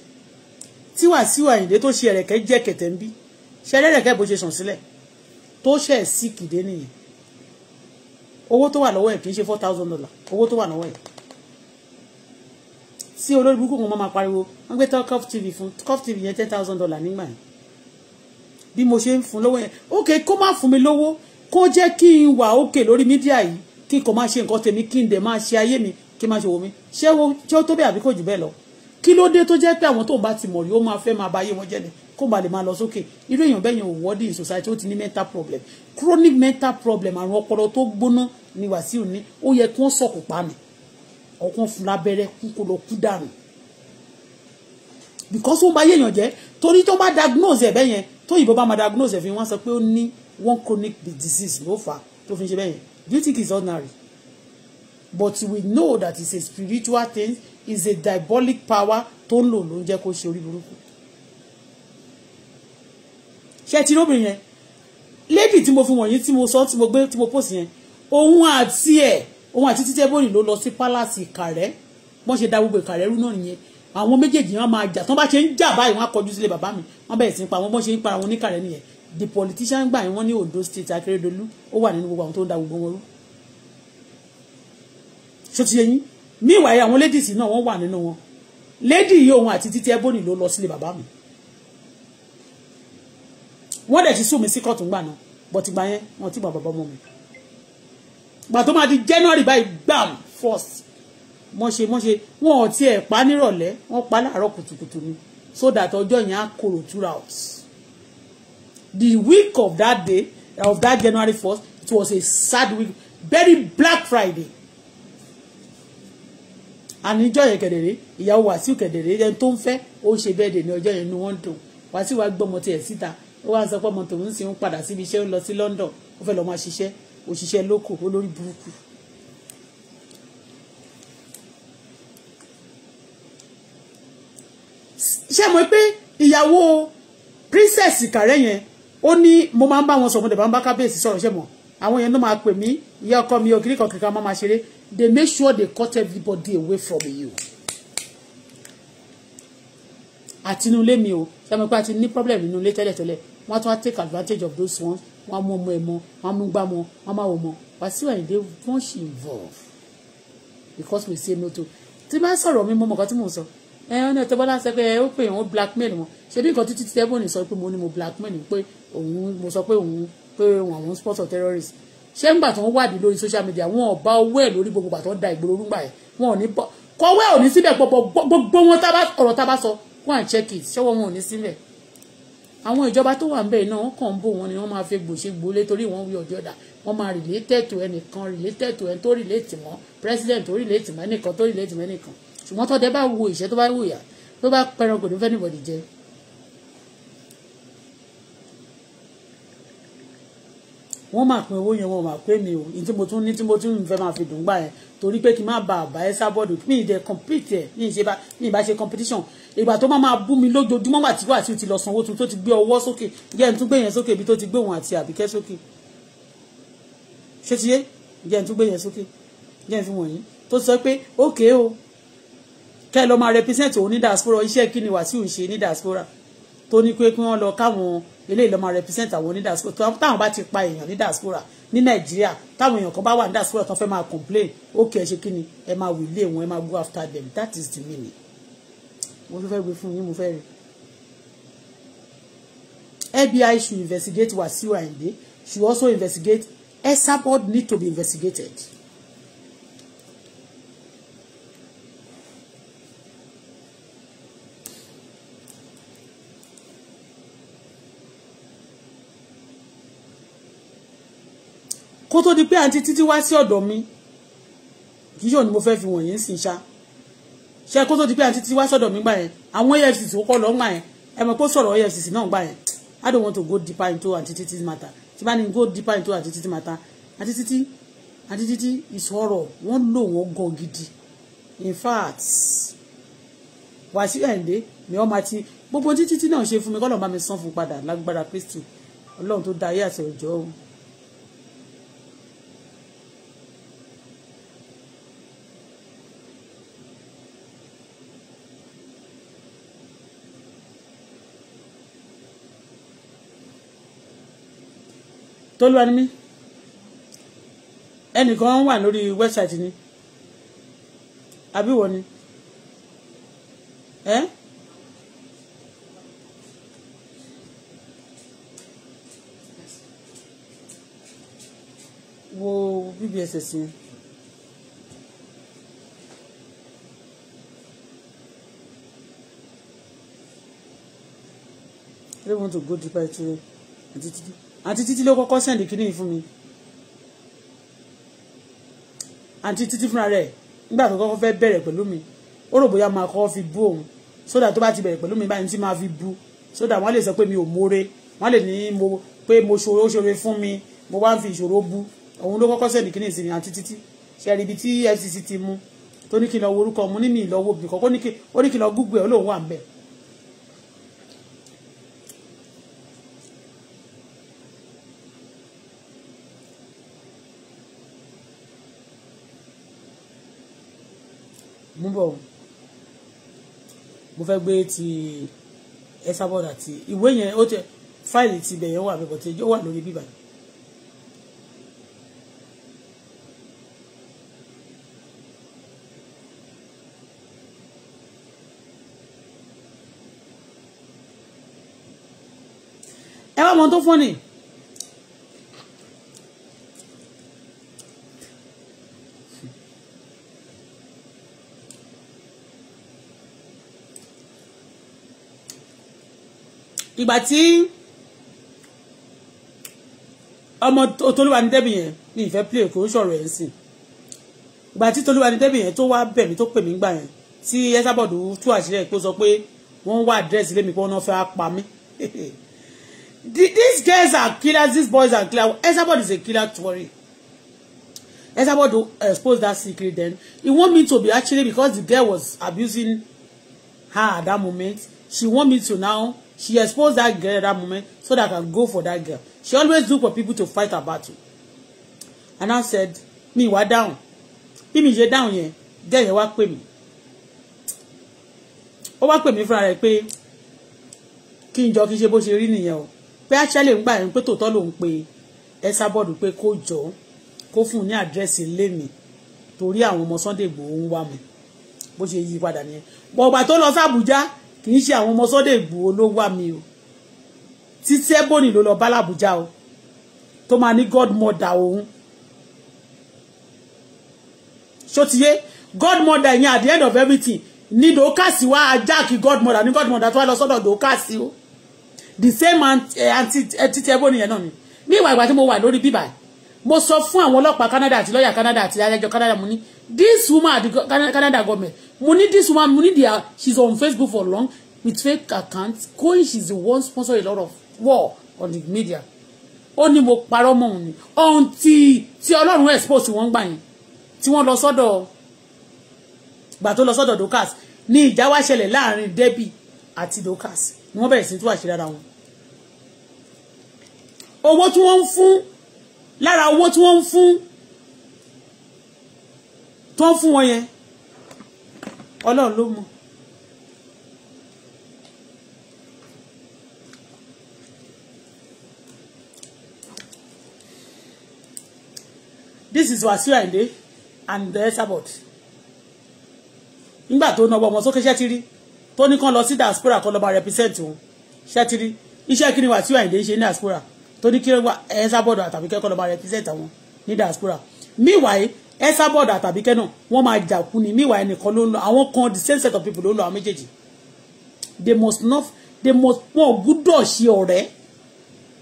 tí wàsíù àyìndé tó ṣe ẹ̀rẹ̀kẹ́ jẹ́ kẹ̀tẹ̀ ń bí ṣe ẹ̀rẹ̀kẹ́ bó ṣe sàn sílẹ̀ tó ṣẹ̀ sí kìdé nìyẹn owó tó wà lọ́wọ́ ẹ̀ kì í ṣe four thousand dollar owó tó wà lọ́wọ́ ẹ̀ tí olórí burúkú kan máa pariwo wọ́n gbé tán cuff tv fún cuff tv yẹn ten thousand dollar nígbà yẹn bí mo ṣe ń fún lọ́wọ́ yẹn ok kó má fún mi lówó kó jẹ́ kí n wà ókè lórí mídíà yìí kí n kò má ṣe nǹkan tèmi kí n dẹ̀ máa ṣe ayé mi kí má ṣe wo mi ṣé wo ṣé ó tó bẹ́ẹ̀ àbí kò jù bẹ́ẹ̀ lọ kí ló dé tó jẹ́ pé àwọn tó bá ti mọ̀ yóò máa fẹ́ máa ba ayé wọn jẹ́ ni kó ba lè máa lọ sókè irú èèyàn bẹ́ẹ̀ yẹn ò wọ́ọ́dì in society ó ti ní mental problem chronic mental problem àrùn ọpọlọ tó gbóná ni Wàsíù ní ó yẹ kí wọ́n sọ̀kò pa mi ọkàn fún lábẹ́rẹ́ kú kó lọ kú dànù because ó ń ba ayé èèyàn jẹ́ torí tó bá diagnose ẹ̀ bẹ́ẹ̀ yẹn tó yìnbọn bá máa diagnose ẹ̀ fi wọ́n sọ pé ó ní one chronic disease ló fà á tó fi ń ṣe bẹ́ẹ̀ yẹn do you think it's ordinary but we know that it's a spiritual thing it's a diabolic power tó ń lò ló ń jẹ́ kó ṣe orí burúkú. ṣé ti róbìnrin yẹn lady tí mo fi wọ̀nyí tí mo sọ tí mo gbé tí mo post yẹn òun àti ẹ̀ òun àti títẹ́ bóyìí ló lọ sí palace ìkàrẹ́ wọ́n ṣe da gbogbo ìkàrẹ́ rú náà nìyẹn àwọn méjèèjì wọn máa jà tí wọ́n bá ṣe ń jà báyìí wọ́n á kọjú sílé bàbá mi wọ́n bẹ̀rẹ̀ sí ń pa àwọn bọ́n ṣe ń para wọn níkàrẹ́ nìyẹn the politician gbà yín wọ́n ní Ondo state Akérédolú ó wà nínú gbogbo àwọn tó ń da gbogbo wọn rú ṣó ti yé yín meanwhile àwọn ladies náà wọ́n wà nínú wọn lady yìí òun àti títí ẹbọnì ló lọ sílé bàbá mi wọ́n dẹ̀ ti sùn mí sí kóòtù ńgbà náà bọ̀tì gbà yẹn wọ́n ti gbà bàbá ọmọ mi gbà tó máa di January báyìí gbàm first wọ́n ṣe wọ́n ṣe wọ́n ò tiẹ̀ pa nírọ̀lẹ́ wọ́n pa láàárọ̀ kùtùkùtù ni so that ọjọ́ yẹn á kòrò throughout the week of that day of that January 1st, it was a sad week very Black Friday àníjọ́ yẹn kẹ̀dẹ̀rẹ́ ìyàwó wàsíù kẹ̀dẹ̀rẹ́ ẹni tó ń fẹ́ ó ń ṣe bẹ́ẹ̀dẹ̀ ní ọjọ́ yẹn ni wọ́n ń dùn wàsíù wá gbọ́mọ tiẹ̀ síta ó wá ń sọ pé ọmọ tòun sì ń padà síbi iṣẹ́ ó lọ sí London ó fẹ́ lọ máa ṣiṣẹ́ òṣìṣẹ́ lóko olórí burúkú. ṣé mo pé ìyàwó princess kàrẹ́ yẹn ó ní mo máa ń bá wọn sọ mo dẹ̀ bá ń bá kábíyèsí sọ̀rọ̀ ṣé mo àwọn they make sure they cut everybody away from you. àti inú ilé mi o ṣé mo pé a ti ní problem nínú ilé tẹ́lẹ̀tẹ́lẹ̀ wọ́n tún wá take advantage of those ones wọ́n á mú ọmọ ẹ̀ mọ́ wọ́n á mú gbá mọ́ wọ́n á má wò mọ́ Wàsíù Àyìndé wọ́n involve because we say no to tí bá sọ̀rọ̀ mi mọ́ mọ̀kan tí mò ń sọ ẹ ọ́nà tó bọ́lá sọ pé ẹ ó pè òun blackmail wọn ṣe bí nǹkan títí tẹ́bọ̀nì sọ pé mo ní mo blackmail pé òun mo sọ pé òun pé òun àwọn sponsor terrorists ṣé ńgbà tó ń wádìí lórí social media wọn ò bá owó ẹ̀ lórí gbogbo àtọ́ da ìgboro orúgbà ẹ̀ wọn ò ní bọ́ kọ́wé ò ní síbẹ̀ gbogbo wọn ọ̀rọ̀ tá a bá sọ wọn à check it ṣọ́wọ́ wọn ò ní síbẹ̀ àwọn ìjọba tó wà ńbẹ̀ náà wọ́n kàn ń bò wọn ni wọ́n máa fi gbòṣe gbolé torí wọ́n wí ọjọ́ dà wọ́n máa relate to ẹnìkan relate to ẹni tó relate mọ́ president tó relate mọ́ ẹnìkan tó relate mọ́ ẹnìkan ṣùgbọ́n tọ́dẹ bá wo ìṣẹ́ tó bá wọ́n máa pín owó yẹn wọ́n máa pé mi ò ní tí mo tún ní tí mo tún fẹ́ máa fi dùn gbà yẹn torí pé kí n má ba àbá ẹ sábọ́ọ̀dù mi ìdẹ compete ẹ̀ mi ìṣe bá mi ìbá ṣe competition ìgbà tó máa máa bú mi lójoojúmọ́ wà tí wà tí o ti lọ sanwó tun tó ti gbé ọwọ́ sókè jẹ́ n tún gbé yẹn sókè ibi tó ti gbé òun àti àbíkẹ́ sókè ṣé ti yé jẹ́ n tún gbé yẹn sókè jẹ́ n fi wọ̀nyí tó sọ pé ókè o kẹ́ ẹ lọ máa represent òun ní diaspora iṣẹ́ kí ni Wàsíù ń ṣe ní diaspora tó ní pé kí wọ́n lọ káwọn eléyìí ló máa represent àwọn ní diaspora táwọn bá ti pa èèyàn ní diaspora ní nàìjíríà táwọn èèyàn kan bá wà ní diaspora tó fẹ́ máa complain okay ẹ ṣe kí ni ẹ máa wí ilé wọn ẹ máa go after them that is the meaning mo fẹ́ gbé fún yín mo fẹ́ rí FBI should investigate Wasiu Ayinde should also investigate Esabod need to be investigated. kó tó di pé àǹtí títí wá sí ọ̀dọ̀ mi kì í yọ̀ ni mo fẹ́ fi wọ̀nyí ń sìn ṣá ṣe kó tó di pé àǹtí títí wá sọ̀dọ̀ mi gbà yẹn àwọn efcc ó kọ́ lọ́ gbà yẹn ẹ mọ̀ pé sọ̀rọ̀ efcc náà gbà yẹn i don't want to go deeper into àǹtí títí matter tí bá ní go deeper into àǹtí títí matter àǹtí títí àǹtí títí ìsọ̀rọ̀ wọ́n lò wọ́n gan gidi in fact wàásù ẹ̀ǹdẹ́ ni wọ́n máa ti gbogbo títí náà ṣe fún mi kọ́ lọ́ọ́ bá mi san fún padà lágbára kristu ọlọ́run tó da ayé àti ọjọ́ o. tolúwa ni mí ẹnìkan wà lórí wẹ́bsáìtì ni àbí wọ ni ẹ wo bbs yẹn. I don't want to go deeper into it àti títí ló kọ́kọ́ sẹ́ǹdì kíní fún mi àti títí fúnra rẹ̀ nígbà tó kọ́kọ́ fẹ́ bẹ̀rẹ̀ pẹ̀lú mi ó rò bóyá máa kọ́kọ́ fi bú òun sódà tó bá ti bẹ̀rẹ̀ pẹ̀lú mi báyìí tí máa fi bú sódà wọ́n lè sọ pé mi ò mórè wọ́n lè ní mo pé mo ṣòro ó ṣòro fún mi mo wá ń fi ìṣòro bú òun ló kọ́kọ́ sẹ́ǹdì kíní sí mi àti títí ṣe ibi tí FCC ti mú tó ní kí lọ wo orúkọ mo ní mi ìlọ́wọ́ bìkọ́ ó ní kí n lọ gúgbẹ̀ ó lóun wà ń mú bọ̀ mo fẹ́ gbé ti ẹsàbọ̀dà ti ìwé yẹn ó tẹ fáìlì ti bẹ̀yẹ̀ wà bẹ̀bọ̀ tí ó wà lórí bíbà yìí. ẹ wá mọ tó fún ni. ìgbà tí ọmọ tolúwanidẹ́bì yẹn ní ìfẹ́ play kò ń sọ̀rọ̀ ẹ̀ ń sìn ìgbà tí tolúwanidẹ́bì yẹn tó wá bẹ̀ mí tó pè mí gbà yẹn tí ẹsábọ̀dù tú àṣírí ẹ̀ pé sọ pé wọ́n wá àdírẹ́sì lémi pé wọ́n náà fẹ́ pa mí these girls are killers these boys are killers ẹsábọ̀dù is a killer tory ẹsábọ̀dù expose that secret then he want me to be actually because the girl was abusing her at that moment she want me to now she exposed that girl at that moment so that I can go for that girl she always look for people to fight her battle and I said "Me, why down? bí mi ṣe down here. dẹ́yẹ wá pè with me. wá pè with me, friend, pé pay. King jọ is n to bó ṣe rí nìyẹn o pé àṣẹlẹ̀ ń gbà yẹn pé tòótọ́ lòun pe ẹ sábọ́ọ̀dù pé kó jọ kó fún un me. àdírẹ́sì ilé mi torí àwọn ọmọ Sunday Igboho ń wá mi bó ṣe yí padà nìyẹn bọ̀gbà tó lọ kì í ṣe àwọn ọmọ Sunday Igboho ló wà mí o títí ẹbọnì ló lọ bá làbújá o tó máa ní godmother òun ṣótiyé godmother yẹn at the end of everything ní dòókàsí wá ajá kí godmother ní godmother tó wá lọ sọ́dọ̀ dòókàsí o the same aunty eh, eh, títí ẹbọnì yẹn náà ni ní ìwà ìgbà tí mo wà lórí bíbáyìí mo sọ fún àwọn ọlọ́pàá Canada àti lọ́ọ̀yà Canada àti adájọ́ Canada mo ní this woman at the Canada government mo this one, mo ní she's on Facebook for long with fake accounts. Coin she's the one sponsor a lot of war on the media Only ní mo parọ́ mọ́ òun ni ohun tí tí ọlọ́run expose wọ́n gbà yẹn tí wọ́n lọ sọ́dọ̀ gbà tó lọ sọ́dọ̀ Dorcas ní ìjà wá ṣẹlẹ̀ láàrin Debbie àti Dorcas ni wọ́n bẹ̀rẹ̀ sí tú àṣírí ara wọn owó tí wọ́n ń fun? lára owó tí wọ́n ń fún tó ń fún ọlọ́run ló mọ̀. this is Wasiu Ayinde and the Esabod nígbà tó náwó ọmọ sókè ṣẹ́tìrí tó ní kán lọ sí diaspora kan lọ́ba represent òun ṣẹ́tìrí iṣẹ́ kí ni Wasiu Ayinde ṣe ní diaspora tó ní kí Esabod àtàbí kẹ́kọ̀ọ́ lọ́ba represent àwọn ní diaspora meanwhile Esabod àtàbí kẹ́nà wọ́n máa jà kú ni míwàá ẹnìkan ló ń lọ àwọn kan the same set of people ló ń lọ àwọn méjèèjì they must not they must wọn gbúdọ̀ ṣe ọ̀rẹ́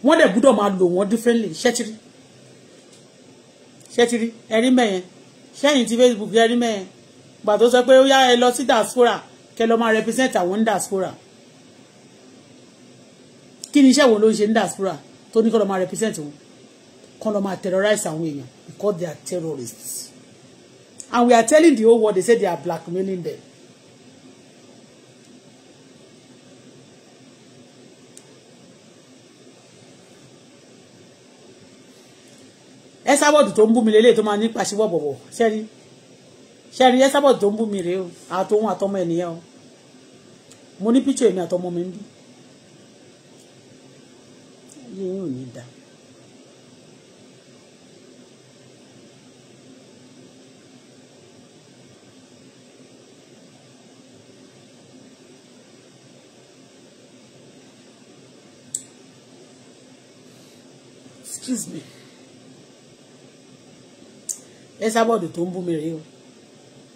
wọ́n dẹ̀ gbúdọ̀ máa lò wọ́n differently ṣẹ́tìrì ṣẹ́tìrì ẹ̀rí mẹ́yẹn ṣẹ́yìn ti Facebook ẹ̀rí mẹ́yẹn gbà tó sọ pé ó yá ẹ lọ sí diaspora kẹ lọ máa represent àwọn ní diaspora kí ni iṣẹ́ wo ló ń ṣe ní diaspora tó ní kọ́ lọ máa represent wọn kán lọ máa terrorize àwọn èèyàn because they are terrorists and we are telling the whole world they say they are blackmailing them. ẹsábọ̀dù tó ń bú mi lélẹ̀ tó máa ní pàṣíwọ̀ bọ̀bọ̀ ṣẹ́rí ṣẹ́rí ẹsábọ̀dù tó ń bú mi rèé o àtòhun àtọmọ ènìyàn o mo ní píṣọ èmi àtọmọ mi ń bí yíyún ò ní dáa. excuse me Esabod tó ń bú mi rèé o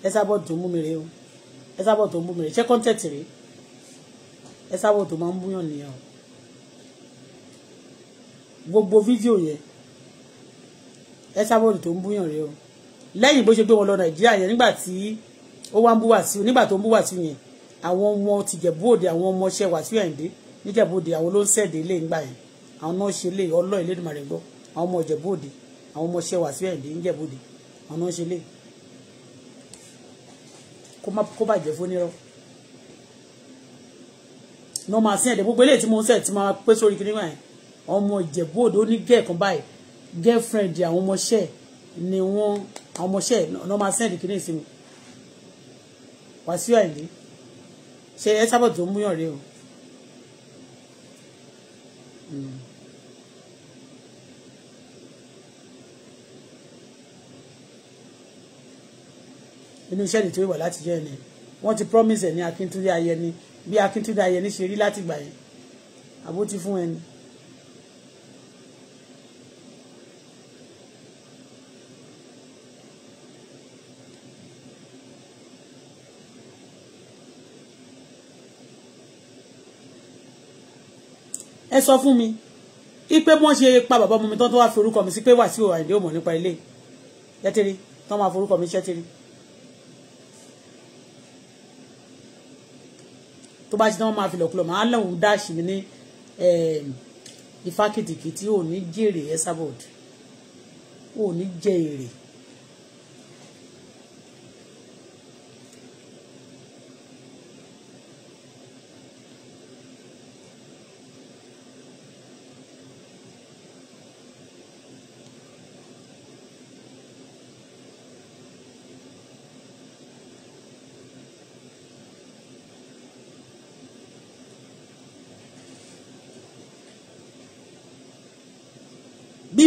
Esabod tó ń bú mi rèé o Esabod tó ń bú mi rèé ṣé contact rèé Esabod tó máa ń búyàn nìyẹn o gbogbo fídíò yẹn Esabod tó ń búyàn rèé o lẹ́yìn bó ṣe gbé wọn lọ Nàìjíríà yẹn nígbà tí ó wá ń bú Wàsíù nígbà tó ń bú Wàsíù yẹn àwọn ọmọ tìjẹ̀bú òde àwọn ọmọ ṣẹ Wàsíù Àyìndé níjẹ̀bú òde àwọn ló ń sẹ̀dé ilé ńgbà yẹn àwọn náà ṣe lè ọlọ́ ìlédùmarè gbọ́ àwọn ọmọ ìjẹ̀bú òde àwọn ọmọ ṣẹ́ wàásù ẹ̀dí ń jẹ̀bú òde àwọn náà ṣe lè kó bàjẹ́ fún nírọ̀ náà máa sìn ẹ̀dẹ̀ gbogbo eléyìí tí mo sẹ̀ tí máa pé sórí kiri wáyé ọmọ ìjẹ̀bú òde ó ní báyìí girlfriend àwọn ọmọọṣẹ́ ni wọ́n àwọn ọmọọṣẹ́ náà máa sìn ẹ̀dẹ̀ kiri ìsinmi wàásù ẹ̀dí ṣe ẹ sábà tó ń múyàn rí o. Hmm. inú iṣẹ́ nìtorí wà láti yẹ ẹni wọ́n ti promise ẹ̀ ní akíntúndé ayẹni bí akíntúndé ayẹni ṣe rí láti gbà yẹn àbó ti fún ẹni. ẹ sọ fún mi ipe bí wọ́n ṣe pa bàbá ọmọ mi tán tó wá fi orúkọ mi sí pé wàsíù àìdè ò mọ̀ nípa ilé yẹtìrì tán máa forúkọ mi ṣẹ́tìrì. tó bá ti dán máa fi lọ̀kulọ̀ máa lọ́hùn dáàṣì mi ní eh, ifá kìtìkìtì ò ní jèrè ẹ ò ní jẹ èrè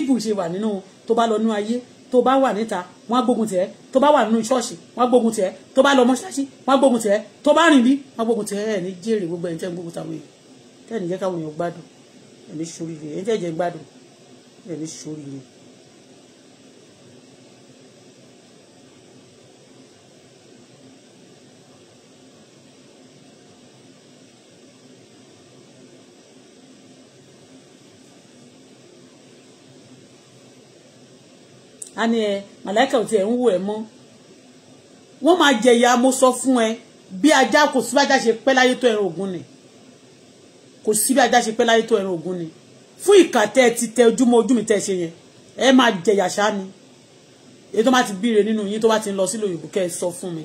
bíbù ṣe wà nínú tó bá lọ nínú ayé tó bá wà níta wọ́n gbógun tẹ̀ tó bá wà nínú ṣọ́ọ̀ṣì wọ́n gbógun tẹ̀ tó bá lọ mọ́ṣáṣí wọ́n gbógun tẹ̀ tó bá rìn bí wọ́n gbógun tẹ̀ ẹ̀ ní jèrè gbogbo ẹ̀ ń ń gbógun tàwọn èèyàn tẹ́ ẹ̀ ní jẹ́ káwọn èèyàn gbádùn ẹ̀mí ṣoríire ẹ̀ ń tẹ́ jẹ́ gbádùn ẹ̀mí ṣoríire ani ní ẹ màláìka ò tiẹ̀ ń wò ẹ mọ́ wọ́n máa jẹ̀yà mo sọ fún ẹ bí ajá kò sí bí ajá ṣe pẹ́ láyé tó ẹran ògún ni kò sí bí ajá ṣe pẹ́ láyé tó ẹran ògún ni fún ìkà tẹ́ ẹ ti tẹ ojúmọ́ ojú mi tẹ́ ẹ ṣe yẹn ẹ máa jẹ̀yà ṣá ni èyí tó bá ti bíire nínú yín tó bá ti ń lọ sílò òyìnbó kẹ́ ẹ sọ fún mi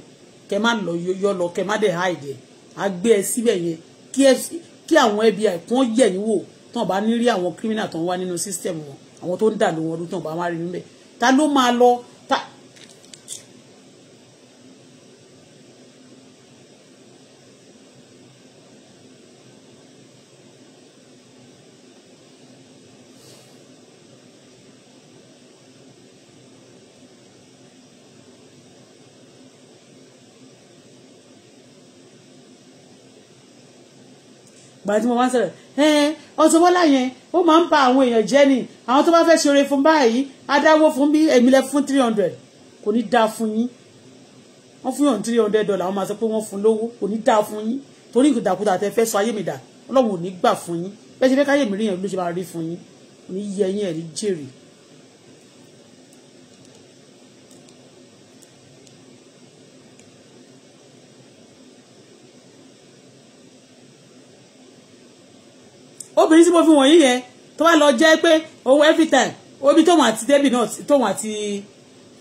kẹ́ ẹ má lọ yọ lọ kẹ́ ẹ má dẹ̀ háìdẹ̀ á gbé ẹ síbẹ̀ yẹn kí ẹ kí àwọn FBI kún yẹ̀yìn wò tán bá ní rí àwọn kírímìnà tó ń wá nínú sísítẹ̀mù wọn àwọn tó ń dà lówó ọdún tán bá wá rí níbẹ̀ ta ló máa lọ ta. gbàdí mo máa ń sọ̀rọ̀ ẹ Auto Bola yẹn ó máa ń ba àwọn èèyàn jẹ́ ni àwọn tó bá fẹ́ ṣe oore fún báyìí adáwó fún bí èmi lẹ fún three hundred kò ní dáa fún yín wọ́n fún yàn three hundred dollar wọ́n máa sọ pé wọ́n fún lówó kò ní dáa fún yín torí ìkùdàkùdà tẹ fẹ́ sọ ayé mi dà ọlọ́run ò ní gbà fún yín bẹ́ẹ̀ ṣe fẹ́ káyé mi rí yẹn ló ṣe máa rí fún yín kò ní yẹ yín ẹ̀rí jèrè. obìnrin tí mo fi wọ̀nyí yẹn tó bá lọ jẹ́ pé owó every time omi tóun àti debi náà tóun àti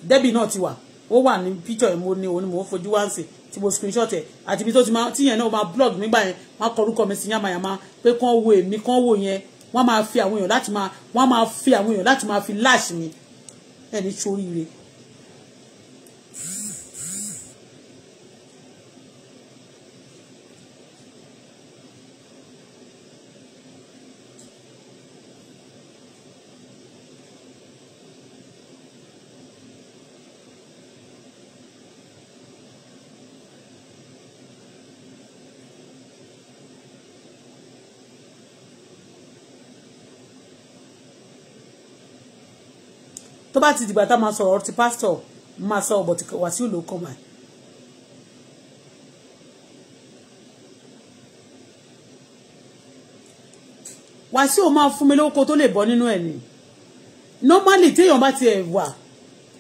debi náà ti wà ó wà ní píjọ mo ní òun ni mò ń fojú wá ń sìn tí mo screenshot ẹ àti ibi tó ti máa tíyẹn náà máa blog nígbà yẹn wọn kọrúkọ mi sí yàmàyàmà pé kán wo èmi kán wo yẹn wọn máa fi àwọn èèyàn láti máa wọn máa fi àwọn èèyàn láti máa fi láàṣì mi ẹni sóríire tó bá ti dìgbà tá a máa sọ̀rọ̀ ti pásítọ̀ máa sọ ọ̀bọ̀ tí Wàsíù ló kàn báyìí. Wàsíù máa fún mi lóko tó lè bọ́ nínú ẹ̀ ni normally téèyàn bá ti ẹ̀ wà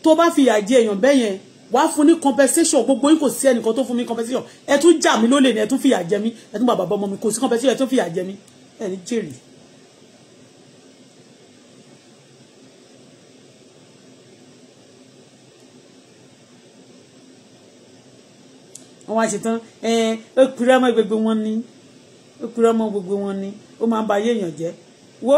tó bá fi ìyà jẹ èèyàn bẹ́ẹ̀ yẹn wà á fún ní compensation gbogbo yín kò sí ẹnìkan tó fún mi compensation ẹ tún jà mí lólè ni ẹ tún fìyà jẹ mí ẹ tún bàbá bọ́ ọmọ mi kò sí compensation ẹ tún fìyà jẹ mí ẹ ní jèrè. àwọn àṣetán ẹ ó ọmọ gbogbo wọn ni ó kúrẹ́ ọmọ gbogbo wọn ni ó máa ń ba ayé èèyàn jẹ́ wo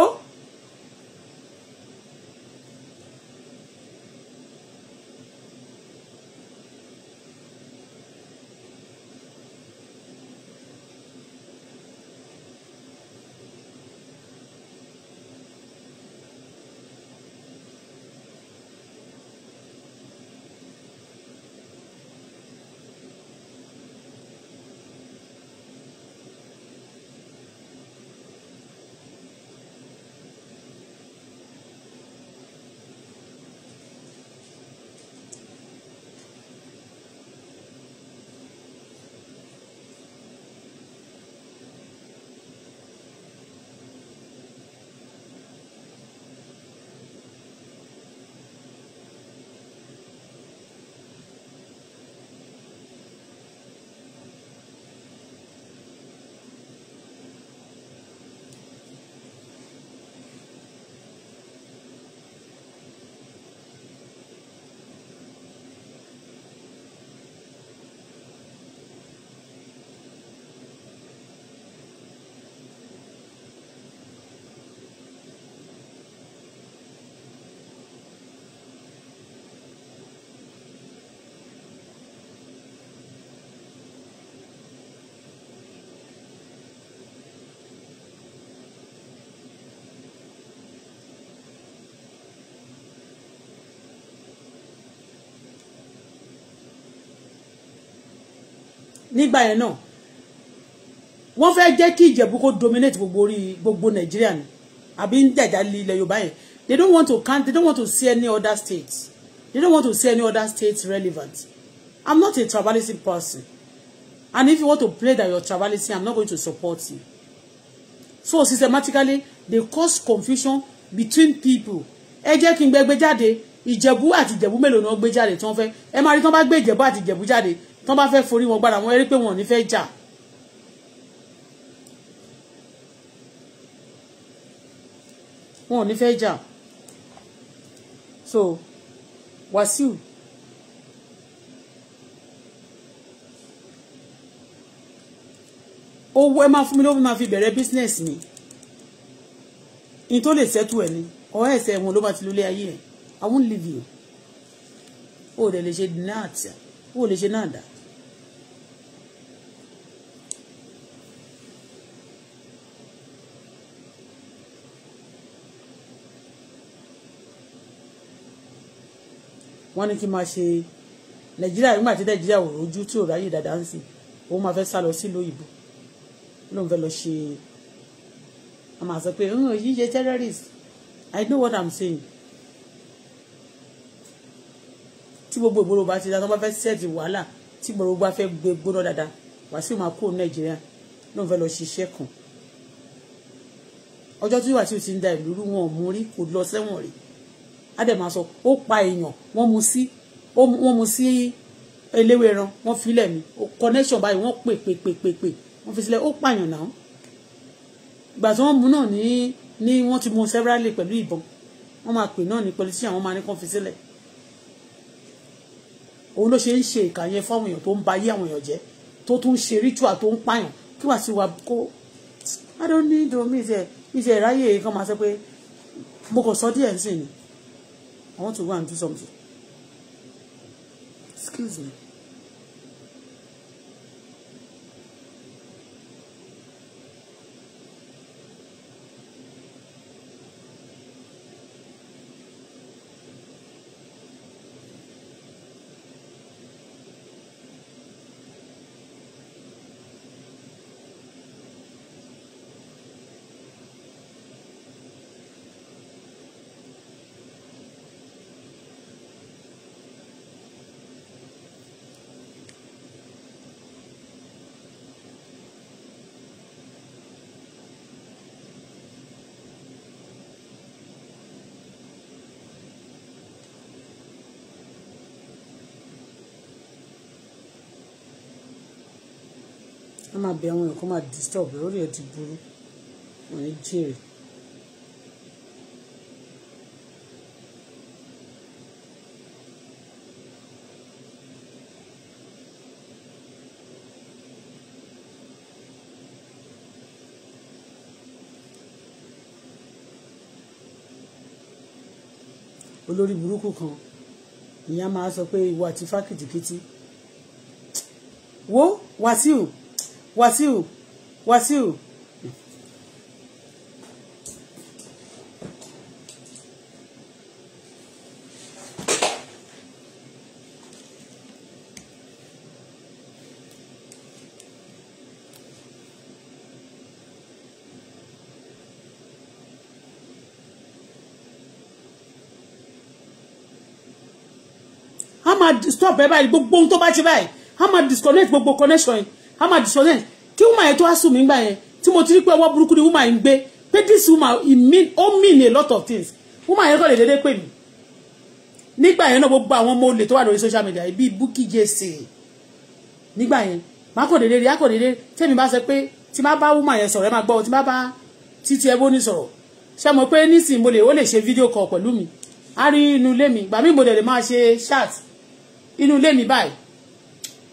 nígbà yẹn náà wọ́n fẹ́ jẹ́ kí ìjẹ̀bú kó dominate gbogbo orí gbogbo nàìjíríà ni àbí ń jàjà lé ilẹ̀ yorùbá yẹn they don't want to count they don't want to see any other states. they don't want to see any other states relevant i'm not a tribalism person and if you want to play that your tribalism, i'm not going to support you so systematically they cause confusion between people ẹ jẹ́ kí n gbẹgbẹ́ jáde ìjẹ̀bú àti ìjẹ̀bú mélòó ni wọ́n gbé jáde tí wọ́n fẹ́ ẹ máa rí tí wọ́n bá gbé ìjẹ̀bú àti ìjẹ̀bú jáde tán bá fẹ́ forí wọn gbára wọn rí pé wọn ní fẹ́ jà wọn ní fẹ́ jà so Wàsíù owó ẹ máa fún mi lówó máa fi bẹ̀rẹ̀ business mi in tó lè sẹ́tù ẹ̀ ni ọ̀hẹ́ ẹ̀sẹ̀ ẹ̀wọ̀n ló bá ti lólé ayé ẹ̀ I won't leave you o ò dẹ̀ lè ṣe náà tì o lè ṣe náà dáa. wọ́n ní kí n máa ṣe nàìjíríà nígbà tí nàìjíríà ò rojú tí ò ráyè dáadáa ń sìn òun máa fẹ́ sá lọ sílùú òyìnbó lóun fẹ́ lọ ṣe a máa sọ pé òun yí ṣe terrorist I know what I'm saying tí gbogbo ìgboro bá ti da tó bá fẹ́ sẹ́ẹ̀tì wàhálà tí gbogbo bá fẹ́ gbé gbóná dáadáa wàsíù máa kó nàìjíríà lóun fẹ́ lọ ṣiṣẹ́ kan ọjọ́ tí wàsíù ti ń da ìlú rú wọn mú rí kò lọ sẹ́wọ̀n rí á dẹ̀ máa sọ ó pa èèyàn wọ́n mu sí wọ́n mu sí eléwé ẹran wọ́n filẹ̀ mi connection báyìí wọ́n pè pè pè pè pè wọ́n fi sílẹ̀ ó pààyàn náà ìgbà tí wọ́n mú náà ní ní wọ́n ti mú severally pẹ̀lú ìbọn wọ́n máa pè náà ní politician wọ́n máa ní kàn fi sílẹ̀ òun ló ṣe ń ṣe ìkà yẹn fáwọn èèyàn tó ń ba ayé àwọn èèyàn jẹ́ tó tún ṣe ritual tó ń pààyàn kí wàá sí wa kó I don't need to mi ìṣe mi ìṣe ìráyè kan máa sọ pé mo kàn sọ díẹ̀ sí ni I want to go and do something. Excuse me. wọ́n máa bẹ àwọn èèyàn kó máa disturb lórí ẹ̀ ti burú wọ́n ní jèrè. olórí burúkú kan ìyá máa sọ pé ìwà àti fákìtìkìtì wo Wàsíù Wàsíù Wàsíù. a máa stop ẹ báyìí gbogbo ohun tó bá ṣe báyìí a máa disconnect gbogbo connection yìí a máa dìsọ́nẹ̀ kí woman yẹn tó wá sùn mí gbà yẹn tí mo ti rí pé ọwọ́ burúkú ni woman yẹn gbé pé this woman ó mean a lot of things woman yẹn kọ́ lè dédé pè mí nígbà yẹn náà gbogbo àwọn ọmọ olè tó wà lórí social media yìí bíi Bukky Jesse nígbà yẹn má kò dédé rí á kò dédé tẹ́mi bá sọ pé tí má bá woman yẹn sọ̀rọ̀ ẹ má gbọ́ tí má bá títí ẹ bó sọ̀rọ̀ ṣe mọ̀ pé nísìnyí mo lè ó lè ṣe fídíò kan pẹ̀lú mi a rí inú ilé mi gbàmí mo lè máa ṣe chat inú ilé mi báyìí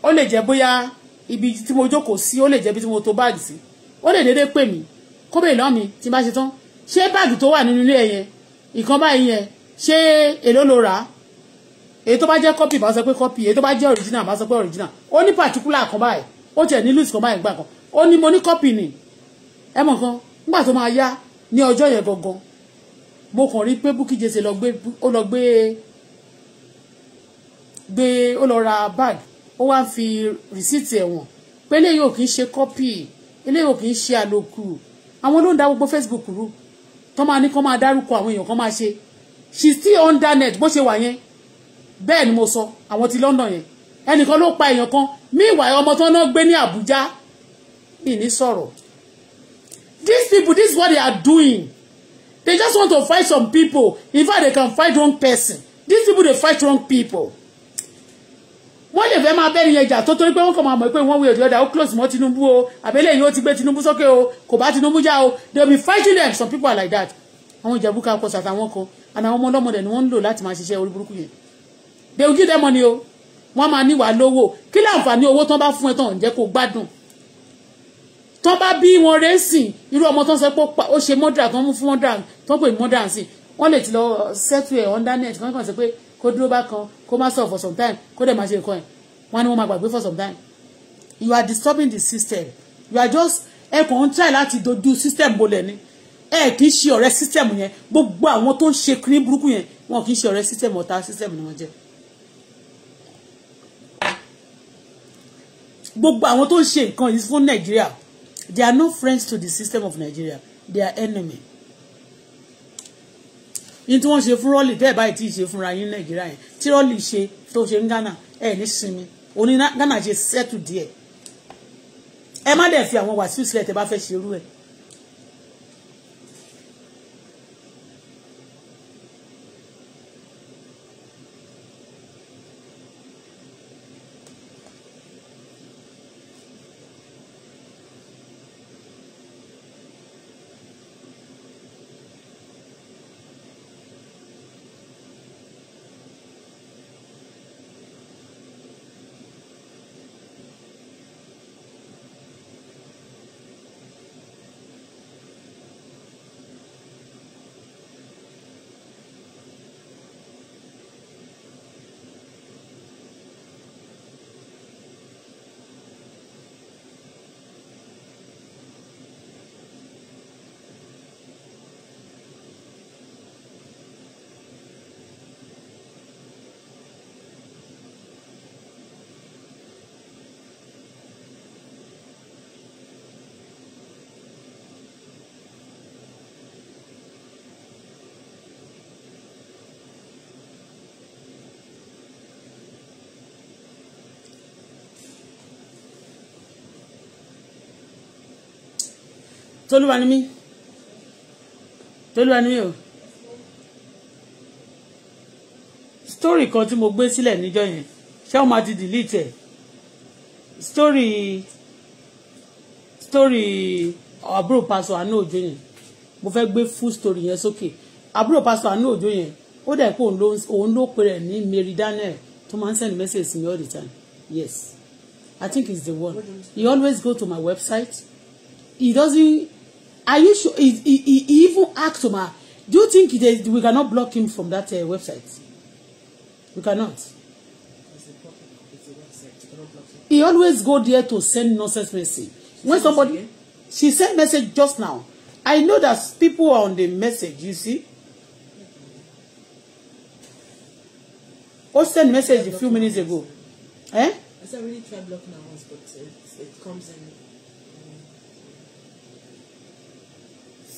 ó lè jẹ́ bóyá ibi tí mo jókòó sí ó lè jẹ́ ibi tí mo to báàgì sí ó lè déédéé pè mí kó bèè lọ́ mi tí bá ṣe tán ṣé báàgì tó wà nínú ilé yẹn nǹkan báyìí yẹn ṣé èló ló rà á èyí tó bá jẹ́ kọ́pì bá sọ pé kọ́pì èyí tó bá jẹ́ original bá sọ pé original ó ní particular kan báyìí ó tiẹ̀ ní lùsì kan báyìí gbà kan ó ní mo ní kọ́pì nì ẹ mọ̀ kan nígbà tó máa yá ní ọjọ́ yẹn gangan mo kàn rí pé Bukky Jesse lọ gbé ó lọ gbé gbé ó lọ ra báàgì ó wá ń fi rìsíìtì ẹ̀wọ̀n pé eléyìí ò kì í ṣe kọ́pì eléyìí ò kì í ṣe àlòkù àwọn ló ń da gbogbo Facebook rú tó máa ní kó máa dárúkọ àwọn èèyàn kan máa ṣe she still under net bó ṣe wà yẹn bẹ́ẹ̀ ni mo sọ àwọn ti London yẹn ẹnìkan ló pa èèyàn kan meanwhile ọmọ tó náà gbé ní Abuja? ìní sọ̀rọ̀ these people this is what they are doing they just want to fight some people in fact they can fight wrong person these people dey fight wrong people wọ́n lè fẹ́ máa bẹ́ẹ̀ nìyẹn jà tó torí pé wọ́n kàn máa mọ̀ pé wọ́n wí òdi ó close mọ́ Tinubu o àbẹ́lẹ̀ yìí ó ti gbé Tinubu sókè o kò bá Tinubu já o they be fighting them some people are like that àwọn ìjẹ̀bú kan kọ̀ sàtàwọn kan àná àwọn ọmọ ọlọ́mọ dẹ̀ ni wọ́n ń lò láti máa ṣiṣẹ́ orí burúkú yẹn they will give them money o wọ́n máa níwàá lówó kí láǹfààní owó tán bá fún ẹ tán ǹjẹ́ kó gbádùn tán bá bí wọn rẹ̀ sìn irú ọmọ tán sọ pé ó ṣe mọ́dà tán mú fún mọ́dà tán pè mọ́dà sí wọ́n lè ti lọ settle ẹ̀ under net kàn sọ pé kó dúró bákan kó má sọ̀rọ̀ for some time kó dẹ̀ má ṣe nǹkan ẹ̀ wọ́n ní wọ́n máa gbàgbé for some time you are disturbing the system you are just ẹ kàn ń try láti dojú system bolẹ̀ ni ẹ kì í ṣe ọ̀rẹ́ system yẹn gbogbo àwọn tó ń ṣe kiri burúkú yẹn wọn kì í ṣe ọ̀rẹ́ system ọ̀tá system ni wọ́n jẹ́ gbogbo àwọn tó ń ṣe nǹkan yìí fún Nàìjíríà they are no friends to the system of Nigeria they are enemy yín tí wọ́n ṣe fún rọ́ọ̀lì tẹ́ ẹ̀ báyìí tí ì ṣe fúnra yín nàìjíríà yẹn tí rọ́ọ̀lì ṣe tó ṣe ń ghana ẹ̀ ní sinmi òní ghana ṣe sẹ́tù díẹ̀ ẹ má dẹ̀ fi àwọn wàsíù sílẹ̀ tẹ́ bá fẹ́ ṣerú ẹ̀ tolúwa ni mí tolúwa ni mí o story kan tí mo gbé sílẹ̀ níjọ́ yẹn ṣé wọ́n máa ti delete ẹ̀ story story àbúrò pásọ àánú òjò yẹn mo fẹ́ gbé full story yẹn sókè àbúrò pásọ àánú òjò yẹn ó dẹ̀ pé òun ló pe rẹ̀ ní Mary Daniel tó máa ń send message to me all the time yes I think it's the one he always go to my website he doesn't Are you sure? He, he, he even asked him, do you think they, we cannot block him from that uh, website? We cannot. He always go there to send nonsense message. When somebody, she sent message just now. I know that people are on the message, you see. Or send message a few minutes ago. Eh? I said, really try blocking now once, but it, it comes in.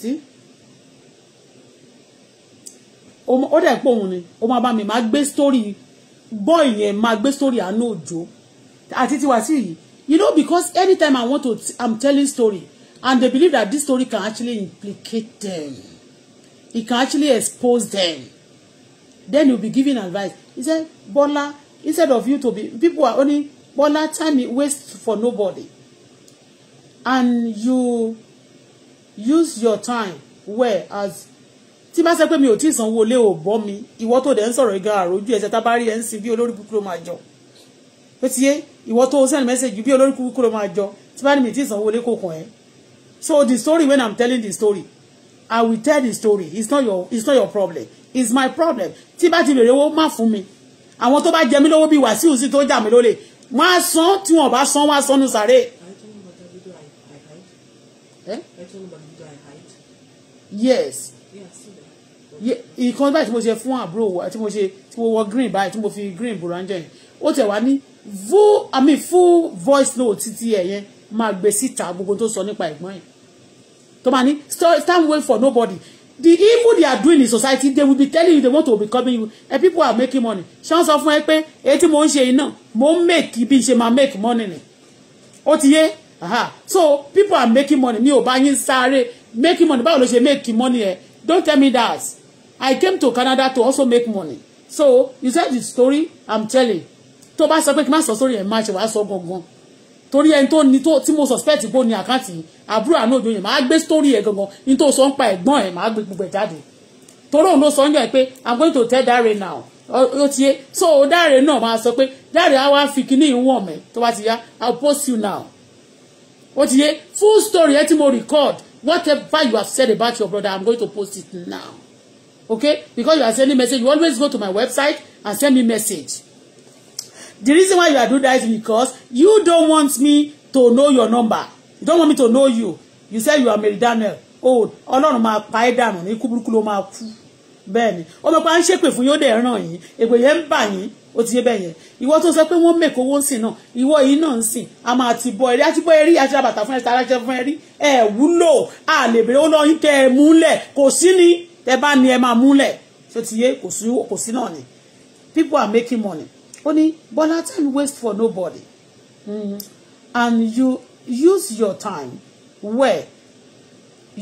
sí ó dẹ̀ pé òun ni ó máa bá mi máa gbé story boy yẹn máa gbé story àánú òjò àti tiwa sí yìí you know because anytime i want to i'm telling story and they believe that this story can actually implicate them it can actually expose them then you'll be giving advice he said Bola instead of you to be people are only Bola time waste for nobody and you use your time well as tí bá sẹ pé mi ò tí ì sanwó ilé ò bọ́ mi ìwọ tó dẹ̀ ń sọ̀rọ̀ ìgbà àròjù ẹ̀sẹ̀ tá bá rí ẹ̀ ń sin bí olórí kúkúrò máa jọ ó ti yé tó send message bí olórí kúkúrò máa jọ tí bá ní mi tí ì ilé kò kàn ẹ́ so the story when i'm telling the story i will tell the story it's not your it's not your problem it's my problem tí bá ti bèrè owó má fún mi àwọn tó bá jẹ mí lówó bíi wàsíù sí tó jà mí lólè wọn san tí wọn bá san wọn san nù sàré. ẹ yes ìkan báyìí tí mo ṣe fún àbúrò tí mo ṣe tí mo wọ green báyìí tí mo fi green bùrọ̀ ń jẹ́ ó tẹ̀ wá ní full i mean full voice note títí ẹ̀ yẹn máa gbé síta gbogbo tó sọ nípa ẹ̀gbọ́n yẹn tó máa ní stand wait for nobody the evil they are doing in society they will be telling you they want to be coming and people are making money ṣé wọ́n sọ fún ẹ pé èyí tí mo ń ṣe yìí mo ń make bí n ṣe máa make money ni ó ti yé so people are making money mi ò bá yín sáré making money báwo ló ṣe make money ẹ don't tell me that I came to Canada to also make money so you said the story I'm telling tó bá sọ pé kí n má sọ sórí ẹ̀ má ṣe wàá sọ gangan torí ẹni tó ní tí mo suspect pé ó ní àkáǹtì àbúrò àná òjò yẹn máa gbé story ẹ̀ gangan ní tó sọ ń pa ẹ̀gbọ́n ẹ̀ máa gbé gbogbo ẹ̀ jáde torí òun ló sọ ń yọ pé I'm going to tell Dare now ó ti yé so Dare náà máa sọ pé Dare á wá fi kíní ìwọ̀n mẹ́ tó bá ti yá I'll post you now ó ti yé full story ẹ tí mo record whatever you have said about your brother, I'm going to post it now. Okay? Because you are sending message, you always go to my website and send me message. The reason why you are doing that is because you don't want me to know your number. You don't want me to know you. You say you are Meridaniel. Oh, oh no, no, my dànù ní kúburúkú ló máa kú. Bẹ́ẹ̀ni, ọmọ pa ń ṣépè fún yóò dẹ̀ ràn yín, èpè yẹn ń ó ti yé bẹ́ẹ̀ yẹn ìwọ tó sọ pé wọ́n mèkó owó ń sìn náà ìwọ yìí náà ń sìn a máa ti bọ ẹrí àti bọ ẹrí àti àbàtà fún ẹta aláṣẹ fún ẹrí ẹ wúlò a lè bèrè ó lọ yín kẹ ẹ múlẹ̀ kò sí ni tẹ bá ní ẹ máa múlẹ̀ tó ti yé kò sí kò sí náà ni people are making money ó ní Bọ́lá time waste for nobody mm. and you use your time where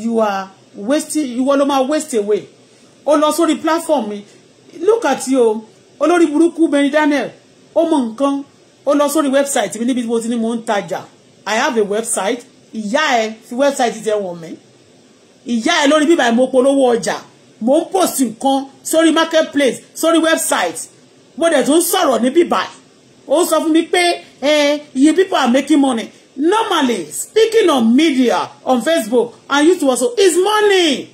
you are wasting ìwọ ló máa waste away ó lọ sórí platform mi look at you olórí burúkú Benny Daniel ó mọ nǹkan ó lọ sórí website mi níbi tí mo ti ní mo ń tajà i have a website ìyá ẹ fi website tẹ wọn mi ìyá ẹ lórí bíbá mo polówó ọjà mo ń post nǹkan sórí marketplace sórí website mo dẹ̀ tún sọ̀rọ̀ ní bíbá ó sọ fún mi pé ẹ ye people are making money normally speaking on media on Facebook and YouTube also is money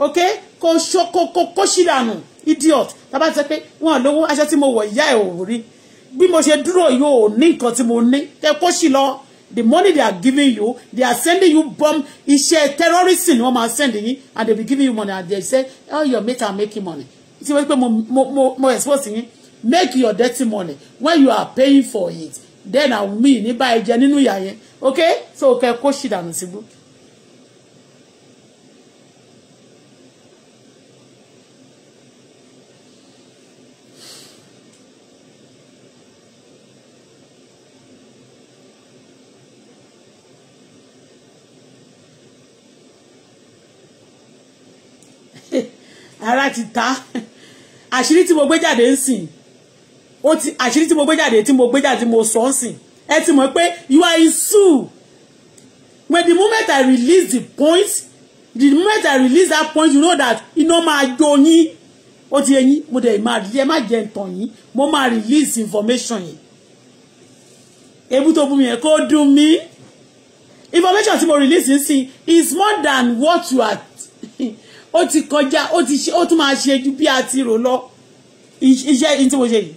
okay kò ṣokoko kò ṣìdànù idiot tàbá ti sọ pé wọn lówó aṣọ tí mo wọ̀ ìyá ẹ̀ ò rí bí mo ṣe dúró yóò ní nǹkan tí mo ní tẹ kó sì lọ the money they are giving you they are sending you bomb iṣẹ́ terrorism ni wọ́n máa send yín and they be giving you money and they say all oh, your mates are making money tí wọ́n pẹ́ mo mo mo expose yín make your dirty money when you are paying for it then àwọn mean, ní bá ẹ jẹ nínú ìyá yẹn okay so kẹ kó ṣì dànù síbú. ara ti ta àṣírí tí mo gbé jáde ń sìn ó ti àṣírí tí mo gbé jáde tí mo gbé jáde mo sọ ń sìn ẹ ti mọ̀ pé you are in sue when the moment I release the point the moment I release that point you know that iná máa jó yín ó ti yẹ yín mo dẹ̀ máa rí ẹ má jẹ́ ntàn yín mo máa release information yìí ebú tó bú mi yẹn kó dùn mí information tí mo release yìí sí is more than what you are ó ti kọjá ó ti ṣe ó tún máa ṣe ju bí a ti rò lọ iṣẹ́ ní tí mo ṣe yìí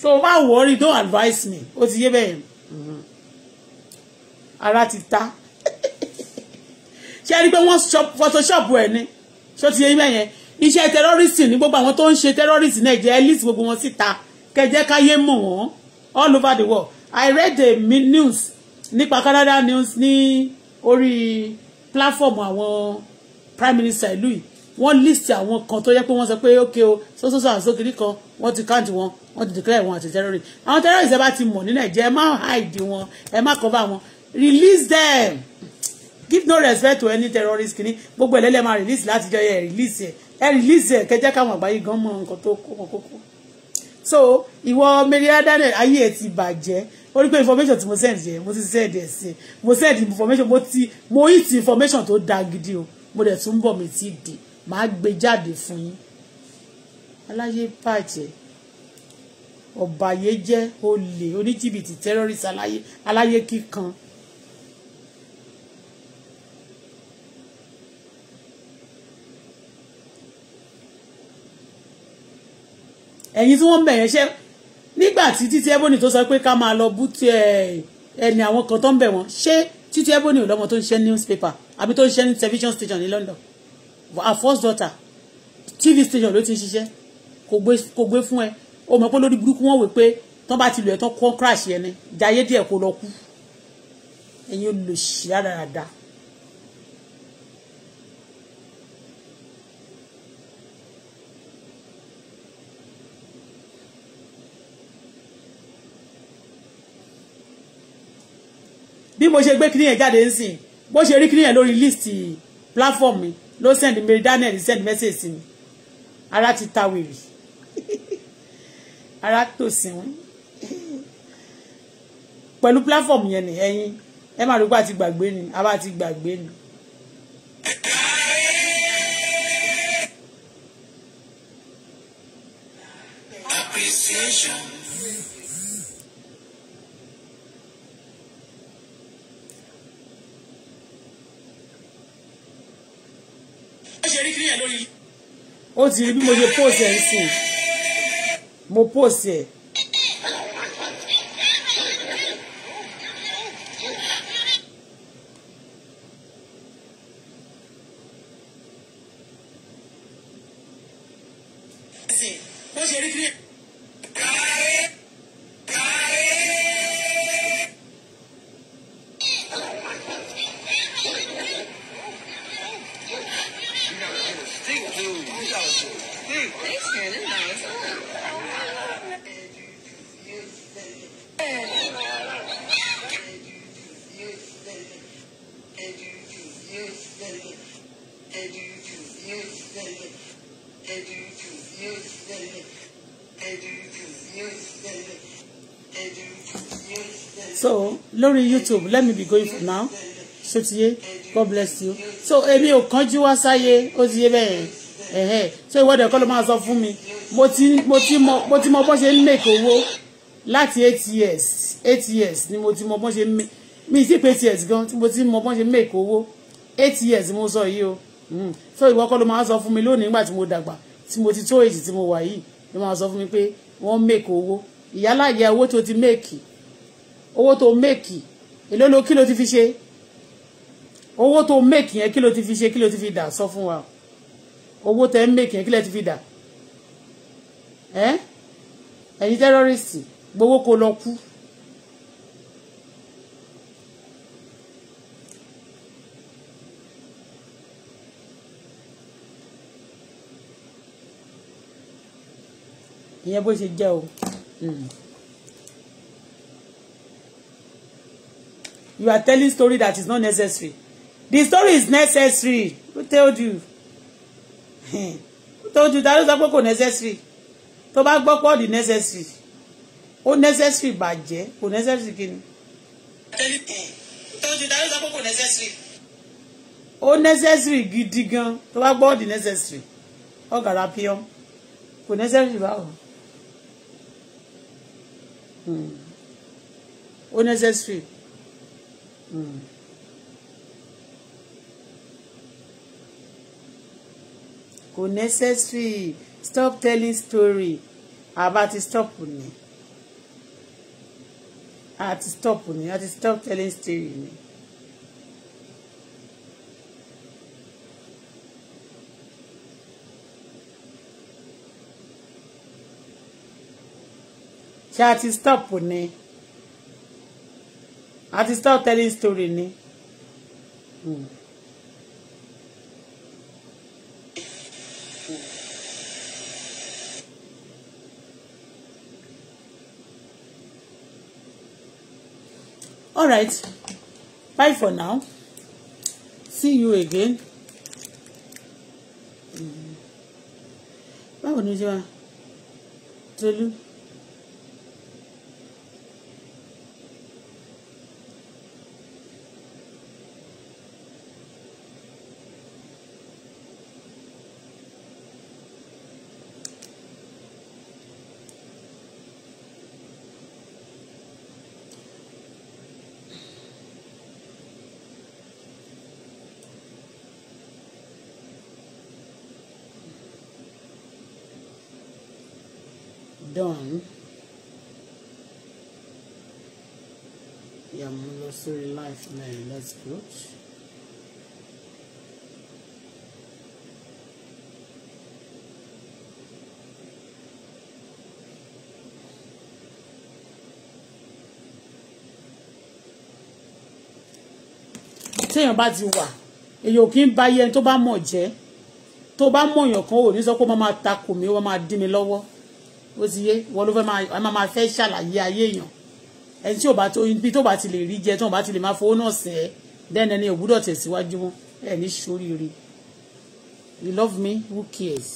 so má worry don't advise me ó ti yé bẹ́ẹ̀ mm-hmm. ara ti ta ṣe é rí pé wọ́n photoshop ẹ̀ ni ṣó ti yé bẹ́ẹ̀ yẹn iṣẹ́ tẹ́rọ́rìsì ní gbogbo àwọn tó ń ṣe tẹ́rọ́rìsì náà jẹ́ elite gbogbo wọn síta kẹjẹ káyé mọ̀ wọ́n all over the world I read the news nípa Canada news ní orí platform àwọn prime minister ìlú yìí wọ́n list àwọn kan tó yẹ pé wọ́n sọ pé ok o sọ́sọ́sọ́ àsókiri kan wọ́n ti count wọn wọ́n ti declare wọn àti terrorist àwọn terrorist ẹ bá ti mọ̀ ní nàìjíríà ẹ má hide wọn ẹ má cover wọn release them give no respect to any terrorist kìíní gbogbo ẹ̀lẹ́lẹ̀ máa release láti jẹ́ ẹ release ẹ ẹ release ẹ kẹjẹ́ káwọn àgbáyé gan mọ nǹkan tó kó wọn kókó so ìwọ Maria Daniel ayé ẹ ti bàjẹ́ ó rí pé information tí mo send yẹ mo ti send ẹ sí mo send information mo ti mo hit information tó da gidi o mo dẹ̀ tún bọ̀ mi ti dì màá gbé jáde fún yín aláyé bàjẹ́ ọ̀bàyéjẹ́ olè oníjìbìtì terrorist aláyé aláyé kíkan ẹ̀yin tí wọ́n ń bẹ̀yẹn ṣe nígbà tí títí ẹ́bọ̀nì tó sọ pé ká máa lọ bú ẹni àwọn kan tó ń bẹ̀ wọ́n ṣé títí ẹ́bọ̀nì ò lọ́mọ tó ń ṣe newspaper àbí tó ń ṣe television station ní London her first daughter TV station ló ti ń ṣiṣẹ́ kò gbé fún ẹ o mọ̀ pé lórí burúkú wọn wè pé tán bá ti lù ẹ́ tán kọ́ crash yẹn ni jayé díẹ̀ kó lọ kú ẹ̀yin olùsí rádaràda bí mo ṣe gbé kíní yẹn jáde nsìn bó ṣe rí kíní yẹn lórí list platform mi ló send mi daniel send message sí mi ara ti ta wèrè ara tó sìnwín pẹ̀lú platform yẹn ni ẹ̀yin ẹ máa rògbà ti gbàgbé ni a bá ti gbàgbé ni. Appreciation. ó ṣe rí kí ti rí bí mo ṣe post ẹ̀ ń sìn mo post ẹ̀. ó YouTube let me be going for now sotiye God bless you so Emi, ò kánjú wá sáyé ó ti eh? Eh? ẹ̀hẹ́ so ìwọ́de ọ̀kọ́ ló máa sọ fún mi mo ti mo ti mo ti mọ bó make owo. láti eight years eight years ni mo ti mọ bó ṣe ń make mi ti pé eight years gan mo ti mọ bó ṣe ń make owó eight years mo sọ yìí o hmm. so ìwọ́ ọ̀kọ́ ló máa sọ fún mi lónìí nígbà tí mo dàgbà tí mo ti tó èjì mo wai. Ni ló máa sọ fún mi pé wọ́n make owo. ìyálà ìyá owó tó ti make owó to make èló lo kí ló ti fi ṣe owó tó make yẹn kí ló ti fi ṣe kí ló ti fi dà sọ fún wa owó tẹ ń make yẹn kí lẹ ti fi dà ẹ ẹ̀yin tẹrọrìsì gbowó kó lọ kú. ìyẹn bó ṣe jẹ́ o. Mm. you are telling story that is not necessary the story is necessary who told you who told you that is not pé necessary To bá gbọ́ pọ́ di necessary ó necessary bàjẹ́ kò necessary kí ni. ó necessary gidi gan tó bá gbọ́ di necessary ọ̀gàrà píọ́ kò necessary báwo hmm. ó necessary. Hmm. kò necessary stop telling story àbá ti stop ni àti stop ni àti stop telling story ni. ṣé a ti stop ni. I ti start telling story ni. Hmm. All right. Bye for now. See you again. Hmm. Báwo ni o ṣe wá? Tolú. dọ̀rùn yà mú lọ life man. That's good. téèyàn bá ti wà èyàn kì í bá yẹn tó bá mọ̀ jẹ́ tó bá mọ̀ yàn kan ò ní sọ pé ó máa takò mí ó máa dí mi lọ́wọ́ ó ti yé wọ́n ló fẹ́ máa máa fẹ́ ṣàlàyé ayé èèyàn ẹni tí ò bá tó ibi tó bá ti lè rí jẹ tó bá ti lè máa fowó náà sẹ́ dẹ́n ẹni ò gbúdọ̀ tẹ̀síwájú mọ́ ní ṣoríire you love me who cares.